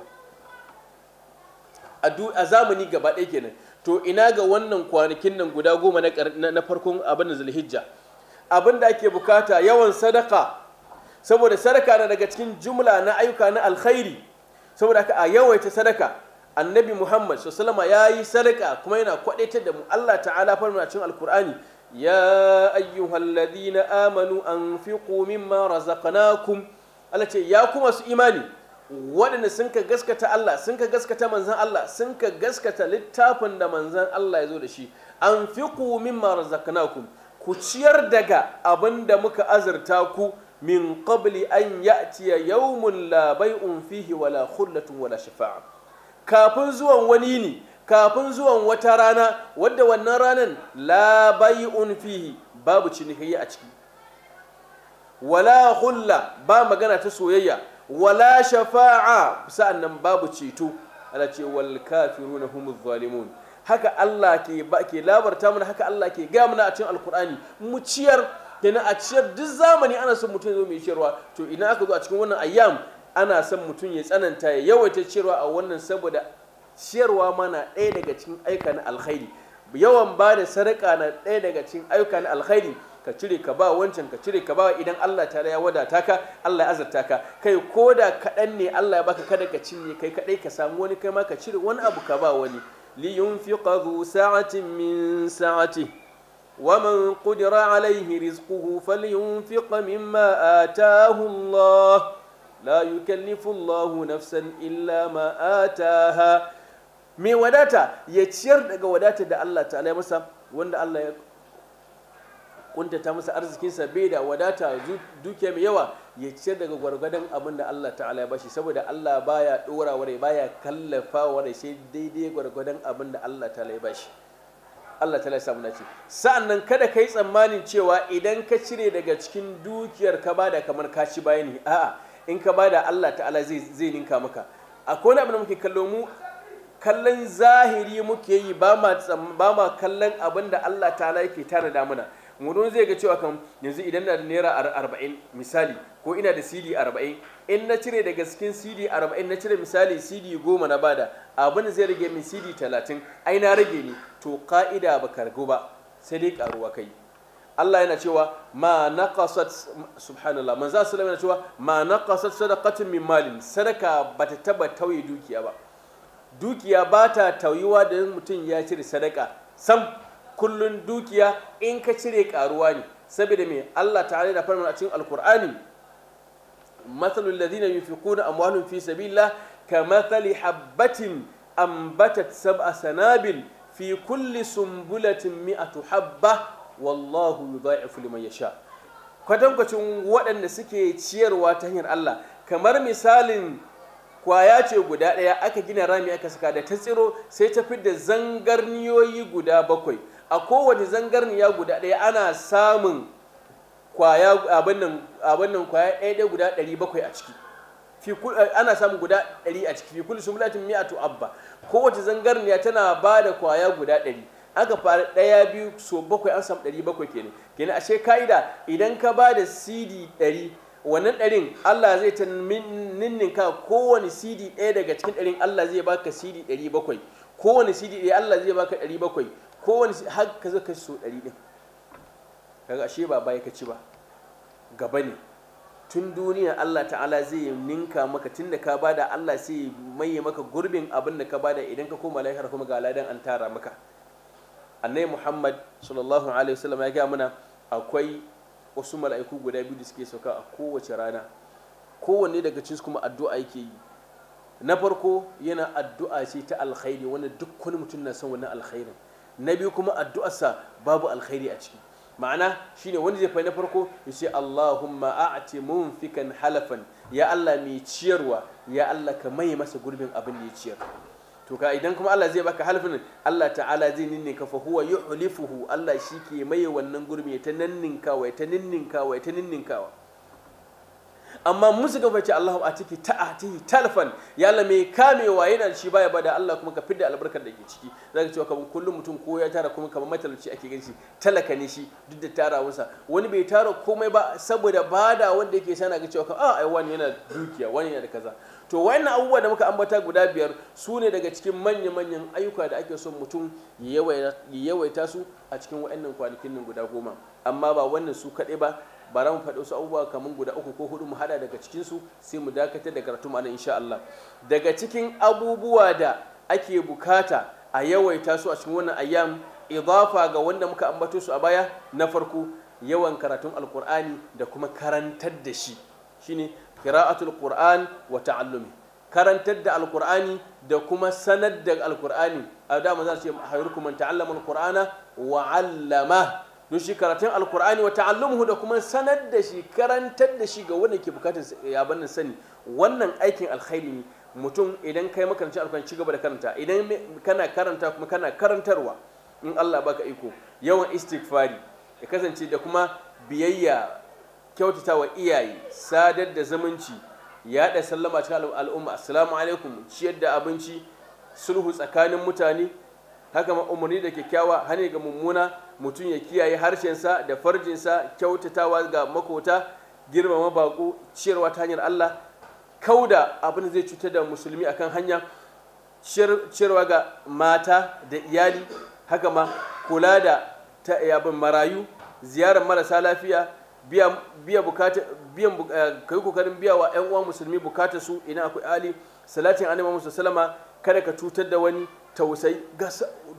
a zamani gaba ɗaya kenan to ina ga wannan kwanakin nan guda goma na farkon abin da zulhijja abin da ake bukata yawan sadaka saboda sadaka na daga cikin jumla na ayyuka na alkhairi saboda a yawaita sadaka annabi muhammad alaihi ya yi sadaka kuma yana kwadaitar da mu allah ta'ala farma cikin alkur'ani ya ayyuhal ladina amanu anfiqu mimma razaqnakum Allah ce ya kuma su imani waɗanda sun ka gaskata Allah sun ka gaskata manzan Allah sun ka gaskata littafin da manzan Allah ya zo da shi an ku min razaqnakum ku ciyar daga abin da muka azurta ku min qabli an ya'tiya yawmun la bay'un fihi wala khullatun wala shafa'a kafin zuwan wani ne kafin zuwan wata rana wadda wannan ranan la bai'un babu cinikayya a ciki wala hulla ba magana ta soyayya wala shafa'a nan babu ceto ana ce wal kafiruna humus zalimun haka Allah ke ba ke labarta mana haka Allah ke ga mana a cikin alkur'ani mu ciyar na a ciyar duk zamani ana son mutum ya zo mai ciyarwa to ina aka zo a cikin wannan ayyam ana son mutum ya tsananta ya yawaita ciyarwa a wannan saboda ciyarwa mana ɗaya daga cikin aika na alkhairi yawan ba da sarƙa na ɗaya daga cikin aika na alkhairi ka cire ka ba wancan ka cire ka ba idan Allah ta ya wadata ka Allah ya azarta ka kai ko da kaɗan ne Allah ya baka kada ka cinye kai kaɗai ka samu wani kai ma ka cire wani abu ka ba wani li yunfiqa dhu sa'atin min sa'ati wa man qudira alayhi rizquhu falyunfiq mimma ataahu Allah la yukallifu Allah nafsan illa ma ataaha mai wadata ya ciyar daga wadata da Allah ta ya masa wanda Allah ya kuntata masa arzikinsa bai da wadata dukiya mai yawa ya ciyar daga gwargwadon abin da Allah ta'ala ya bashi saboda Allah baya dora wa baya kallafa wa sai daidai gwargwadon abin da Allah ta'ala ya bashi Allah ta'ala ya samu nace nan kada kai tsammanin cewa idan ka cire daga cikin dukiyar ka bada kamar ka ci bayani a'a in ka bada Allah ta'ala zai zai ninka maka akwai wani abin da muke kallo mu kallon zahiri muke yi ba ma kallon abin da Allah ta'ala yake da mana mudun zai ga cewa kan yanzu idan na da naira arba'in misali ko ina da cd arba'in in na cire daga cikin cd arba'in na cire misali cd goma na bada abin zai rage min cd talatin ai na rage ni to ka'ida ba kargo ba sai dai karuwa kai Allah yana cewa ma naqasat subhanallah manzo sallallahu alaihi wasallam yana cewa ma naqasat sadaqatin min malin sadaka bata taba tauye dukiya ba dukiya ba ta tauyuwa da mutum ya cire sadaka sam kullun dukiya in ka cire karuwa ne saboda mai Allah ta'ala da farman a cikin alkur'ani mathalul ladina yunfiquna amwalahum fi sabilillah kamathali habbatin ambatat sab'a sanabil fi kulli sumbulatin mi'atu habba wallahu yudha'ifu liman yasha kwatankwacin waɗanda suke ciyarwa ta hanyar Allah kamar misalin kwaya ce guda ɗaya aka gina rami aka saka da ta tsiro sai ta fi da zangarniyoyi guda bakwai a kowane zangarniya guda ɗaya ana samun kwaya kwaya ɗaya ɗaya guda ɗari bakwai a ciki eh, ana samun guda ɗari a ciki fi kulli sumlatin mi'atu abba kowace zangarniya tana ba da kwaya guda ɗari aka fara ɗaya biyu so bakwai an samu ɗari bakwai kenan kenan ashe ka'ida idan ka ba da cd ɗari wannan ɗarin Allah zai ta ninninka kowane CD ɗaya daga cikin ɗarin Allah zai baka CD ɗari bakwai kowane CD ɗaya Allah zai baka ɗari bakwai kowane har ka zaka so ɗari ɗin kaga ashe ba baya ka ci ba gaba ne tun duniya Allah ta'ala zai ninka maka tun da ka bada Allah sai maye maka gurbin abin da ka bada idan ka koma laifar kuma ga ladan an tara maka annai Muhammad sallallahu alaihi wasallam ya ga mana akwai wasu mala'iku guda biyu da suke sauka a kowace rana kowanne daga cikinsu kuma addu'a yake yi na farko yana addu'a ce ta alkhairi wanda duk wani mutum na son wannan alkhairin na biyu kuma addu'arsa babu alkhairi a ciki ma'ana shine wani zai fai na farko ya ce Allahumma a'ti munfikan halafan ya Allah mai ciyarwa ya Allah ka mai masa gurbin abin da ya ciyar to ka idan kuma Allah zai baka halfin Allah ta'ala zai ka fa huwa yuhlifuhu Allah shi ke maye wannan gurmi ta nanninkawa ta ninninkawa ta ninninkawa amma musu ga ce Allah a ciki ta'atihi talfan ya Allah mai kamewa yana da shi baya bada Allah kuma ka fidda albarkar da ke ciki zaka cewa kaman kullum mutum ko ya tara kuma kamar matalci ake gan shi talaka ne shi duk da tara tarawarsa wani bai tara komai ba saboda bada wanda yake sana ga cewa a ah, ai wani yana dukiya wani yana da kaza to wannan abubuwa da muka ambata guda biyar su ne daga cikin manya-manyan ayyuka da ake son mutum ya yawaita su a cikin wa'annan kwanakin nan guda goma amma ba wannan su kaɗai ba bara mu faɗi wasu abubuwa kamar guda uku ko hudu mu haɗa daga cikin sai mu dakatar da karatu ma'ana insha Allah daga cikin abubuwa da ake bukata a yawaita su a cikin wannan ayyam idafa ga wanda muka ambato su a baya na farko yawan karatun alkur'ani da kuma karantar da shi shine qira'atul qur'an wa ta'allumi karantar da alqur'ani da kuma sanar da alqur'ani a da maza ce hayrukum man ta'allama alqur'ana wa 'allama don shi karatun alqur'ani wa ta'allumuhu da kuma sanar da shi karantar da shi ga wanda ke bukatar ya bannin sani wannan aikin alkhairi ne mutum idan kai makaranci alkur'ani ci gaba da karanta idan kana karanta kuma kana karantarwa in Allah baka iko yawan istighfari ya kasance da kuma biyayya kyautata wa iyaye sadar da zumunci yaɗa sallama ta al'umma assalamu alaikum ciyar da abinci sulhu tsakanin mutane haka ma umarni da kyakkyawa hane ga mummuna mutum ya kiyaye harshensa da farjinsa kyautatawa ga makota girmama baƙo ciyarwa ta hanyar Allah kauda abin zai cutar da musulmi akan hanya ciyarwa ga mata da iyali haka ma kula da ta marayu ziyarar marasa lafiya bukata biyan kai eh, kokarin biya wa yan uwan musulmi bukatar su ina akwai ali salatin annabi musu salama kada ka cutar da wani tausayi ga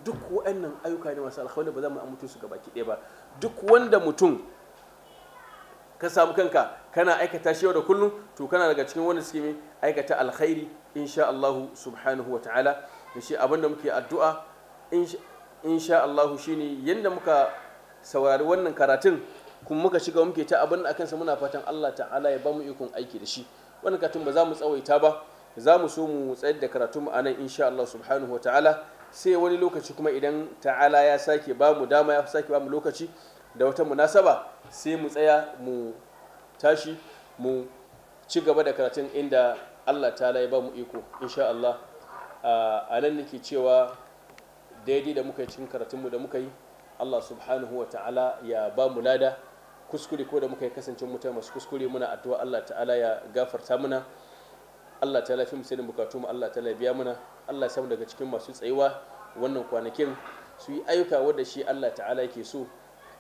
duk wa'annan ayyuka ne masu alkhairi ba za mu amince su gabaki ɗaya ba duk wanda mutum ka samu kanka kana aikata shi yau da kullum to kana daga cikin wanda suke mai aikata alkhairi insha Allah subhanahu wa ta'ala da shi abinda muke addu'a insha Allah shine yadda muka saurari wannan karatun Kun muka shiga muke ta abin akan sa muna fatan Allah ta'ala ya ba mu ikon aiki da shi wannan katun ba za mu tsawaita ba za mu so mu tsayar da karatu mu anan insha Allah subhanahu ta'ala sai wani lokaci kuma idan ta'ala ya sake ba mu dama ya sake ba mu lokaci da wata munasaba sai mu tsaya mu tashi mu ci gaba da karatun inda Allah ta'ala ya ba mu iko insha Allah a nan nake cewa daidai da muka yi cikin karatunmu da muka yi Allah subhanahu wa ta'ala ya ba mu lada kuskure ko da muka yi kasance mutane masu kuskure muna addu'a Allah ta'ala ya gafarta muna Allah ta lafi mu bukatu mu Allah ta biya muna Allah samu daga cikin masu tsayuwa wannan kwanakin su yi ayyuka wadda shi Allah ta'ala yake so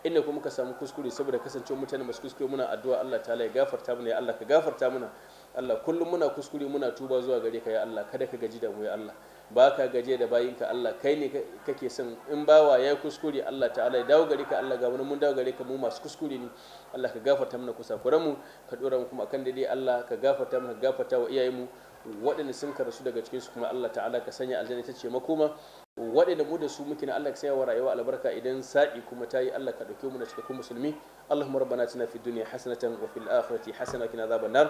inda kuma muka samu kuskure saboda kasancewar mutane masu kuskure muna addu'a Allah ta'ala ya gafarta muna ya Allah ka gafarta muna Allah kullum muna kuskure muna tuba zuwa gare ka ya Allah kada ka gaji da mu ya Allah ba ka gaje da bayinka Allah kai ne kake son in bawa ya kuskure Allah ta'ala ya dawo gare ka Allah ga mun dawo gare ka mu masu kuskure ne Allah ka gafarta mana kusakuran mu ka dora mu kuma akan daidai Allah ka gafarta mana ka gafarta wa iyayen mu waɗanda sun karasu daga cikin su kuma Allah ta'ala ka sanya aljanna ta ce makoma waɗanda mu da su muke na Allah ka sanya wa rayuwa albarka idan sa'i kuma ta yi Allah ka dauke mu na cikakkun musulmi Allahumma rabbana atina fid dunya hasanatan wa fil akhirati hasanatan wa qina adhaban nar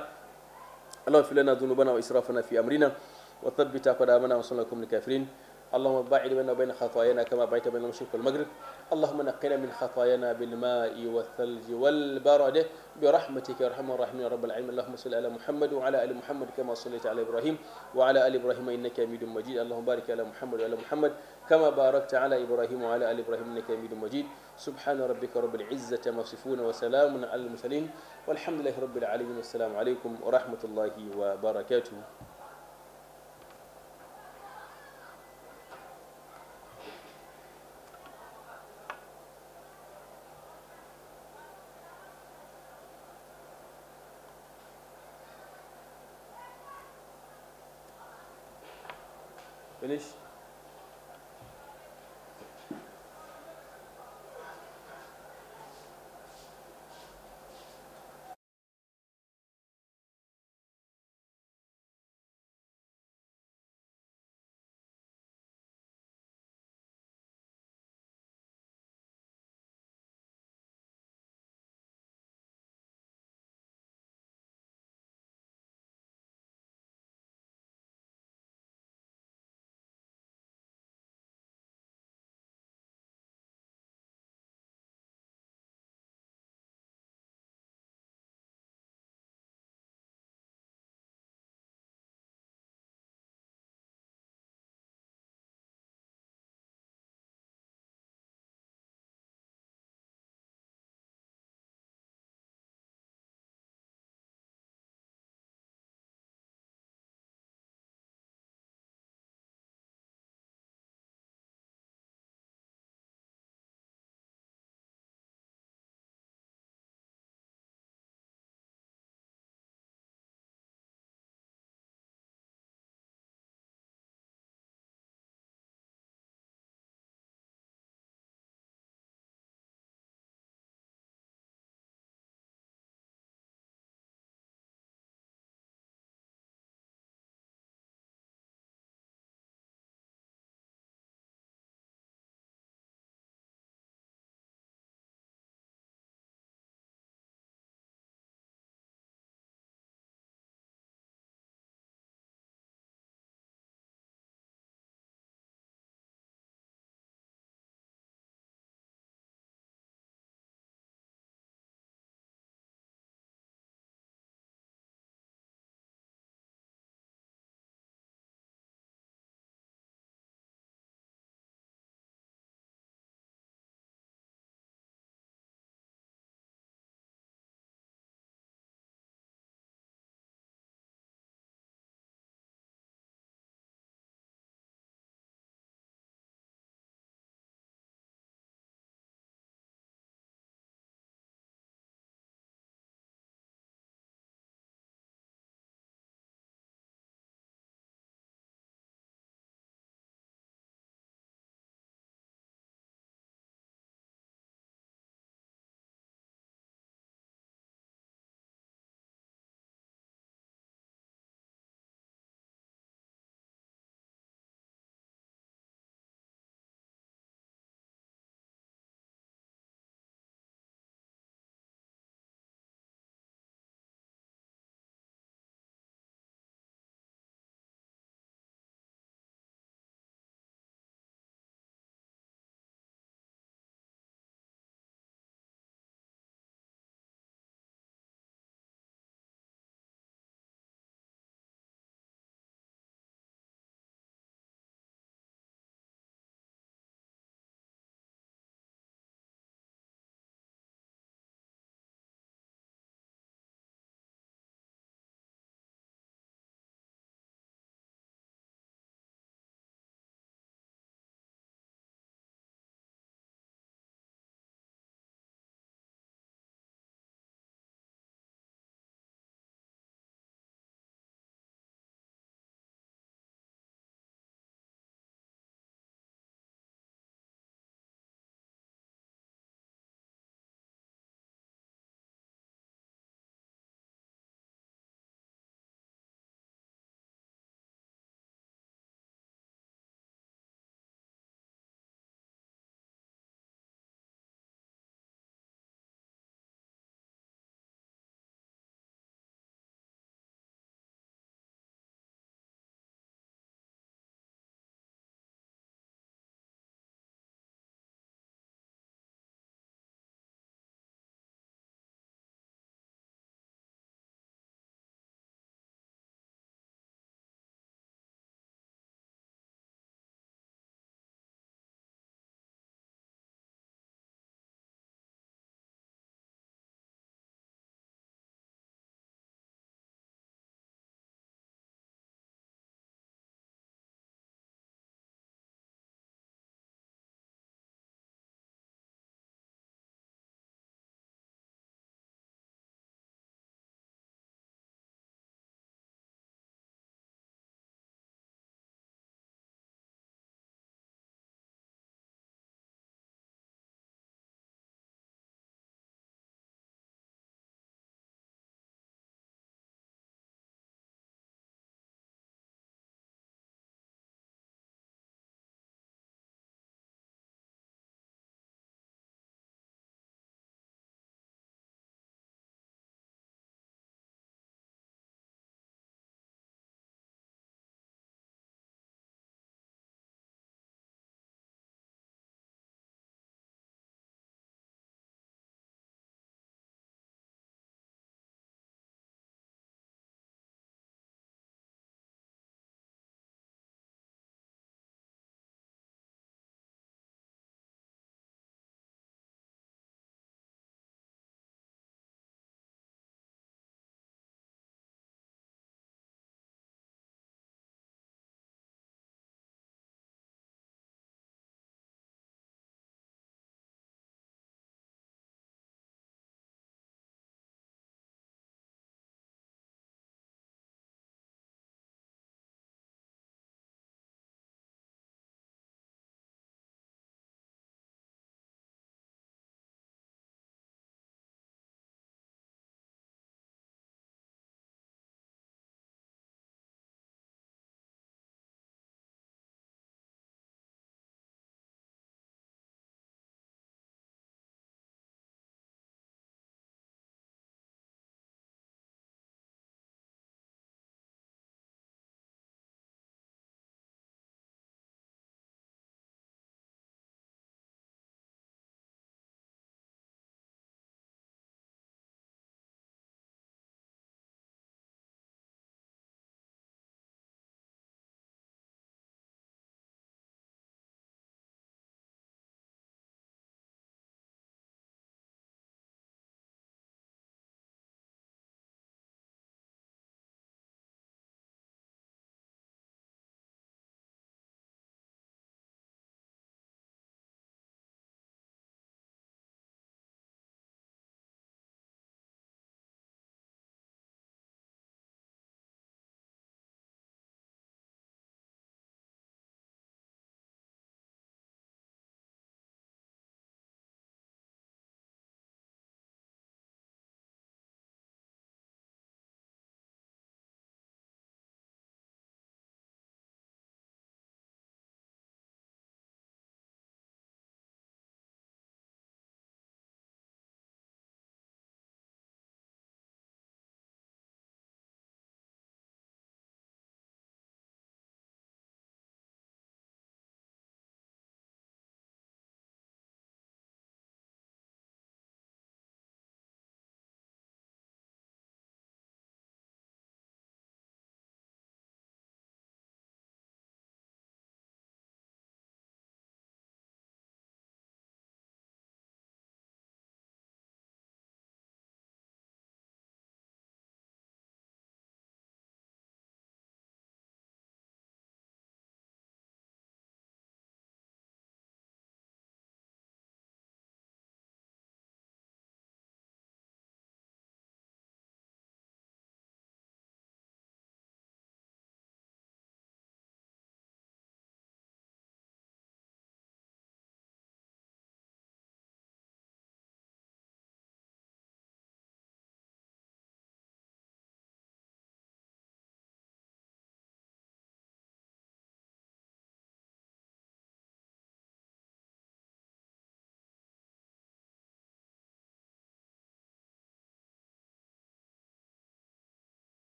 اللهم اغفر لنا ذنوبنا واسرافنا في امرنا وثبت أقدامنا وانصرنا لكم الكافرين اللهم باعد بيننا وبين خطايانا كما باعدت بين المشرق والمغرب اللهم نقنا من خطايانا بالماء والثلج والبرد برحمتك يا ارحم الراحمين يا رب العالمين اللهم صل على محمد وعلى ال محمد كما صليت على ابراهيم وعلى ال ابراهيم انك حميد مجيد اللهم بارك على محمد وعلى محمد كما باركت على ابراهيم وعلى ال ابراهيم انك حميد مجيد سبحان ربك رب العزه ما يصفون وسلام على المرسلين والحمد لله رب العالمين والسلام عليكم ورحمه الله وبركاته natürlich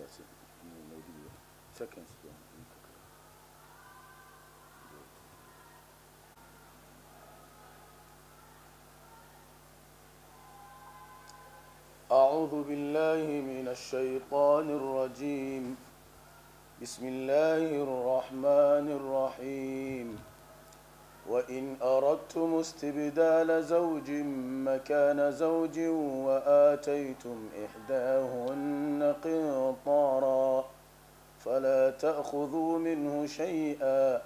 من الموجودة second أعوذ بالله من الشيطان الرجيم بسم الله الرحمن الرحيم وإن أردتم استبدال زوج مكان زوج وآتيتم إحداهن قنطارا فلا تأخذوا منه شيئا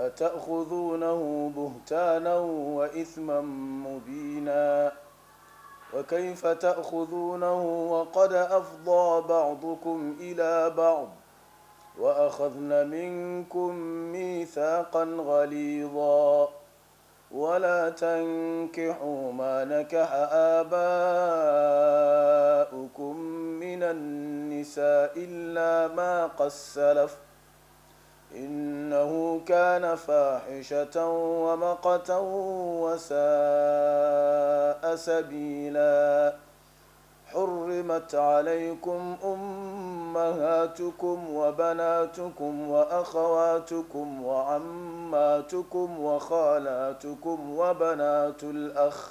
أتأخذونه بهتانا وإثما مبينا وكيف تأخذونه وقد أفضى بعضكم إلى بعض وأخذن منكم ميثاقا غليظا ولا تنكحوا ما نكح آباؤكم من النساء إلا ما قد سلف إنه كان فاحشة ومقتا وساء سبيلاً حرمت عليكم أمهاتكم وبناتكم وأخواتكم وعماتكم وخالاتكم وبنات الأخ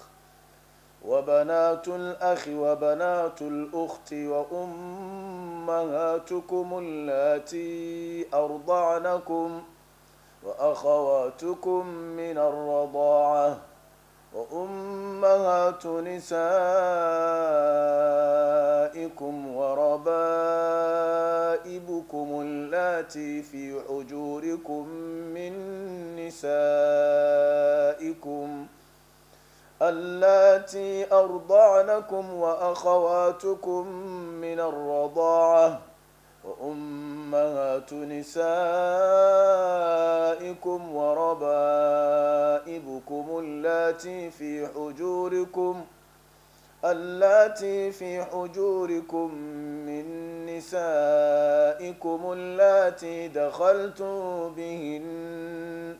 وبنات الأخ وبنات الأخت وأمهاتكم التي أرضعنكم وأخواتكم من الرضاعة وأمهات نسائكم وربائبكم اللاتي في حجوركم من نسائكم اللاتي أرضعنكم وأخواتكم من الرضاعة وأمهات نسائكم وربائبكم اللاتي في حجوركم اللاتي في حجوركم من نسائكم اللاتي دخلتم بهن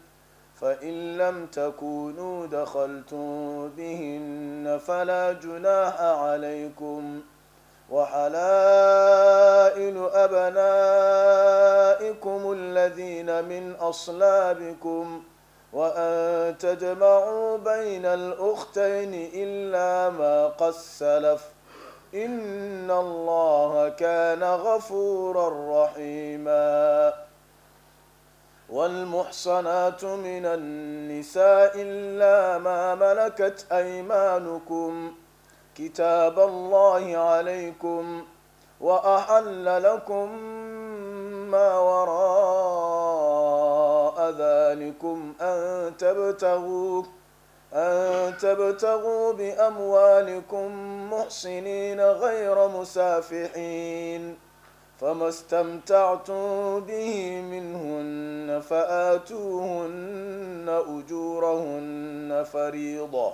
فإن لم تكونوا دخلتم بهن فلا جناح عليكم ۖ وحلائل أبنائكم الذين من أصلابكم وأن تجمعوا بين الأختين إلا ما قد سلف إن الله كان غفورا رحيما والمحصنات من النساء إلا ما ملكت أيمانكم ۖ كتاب الله عليكم وأحل لكم ما وراء ذلكم أن تبتغوا أن تبتغوا بأموالكم محسنين غير مسافحين فما استمتعتم به منهن فآتوهن أجورهن فريضةً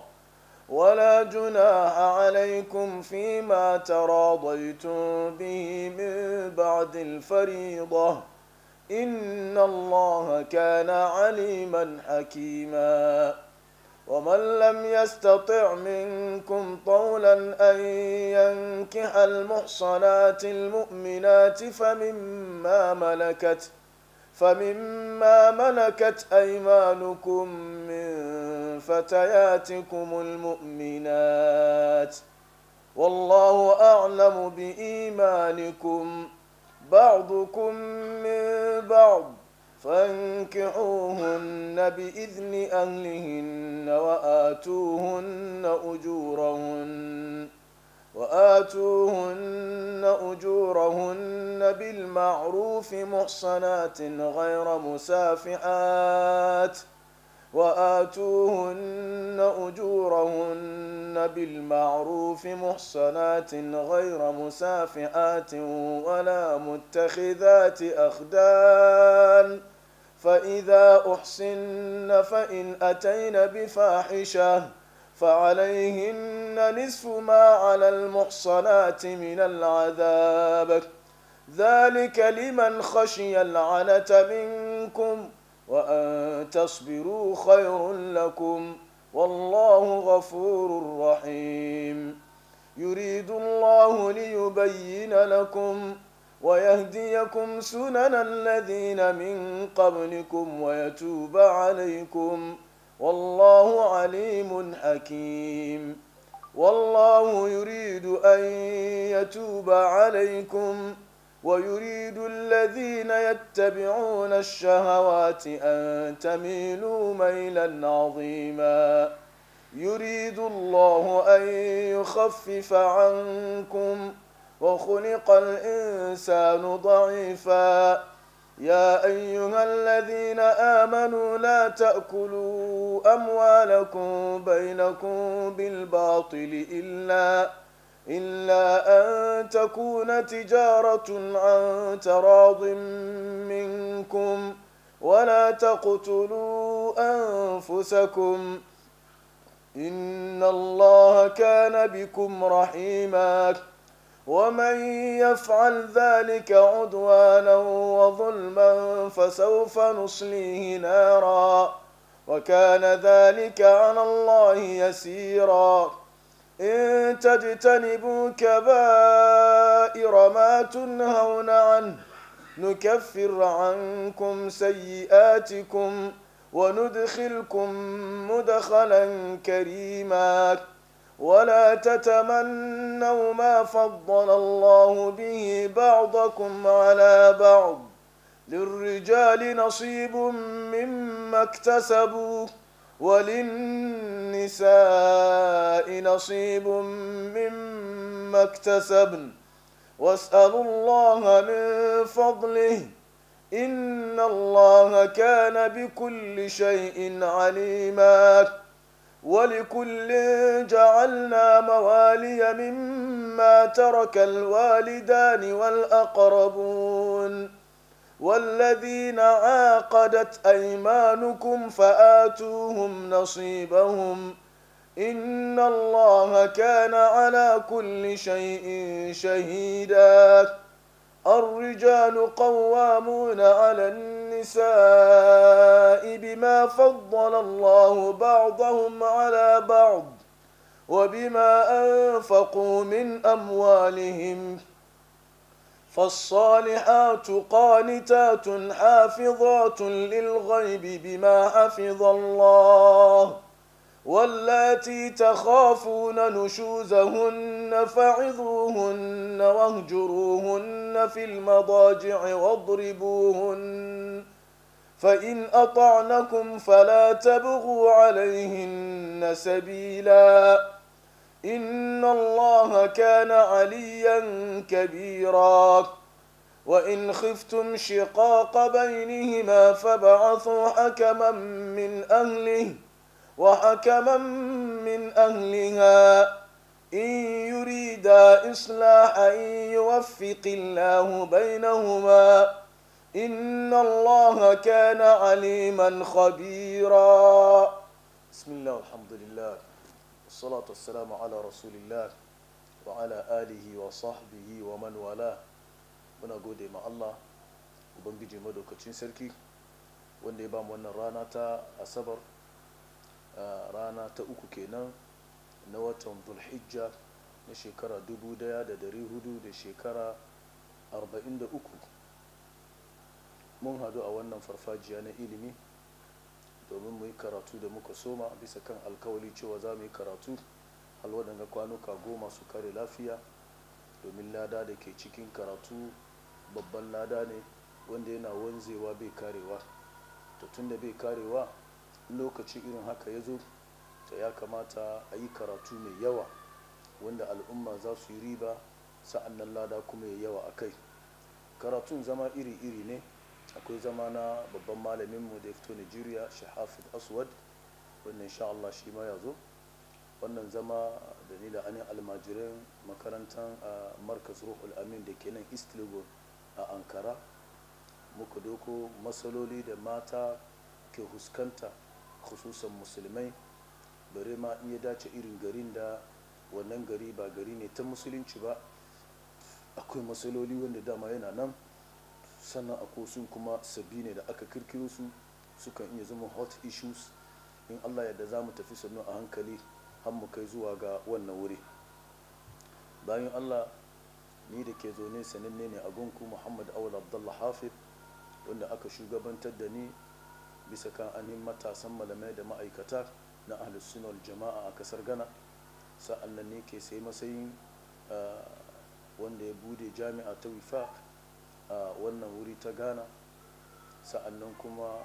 ولا جناح عليكم فيما تراضيتم به من بعد الفريضة إن الله كان عليما حكيما ومن لم يستطع منكم طولا أن ينكح المحصنات المؤمنات فمما ملكت فمما ملكت أيمانكم من فتياتكم المؤمنات والله أعلم بإيمانكم بعضكم من بعض فانكحوهن بإذن أهلهن وآتوهن أجورهن وآتوهن أجورهن بالمعروف محصنات غير مسافحات ۖ وآتوهن أجورهن بالمعروف محصنات غير مسافحات ولا متخذات أخدان فإذا أحسن فإن أتين بفاحشة فعليهن نصف ما على المحصنات من العذاب ذلك لمن خشي العنة منكم وأن تصبروا خير لكم والله غفور رحيم يريد الله ليبين لكم ويهديكم سنن الذين من قبلكم ويتوب عليكم والله عليم حكيم والله يريد أن يتوب عليكم ويريد الذين يتبعون الشهوات أن تميلوا ميلا عظيما يريد الله أن يخفف عنكم وخلق الإنسان ضعيفا يا أيها الذين آمنوا لا تأكلوا أموالكم بينكم بالباطل إلا إلا أن تكون تجارة عن تراض منكم ولا تقتلوا أنفسكم إن الله كان بكم رحيما ومن يفعل ذلك عدوانا وظلما فسوف نصليه نارا وكان ذلك على الله يسيرا إن تجتنبوا كبائر ما تنهون عنه نكفر عنكم سيئاتكم وندخلكم مدخلا كريما ولا تتمنوا ما فضل الله به بعضكم على بعض للرجال نصيب مما اكتسبوا وللنساء نصيب مما اكتسبن واسألوا الله من فضله إن الله كان بكل شيء عليما ولكل جعلنا موالي مما ترك الوالدان والأقربون والذين عاقدت أيمانكم فآتوهم نصيبهم إن الله كان على كل شيء شهيدا الرجال قوامون على النساء بما فضل الله بعضهم على بعض وبما أنفقوا من أموالهم ۖ فالصالحات قانتات حافظات للغيب بما حفظ الله واللاتي تخافون نشوزهن فعظوهن واهجروهن في المضاجع واضربوهن فإن أطعنكم فلا تبغوا عليهن سبيلاً إن الله كان عليا كبيرا وإن خفتم شقاق بينهما فبعثوا حكما من أهله وحكما من أهلها إن يريدا إصلاحا يوفق الله بينهما إن الله كان عليما خبيرا بسم الله والحمد لله والصلاة rasulillah wa رسول alihi wa sahbihi wa man wala muna gode ma Allah Ubangiji madaukacin sarki wanda ya ba wannan rana ta asabar rana ta uku kenan na watan dhulhijja na shekara 1400 da shekara 43 mun hadu a wannan farfajiya na ilimi domin mu yi karatu da muka soma bisa kan alkawali cewa za mu yi karatu halwadanga kwanuka goma su kare lafiya domin lada da ke cikin karatu babban lada ne wanda yana wanzewa bai karewa to tun da bai karewa lokaci irin haka ya zo ta ya kamata a yi karatu mai yawa wanda al'umma za su yi riba sa'an lada kuma ya yawa a kai karatun zama iri-iri ne akwai zama na babban malamin mu da ya fito nigeria shahafid aswad wannan insha Allah shi ma ya zo wannan zama da ni la'ani anin almajirin makarantar a markaz ruhul amin da ke nan east a ankara muka doko matsaloli da mata ke huskanta khususan musulmai bare ma iya dace irin garin da wannan gari ba gari ne ta musulunci ba akwai matsaloli wanda dama yana nan sannan a kosun kuma sabbi ne da aka kirkiro su sukan iya zama hot issues in allah yadda za mu tafi sannu a hankali har mu kai zuwa ga wannan wuri bayan allah ni da ke zaune sananne ne a gunku muhammad awul abdullah hafid wanda aka shugabantar da ni bisa kan yi matasan malamai da ma'aikata na ahlus jama'a a kasar gana sa'an nan ne ke sai masayin ah, wanda ya bude jami'a ta wifa. a wannan wuri ta ghana sa'annan kuma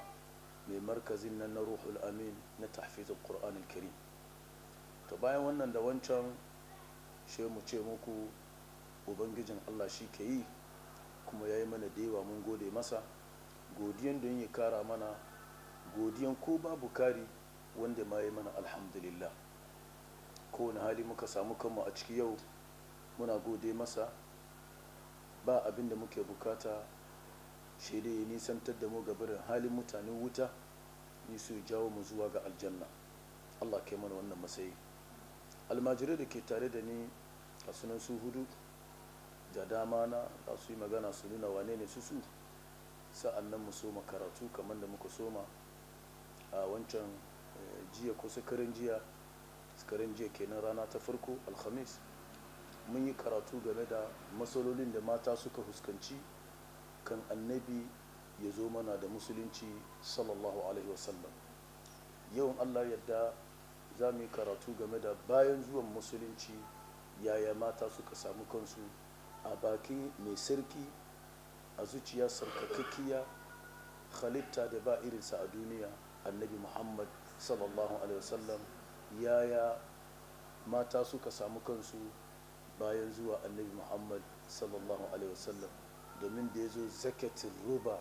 mai markazin nan na ruhul amin na tahfizul qur'an al to bayan wannan da wancan she mu ce muku ubangijin allah shi ke yi kuma ya yi mana da yawa mun gode masa godiyan don ya kara mana godiyan ko babu kari wanda ma yi mana alhamdulillah kowane hali muka samu kanmu a ciki yau muna gode masa ba abin da muke bukata shi ya nisantar da mu ga barin halin mutane wuta ni su jawo mu zuwa ga aljanna allah kai mana wannan matsayi almajirai da ke tare da ni a sunan su hudu da dama na za su yi magana su nuna wane ne su su sa'an nan mu soma karatu kamar da muka soma a wancan eh, jiya ko sakarin jiya sakarin jiya kenan rana ta farko alhamis mun yi karatu game da matsalolin da mata suka fuskanci kan annabi ya zo mana da musulunci sallallahu alaihi wasallam yawan allah yadda za mu yi karatu game da bayan zuwan musulunci yaya mata suka samu kansu a baki mai sarki a zuciya sarkakakkiya halitta da ba irinsa a duniya annabi muhammad sallallahu alaihi wasallam yaya mata suka samu kansu bayan zuwa annabi muhammad sallallahu alaihi wasallam domin da ya zo zakatin ruba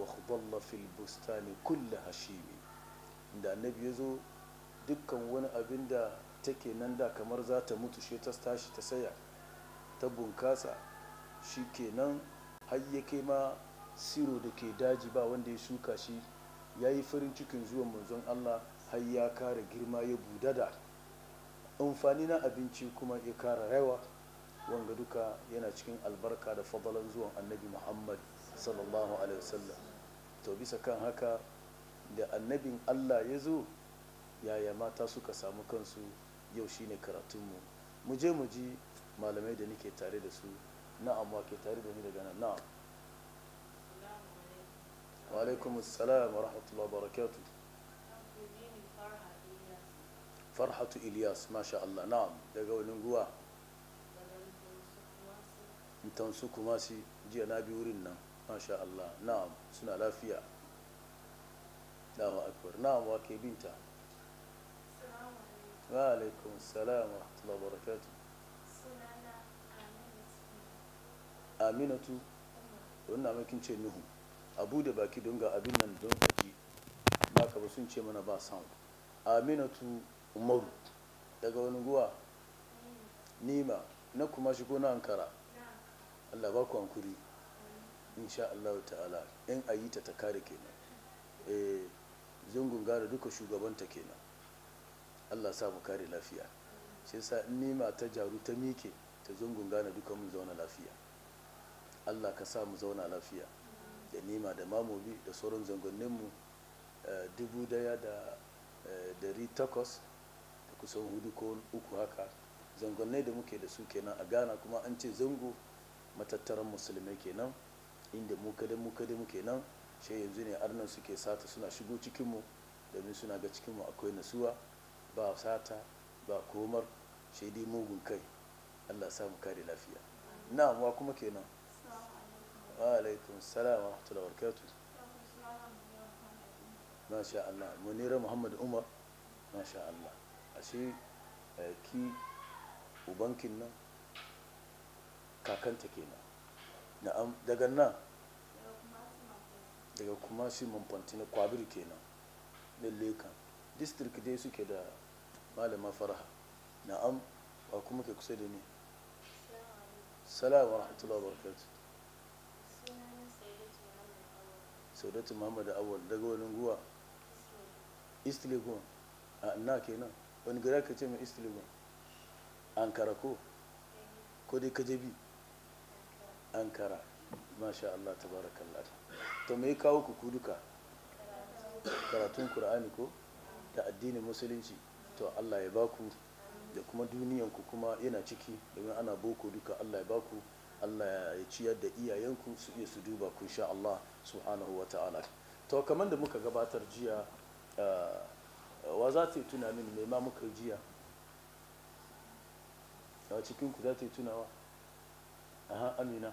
wa khudalla fil bustani kulla hashimi da annabi ya zo dukkan wani abin da take nan da kamar za ta mutu shi ta tashi ta saya ta bunkasa shi kenan har ya kai ma siro da ke daji ba wanda ya shuka shi ya yi farin cikin zuwa manzon allah har ya kara girma ya budada amfani na abinci kuma ya kara raiwa wanga duka yana cikin albarka da fadalan zuwan annabi muhammad sallallahu alaihi wasallam to bisa kan haka da annabin allah ya zo yaya mata suka samu kansu yau shine karatunmu mu je mu ji malamai da nike tare da su na'am wa ke tare da ni daga nan na'am wa alaikum assalam wa rahmatullahi wa barakatuh farhatu ilyas masha allah na'am daga wani guwa mutan su kuma su jiya na bi wurin nan masha Allah na'am suna lafiya Allahu akbar na'am wa ke binta wa alaikum salam wa rahmatullahi wa barakatuh aminatu wannan makin ce nuhu abu da baki don ga abin nan don kaji ba ka ba sun ce mana ba sound aminatu umaru daga wani guwa nima na kuma shigo na ankara Allah ba ku hankuri insha Allah ta'ala in ayi ta ta kare kenan eh zungun gara duka shugabanta kenan Allah sa mu kare lafiya shi yasa in nima ta jaru ta mike ta zungun gane duka mun zauna lafiya Allah ka sa mu zauna lafiya da nima da mamobi da sauran mu eh, dubu daya da dari eh, takwas da kusan hudu ko uku haka zangonnai da muke da su kenan a gana kuma an ce zango matattaran musulmai kenan inda mu kadai mu kadai muke nan shi yanzu ne arnan suke sata suna shigo cikinmu domin suna ga cikinmu akwai nasuwa ba sata ba komar shi dai mugun kai allah samu kare lafiya na wa kuma kenan wa alaikun salam wa rahmatullahi wa barakatuh allah munira muhammad umar masha allah ashe eh, ki ubankin nan kakanta kenan na'am daga nan daga kuma shi na kwabir kenan na Lekan. district dai suke da malama faraha na'am ba kuma ke kusa da ni salamu rahmatullahi wa barakatuh saudatu muhammad awal daga wani guwa east legon a na kenan wani gada ka ce mai east legon ankara ko ko dai kajabi ankara masha Allah tabarakallah to me kawo ku ku duka karatun Qur'ani ko da addinin musulunci to Allah ya baku da kuma duniyan ku kuma yana ciki domin ana boko duka Allah ya baku Allah ya ciyar da iyayenku su iya su duba ku insha Allah subhanahu wa ta'ala to kamar da muka gabatar jiya eh, wa za ta yi tunanin mai ma muka jiya a cikin ku za ta yi tunawa aha amina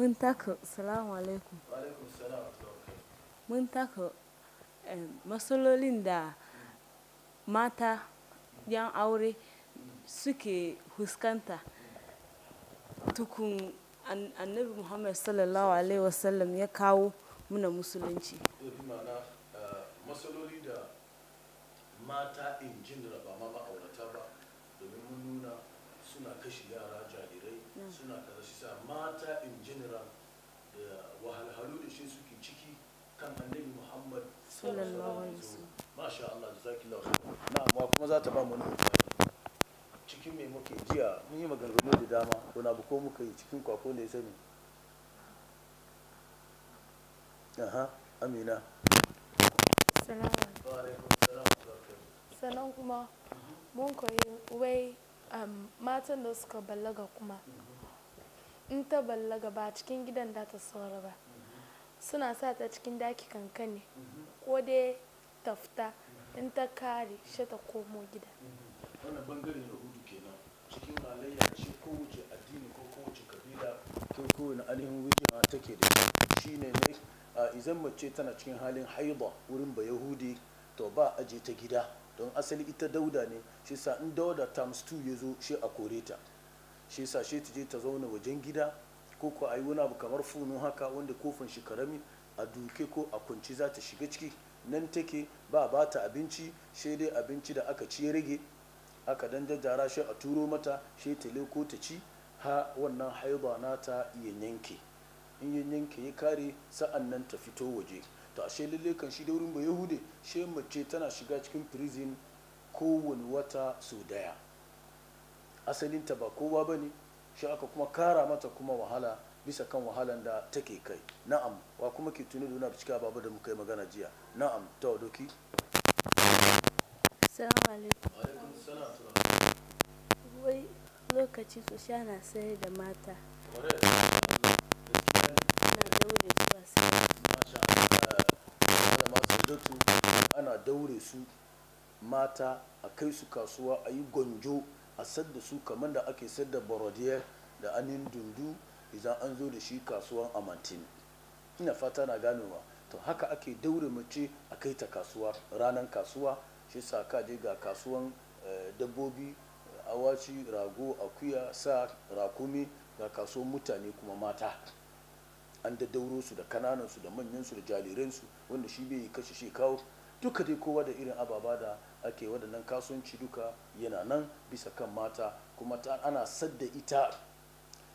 mun taka salamu alaikum mun taka eh, matsalolin da mata yan aure suke huskanta tukun annabi muhammad sallallahu alaihi wasallam ya kawo muna musulunci eh, da mata in jin ba ma ma'aurata ba domin mun nuna suna kashe yara jari suna kaza shi sa mata in general da wahalhalu da shi suke ciki kan annabi muhammad sallallahu alaihi wasallam masha Allah jazakallahu na na'am kuma za ta ba mu cikin me muke jiya mun yi maganganu da dama wani abu ko muka yi cikin kwako ne sani aha amina sannan kuma mun koyi wai um, matan da suka balaga kuma mm-hmm. in ta ballaga ba cikin gidan da ta saura ba suna sa ta cikin daki kankane ko dai tafta in ta kare shi ta komo gida wannan bangaren yahudu kenan cikin halayya ce wuce addini ko kowace kabila ko kowane alihin ta take da shi ne ne a izan mace tana cikin halin haida wurin ba yahudi to ba je ta gida don asali ita dauda ne shi sa in dauda times 2 ya zo shi a kore ta shi sa shi ta je ta zauna wajen gida ko ko a wani abu kamar funu haka wanda kofin shi karami a duke ko a kunci za ta shiga ciki nan take ba ba ta abinci shi dai abinci da aka ci rage aka dan jajjara shi a turo mata shi ta leko ta ci ha wannan haiba nata iya yanke in yi yanke ya kare sa'an nan ta fito waje to ashe lalle kan shi da wurin ba yahude shi mace tana shiga cikin prison kowane wata sau daya asalinta ba kowa ba ne shi aka kuma kara mata kuma wahala bisa kan wahalan da take kai na'am wa kuma ke tuni da cika babu da muka yi magana jiya na'am ta doki wai lokaci su sha na sai da mata ana daure su mata a kai su kasuwa a yi gonjo a da su kamar da ake sadda barodiyar da anin dundu idan an zo da shi kasuwan amantin ina fata na ganowa to haka ake daure mace a kai ta kasuwa ranar kasuwa shi sa ka je ga kasuwan eh, dabbobi awaci rago akuya sa rakumi ga kasuwan mutane kuma mata an da dauro su da kananan su da manyan su da jaliran su wanda shi bai kashe shi kawo duka dai kowa da irin ababa da ake waɗannan kasuwanci duka yana nan bisa kan mata kuma ta ana sadda ita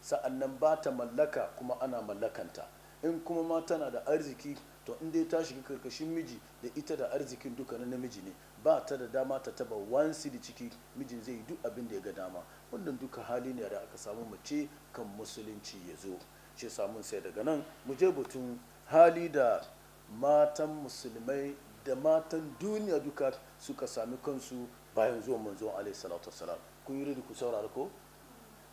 sa'an nan ba ta mallaka kuma ana mallakanta in kuma mata na da arziki to in dai ta shiga karkashin miji da ita da arzikin duka na namiji ne ba ta da dama ta taba wansi da ciki mijin zai yi duk abin da ya ga dama wannan duka hali ne da aka samu mace kan musulunci ya zo shi samun sai daga nan mu je batun hali da matan musulmai da matan duniya duka suka sami kansu bayan zuwan manzon alaihi salatu wasalam kun yi ku saurara ko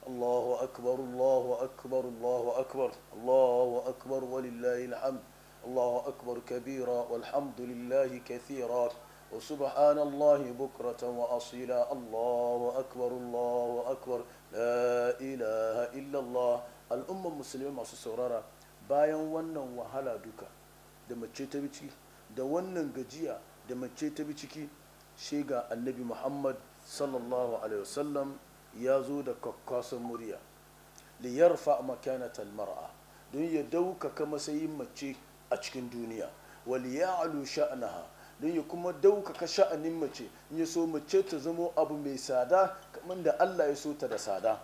Allahu akbar Allahu akbar Allahu akbar Allahu akbar walillahi alhamd Allahu akbar kabira walhamdulillahi kathira وسبحان الله بكرة وأصيلا الله أكبر الله أكبر لا إله إلا الله الأمة المسلمة masu saurara bayan wannan wahala duka da mace ta biki da wannan gajiya da mace ta bi ciki shi ga annabi muhammad sallallahu alaihi wasallam ya zo da kakkasan murya liyarfa makanatal Talmara don ya daukaka matsayin mace a cikin duniya waliya'alu sha'anaha don ya kuma daukaka sha'anin mace in ya so mace ta zamo abu mai sada kamar da Allah ya so ta da sada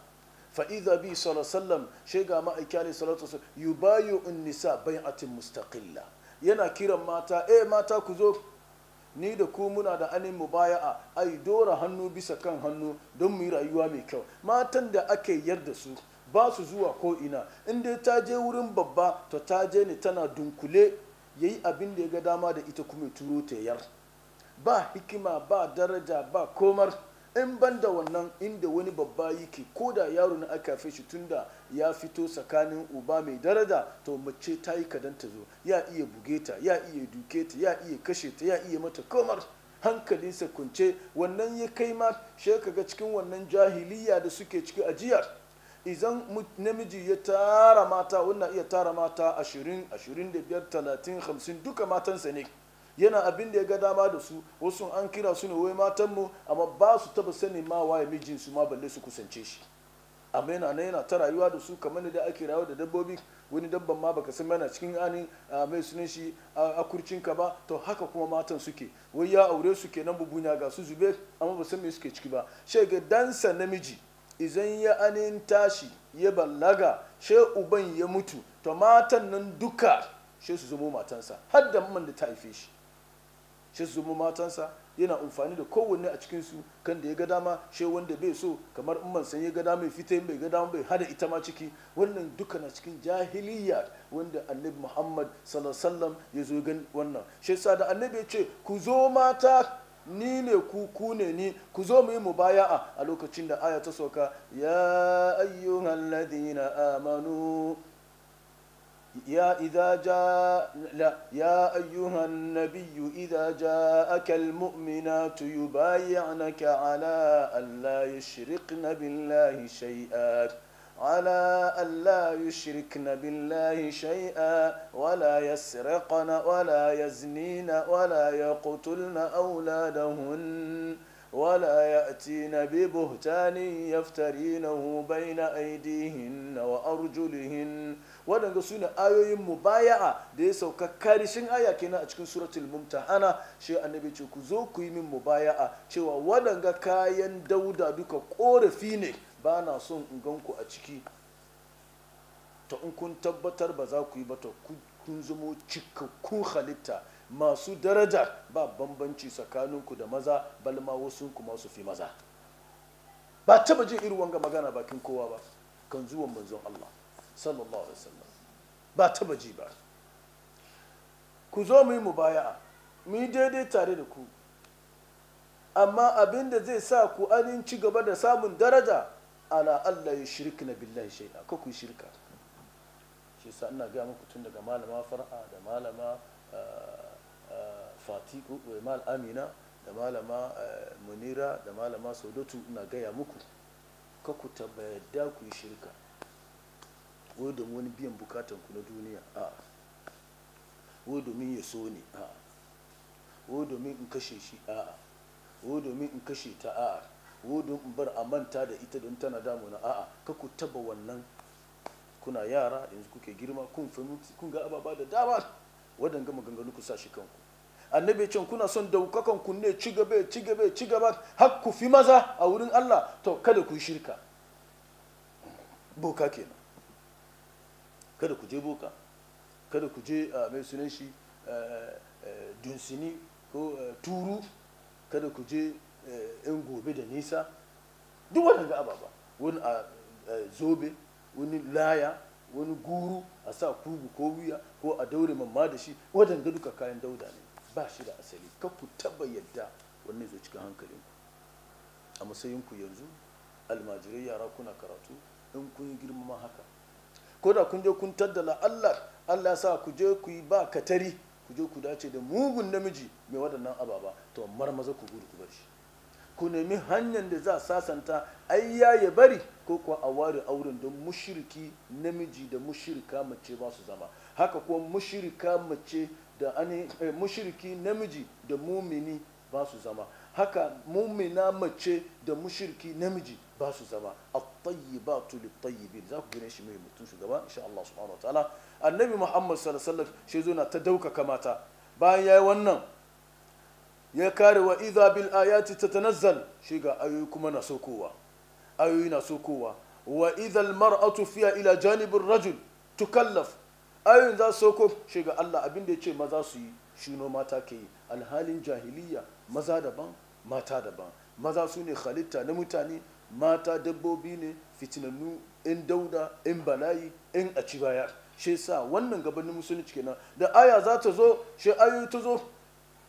fa'iza bi sallallahu shi ga ma'aiki alaihi wasallam yubayu nisa bai'atin mustaqilla yana kiran mata eh mata ku zo ni da ku muna da anin mubaya'a ai dora hannu bisa kan hannu don mu yi rayuwa mai kyau matan da ake yarda su ba su zuwa ko ina in dai ta je wurin babba to ta je ni tana dunkule yayi abin da ya ga dama da ita kuma turo ta yar ba hikima ba daraja ba komar in ban da wannan inda wani babba yake ko da yaro na aka fi shi tunda ya fito tsakanin uba mai daraja to mace ta yi kadan ta zo ya iya buge ta ya iya duke ta ya iya kashe ta ya iya mata komar hankalinsa kunce wannan ya kai ma shi kaga cikin wannan jahiliya da suke ciki ajiyar idan namiji ya tara mata wannan iya tara mata ashirin ashirin da biyar duka matansa ne yana abin da ya ga dama da su wasu an kira su ne wai matan mu amma ba su taba sanin ma waye su ma balle su kusance shi amma yana nan yana ta rayuwa da su kamar da ake rayuwa da dabbobi wani dabban ma baka san mana cikin anin mai sunan shi a ka ba to haka kuma matan suke wai ya aure su kenan bubunya ga su zube amma ba san me suke ciki ba shi ga dansa namiji idan ya anin tashi ya ballaga she uban ya mutu to matan nan duka she su zamo matansa har da man da ta haife shi sai su matansa yana amfani da kowanne a cikin su kan da ya ga dama she wanda bai so kamar in man san ya ga dama fita bai ga dama bai hada ita ma ciki wannan duka na cikin jahiliya wanda annabi Muhammad sallallahu ya zo gan wannan shi yasa da annabi ya ce ku zo mata ni ne ku ku ne ni ku zo mu yi mu baya a lokacin da aya ta soka ya ayyuhal ladina amanu يا إذا جاء لا يا أيها النبي إذا جاءك المؤمنات يبايعنك على أن لا يشركن بالله شيئا على أن لا يشركن بالله شيئا ولا يسرقن ولا يزنين ولا يقتلن أولادهن ولا يأتين ببهتان يفترينه بين أيديهن وأرجلهن waɗanda su ne ayoyin mubaya'a da ya sauka karshen aya kenan a cikin suratul mumtahana shi annabi ce ku zo ku yi min mubaya'a cewa waɗanga kayan dauda duka korafi ne ba na son in gan ku a ciki ta in kun tabbatar ba za ku yi ba ta kun zamo cikakkun halitta masu daraja ba bambanci tsakaninku da maza balma wasu kuma su fi maza ba taba jin irin wanga magana bakin kowa ba kan zuwan manzon Allah sallallahu alaihi wasallam ba taba ji ba ku zo mu yi mu baya mu yi daidai tare da ku amma abin da zai sa ku anin ci gaba da samun daraja ala Allah ya shirki na billahi shaida ko ku shirka shi sa ina ga muku tun daga malama far'a da malama eh, eh, fatiku eh, mal amina da malama munira da malama sodotu ina gaya muku ka ku da ku yi shirka wai domin wani biyan bukatan ku na duniya a wai domin ya so ne a wai domin in kashe shi a wai domin in kashe ta a wai domin in bar a manta da ita don tana damuna a a ka ku taba wannan kuna yara yanzu kuke girma kun fahimci kun ga ababa da dama wadanga maganganu ku sa shi kanku annabi can kuna son daukakan ku ne ci gaba ci gaba ci gaba har ku fi maza a wurin Allah to kada ku shirka boka kenan kada ku je boka kada ku je ah, mai sunan shi eh, eh, dunsini ko eh, turu kada ku je yan gobe da nisa duk ga ababa wani a ah, zobe wani laya wani guru a sa kugu ko wuya ko a daure mamma da shi ga duka kayan dauda ne ba shi da asali ka ku taba yadda wani zo cikin hankalinku a matsayinku yanzu almajirai yara kuna karatu in kun girmama haka ko da kun je kun taddala Allah Allah sa ku je ku yi ba katari ku je ku dace da mugun namiji mai waɗannan ababa to mar maza ku gudu ku bar shi ku nemi hanyar da za sasanta ai ya ya bari ko kuwa a ware auren don mushiriki namiji da mushirika mace ba su zama haka kuwa mushirika mace da ani eh, mushiriki namiji da mumini ba su zama haka mumina mace da mushiriki namiji ba su zama at-tayyibatu lit-tayyibin za ku gane shi mai mutum shugaba insha Allah subhanahu wa ta'ala annabi Muhammad sallallahu alaihi wasallam shi na ta daukaka mata bayan yayi wannan ya kare wa idha bil ayati tatanazzal shi ga ayoyi kuma na sokowa ayoyi na sokowa wa idha al mar'atu fiya ila janibir rajul tukallaf ayoyin za su soko shi ga Allah abin da yace maza su yi shino mata ke yi alhalin jahiliya maza daban mata daban maza su ne halitta na mutane mata dabbobi ne fitinannu in dauda in bala'i in a ci baya shi sa wannan gabanin musulunci kenan da aya za ta zo shi ayoyi ta zo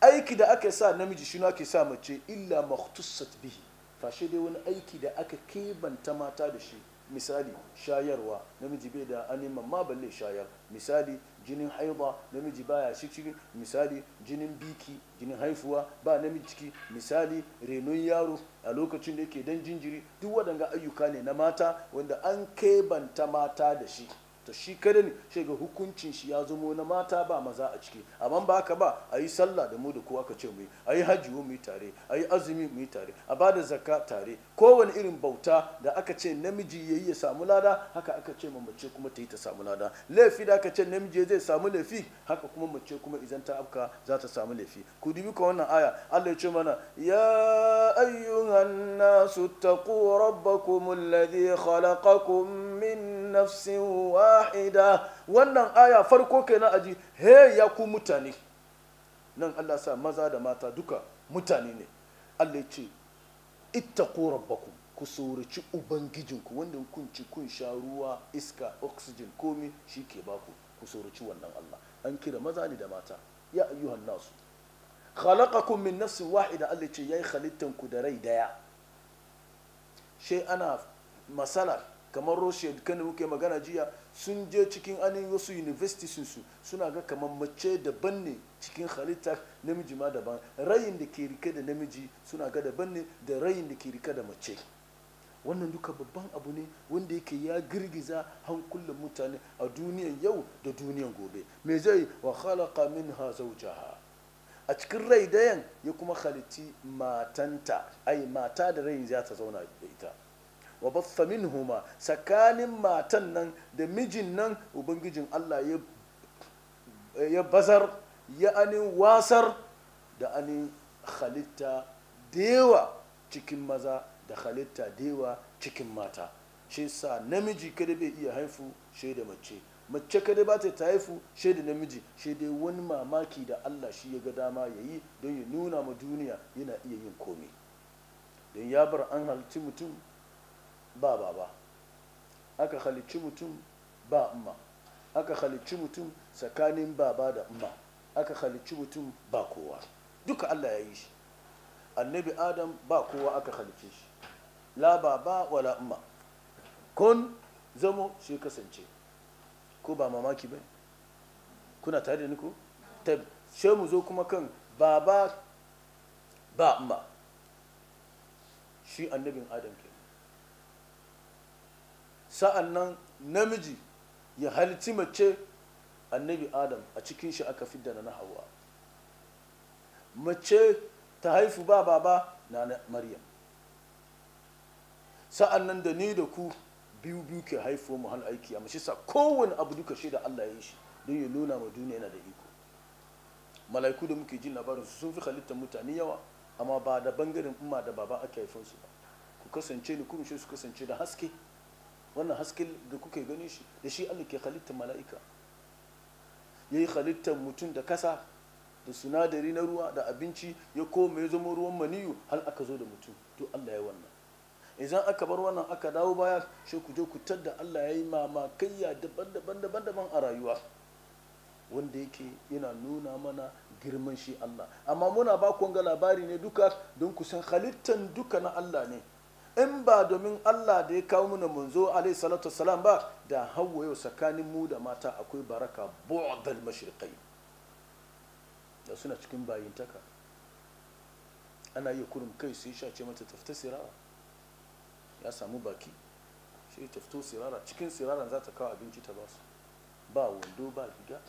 aiki da aka sa namiji shi ake sa mace illa makhtussat bihi fashe dai wani aiki da aka kebanta mata da shi misali shayarwa namiji bai da animan ma balle shayar misali jinin haiba namiji baya shi ciki misali jinin biki jinin haifuwa ba namiji ciki misali renon yaro a lokacin da yake dan jinjiri duk waɗanga ayyuka ne na mata wanda an kebanta mata da shi ta shi kada ne shi ga hukuncin shi ya zamo na mata ba maza a ciki amma ba haka ba a yi sallah da mu da kowa ka ce mu a yi hajji mu tare a yi azumi mu tare a ba da zakka tare kowane irin bauta da aka ce namiji ya yi ya samu lada haka aka ce mace kuma ta yi ta samu lada laifi da aka ce namiji zai samu laifi haka kuma mace kuma idan ta afka za ta samu laifi ku dubi ka wannan aya Allah ya ce mana ya ayyuhan nasu taqu rabbakum alladhi khalaqakum min nafsin wa wahida wannan aya farko kenan aji he ya ku mutane nan Allah sa maza da mata duka mutane ne Allah ce ittaqu rabbakum ku sorici ubangijinku wanda kun ci kun sha ruwa iska oxygen komi shi ke baku ku sorici wannan Allah an kira maza ne da mata ya ayyuhan nasu khalaqakum min nafsin wahida Allah ce yayi yi ku da rai daya shi ana masala kamar roshe kan muke magana jiya sun je cikin anin wasu sun su suna ga kamar mace daban ne cikin halitta namiji ma daban rayin da ke rike da namiji suna ga daban ne da rayin da ke rike da mace wannan duka babban abu ne wanda yake ya girgiza hankulan mutane a duniyan yau da duniyan gobe me zai wa khalaqa minha zawjaha a cikin rai dayan ya kuma halitti matanta ai mata da rai za ta zauna da ita wa batha minhuma tsakanin matan nan da mijin nan ubangijin Allah ya bazar ya anin wasar da anin halitta dewa cikin maza da halitta dewa cikin mata shi sa namiji kada bai iya haifu shi da mace mace kada ba ta haifu shi da namiji shi dai wani mamaki da Allah shi ya ga dama ya yi don ya nuna ma duniya yana iya yin komi don ya bar an halci mutum ba baba aka halicci mutum ba umma aka halicci mutum tsakanin baba da umma aka halicci mutum ba kowa duka allah ya yi shi annabi adam ba kowa aka halicci shi la baba wala umma kun zamo shi kasance ko ba mamaki ba kuna tare da ni ko sai mu zo kuma kan baba ba umma shi annabin adam ke sa'an nan namiji ya halitti mace annabi adam a cikin shi aka fidda na hawa mace ta haifu ba baba na maryam sa'an nan da ni da ku biyu biyu ke haifo mu hal aiki amma shi sa kowane abu duka shi da Allah ya yi shi don ya nuna ma duniya yana da iko mala'iku da muke jin labarin su sun fi halittar mutane yawa amma ba da bangaren umma da baba ake haifansu ba ku kasance ni kurushe su kasance da haske wannan hasken da kuke gani shi da shi Allah ke halittar mala'ika ya yi halittar mutum da kasa da sinadari na ruwa da abinci ya koma ya zama ruwan maniyu har aka zo da mutum to Allah ya wannan idan aka bar wannan aka dawo baya shi ku je ku tadda Allah ya yi mamakaiya daban-daban daban a rayuwa wanda yake yana nuna mana girman shi Allah amma muna ba ga labari ne duka don ku san halittan duka na Allah ne in ba domin Allah da ya kawo mana manzo alaihi salatu wassalam ba da hawa yau tsakanin mu da mata akwai baraka bu'dal mashriqai da suna cikin bayintaka ana iya kurum kai sai sha ce mata tafta sirara ya samu baki shi tafto sirara cikin siraran za ta kawo abinci ta basu ba wando ba riga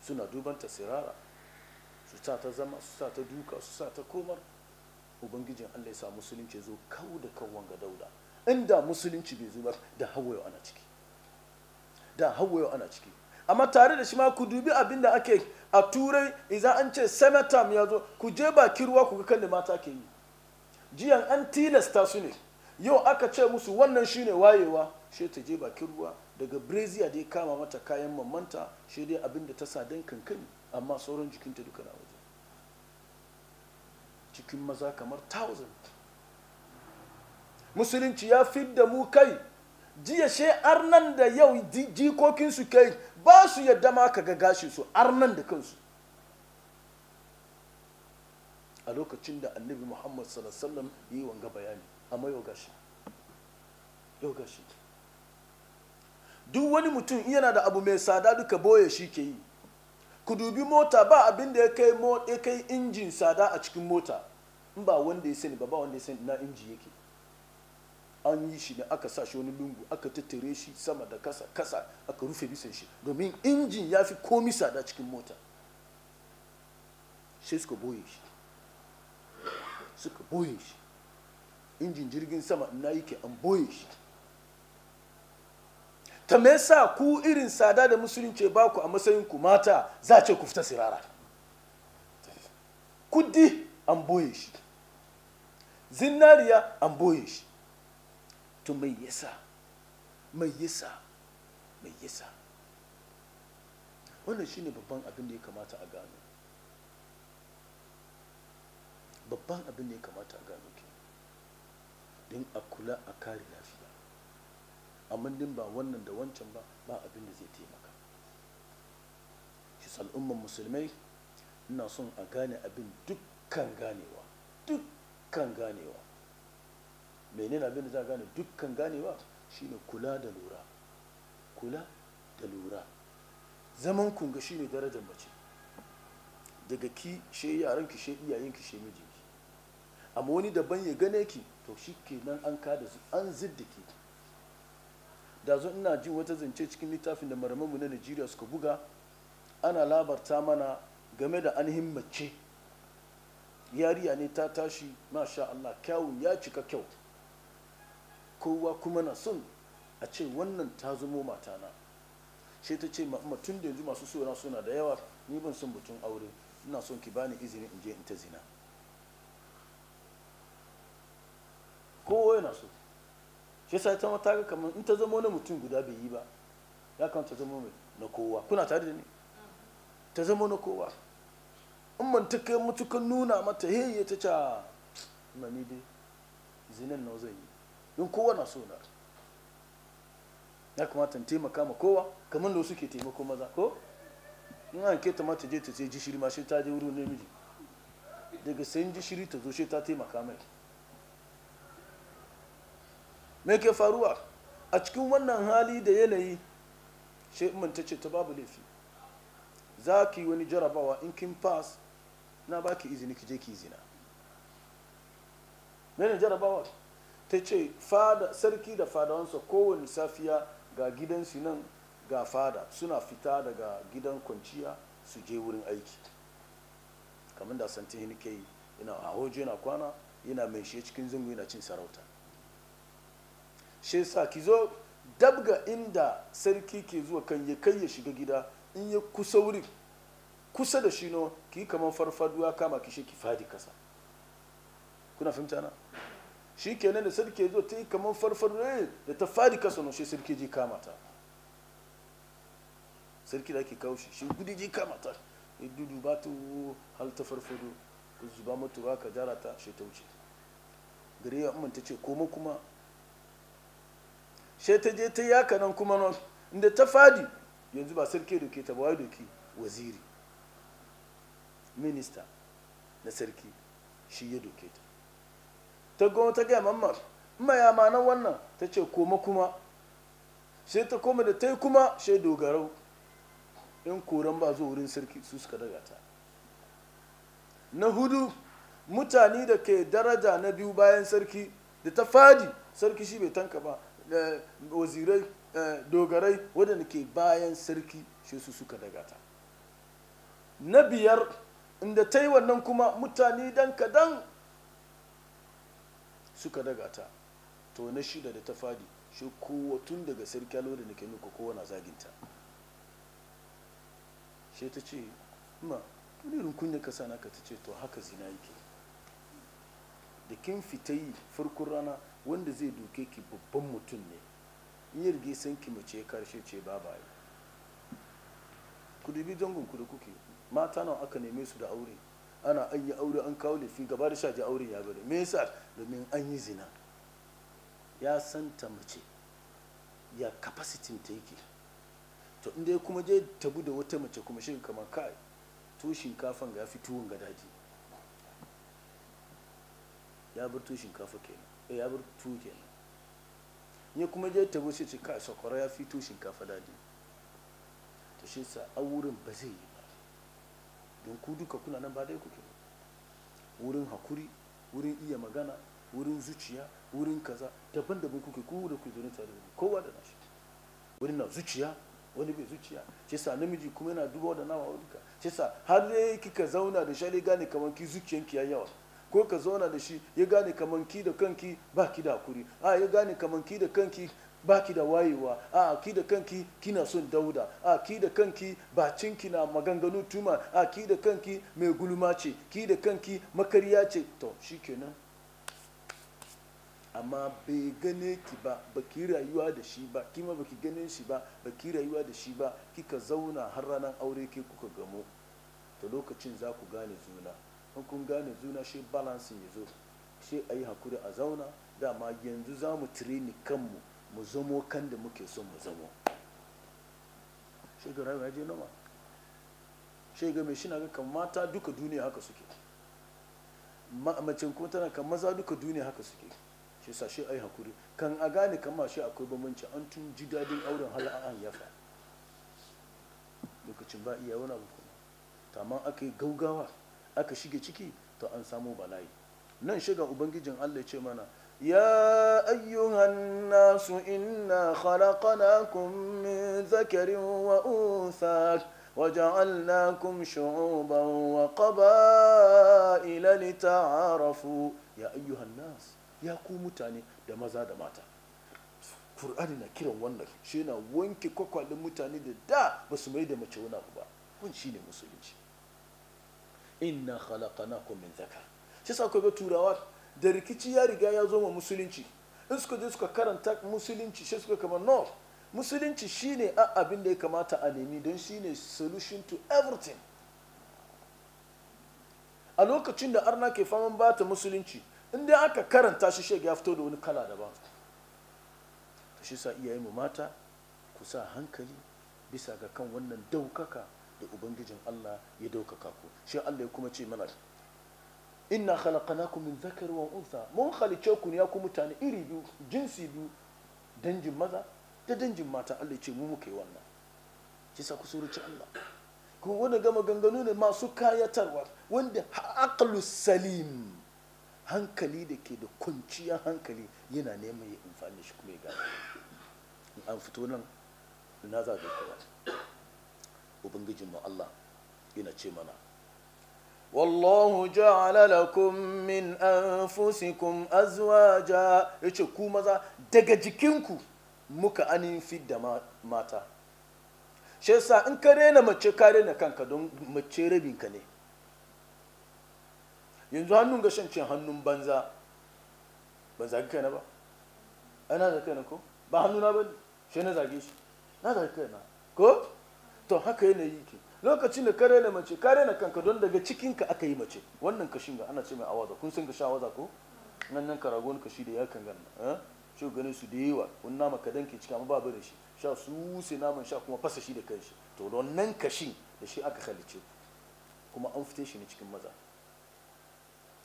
suna duban sirara su sa ta zama su sa ta duka su sa ta komar ubangijin Allah ya sa musulunci zo kau da kau ga dauda inda musulunci bai zo ba da hawayo ana ciki da hawayo ana ciki amma tare da shi ma ku dubi abinda da ake a turai idan an ce sematam ya zo ku je bakin ruwa ku ga kan mata ke yi jiyan an tilasta su ne yau aka ce musu wannan shine wayewa she ta je bakin ruwa daga brazil da ya kama mata kayan mamanta she dai abin ta sa dan kankani amma sauran jikinta duka na waje cikin maza kamar thousand musulunci ya fidda mu kai jiya she arnan da yau jikokinsu kai ba su yadda ma ka ga gashi su arnan da kansu a lokacin da annabi muhammad sallallahu yi wanga bayani amma yau gashi yau gashi duk wani mutum yana da abu mai sada duka boye shi ke yi ku dubi mota ba abin da ya kai injin sada a cikin mota in ba wanda ya sani ba ba wanda ya sani na inji yake an yi shi ne aka sa wani lungu aka tattare shi sama da kasa kasa aka rufe bisan shi domin injin ya fi komi sada cikin mota sai suka boye shi suka boye shi injin jirgin sama na yake an boye shi ta me sa ku irin sada da musulunci ba ku a matsayin ku mata za ce ku fita sirara kuddi an boye shi zinariya an boye shi to mai yasa mai yasa mai yasa wannan shine babban abin da ya kamata a gano babban abin da ya kamata a gano ke din a kula a kare lafiya amma din ba wannan da wancan ba ba abin da zai taimaka shi al'umman musulmai ina son a gane abin dukkan ganewa duk dukkan ganewa menene abin da za gane dukkan ganewa shine kula da lura kula da lura zaman kunga shine darajar mace daga ki she yaran ki she iyayen ki she miji amma wani daban ya gane ki to shi kenan an kada su an zidda ki da zo ina jin wata zance cikin littafin da maramanmu na Najeriya suka buga ana labarta mana game da an mace yariya ne ta tashi masha Allah kyawun ya cika kyau kowa kuma na son a ce wannan ta zamo matana shi ta ce tun da yanzu masu sona suna da yawa ni ban son mutum aure ina son ki bani izini in je in ta zina kowa yana so shi sai ta mata ga kamar in ta zama na mutum guda bai yi ba ya kamata ta zama mai na kowa kuna tare da ni ta zama na kowa in man ta matukan nuna mata heye ta ca ah, na ni dai zinin na zai yi don kowa na so na ya kamata in taimaka ma kowa kamar da suke taimako maza ko in an ke ta mata je ta ce gishiri ma shi ta je wurin namiji daga sayan gishiri ta zo shi ta taimaka mai me ke faruwa a cikin wannan hali da yanayi shi ta ce ta babu laifi za ki wani jarabawa in kin fas na ki izini ki je ki zina mene jarabawa ta ce sarki da fadawansa kowane safiya ga gidansu nan ga fada suna fita daga gidan kwanciya su je wurin aiki kamar da ke yi yana a hojo yana kwana yana mai shi cikin zungu yana cin sarauta shi sa ki zo dabga inda sarki ke zuwa kan ya kai ya shiga gida in ya kusa wurin kusa da shi no ki kamar farfaduwa kama ki shi ki fadi kasa kuna fahimta na shi kenan da sarki zo ta yi kamar farfaduwa eh, da ta fadi kasa no shi sarki ji kama ta sarki da ke kawo shi shi gudu ji kama ta ya dudu ba ta wo oh, hal ta farfado ta zuba mata ba ka jara ta shi ta wuce gare ya ta ce koma kuma shi ta je ta yaka nan kuma nan inda ta fadi yanzu ba sarki doke ta bawai da doki waziri minista na sarki shi ya doke ta ta goma ta gaya mamar maya ma nan wannan ta ce koma kuma sai ta koma da ta yi kuma shai dogarau in koran ba zo wurin sarki su suka daga ta na hudu mutane da ke daraja na biyu bayan sarki da ta fadi sarki shi bai tanka ba eh, wazirai eh, dogarai wadanda ke bayan sarki shi su suka daga ta na biyar inda ta yi wannan kuma mutane dan kadan suka daga ta to na shida da ta fadi shi kowa tun daga sarki alo da nake nuka kowa na zaginta shi ta ce ma wani irin kunya ka naka ta ce to haka zina yake da kin fita yi farkon rana wanda zai duke ki babban mutum ne in yi rige san ki mace karshe ce babaye kudubi ku dubi ku da kuke mata nawa aka neme su da aure ana an yi aure an kawo laifi gaba da shaji aure ya bari me yasa domin an yi zina ya santa mace ya capacity ta yake to inda kuma je tabu da wata mace kuma shi kamar kai to shinkafa ga ya fi tuwon ga daji ya bar to shinkafa kenan eh, ya bar tu kenan ne kuma je tabu sai ka kai sakwara ya fi to shinkafa daji to shi sa auren ba zai yi ba don ku duka kuna nan ba dai kuke wurin hakuri wurin iya magana wurin zuciya wurin kaza daban-daban kuke ku da ku zaune tare da kowa da nashi wani na zuciya wani bai zuciya ce sa namiji kuma yana duba da nama duka ce sa har ne kika zauna da shi gane kamar ki zuciyanki ya yawa ko ka zauna da shi ya gane kamar ki da kanki ba ki da hakuri a ya gane kamar ki da kanki ba ki da wayewa a ki da kanki kina son dauda a ki da kanki bacinki na maganganu tuma a ki da kanki mai gulma ce ki da kanki makariya ce to kenan amma bai gane ki ba baki rayuwa da shi ba kima baki gane shi ba baki rayuwa da shi ba kika zauna har ranar aure ke kuka gamo ta lokacin za ku gane zuna in kun gane juna shi balansin ya zo shi a yi hakuri a zauna dama yanzu za mu ni kanmu mu zamo kan da muke so mu zamo shi ga ya je noma shi ga mai na ga kan mata duka duniya haka suke macin kuma tana kan maza duka duniya haka suke shi sa shi ai hakuri kan a gane kama shi akwai bambanci an tun ji dadin auren hala an yafa lokacin ba iya wani abu kuma ma aka yi gaugawa aka shige ciki to an samu bala'i nan shiga ubangijin allah ce mana يا أيها الناس إنا خلقناكم من ذكر وأنثى وجعلناكم شعوبا وقبائل لتعارفوا ya ayyuhan nas ya ku mutane da maza da mata Kur'ani na kiran wannan shi na wanke kwakwalin mutane da da ba su mai da mace wani abu ba wani shi ne musulunci inna khalaqnakum min zaka. shi sa ga turawa da rikici ya riga ya zo ma musulunci in suka je suka karanta musulunci shi suka kama no musulunci shine a abin da ya kamata a nemi don shine solution to everything a lokacin da arna ke faman ba ta musulunci in dai aka karanta shi shege ya fito da wani kala daban ta shi sa iyayen mu mata ku sa hankali bisa ga kan wannan daukaka da ubangijin allah ya daukaka ku shi allah ya kuma ce mana inna khalaqnakum min dhakarin wa untha mun halice ku ne ya ku mutane iri biyu jinsi biyu danjin maza da danjin mata Allah ya ce mu muka wannan shi ku suruci Allah kuma wani gama ganganu ne masu kayatarwa wanda aqlus salim hankali da ke da kwanciya hankali yana neman ya amfani shi kuma ya gane in an fito nan na za ka ubangijin mu Allah yana ce mana wallahu ja'ala lakum min anfusikum azwaja yace ku maza daga jikinku muka anin fidda mata shi in ka rena mace ka rena kanka don mace rabinka ne yanzu hannun gashin cin hannun banza ban zagi kaina ba ana zagi kaina ko ba hannuna ba ne shi na zage shi na zagi kaina ko to haka yanayi ke lokacin da kare na mace kare na kanka don daga cikinka aka yi mace wannan kashin ga ana ce mai awaza kun san ka sha awaza ko nan nan karagon kashi da ya kan eh shi ganin su da yawa kun nama ka ke cika babu da shi sha su sai naman sha kuma fasa shi da kanshi to don nan kashin da shi aka halice kuma an fite shi ne cikin maza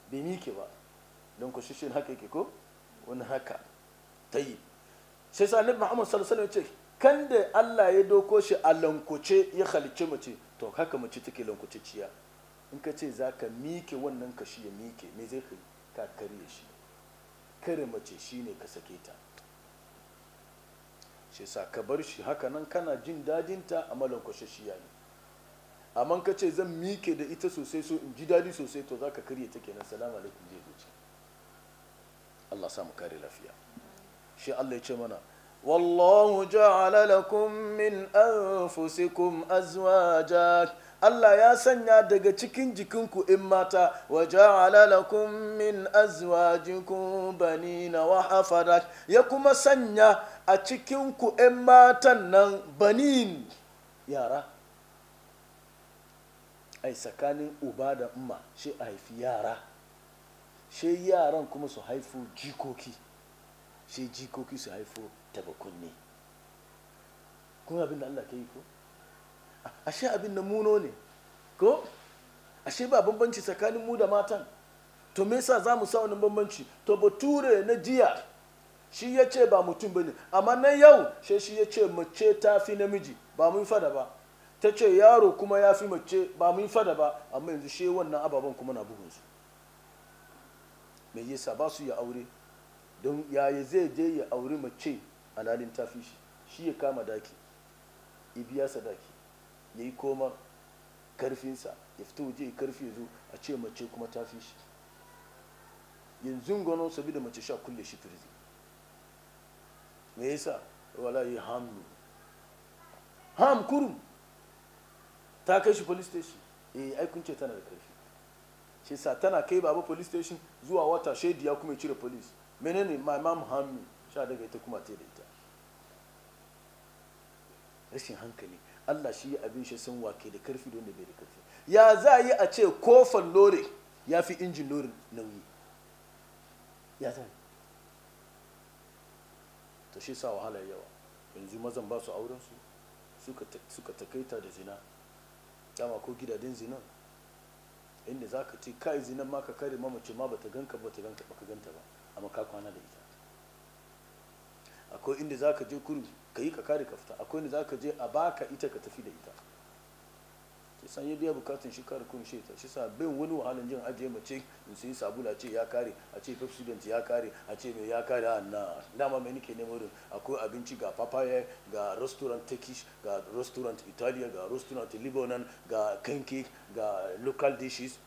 bai mike ba don ku shishin haka yake ko wani haka ta yi sai sa annabi muhammad sallallahu alaihi wasallam ce kan da Allah ya doko shi a lankuce ya halice mace to haka mace take lankwaciciya in ka ce za ka mike wannan kashi ya mike me zai kai ka karye shi kare mace shi ne ka sake ta shi sa ka bar shi haka nan kana jin dadinta a malankwashishiya ne amma ka ce zan mike da ita sosai so in ji dadi sosai to za ka karye ta kenan salamu alaikum zai zuci Allah samu kare lafiya shi Allah ya ce mana والله جعل لكم من أنفسكم أزواجا Allah ya sanya daga cikin jikinku in mata wa ja'ala lakum min azwajikum banina wa hafadat ya kuma sanya a cikinku in matan nan banin yara ai tsakanin uba da umma shi a haifi yara shi yaran kuma su haifu jikoki shi jikoki su haifo taba kunne kun abin da Allah ta yi ko ashe abin da muno ne ko ashe ba bambanci tsakanin mu da matan to me yasa za mu sa wani bambanci to bature na jiya shi ya ce ba mutum bane amma na yau shi shi ya ce mace ta fi namiji ba mun fada ba ta ce yaro kuma ya fi mace ba mun fada ba amma yanzu shi wannan ababen kuma na bugun su me yasa ba su ya aure don yaya zai je ya aure mace alalin ta fi shi shi ya kama daki ibiya sadaki ya yi koma karfinsa ya fito waje ya karfi ya zo a ce mace kuma ta fi shi yanzu gano da mace sha kulle shi firzi me yasa wala yi hamlu ham kurum ta kai shi police station eh ai kun ce tana da karfi shi sa tana kai baba police station zuwa wata shaidiya kuma ya cire police menene my mom ham me sha daga ita kuma ta da rashin hankali Allah shi ya abin shi sun wake da karfi da wanda bai da karfi ya za a yi a ce kofan lori ya fi injin lori nauyi ya za ta shi sa wahala yawa yanzu mazan ba su auren su suka takaita da zina dama ko gidajen zina inda za ka ce kai zina ma ka kare mamace ma ba ta ganka ba ta ganka ba ka ganta ba amma ka kwana da ita akwai inda za ka je kurmi ka yi ka kare ka fita akwai ne za ka je a baka ita ka tafi da ita sai san ya biya bukatun shi kare kun shi ta shi sa bin wani wahalan jin ajiye mace in yi sabula ce ya kare a ce pep student ya kare a ce mai ya kare a ah, na dama mai nake nemo rin akwai abinci ga papaya ga restaurant turkish ga restaurant italia ga restaurant lebanon ga pancake ga local dishes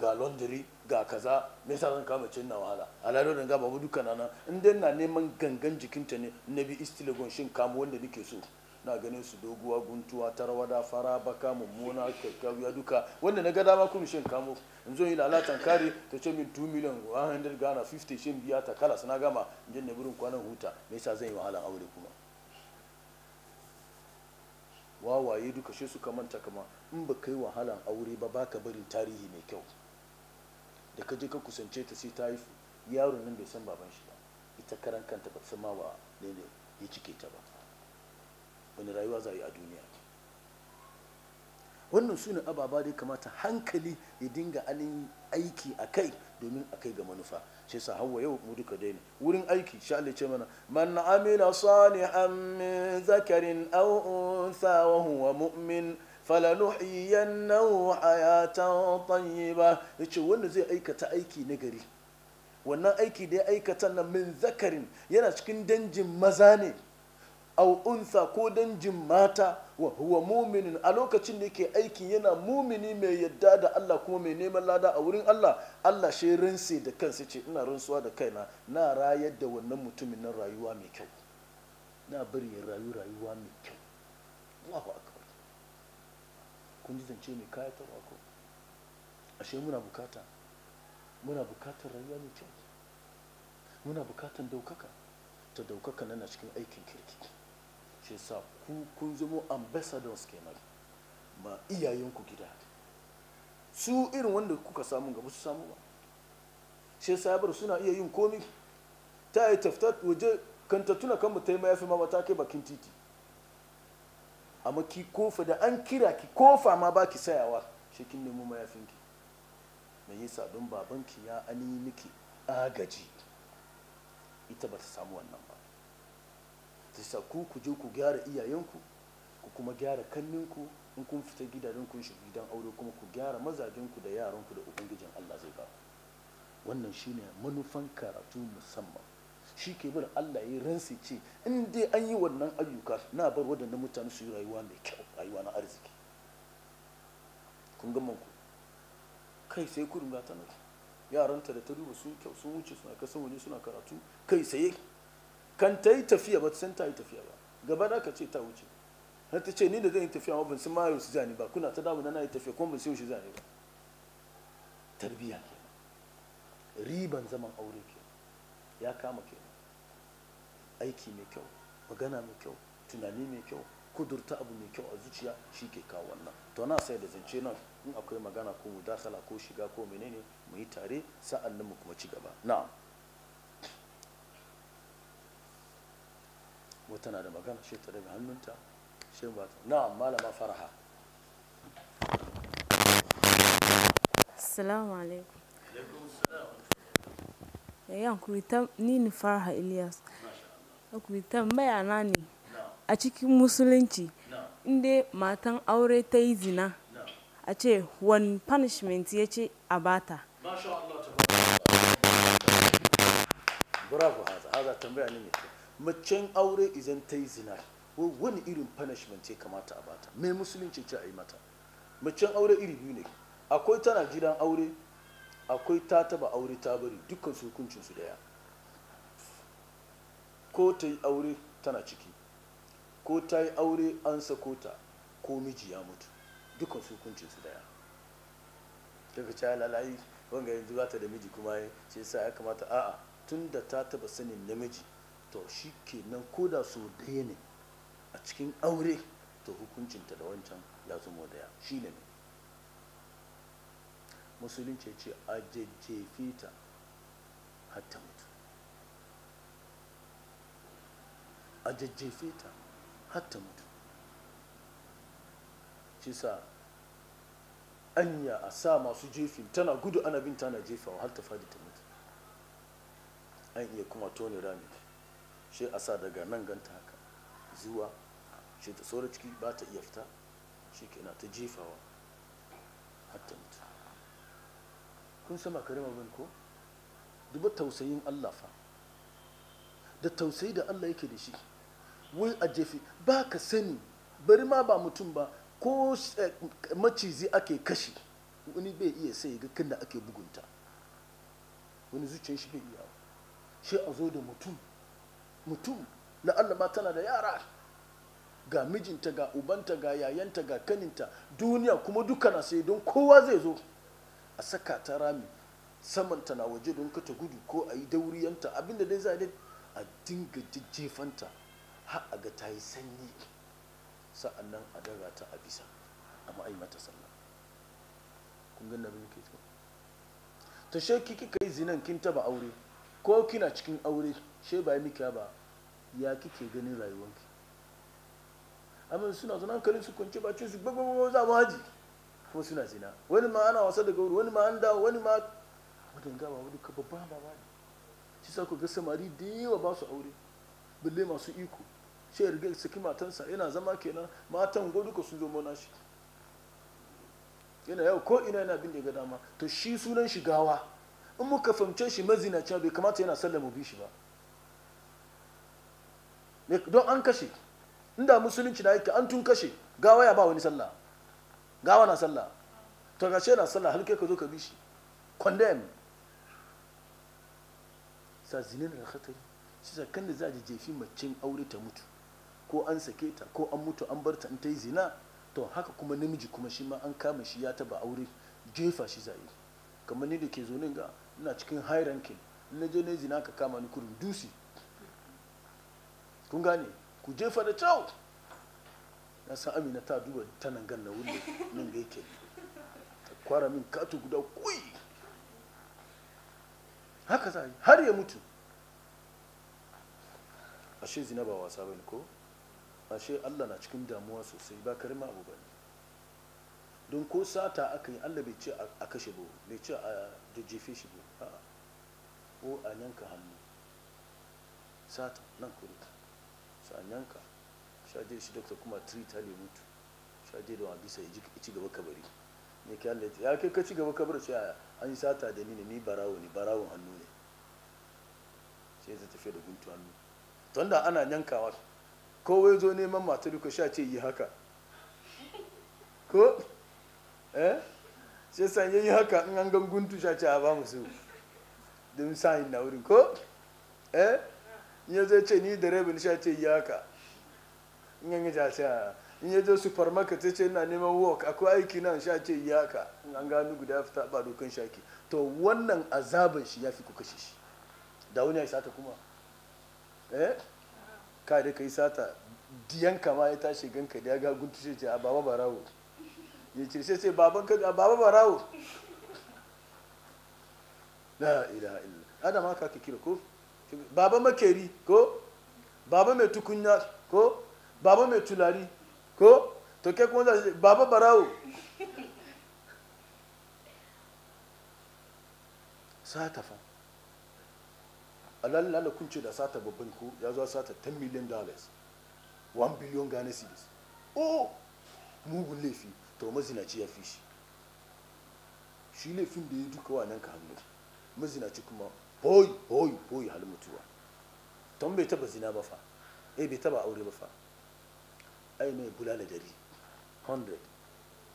ga laundry ga kaza me yasa zan kama cin na wahala alalo da gaba duka na nan in dai na neman gangan jikinta ne na bi istilagon shin kamo wanda nake so na ganin su doguwa guntuwa tarwada fara baka mummuna kyakkyawa duka wanda na ga dama kuma shin kamo in zo yi lalatan kare ta ce min 2 million 100 gana 50 shin biya ta kala na gama in je na burin kwanan huta me yasa zan yi wahalan aure kuma wawaye duka shi suka manta kama in ba kai wahalan aure ba baka bari tarihi mai kyau da ka je ka kusance ta sai ta haifu yaron nan bai san baban shi ba ita karan kanta ba san ma ne ne ya cike ta ba wani rayuwa za a yi a duniya wannan su ne ababa da ya kamata hankali ya dinga anin aiki a kai domin a kai ga manufa shi sa hawa yau mu duka daina wurin aiki sha Allah ce mana man amila salihan min zakarin aw unsa wa mu'min falanuhiyannahu hayatan tayyiba yace wanda zai aikata aiki na gari. wannan aiki da ya aikata na min zakarin yana cikin danjin maza ne au unsa ko danjin mata wa huwa muminin a lokacin da yake aiki yana mumini mai yadda da Allah kuma mai neman lada a wurin Allah Allah shi rinse da kansa ce ina rinsuwa da kaina na rayar da wannan mutumin nan rayuwa mai kyau na bari ya rayu rayuwa mai kyau Allahu akbar kun ji zance mai kayatarwa ko ashe muna bukata muna bukatar rayuwa mai kyau muna bukatar daukaka ta daukaka nana cikin aikin kirki shi sa ku kun zamo ambassadors kenan ma iyayenku gida su irin wanda kuka samu ga su samu ba shi sa bar suna iya yin komi ta yi tafta waje kan ta tuna kan mutai ma ya fi ma ta kai bakin titi amma ki kofa da an kira ki kofa ma ba ki sayawa shi kin nemo ki me yasa don babanki ya ani miki agaji ita ba ta samu wannan ba ta sa ku ku je ku gyara iyayenku ku kuma gyara kanninku in kun fita gidajen kun shi gidan aure kuma ku gyara mazajen ku da yaran ku da ubangijin Allah zai ba wannan shine manufan karatu musamman shi ke bar Allah ya rantsi ce in dai an yi wannan ayyuka na bar waɗannan mutane su yi rayuwa mai kyau rayuwa na arziki kun gama ku kai sai kurin ga ta nufi yaranta da ta duba sun kyau sun wuce suna kasa wani suna karatu kai sai kan ta yi tafiya ba san ta yi tafiya ba gaba da ka ce ta wuce na ta ce ni da zan yi tafiya ma ban san ma yaushe zani ba kuna ta damu na yi tafiya kuma ban san shi zani ba tarbiyya ke riban zaman aure ke ya kama ke aiki mai kyau magana mai kyau tunani mai kyau kudurta abu mai kyau a zuciya shi ke kawo wannan to na sai da zance nan in akwai magana ko mudakala ko shiga ko menene mu yi tare sa'an nan mu kuma ci gaba na'am wata na da magana shi ta daga hannunta shi ba ta na'am malama faraha assalamu alaikum alaikum assalam yayan eh, ta ni faraha ilyas tambaya na ne a cikin musulunci inda matan aure ta yi zina a ce wani punishment ya ce a bata bravo haza haza tambaya ne macen aure idan ta yi zina wani irin punishment ya kamata a bata mai musulunci ce a yi mata macen aure iri biyu ne akwai tana gidan aure akwai ta taba aure ta bari dukkan su hukuncin su daya ko ta yi aure tana ciki ko ta yi aure an sako ta ko miji ya mutu dukkan su hukuncin su daya daga caya lalayi wanga yanzu ba ta da miji kuma ya ce sa ya kamata a'a tun da ta taba sanin namiji to shi ke nan ko da so daya ne a cikin aure to hukuncinta da wancan ya zumo daya shi ne musulunci ce a jajjefe ta hatta a jajjefe ta har ta mutu shi sa anya a sa masu jefi tana gudu ana bin tana jefawa har ta fadi ta mutu an iya kuma tone rami shi a sa daga nan ganta haka zuwa shi ta tsoro ciki ba ta iya fita shi kenan ta jefawa har ta mutu kun sama karima bin ko duba tausayin allah fa da tausayi da allah yake da shi wai a jefi ba ka sani bari ma ba mutum ba ko eh, macizi ake kashi wani bai iya sai ga kan da ake bugunta wani zuciyar shi bai iya shi a zo da mutum mutum na Allah ma tana da yara ga mijinta ga ubanta ga yayanta ga kaninta duniya kuma duka na sai don kowa zai zo a saka ta rami samanta na waje don kata gudu ko a yi dauriyanta abinda dai za a dinga jejjefanta har a ga ta yi sanyi sa'annan a daga ta a bisa a ma'ai mata sallah kun ga nabi ke to ta she kiki kai zinan kin taba aure ko kina cikin aure she ba miki ba ya kike ganin rayuwanki amma suna zanen kalin su ba bacin su gbaggbagbo za mu haji kuma suna zina wani ma ana wasa da gauru wani ma an dawo wani ma wajen gaba wani ka babban ne shi sa ku ga samari da yawa ba su aure balle masu iko sai riga saki matansa yana zama kenan matan duka sun zo mona shi yana yau ko ina yana bin daga dama to shi sunan shigawa gawa in muka fahimce shi mazinaci bai kamata yana sallama bi shi ba don an kashe inda musulunci da yake an tun kashe gawa ya ba wani sallah gawa na sallah to gashe na sallah har kai ka zo ka bi shi condemn sa zinin da khatari shi kan da za a jefi macen aure ta mutu ko an sake ta ko an mutu an bar ta in ta yi zina to haka kuma namiji kuma shi ma an kama shi ya taba aure jefa shi zai kamar ni da ke zo ga ina cikin high ranking na je ne zina ka kama ni kurum dusi kun gane ku jefa da kyau na san amina ta duba ta nan gan na wuri nan ga yake ta kwara min kato guda kuyi haka zai har ya mutu ashe zina ba wasa bane ko ashe Allah na cikin damuwa sosai ba karima abu bane don ko sata aka yi Allah bai ce a kashe ba bai ce a jajjefe shi ba ko a yanka hannu sata nan kuri sa yanka shaje shi dokta kuma ta ne mutu shaje da bisa ya ci gaba kabari ne ke Allah ya kai ka ci gaba kabar ce an yi sata da ni ne ni barawo ne barawon hannu ne sai ta tafi da guntu hannu tunda ana yankawa ko wai zo neman matar ku sha ce yi haka ko eh sai san yi haka in an gan guntu sha ce a ba mu su don sa'in na wurin ko eh in ya zai ce ni da rabin sha ce yi haka in an gaja ce ah. in ya zo supermarket sai ce ina neman work akwai aiki nan sha ce yi haka in an gani guda fita ba dokan shaki to wannan azabin shi ya fi ku kashe shi da wani ya sata kuma eh ka da kai sata diyan kama ya tashi ganka da ya ga shi ce a baba barawo ya ce sai sai baban ka a baba barawo la ilaha illa adam haka ka kira ko baba makeri ko baba mai tukunya ko baba mai tulari ko to ke kuma za baba barawo sata fa alalla da ce da sata babban ku ya zo sata 10 million dollars 1 billion ghana cedis oh mugun laifi to mazinaci ya fi shi shi laifin da ya duka wa nan ka hannu mazinaci kuma boy boy boy hal mutuwa don bai taba zina ba fa eh bai taba aure ba fa ai mai bulala dari 100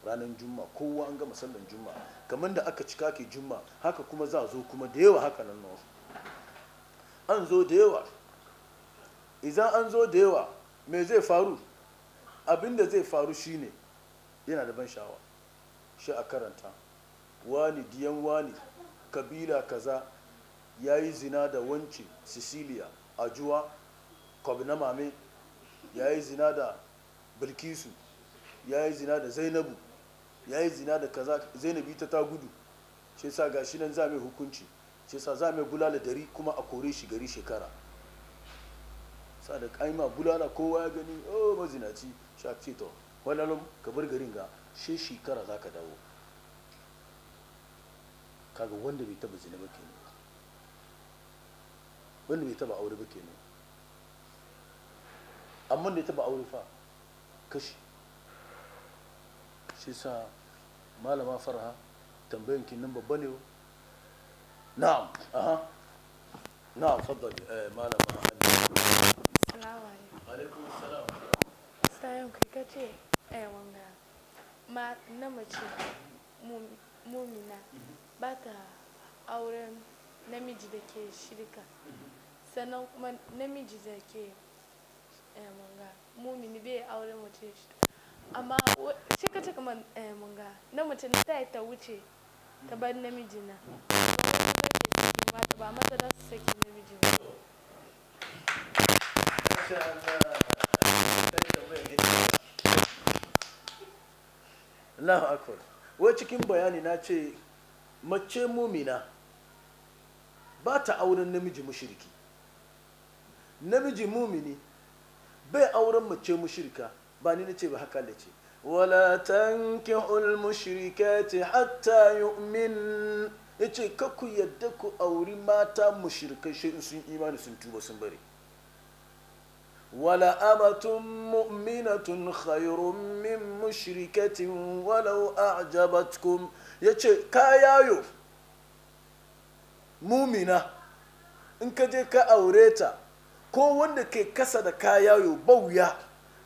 ranar juma kowa an gama sallan juma kamar da aka cika ke juma haka kuma za zo kuma da yawa haka nan nawa an zo da yawa idan an zo da yawa me zai faru abin da zai faru shine yana da ban shawa shi a karanta wani diyan wani kabila kaza ya yi zina da wance sicilia ajuwa kwabi na mame ya yi zina da bilkisu ya yi zina da zainabu ya yi zina da kaza zainabi ta ta gudu shi sa gashi nan za mai hukunci shi sa za mai gulala dari kuma a kore shi gari shekara sa da kaima gulala kowa ya gani o oh, mazinaci sha ce walalum ka bar garin ga shi shekara za ka dawo kaga wanda bai taba zina ba kenan wanda bai taba aure ba kenan amma da ya taba aure fa kashi shi sa malama faraha tambayanki kinan babba ne na'am aha na'am faddal eh, malama assalamu alaikum assalam sayan kai kace eh wanga na mace mumina ba ta auren namiji da ke shirka sannan kuma namiji da ke munga eh, mumini bai auren mace amma shirka ta kamar munga eh, na mace ta wuce ta bar namiji na kamata ba maza za su saki namiji ba Allahu akbar wai cikin bayani na ce mace mumina ba ta auren namiji mushriki namiji mumini bai auren mace mushrika ba ni nace ba haka lace wala tankihul mushrikati hatta yu'min yace ce ku yadda ku auri mata mushrikai shi in sun imani sun tuba sun bari wala amatun mu'minatun khairun min mushrikatin walau a'jabatkum ya ce ka yayo mumina in ka je ka aure ta ko wanda ke kasa da ka yayo bauya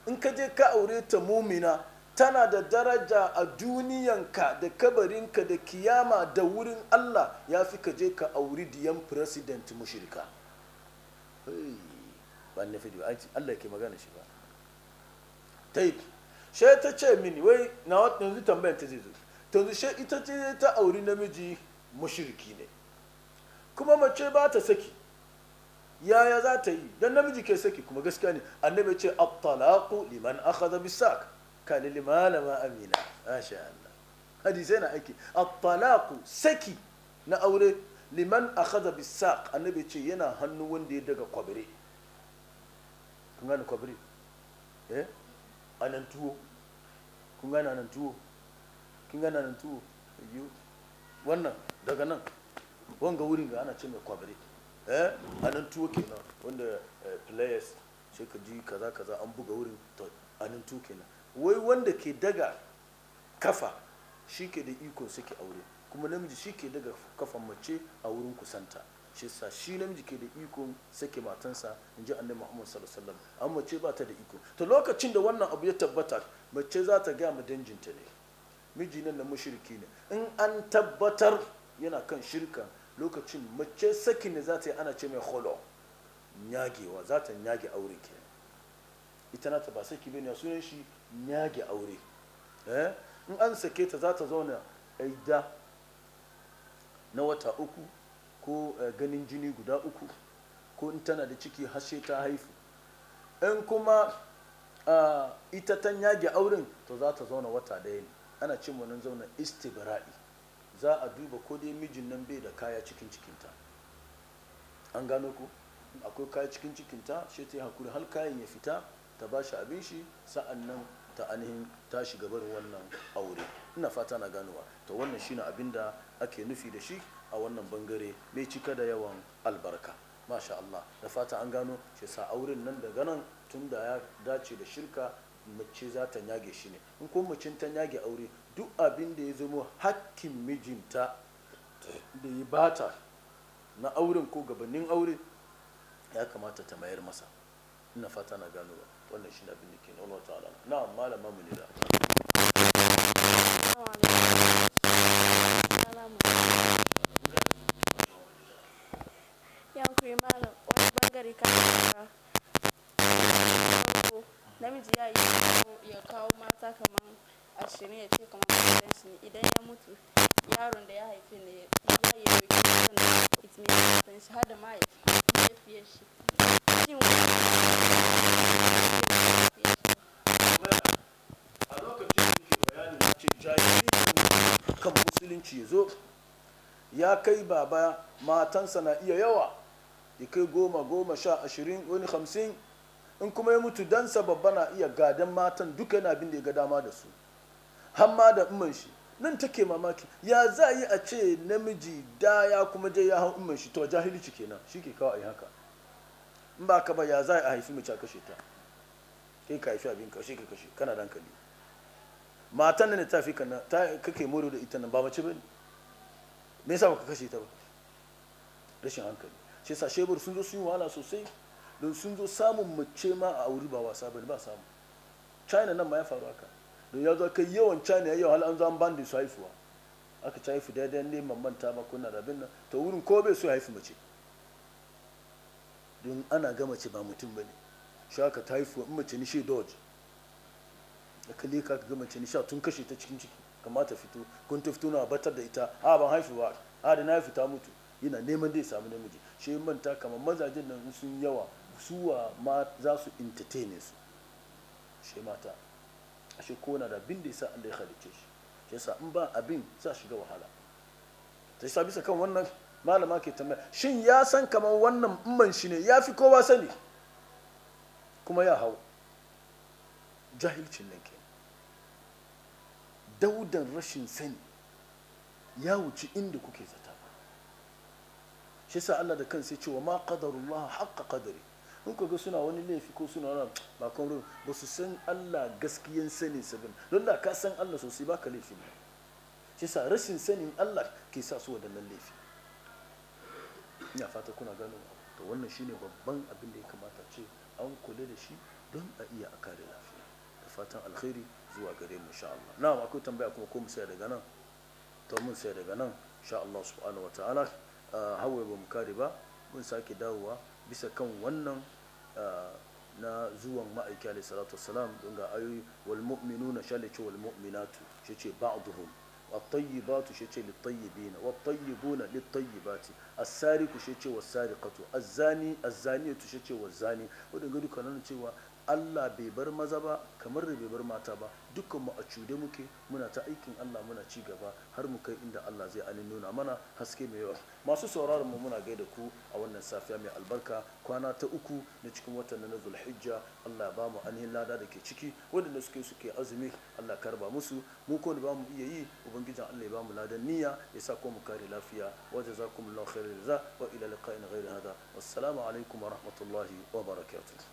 in ka je ka aure ta mumina tana da daraja a duniyanka da kabarinka da kiyama da wurin Allah ya fi ka je ka auri diyan president mushirka ba na fidi ba Allah ke magana shi ba ta yi shi ta ce mini wai na wata yanzu tambayan ta zai zo yanzu shi ita ce ta auri namiji mushirki ne kuma mace ba ta saki yaya za ta yi don namiji ke saki kuma gaskiya ne annabi ce at-talaqu liman akhadha bisak kalili malama amina masha Allah hadisi na ake at-talaqu saki na aure liman akhadha bisaq annabi ce yana hannu wanda ya daga kwabire kun gane kwabire eh anan tuwo kun gane anan tuwo kin gane anan tuwo ayyo wannan daga nan wanga wurin ga ana ce mai kwabire eh anan tuwo kenan wanda eh, players sai ka ji kaza kaza an buga wurin to anan tuwo kenan wai wanda ke daga kafa shi ke da ikon suke aure kuma namiji shi ke daga kafan mace a wurin kusanta shi sa shi namiji ke da ikon sake matansa in ji annabi muhammad sallallahu alaihi wasallam an mace ba ta da iko ta lokacin da wannan abu ya tabbata mace za ta gaya ma danjinta ne miji nan na mushriki ne in an tabbatar yana kan shirka lokacin mace saki ne za ta yi ana ce mai holo nyagewa za ta nyage aure kenan ita na ta ba saki bane sunan shi yage aure eh? in an sake ta za ta zauna aida na wata uku ko eh, ganin jini guda uku ko in tana da ciki hashe ta haifu in kuma ita ta yage auren to za ta zauna wata daya ne ana ce nan zauna istibra'i za a duba ko dai mijin nan bai da kaya cikin cikinta an gano ku akwai kaya cikin cikinta shi ta yi hakuri har kayan ya fita ta ba shi abin shi sa'an nan ta ainihin ta shiga barin wannan aure ina fata na ganowa to wannan shine abin da ake nufi da shi a wannan bangare mai cika da yawan albarka masha Allah da fata an gano shi sa auren nan daga nan tun da ya dace da shirka mace za ta yage shi ne in ko macen ta yage aure duk abin da ya zama hakkin mijinta da ya bata na auren ko gabanin aure ya kamata ta mayar masa ina fata na gano wannan shi na abin da ke na wata ala na malama mu ne da yankuri malam wani bangare ka namiji ya yi ya kawo mata kamar ashirin ya ce kamar matan shi idan ya mutu yaron da ya haife ne ya yi rikin da ita ne matan shi har da mahaifiyar shi shin wani musulunci ya zo ya kai baba matansa na iya yawa ya kai goma goma sha ashirin wani hamsin in kuma ya mutu dansa babba na iya gadon matan duka yana abin da ya ga dama da su hamma da umman shi nan take mamaki ya za yi a ce namiji da ya kuma je ya hau umman shi to jahilci kenan shi ke kawo a yi haka in ba ka ba ya za a haifi mace a kashe ta kai ka haifi abin ka shi ka kashe kana dankali matan ne ta fi kana ta kake muru da ita nan ba mace bane me yasa baka kashe ta ba rashin hankali shi yasa shebur sun zo sun yi wahala sosai don sun zo samun mace ma a auri ba wasa bane ba samu china nan ma ya faru haka don ya zo kai yawan china ya yawan an zo an bandi su haifuwa aka ci haifu daidai ne mamanta ma kuna da abin nan Ta wurin ko bai so haifu mace don ana ga mace ba mutum bane shi ta haifu in mace ni shi dodge da ka ka gama mace nisha tun kashe ta cikin ciki kamata fito kun ta fito na batar da ita a ban haifi ba a da na fita mutu yana neman dai samu namiji shi manta kamar mazajen nan sun yawa suwa ma za su entertain su shi mata shi ko na da abin da yasa da ya halice shi shi yasa in ba abin za shiga wahala ta yasa bisa kan wannan malama ke tambaya shin ya san kamar wannan umman shi ne ya fi kowa sani kuma ya hau jahilcin nan daudan rashin sani ya wuce inda kuke zata ba shi sa Allah da kansa sai ce wa ma qadarullah haqqa qadari in ga suna wani laifi ko suna wani ba kan ruwa ba su san Allah gaskiyan sani sabin don da ka san Allah sosai baka laifi ne shi sa rashin sanin Allah ke sa su wadannan laifi ina fata kuna gano to wannan shine babban abin da ya kamata ce an kula da shi don a iya a kare lafiya da fatan alkhairi zuwa gare mu insha Allah Na ma kai tambaya kuma ko mu sai daga nan to mun sai daga nan insha Allah subhanahu wataala ah, hawaye ba mu kare ba mun sake dawowa bisa kan wannan ah, na zuwan ma'aiki alayhi salatu wassalam don ga ayoyi wal mu'minuna shalice wal mu'minatu shi ce ba'duhum at شيء للطيبين ce للطيبات السارق شيء tayyibuna الزاني tayyibati شيء والزاني shi ce was الله بيبر zani كمر بيبر shi ce zani Allah bai bar maza ba kamar da bai bar mata ba dukkan mu a cude muke muna ta aikin Allah muna ci gaba har mu kai inda Allah zai alin nuna mana haske mai yawa masu sauraron mu muna gaida ku a wannan safiya mai albarka kwana ta uku na cikin watan na Zulhijja Allah ya bamu ainihin lada da ke ciki na suke suke azumi Allah karba musu mu ko da mu iya yi ubangijin Allah ya mu ladan niyya ya sa ko mu kare lafiya wa jazakumullahu khairan jaza wa ila liqa'in ghairi hada wassalamu alaikum wa rahmatullahi wa barakatuh